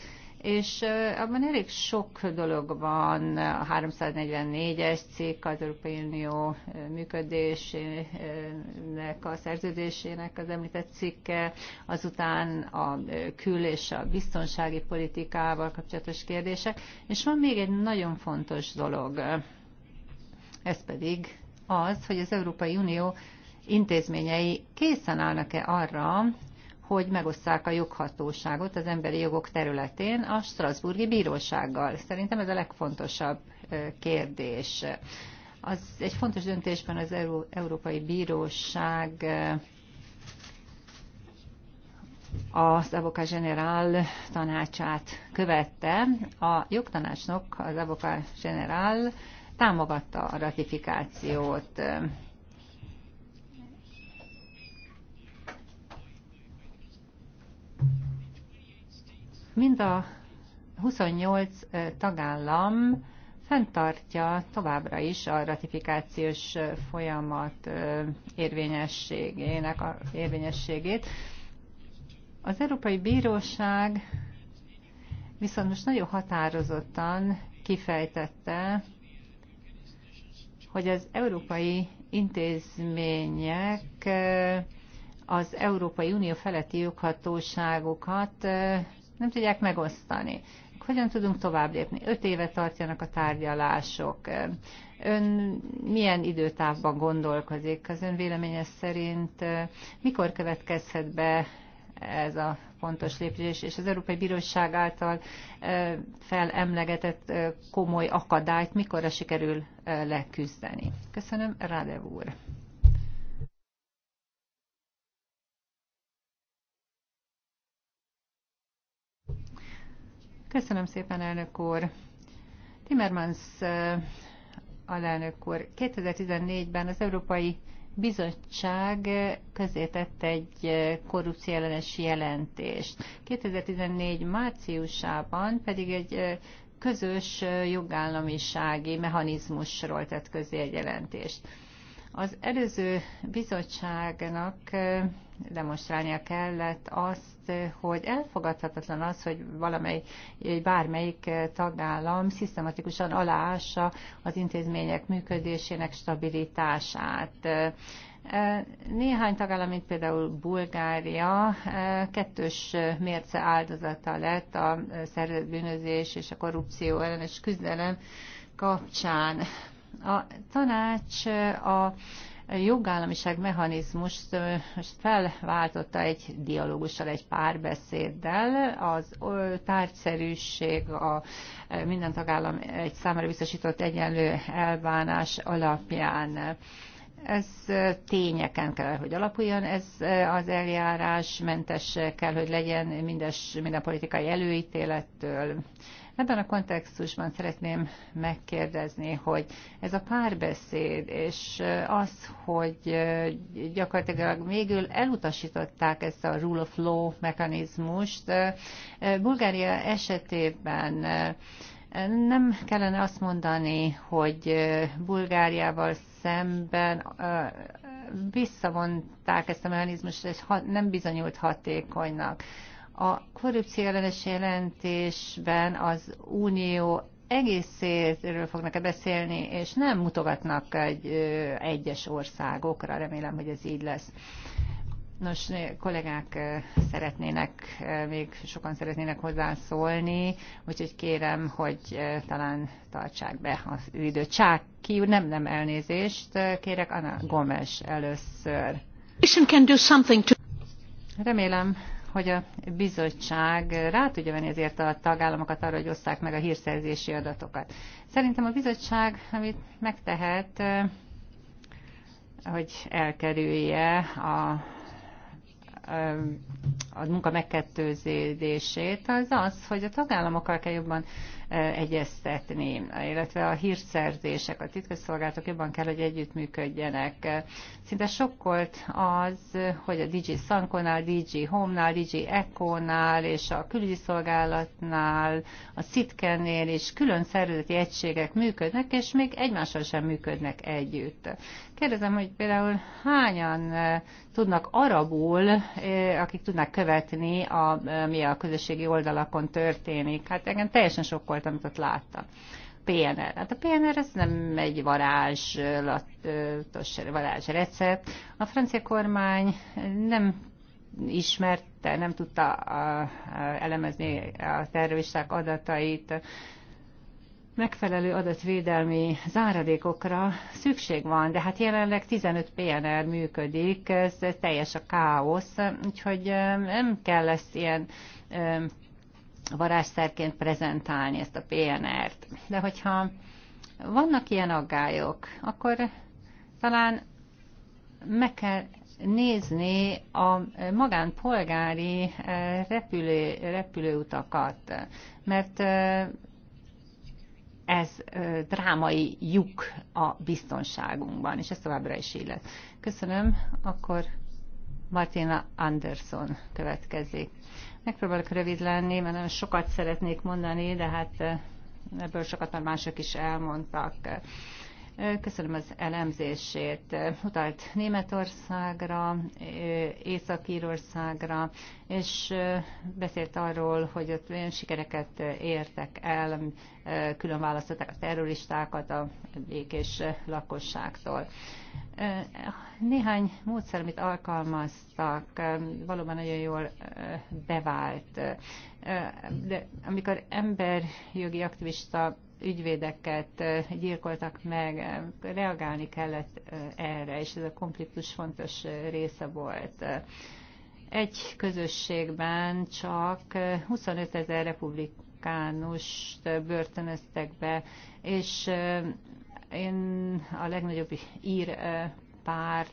és abban elég sok dolog van, a 344-es cikk az Európai Unió működésének, a szerződésének az említett cikke, azután a kül- és a biztonsági politikával kapcsolatos kérdések, és van még egy nagyon fontos dolog, ez pedig az, hogy az Európai Unió intézményei készen állnak-e arra, hogy megosszák a joghatóságot az emberi jogok területén a Strasburgi Bírósággal. Szerintem ez a legfontosabb kérdés. Az egy fontos döntésben az Euró- Európai Bíróság az Avoka General tanácsát követte. A jogtanácsnok, az Avoka General támogatta a ratifikációt Mind a 28 tagállam fenntartja továbbra is a ratifikációs folyamat érvényességének a érvényességét. Az Európai Bíróság viszont most nagyon határozottan kifejtette, hogy az európai intézmények az Európai Unió feletti joghatóságokat nem tudják megosztani. Hogyan tudunk tovább lépni? Öt éve tartjanak a tárgyalások. Ön milyen időtávban gondolkozik? Az ön véleménye szerint eh, mikor következhet be ez a fontos lépés, és az Európai Bíróság által eh, felemlegetett eh, komoly akadályt mikorra sikerül leküzdeni. Köszönöm, Rádev úr. Köszönöm szépen, elnök úr. Timmermans alelnök úr, 2014-ben az Európai Bizottság tett egy korrupció ellenes jelentést. 2014 márciusában pedig egy közös jogállamisági mechanizmusról tett közé egy jelentést. Az előző bizottságnak demonstrálnia kellett azt, hogy elfogadhatatlan az, hogy valamely, bármelyik tagállam szisztematikusan aláássa az intézmények működésének stabilitását. Néhány tagállam, mint például Bulgária, kettős mérce áldozata lett a szervezett bűnözés és a korrupció ellenes küzdelem kapcsán. A tanács a jogállamiság mechanizmus, most felváltotta egy dialógussal, egy párbeszéddel. Az tárgyszerűség, a minden tagállam egy számára biztosított egyenlő elbánás alapján ez tényeken kell, hogy alapuljon, ez az eljárás mentes kell, hogy legyen mindes, minden politikai előítélettől, Ebben a kontextusban szeretném megkérdezni, hogy ez a párbeszéd, és az, hogy gyakorlatilag végül elutasították ezt a rule of law mechanizmust, Bulgária esetében nem kellene azt mondani, hogy Bulgáriával szemben visszavonták ezt a mechanizmust, és nem bizonyult hatékonynak. A korrupció ellenes jelentésben az Unió egészéről fognak-e beszélni, és nem mutogatnak egy, egyes országokra, remélem, hogy ez így lesz. Nos, kollégák szeretnének, még sokan szeretnének hozzászólni, úgyhogy kérem, hogy talán tartsák be az időt. Csák ki, nem, nem elnézést, kérek Anna Gomes először. Remélem, hogy a bizottság rá tudja venni ezért a tagállamokat arra, hogy osszák meg a hírszerzési adatokat. Szerintem a bizottság, amit megtehet, eh, hogy elkerülje a eh, a munka megkettőződését, az az, hogy a tagállamokkal kell jobban egyeztetni, illetve a hírszerzések, a titkosszolgálatok jobban kell, hogy együttműködjenek. Szinte sokkolt az, hogy a DG Sankonál, DG Home-nál, DG echo nál és a külügyi szolgálatnál, a Szitkennél is külön szervezeti egységek működnek, és még egymással sem működnek együtt. Kérdezem, hogy például hányan tudnak arabul, akik tudnak követni, a, mi a közösségi oldalakon történik. Hát engem teljesen sok volt, amit ott láttam. PNR. Hát a PNR ez nem egy varázslatos varázsrecept. A francia kormány nem ismerte, nem tudta elemezni a terroristák adatait, megfelelő adatvédelmi záradékokra szükség van, de hát jelenleg 15 PNR működik, ez teljes a káosz, úgyhogy nem kell ezt ilyen varázsszerként prezentálni ezt a PNR-t. De hogyha vannak ilyen aggályok, akkor talán meg kell nézni a magánpolgári repülő, repülőutakat, mert ez drámai lyuk a biztonságunkban, és ez továbbra is élet. Köszönöm, akkor Martina Anderson következik. Megpróbálok rövid lenni, mert nagyon sokat szeretnék mondani, de hát ebből sokat már mások is elmondtak. Köszönöm az elemzését. Utalt Németországra, Észak-Írországra, és beszélt arról, hogy ott olyan sikereket értek el, külön választották a terroristákat a békés lakosságtól. Néhány módszer, amit alkalmaztak, valóban nagyon jól bevált. De amikor emberjogi aktivista ügyvédeket eh, gyilkoltak meg, reagálni kellett eh, erre, és ez a konfliktus fontos eh, része volt. Egy közösségben csak 25 ezer republikánust börtönöztek be, és én a legnagyobb ír párt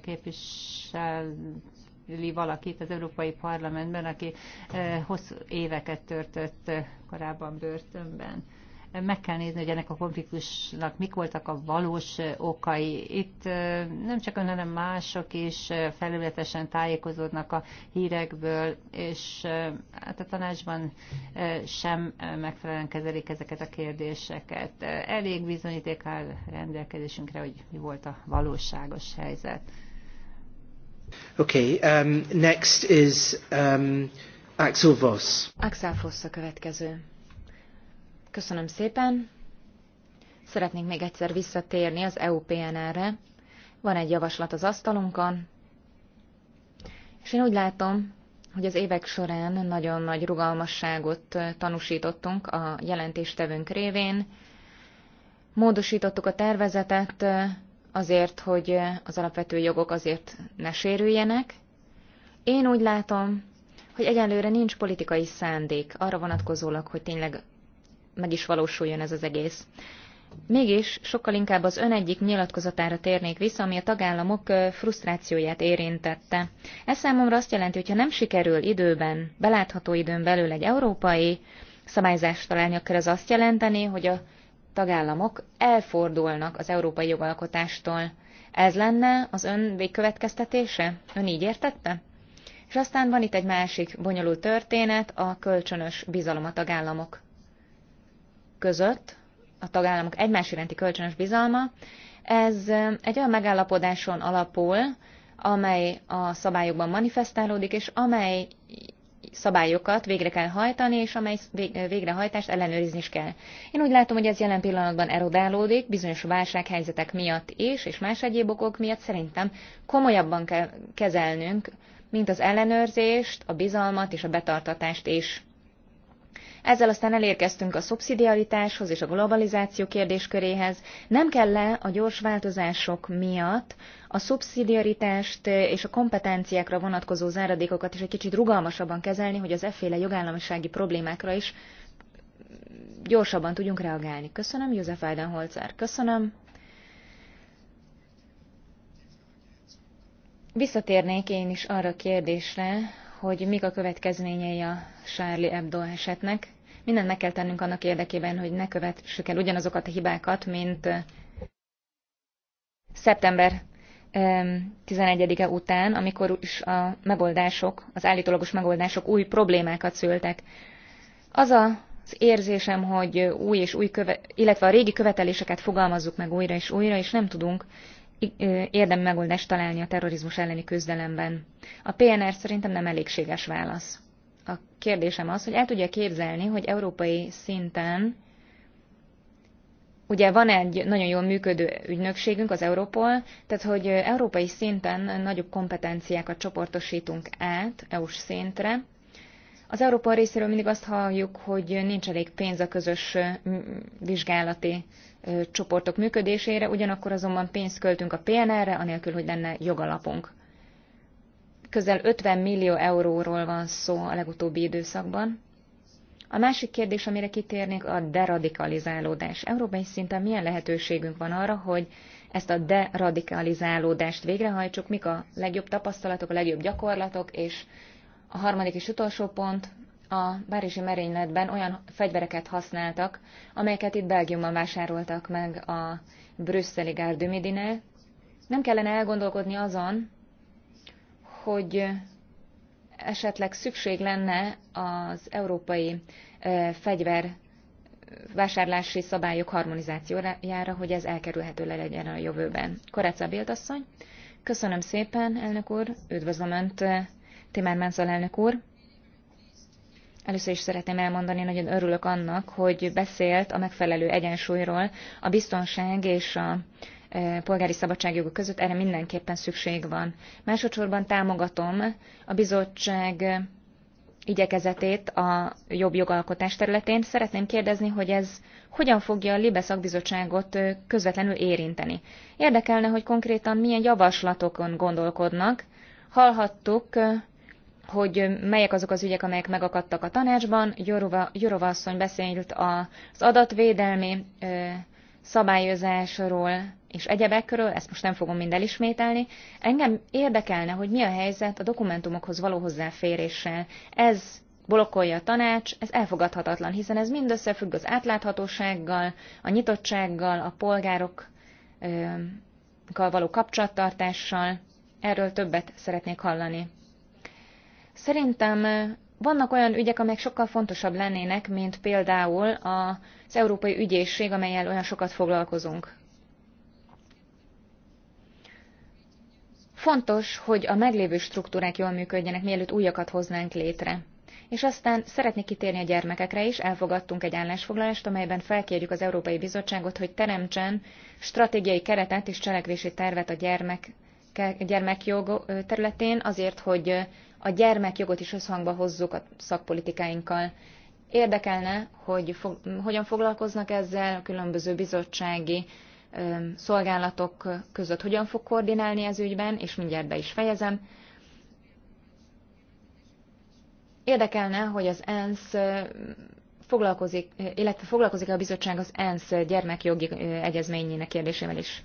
képviseli valakit az Európai Parlamentben, aki hosszú éveket törtött korábban börtönben meg kell nézni, hogy ennek a konfliktusnak mik voltak a valós okai. Itt nem csak ön, hanem mások is felületesen tájékozódnak a hírekből, és hát a tanácsban sem megfelelően kezelik ezeket a kérdéseket. Elég bizonyíték áll rendelkezésünkre, hogy mi volt a valóságos helyzet. Okay, um, next is um, Axel Voss. Axel Voss a következő. Köszönöm szépen. Szeretnénk még egyszer visszatérni az EU-PNR-re. Van egy javaslat az asztalunkon, és én úgy látom, hogy az évek során nagyon nagy rugalmasságot tanúsítottunk a jelentéstevőnk révén. Módosítottuk a tervezetet azért, hogy az alapvető jogok azért ne sérüljenek. Én úgy látom, hogy egyelőre nincs politikai szándék arra vonatkozólag, hogy tényleg meg is valósuljon ez az egész. Mégis sokkal inkább az ön egyik nyilatkozatára térnék vissza, ami a tagállamok frusztrációját érintette. Ez számomra azt jelenti, hogy ha nem sikerül időben, belátható időn belül egy európai szabályzást találni, akkor az azt jelenteni, hogy a tagállamok elfordulnak az európai jogalkotástól. Ez lenne az ön végkövetkeztetése? Ön így értette? És aztán van itt egy másik bonyolult történet, a kölcsönös bizalom a tagállamok között, a tagállamok egymás iránti kölcsönös bizalma, ez egy olyan megállapodáson alapul, amely a szabályokban manifestálódik, és amely szabályokat végre kell hajtani, és amely végrehajtást ellenőrizni is kell. Én úgy látom, hogy ez jelen pillanatban erodálódik, bizonyos válsághelyzetek miatt is, és más egyéb okok miatt szerintem komolyabban kell kezelnünk, mint az ellenőrzést, a bizalmat és a betartatást is. Ezzel aztán elérkeztünk a szubszidiaritáshoz és a globalizáció kérdésköréhez. Nem kell le a gyors változások miatt a szubszidiaritást és a kompetenciákra vonatkozó záradékokat is egy kicsit rugalmasabban kezelni, hogy az efféle jogállamisági problémákra is gyorsabban tudjunk reagálni. Köszönöm, József Weidenholzer. Köszönöm. Visszatérnék én is arra a kérdésre, hogy mik a következményei a Charlie Hebdo esetnek. Mindent meg kell tennünk annak érdekében, hogy ne kövessük el ugyanazokat a hibákat, mint szeptember 11-e után, amikor is a megoldások, az állítólagos megoldások új problémákat szültek. Az a az érzésem, hogy új és új, köve, illetve a régi követeléseket fogalmazzuk meg újra és újra, és nem tudunk érdemi megoldást találni a terrorizmus elleni küzdelemben. A PNR szerintem nem elégséges válasz a kérdésem az, hogy el tudja képzelni, hogy európai szinten Ugye van egy nagyon jól működő ügynökségünk, az Európol, tehát hogy európai szinten nagyobb kompetenciákat csoportosítunk át EU-s szintre. Az Európol részéről mindig azt halljuk, hogy nincs elég pénz a közös vizsgálati csoportok működésére, ugyanakkor azonban pénzt költünk a PNR-re, anélkül, hogy lenne jogalapunk közel 50 millió euróról van szó a legutóbbi időszakban. A másik kérdés, amire kitérnék, a deradikalizálódás. Európai szinten milyen lehetőségünk van arra, hogy ezt a deradikalizálódást végrehajtsuk, mik a legjobb tapasztalatok, a legjobb gyakorlatok, és a harmadik és utolsó pont, a Párizsi merényletben olyan fegyvereket használtak, amelyeket itt Belgiumban vásároltak meg a brüsszeli gárdümidinél. Nem kellene elgondolkodni azon, hogy esetleg szükség lenne az európai fegyver vásárlási szabályok harmonizációjára, hogy ez elkerülhető le legyen a jövőben. Koreca Bildasszony, köszönöm szépen, elnök úr, üdvözlöm Önt, Menzel elnök úr. Először is szeretném elmondani, nagyon örülök annak, hogy beszélt a megfelelő egyensúlyról a biztonság és a E, polgári szabadságjogok között, erre mindenképpen szükség van. Másodszorban támogatom a bizottság igyekezetét a jobb jogalkotás területén. Szeretném kérdezni, hogy ez hogyan fogja a Libe szakbizottságot közvetlenül érinteni. Érdekelne, hogy konkrétan milyen javaslatokon gondolkodnak. Hallhattuk, hogy melyek azok az ügyek, amelyek megakadtak a tanácsban. Jorova, asszony beszélt az adatvédelmi szabályozásról, és egyebekről, ezt most nem fogom mind elismételni. Engem érdekelne, hogy mi a helyzet a dokumentumokhoz való hozzáféréssel. Ez blokkolja a tanács, ez elfogadhatatlan, hiszen ez mind összefügg az átláthatósággal, a nyitottsággal, a polgárokkal való kapcsolattartással. Erről többet szeretnék hallani. Szerintem vannak olyan ügyek, amelyek sokkal fontosabb lennének, mint például az Európai Ügyészség, amelyel olyan sokat foglalkozunk. Fontos, hogy a meglévő struktúrák jól működjenek, mielőtt újakat hoznánk létre. És aztán szeretnék kitérni a gyermekekre is, elfogadtunk egy állásfoglalást, amelyben felkérjük az Európai Bizottságot, hogy teremtsen stratégiai keretet és cselekvési tervet a gyermek, gyermekjog területén, azért, hogy a gyermekjogot is összhangba hozzuk a szakpolitikáinkkal. Érdekelne, hogy fog, hogyan foglalkoznak ezzel a különböző bizottsági szolgálatok között hogyan fog koordinálni ez ügyben, és mindjárt be is fejezem. Érdekelne, hogy az ENSZ foglalkozik, illetve foglalkozik a bizottság az ENSZ gyermekjogi egyezményének kérdésével is.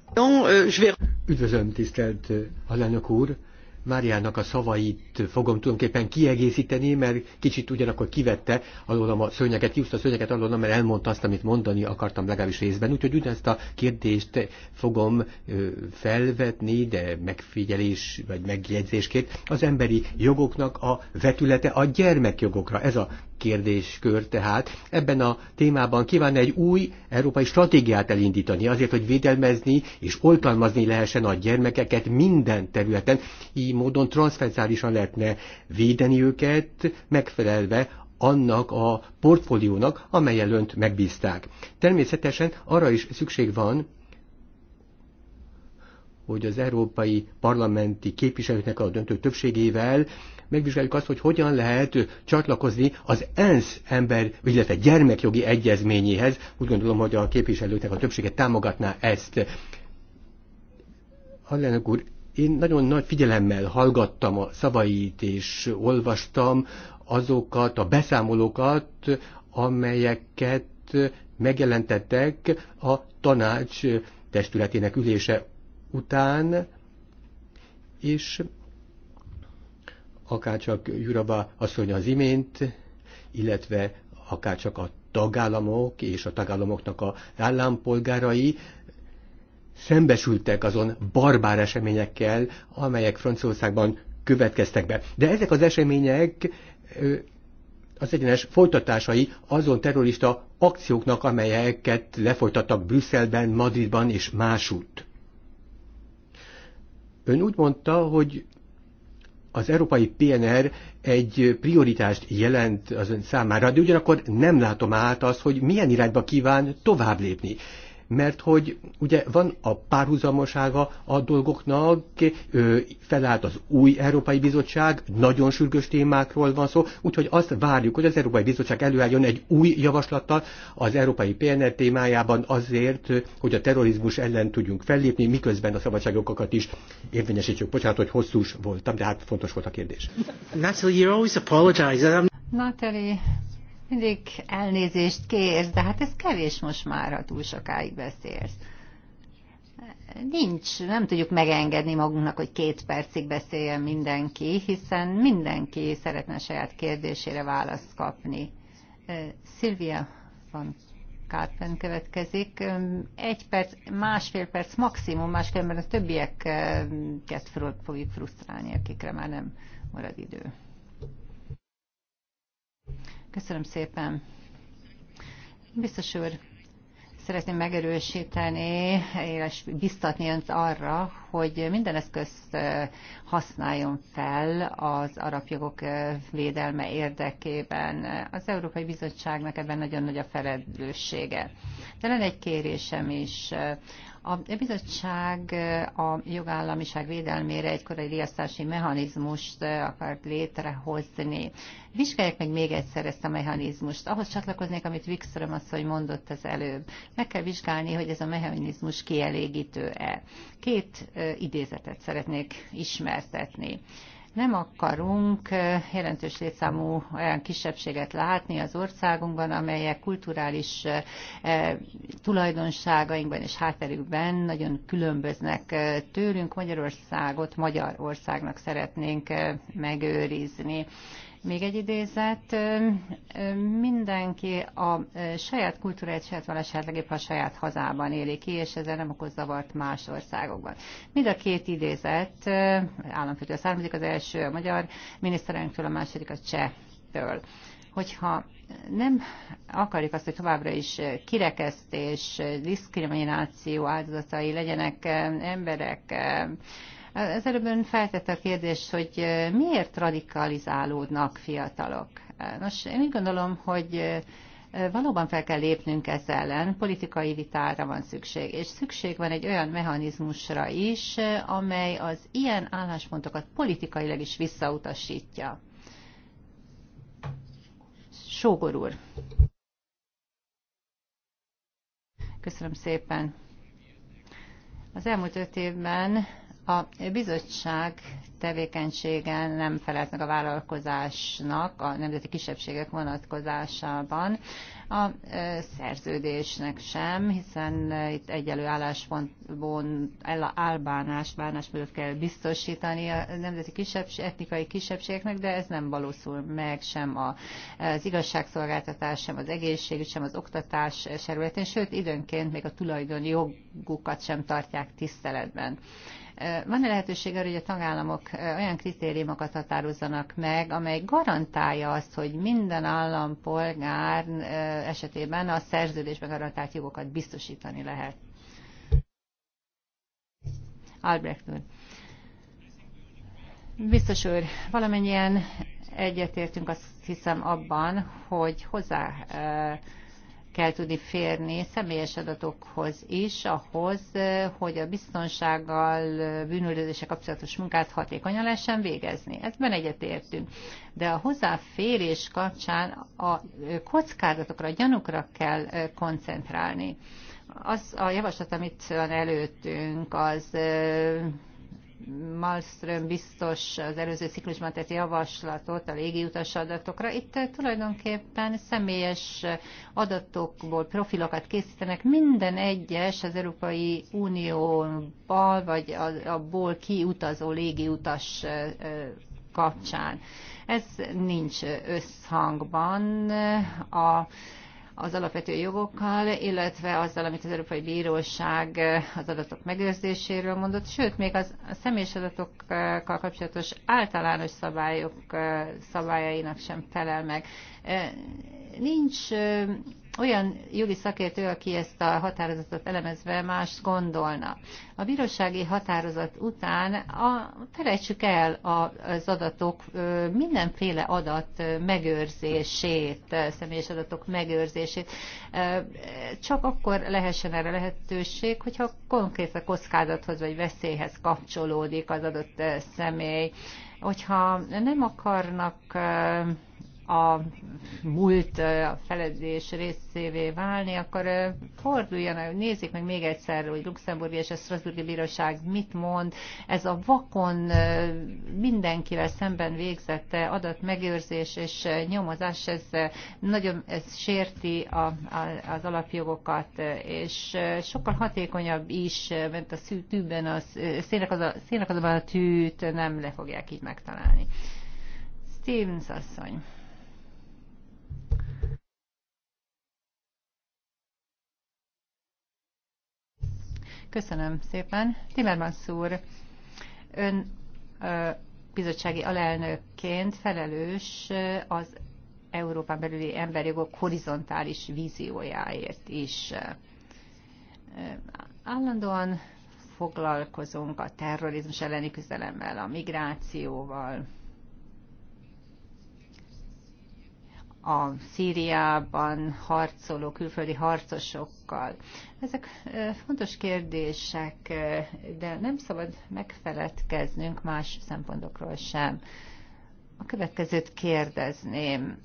Üdvözlöm, tisztelt alelnök úr! Máriának a szavait fogom tulajdonképpen kiegészíteni, mert kicsit ugyanakkor kivette alólam a szőnyeget, kiúszta a szőnyeget alólam, mert elmondta azt, amit mondani akartam legalábbis részben. Úgyhogy ugyanezt a kérdést fogom felvetni, de megfigyelés vagy megjegyzésként az emberi jogoknak a vetülete a gyermekjogokra. Ez a kérdéskör tehát. Ebben a témában kíván egy új európai stratégiát elindítani azért, hogy védelmezni és oltalmazni lehessen a gyermekeket minden területen. Így módon transzferzálisan lehetne védeni őket, megfelelve annak a portfóliónak, amelyel önt megbízták. Természetesen arra is szükség van, hogy az európai parlamenti képviselőknek a döntő többségével megvizsgáljuk azt, hogy hogyan lehet csatlakozni az ENSZ ember, illetve gyermekjogi egyezményéhez. Úgy gondolom, hogy a képviselőknek a többsége támogatná ezt. Hallenek úr, én nagyon nagy figyelemmel hallgattam a szavait, és olvastam azokat a beszámolókat, amelyeket megjelentettek a tanács testületének ülése után, és akárcsak Jurava asszony az imént, illetve akárcsak a tagállamok és a tagállamoknak a állampolgárai szembesültek azon barbár eseményekkel, amelyek Franciaországban következtek be. De ezek az események az egyenes folytatásai azon terrorista akcióknak, amelyeket lefolytattak Brüsszelben, Madridban és másút. Ön úgy mondta, hogy az európai PNR egy prioritást jelent az ön számára, de ugyanakkor nem látom át azt, hogy milyen irányba kíván tovább lépni mert hogy ugye van a párhuzamosága a dolgoknak, felállt az új Európai Bizottság, nagyon sürgős témákról van szó, úgyhogy azt várjuk, hogy az Európai Bizottság előálljon egy új javaslattal az Európai PNR témájában azért, hogy a terrorizmus ellen tudjunk fellépni, miközben a szabadságokat is érvényesítjük. Bocsánat, hogy hosszús voltam, de hát fontos volt a kérdés. Natalie, you always apologize. Natalie, mindig elnézést kérsz, de hát ez kevés most már, ha túl sokáig beszélsz. Nincs, nem tudjuk megengedni magunknak, hogy két percig beszéljen mindenki, hiszen mindenki szeretne a saját kérdésére választ kapni. Szilvia van Kárpen következik. Egy perc, másfél perc maximum, máskülönben a többieket fogjuk frusztrálni, akikre már nem marad idő. Köszönöm szépen. Biztos úr, szeretném megerősíteni, és biztatni önt arra, hogy minden eszközt használjon fel az arab jogok védelme érdekében. Az Európai Bizottságnak ebben nagyon nagy a felelőssége. De lenne egy kérésem is. A bizottság a jogállamiság védelmére egy korai riasztási mechanizmust akart létrehozni. Vizsgálják meg még egyszer ezt a mechanizmust. Ahhoz csatlakoznék, amit Wikström asszony mondott az előbb. Meg kell vizsgálni, hogy ez a mechanizmus kielégítő-e. Két idézetet szeretnék ismertetni. Nem akarunk jelentős létszámú olyan kisebbséget látni az országunkban, amelyek kulturális tulajdonságainkban és hátterükben nagyon különböznek tőlünk. Magyarországot Magyarországnak szeretnénk megőrizni. Még egy idézet, mindenki a saját kultúráját, saját valását, legébb a saját hazában éli ki, és ezzel nem okoz zavart más országokban. Mind a két idézet államfőtől származik, az első a magyar miniszterelnöktől, a második a cseh-től. Hogyha nem akarjuk azt, hogy továbbra is kirekesztés, diszkrimináció áldozatai legyenek emberek, az előbb ön feltette a kérdést, hogy miért radikalizálódnak fiatalok. Nos, én úgy gondolom, hogy valóban fel kell lépnünk ez ellen, politikai vitára van szükség, és szükség van egy olyan mechanizmusra is, amely az ilyen álláspontokat politikailag is visszautasítja. Sógor úr. Köszönöm szépen. Az elmúlt öt évben a bizottság tevékenysége nem felelt meg a vállalkozásnak a nemzeti kisebbségek vonatkozásában, a e, szerződésnek sem, hiszen e, itt egyelő álláspontban álbánást, bánásmódot kell biztosítani a nemzeti kisebbség, etnikai kisebbségeknek, de ez nem valószul meg sem az igazságszolgáltatás, sem az egészség, sem az oktatás területén, sőt időnként még a tulajdoni jogukat sem tartják tiszteletben. Van-e lehetőség arra, hogy a tagállamok olyan kritériumokat határozzanak meg, amely garantálja azt, hogy minden állampolgár esetében a szerződésben garantált jogokat biztosítani lehet? Albrecht úr. Biztos úr, valamennyien egyetértünk azt hiszem abban, hogy hozzá kell tudni férni személyes adatokhoz is, ahhoz, eh, hogy a biztonsággal, eh, bűnöldözése kapcsolatos munkát hatékonyan lehessen végezni. Ebben egyetértünk. De a hozzáférés kapcsán a eh, kockázatokra, a gyanukra kell koncentrálni. Az a javaslat, amit van előttünk, az Malmström biztos az előző ciklusban tett javaslatot a légiutas adatokra. Itt tulajdonképpen személyes adatokból profilokat készítenek minden egyes az Európai Unióval vagy abból kiutazó légiutas kapcsán. Ez nincs összhangban a az alapvető jogokkal, illetve azzal, amit az Európai Bíróság az adatok megőrzéséről mondott, sőt, még az a személyes adatokkal kapcsolatos általános szabályok szabályainak sem felel meg. Nincs olyan jogi szakértő, aki ezt a határozatot elemezve más gondolna. A bírósági határozat után a, felejtsük el az adatok, mindenféle adat megőrzését, személyes adatok megőrzését. Csak akkor lehessen erre lehetőség, hogyha konkrét a kockázathoz vagy veszélyhez kapcsolódik az adott személy. Hogyha nem akarnak a múlt, a feledés részévé válni, akkor forduljanak, nézzék meg még egyszer, hogy Luxemburgi és a Strasburgi Bíróság mit mond. Ez a vakon mindenkivel szemben végzette adatmegőrzés és nyomozás, ez nagyon ez sérti a, a, az alapjogokat, és sokkal hatékonyabb is, mert a szű, tűben, a szének, az a tűt nem le fogják így megtalálni. Stevens asszony. Köszönöm szépen. Timmermans úr, ön bizottsági alelnökként felelős az Európán belüli emberjogok horizontális víziójáért is. Állandóan foglalkozunk a terrorizmus elleni küzdelemmel, a migrációval, a Szíriában harcoló külföldi harcosokkal. Ezek fontos kérdések, de nem szabad megfeledkeznünk más szempontokról sem. A következőt kérdezném.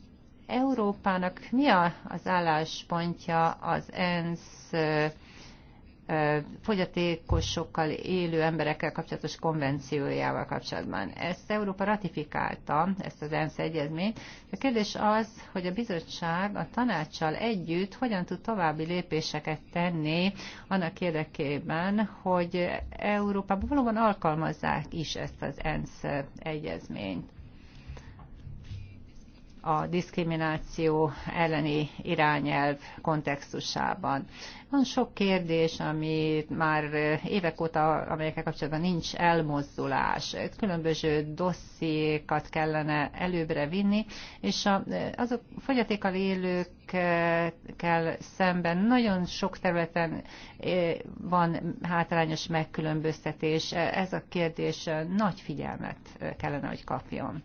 Európának mi az álláspontja az ENSZ fogyatékosokkal élő emberekkel kapcsolatos konvenciójával kapcsolatban. Ezt Európa ratifikálta, ezt az ENSZ egyezményt. A kérdés az, hogy a bizottság a tanácssal együtt hogyan tud további lépéseket tenni annak érdekében, hogy Európában valóban alkalmazzák is ezt az ENSZ egyezményt a diszkrimináció elleni irányelv kontextusában. Van sok kérdés, ami már évek óta, amelyekkel kapcsolatban nincs elmozdulás. Különböző dossziékat kellene előbbre vinni, és a, azok fogyatékkal élőkkel szemben nagyon sok területen e, van hátrányos megkülönböztetés. Ez a kérdés nagy figyelmet kellene, hogy kapjon.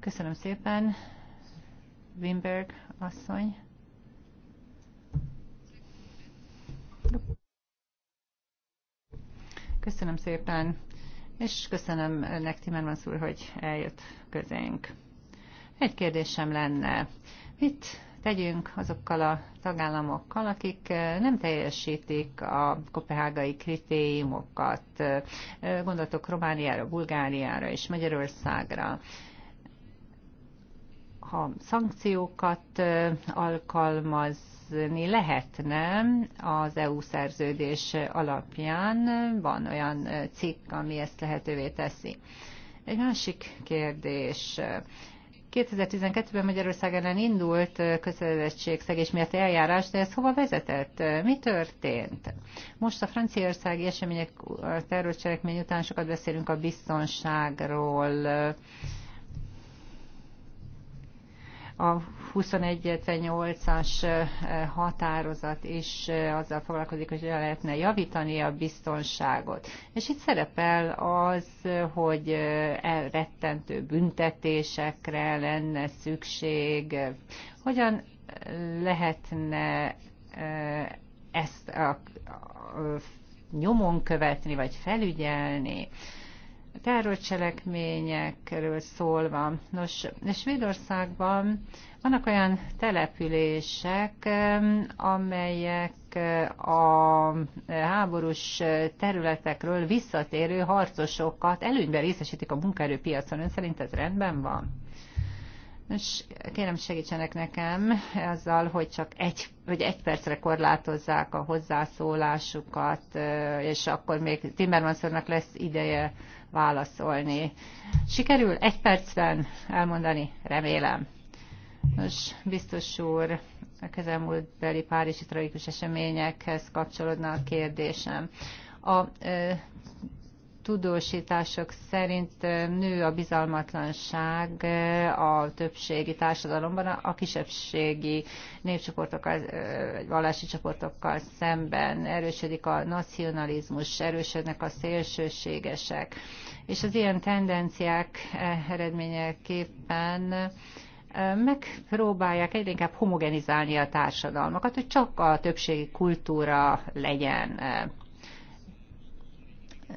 Köszönöm szépen. Wimberg asszony. Köszönöm szépen, és köszönöm önnek, Timmermans úr, hogy eljött közénk. Egy kérdésem lenne. Mit tegyünk azokkal a tagállamokkal, akik eh, nem teljesítik a kopehágai kritériumokat, eh, gondoltok Romániára, Bulgáriára és Magyarországra ha szankciókat alkalmazni lehetne az EU szerződés alapján, van olyan cikk, ami ezt lehetővé teszi. Egy másik kérdés. 2012-ben Magyarország ellen indult kötelezettségszegés miatt eljárás, de ez hova vezetett? Mi történt? Most a franciaországi események terrorcselekmény után sokat beszélünk a biztonságról, a 21.8-as eh, határozat is eh, azzal foglalkozik, hogy lehetne javítani a biztonságot. És itt szerepel az, hogy eh, elrettentő büntetésekre lenne szükség. Hogyan lehetne ezt a, a nyomon követni, vagy felügyelni terrorcselekményekről szólva. Nos, Svédországban vannak olyan települések, amelyek eh, a háborús területekről visszatérő harcosokat előnyben részesítik a munkaerőpiacon. Ön szerint ez rendben van? kérem segítsenek nekem azzal, hogy csak egy, vagy egy percre korlátozzák a hozzászólásukat, és akkor még Timmermans úrnak lesz ideje válaszolni. Sikerül egy percben elmondani? Remélem. Nos, biztos úr, a beli párizsi tragikus eseményekhez kapcsolódna a kérdésem. A tudósítások szerint nő a bizalmatlanság a többségi társadalomban a kisebbségi népcsoportokkal, vallási csoportokkal szemben. Erősödik a nacionalizmus, erősödnek a szélsőségesek. És az ilyen tendenciák e, eredményeképpen megpróbálják egyre inkább homogenizálni a társadalmakat, hogy csak a többségi kultúra legyen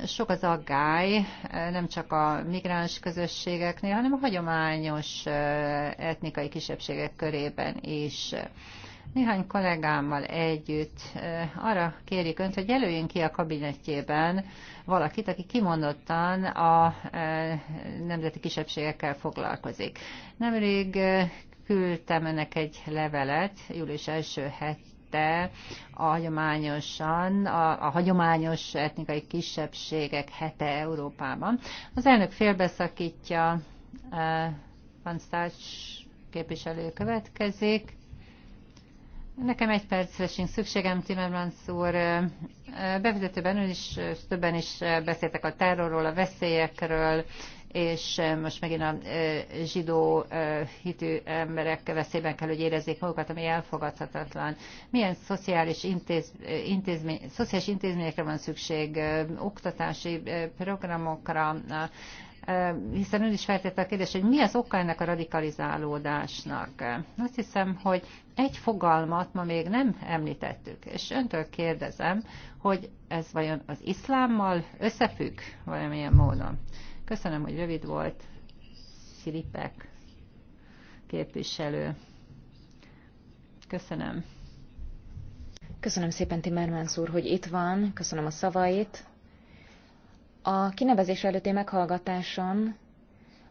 sok az aggály, nem csak a migráns közösségeknél, hanem a hagyományos eh, etnikai kisebbségek körében is néhány kollégámmal együtt eh, arra kérjük Önt, hogy jelöljön ki a kabinetjében valakit, aki kimondottan a eh, nemzeti kisebbségekkel foglalkozik. Nemrég küldtem Önnek egy levelet, július első említette, a hagyományosan, a, a hagyományos etnikai kisebbségek hete Európában. Az elnök félbeszakítja, eh, Van Stács képviselő következik. Nekem egy percre sincs szükségem, Timmermans úr. Eh, eh, bevezetőben ön is, többen is beszéltek a terrorról, a veszélyekről, és most megint a zsidó hitű emberek veszélyben kell, hogy érezzék magukat, ami elfogadhatatlan. Milyen szociális, intéz, intézmény, szociális intézményekre van szükség, oktatási programokra, hiszen ön is feltette a kérdést, hogy mi az oka ennek a radikalizálódásnak. Azt hiszem, hogy egy fogalmat ma még nem említettük, és öntől kérdezem, hogy ez vajon az iszlámmal összefügg valamilyen módon? Köszönöm, hogy rövid volt. Filipek képviselő. Köszönöm. Köszönöm szépen Timmermans úr, hogy itt van. Köszönöm a szavait. A kinevezés előtti meghallgatáson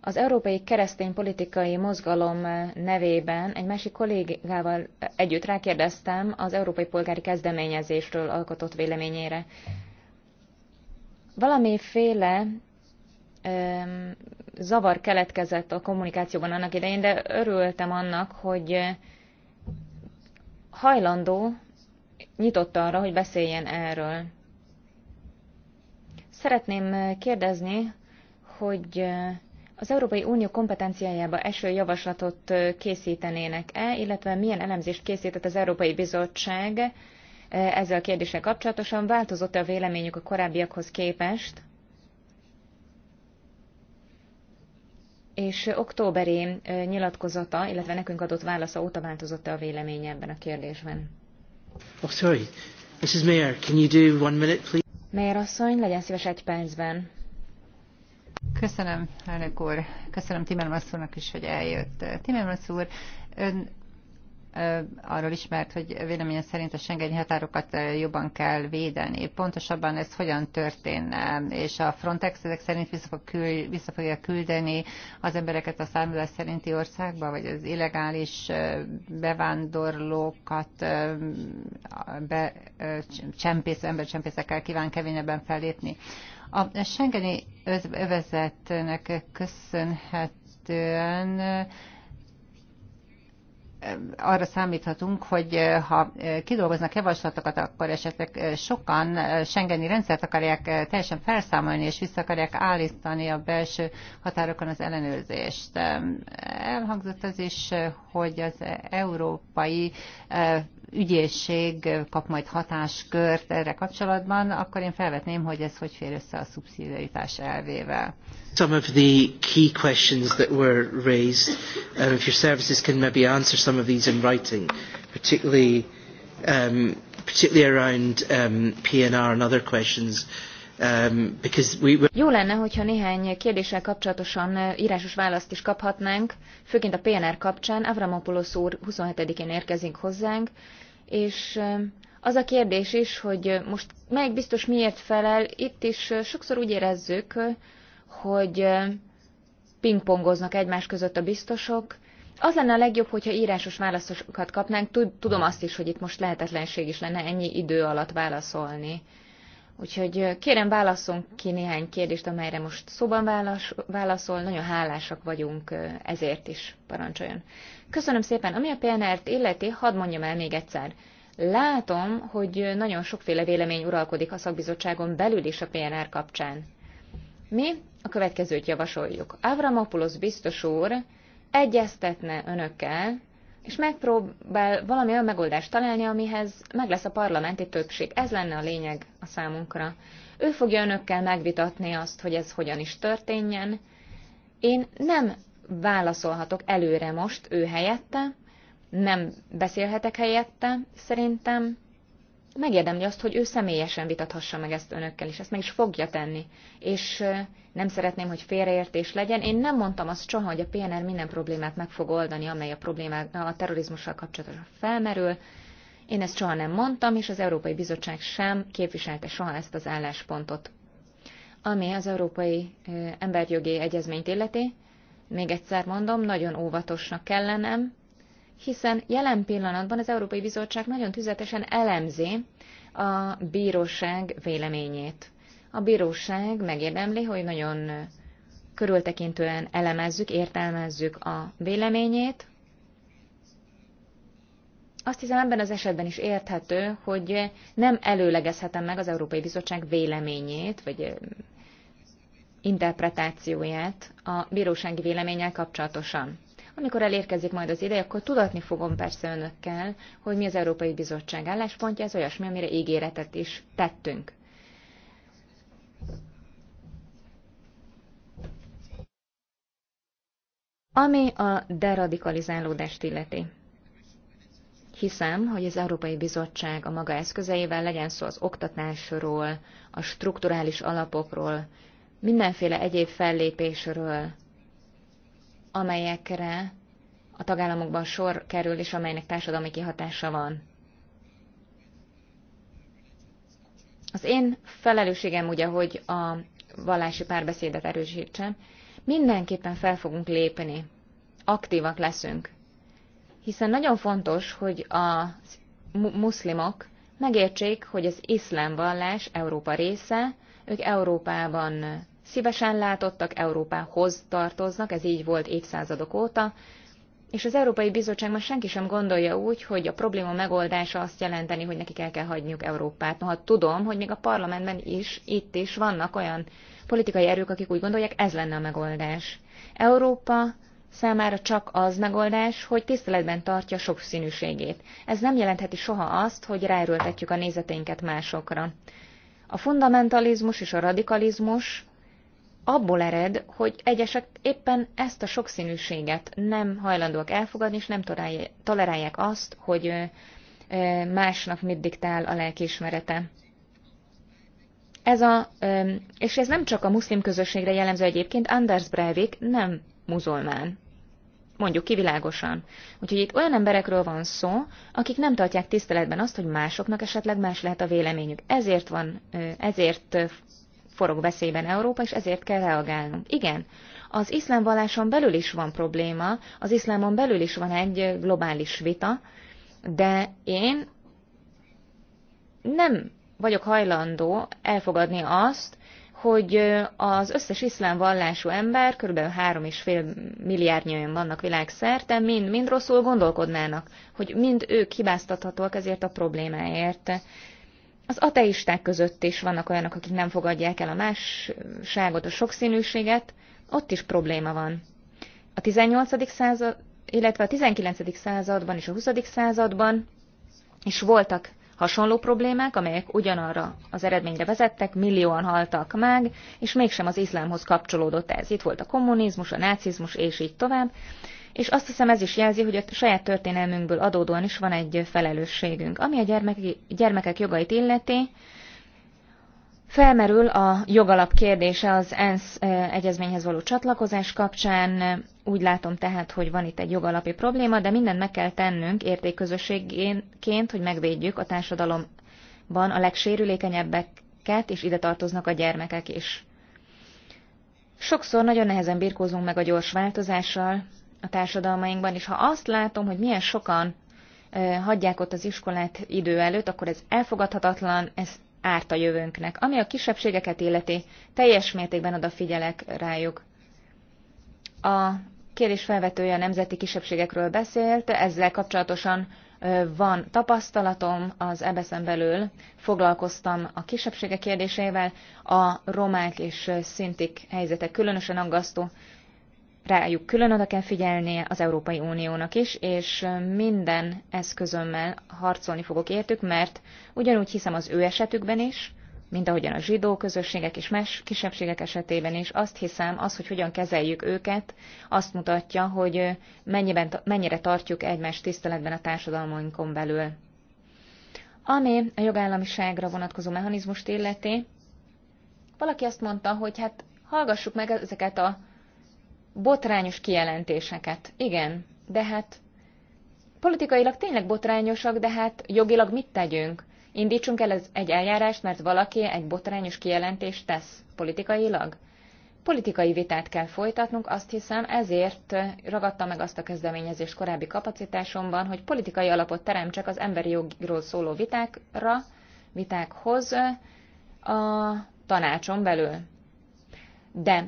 az Európai Keresztény Politikai Mozgalom nevében egy másik kollégával együtt rákérdeztem az Európai Polgári Kezdeményezésről alkotott véleményére. Valamiféle zavar keletkezett a kommunikációban annak idején, de örültem annak, hogy hajlandó, nyitott arra, hogy beszéljen erről. Szeretném kérdezni, hogy az Európai Unió kompetenciájába eső javaslatot készítenének-e, illetve milyen elemzést készített az Európai Bizottság ezzel a kérdéssel kapcsolatosan? Változott-e a véleményük a korábbiakhoz képest? és októberi nyilatkozata, illetve nekünk adott válasza óta változott-e a véleménye ebben a kérdésben? Oh, sorry. Mrs. Mayor, can you do one minute, please? Mayor asszony, legyen szíves egy percben. Köszönöm, elnök úr. Köszönöm Timmermans úrnak is, hogy eljött. Timmermans úr, ön arról ismert, hogy véleménye szerint a Schengeni határokat jobban kell védeni. Pontosabban ez hogyan történne, és a Frontex ezek szerint vissza, fog kül, vissza fogja küldeni az embereket a származás szerinti országba, vagy az illegális bevándorlókat be, csempész, embercsempészekkel kíván keményebben fellépni. A Schengeni övezetnek köszönhet arra számíthatunk, hogy eh, ha eh, kidolgoznak javaslatokat, akkor esetleg eh, sokan Schengeni rendszert akarják teljesen felszámolni, és vissza akarják állítani a belső határokon az ellenőrzést. Elhangzott az is, hogy az európai ügyészség kap majd hatáskört erre kapcsolatban, akkor én felvetném, hogy ez hogy fér össze a szubszidiaritás elvével. Some of the key questions that were raised, um, if your services can maybe answer some of these in writing, particularly, um, particularly around um, PNR and other questions Um, Jó lenne, hogyha néhány kérdéssel kapcsolatosan írásos választ is kaphatnánk, főként a PNR kapcsán. Avramopoulos úr 27-én érkezik hozzánk, és az a kérdés is, hogy most melyik biztos miért felel, itt is sokszor úgy érezzük, hogy pingpongoznak egymás között a biztosok. Az lenne a legjobb, hogyha írásos válaszokat kapnánk. Tudom azt is, hogy itt most lehetetlenség is lenne ennyi idő alatt válaszolni Úgyhogy kérem válaszunk ki néhány kérdést, amelyre most szóban válaszol. Nagyon hálásak vagyunk ezért is, parancsoljon. Köszönöm szépen. Ami a PNR-t illeti, hadd mondjam el még egyszer. Látom, hogy nagyon sokféle vélemény uralkodik a szakbizottságon belül is a PNR kapcsán. Mi a következőt javasoljuk. Avramopoulos biztos úr egyeztetne önökkel, és megpróbál valami olyan megoldást találni, amihez meg lesz a parlamenti többség. Ez lenne a lényeg a számunkra. Ő fogja önökkel megvitatni azt, hogy ez hogyan is történjen. Én nem válaszolhatok előre most ő helyette, nem beszélhetek helyette, szerintem megérdemli azt, hogy ő személyesen vitathassa meg ezt önökkel, és ezt meg is fogja tenni. És nem szeretném, hogy félreértés legyen. Én nem mondtam azt soha, hogy a PNR minden problémát meg fog oldani, amely a, problémák, a terrorizmussal kapcsolatosan felmerül. Én ezt soha nem mondtam, és az Európai Bizottság sem képviselte soha ezt az álláspontot. Ami az Európai Emberjogi Egyezményt illeti, még egyszer mondom, nagyon óvatosnak kellenem, hiszen jelen pillanatban az Európai Bizottság nagyon tüzetesen elemzi a bíróság véleményét. A bíróság megérdemli, hogy nagyon körültekintően elemezzük, értelmezzük a véleményét. Azt hiszem ebben az esetben is érthető, hogy nem előlegezhetem meg az Európai Bizottság véleményét, vagy interpretációját a bírósági véleménnyel kapcsolatosan. Amikor elérkezik majd az ideje, akkor tudatni fogom persze önökkel, hogy mi az Európai Bizottság álláspontja, ez olyasmi, amire ígéretet is tettünk. Ami a deradikalizálódást illeti. Hiszem, hogy az Európai Bizottság a maga eszközeivel legyen szó az oktatásról, a strukturális alapokról, mindenféle egyéb fellépésről, amelyekre a tagállamokban sor kerül, és amelynek társadalmi kihatása van. Az én felelősségem ugye, hogy a vallási párbeszédet erősítsem, mindenképpen fel fogunk lépni, aktívak leszünk, hiszen nagyon fontos, hogy a muszlimok megértsék, hogy az iszlám vallás Európa része, ők Európában szívesen látottak, Európához tartoznak, ez így volt évszázadok óta, és az Európai Bizottság már senki sem gondolja úgy, hogy a probléma megoldása azt jelenteni, hogy nekik el kell hagyniuk Európát. Noha tudom, hogy még a parlamentben is, itt is vannak olyan politikai erők, akik úgy gondolják, ez lenne a megoldás. Európa számára csak az megoldás, hogy tiszteletben tartja sokszínűségét. Ez nem jelentheti soha azt, hogy ráerőltetjük a nézeteinket másokra. A fundamentalizmus és a radikalizmus abból ered, hogy egyesek éppen ezt a sokszínűséget nem hajlandóak elfogadni, és nem tolerálják azt, hogy másnak mit diktál a lelkiismerete. Ez a, és ez nem csak a muszlim közösségre jellemző egyébként, Anders Breivik nem muzulmán. Mondjuk kivilágosan. Úgyhogy itt olyan emberekről van szó, akik nem tartják tiszteletben azt, hogy másoknak esetleg más lehet a véleményük. Ezért van, ezért forog veszélyben Európa, és ezért kell reagálnunk. Igen, az iszlám valláson belül is van probléma, az iszlámon belül is van egy globális vita, de én nem vagyok hajlandó elfogadni azt, hogy az összes iszlám vallású ember, kb. 3,5 milliárdnyian vannak világszerte, mind, mind rosszul gondolkodnának, hogy mind ők hibáztathatóak ezért a problémáért. Az ateisták között is vannak olyanok, akik nem fogadják el a másságot, a sokszínűséget, ott is probléma van. A 18. század, illetve a 19. században és a 20. században is voltak hasonló problémák, amelyek ugyanarra az eredményre vezettek, millióan haltak meg, és mégsem az iszlámhoz kapcsolódott ez. Itt volt a kommunizmus, a nácizmus, és így tovább és azt hiszem ez is jelzi, hogy a saját történelmünkből adódóan is van egy felelősségünk. Ami a gyermeki, gyermekek jogait illeti, Felmerül a jogalap kérdése az ENSZ egyezményhez való csatlakozás kapcsán. Úgy látom tehát, hogy van itt egy jogalapi probléma, de mindent meg kell tennünk értékközösségként, hogy megvédjük a társadalomban a legsérülékenyebbeket, és ide tartoznak a gyermekek is. Sokszor nagyon nehezen birkózunk meg a gyors változással, a társadalmainkban, és ha azt látom, hogy milyen sokan hagyják ott az iskolát idő előtt, akkor ez elfogadhatatlan, ez árt a jövőnknek. Ami a kisebbségeket illeti, teljes mértékben odafigyelek rájuk. A kérdés felvetője a nemzeti kisebbségekről beszélt, ezzel kapcsolatosan van tapasztalatom, az ebeszen belül foglalkoztam a kisebbségek kérdésével, a romák és szintik helyzete különösen aggasztó rájuk külön oda kell figyelni az Európai Uniónak is, és minden eszközömmel harcolni fogok értük, mert ugyanúgy hiszem az ő esetükben is, mint ahogyan a zsidó közösségek és más kisebbségek esetében is, azt hiszem, az, hogy hogyan kezeljük őket, azt mutatja, hogy mennyiben, mennyire tartjuk egymást tiszteletben a társadalmainkon belül. Ami a jogállamiságra vonatkozó mechanizmust illeti, valaki azt mondta, hogy hát hallgassuk meg ezeket a botrányos kijelentéseket. Igen, de hát politikailag tényleg botrányosak, de hát jogilag mit tegyünk? Indítsunk el egy eljárást, mert valaki egy botrányos kijelentést tesz politikailag? Politikai vitát kell folytatnunk, azt hiszem, ezért ragadtam meg azt a kezdeményezést korábbi kapacitásomban, hogy politikai alapot teremtsek az emberi jogról szóló vitákra, vitákhoz a tanácson belül. De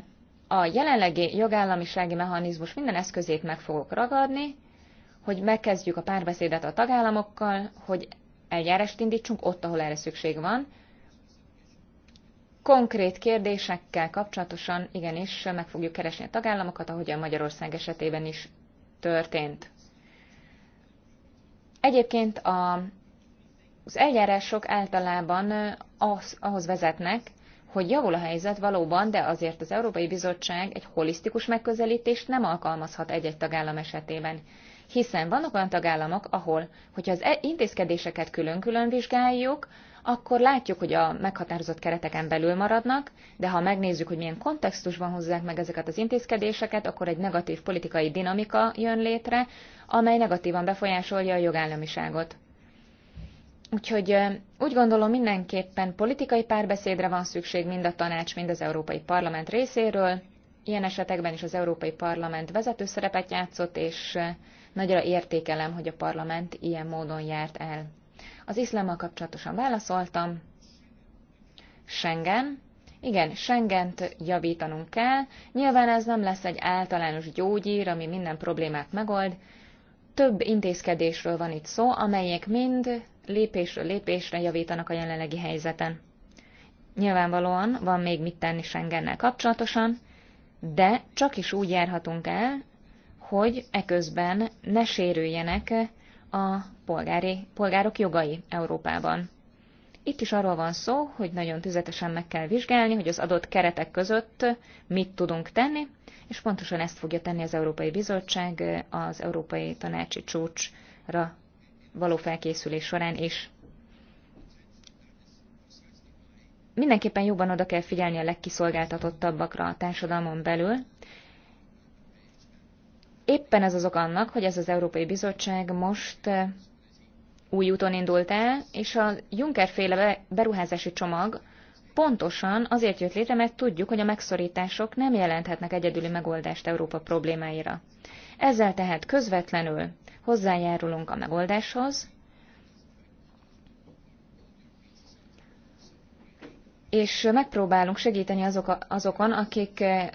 a jelenlegi jogállamisági mechanizmus minden eszközét meg fogok ragadni, hogy megkezdjük a párbeszédet a tagállamokkal, hogy eljárást indítsunk ott, ahol erre szükség van. Konkrét kérdésekkel kapcsolatosan igenis meg fogjuk keresni a tagállamokat, ahogy a Magyarország esetében is történt. Egyébként a, az eljárások általában az, ahhoz vezetnek, hogy javul a helyzet valóban, de azért az Európai Bizottság egy holisztikus megközelítést nem alkalmazhat egy-egy tagállam esetében. Hiszen vannak olyan tagállamok, ahol, hogyha az e- intézkedéseket külön-külön vizsgáljuk, akkor látjuk, hogy a meghatározott kereteken belül maradnak, de ha megnézzük, hogy milyen kontextusban hozzák meg ezeket az intézkedéseket, akkor egy negatív politikai dinamika jön létre, amely negatívan befolyásolja a jogállamiságot. Úgyhogy úgy gondolom mindenképpen politikai párbeszédre van szükség mind a tanács, mind az Európai Parlament részéről. Ilyen esetekben is az Európai Parlament vezető szerepet játszott, és nagyra értékelem, hogy a parlament ilyen módon járt el. Az iszlámmal kapcsolatosan válaszoltam. Schengen. Igen, Schengent javítanunk kell. Nyilván ez nem lesz egy általános gyógyír, ami minden problémát megold. Több intézkedésről van itt szó, amelyek mind lépésről lépésre javítanak a jelenlegi helyzeten. Nyilvánvalóan van még mit tenni Schengennel kapcsolatosan, de csak is úgy járhatunk el, hogy eközben ne sérüljenek a polgári, polgárok jogai Európában. Itt is arról van szó, hogy nagyon tüzetesen meg kell vizsgálni, hogy az adott keretek között mit tudunk tenni, és pontosan ezt fogja tenni az Európai Bizottság az Európai Tanácsi Csúcsra való felkészülés során is. Mindenképpen jobban oda kell figyelni a legkiszolgáltatottabbakra a társadalmon belül. Éppen ez az ok annak, hogy ez az Európai Bizottság most új úton indult el, és a Juncker féle beruházási csomag pontosan azért jött létre, mert tudjuk, hogy a megszorítások nem jelenthetnek egyedüli megoldást Európa problémáira. Ezzel tehát közvetlenül hozzájárulunk a megoldáshoz, és megpróbálunk segíteni azok, azokon, akik eh,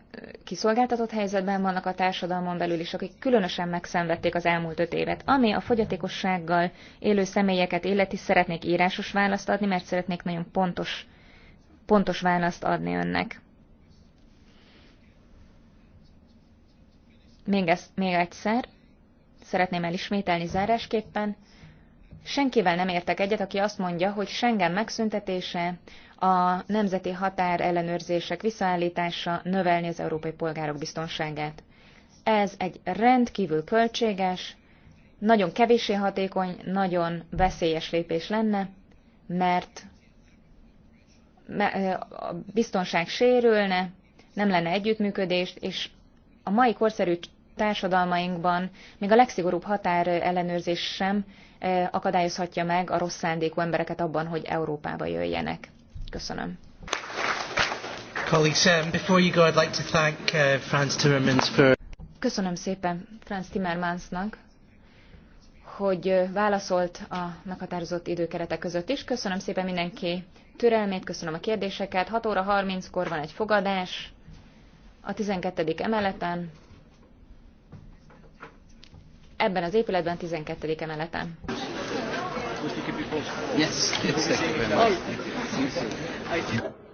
kiszolgáltatott helyzetben vannak a társadalmon belül is, akik különösen megszenvedték az elmúlt öt évet. Ami a fogyatékossággal élő személyeket illeti, szeretnék írásos választ adni, mert szeretnék nagyon pontos, pontos választ adni önnek. Még, ez, még egyszer, szeretném elismételni zárásképpen, senkivel nem értek egyet, aki azt mondja, hogy Schengen megszüntetése, a nemzeti határ ellenőrzések visszaállítása növelni az európai polgárok biztonságát. Ez egy rendkívül költséges, nagyon kevéssé hatékony, nagyon veszélyes lépés lenne, mert a biztonság sérülne, nem lenne együttműködést, és a mai korszerű társadalmainkban még a legszigorúbb határellenőrzés sem eh, akadályozhatja meg a rossz szándékú embereket abban, hogy Európába jöjjenek. Köszönöm. Köszönöm szépen Franz Timmermansnak, hogy válaszolt a meghatározott időkeretek között is. Köszönöm szépen mindenki türelmét, köszönöm a kérdéseket. 6 óra 30-kor van egy fogadás a 12. emeleten ebben az épületben, 12. emeleten. Yes, it's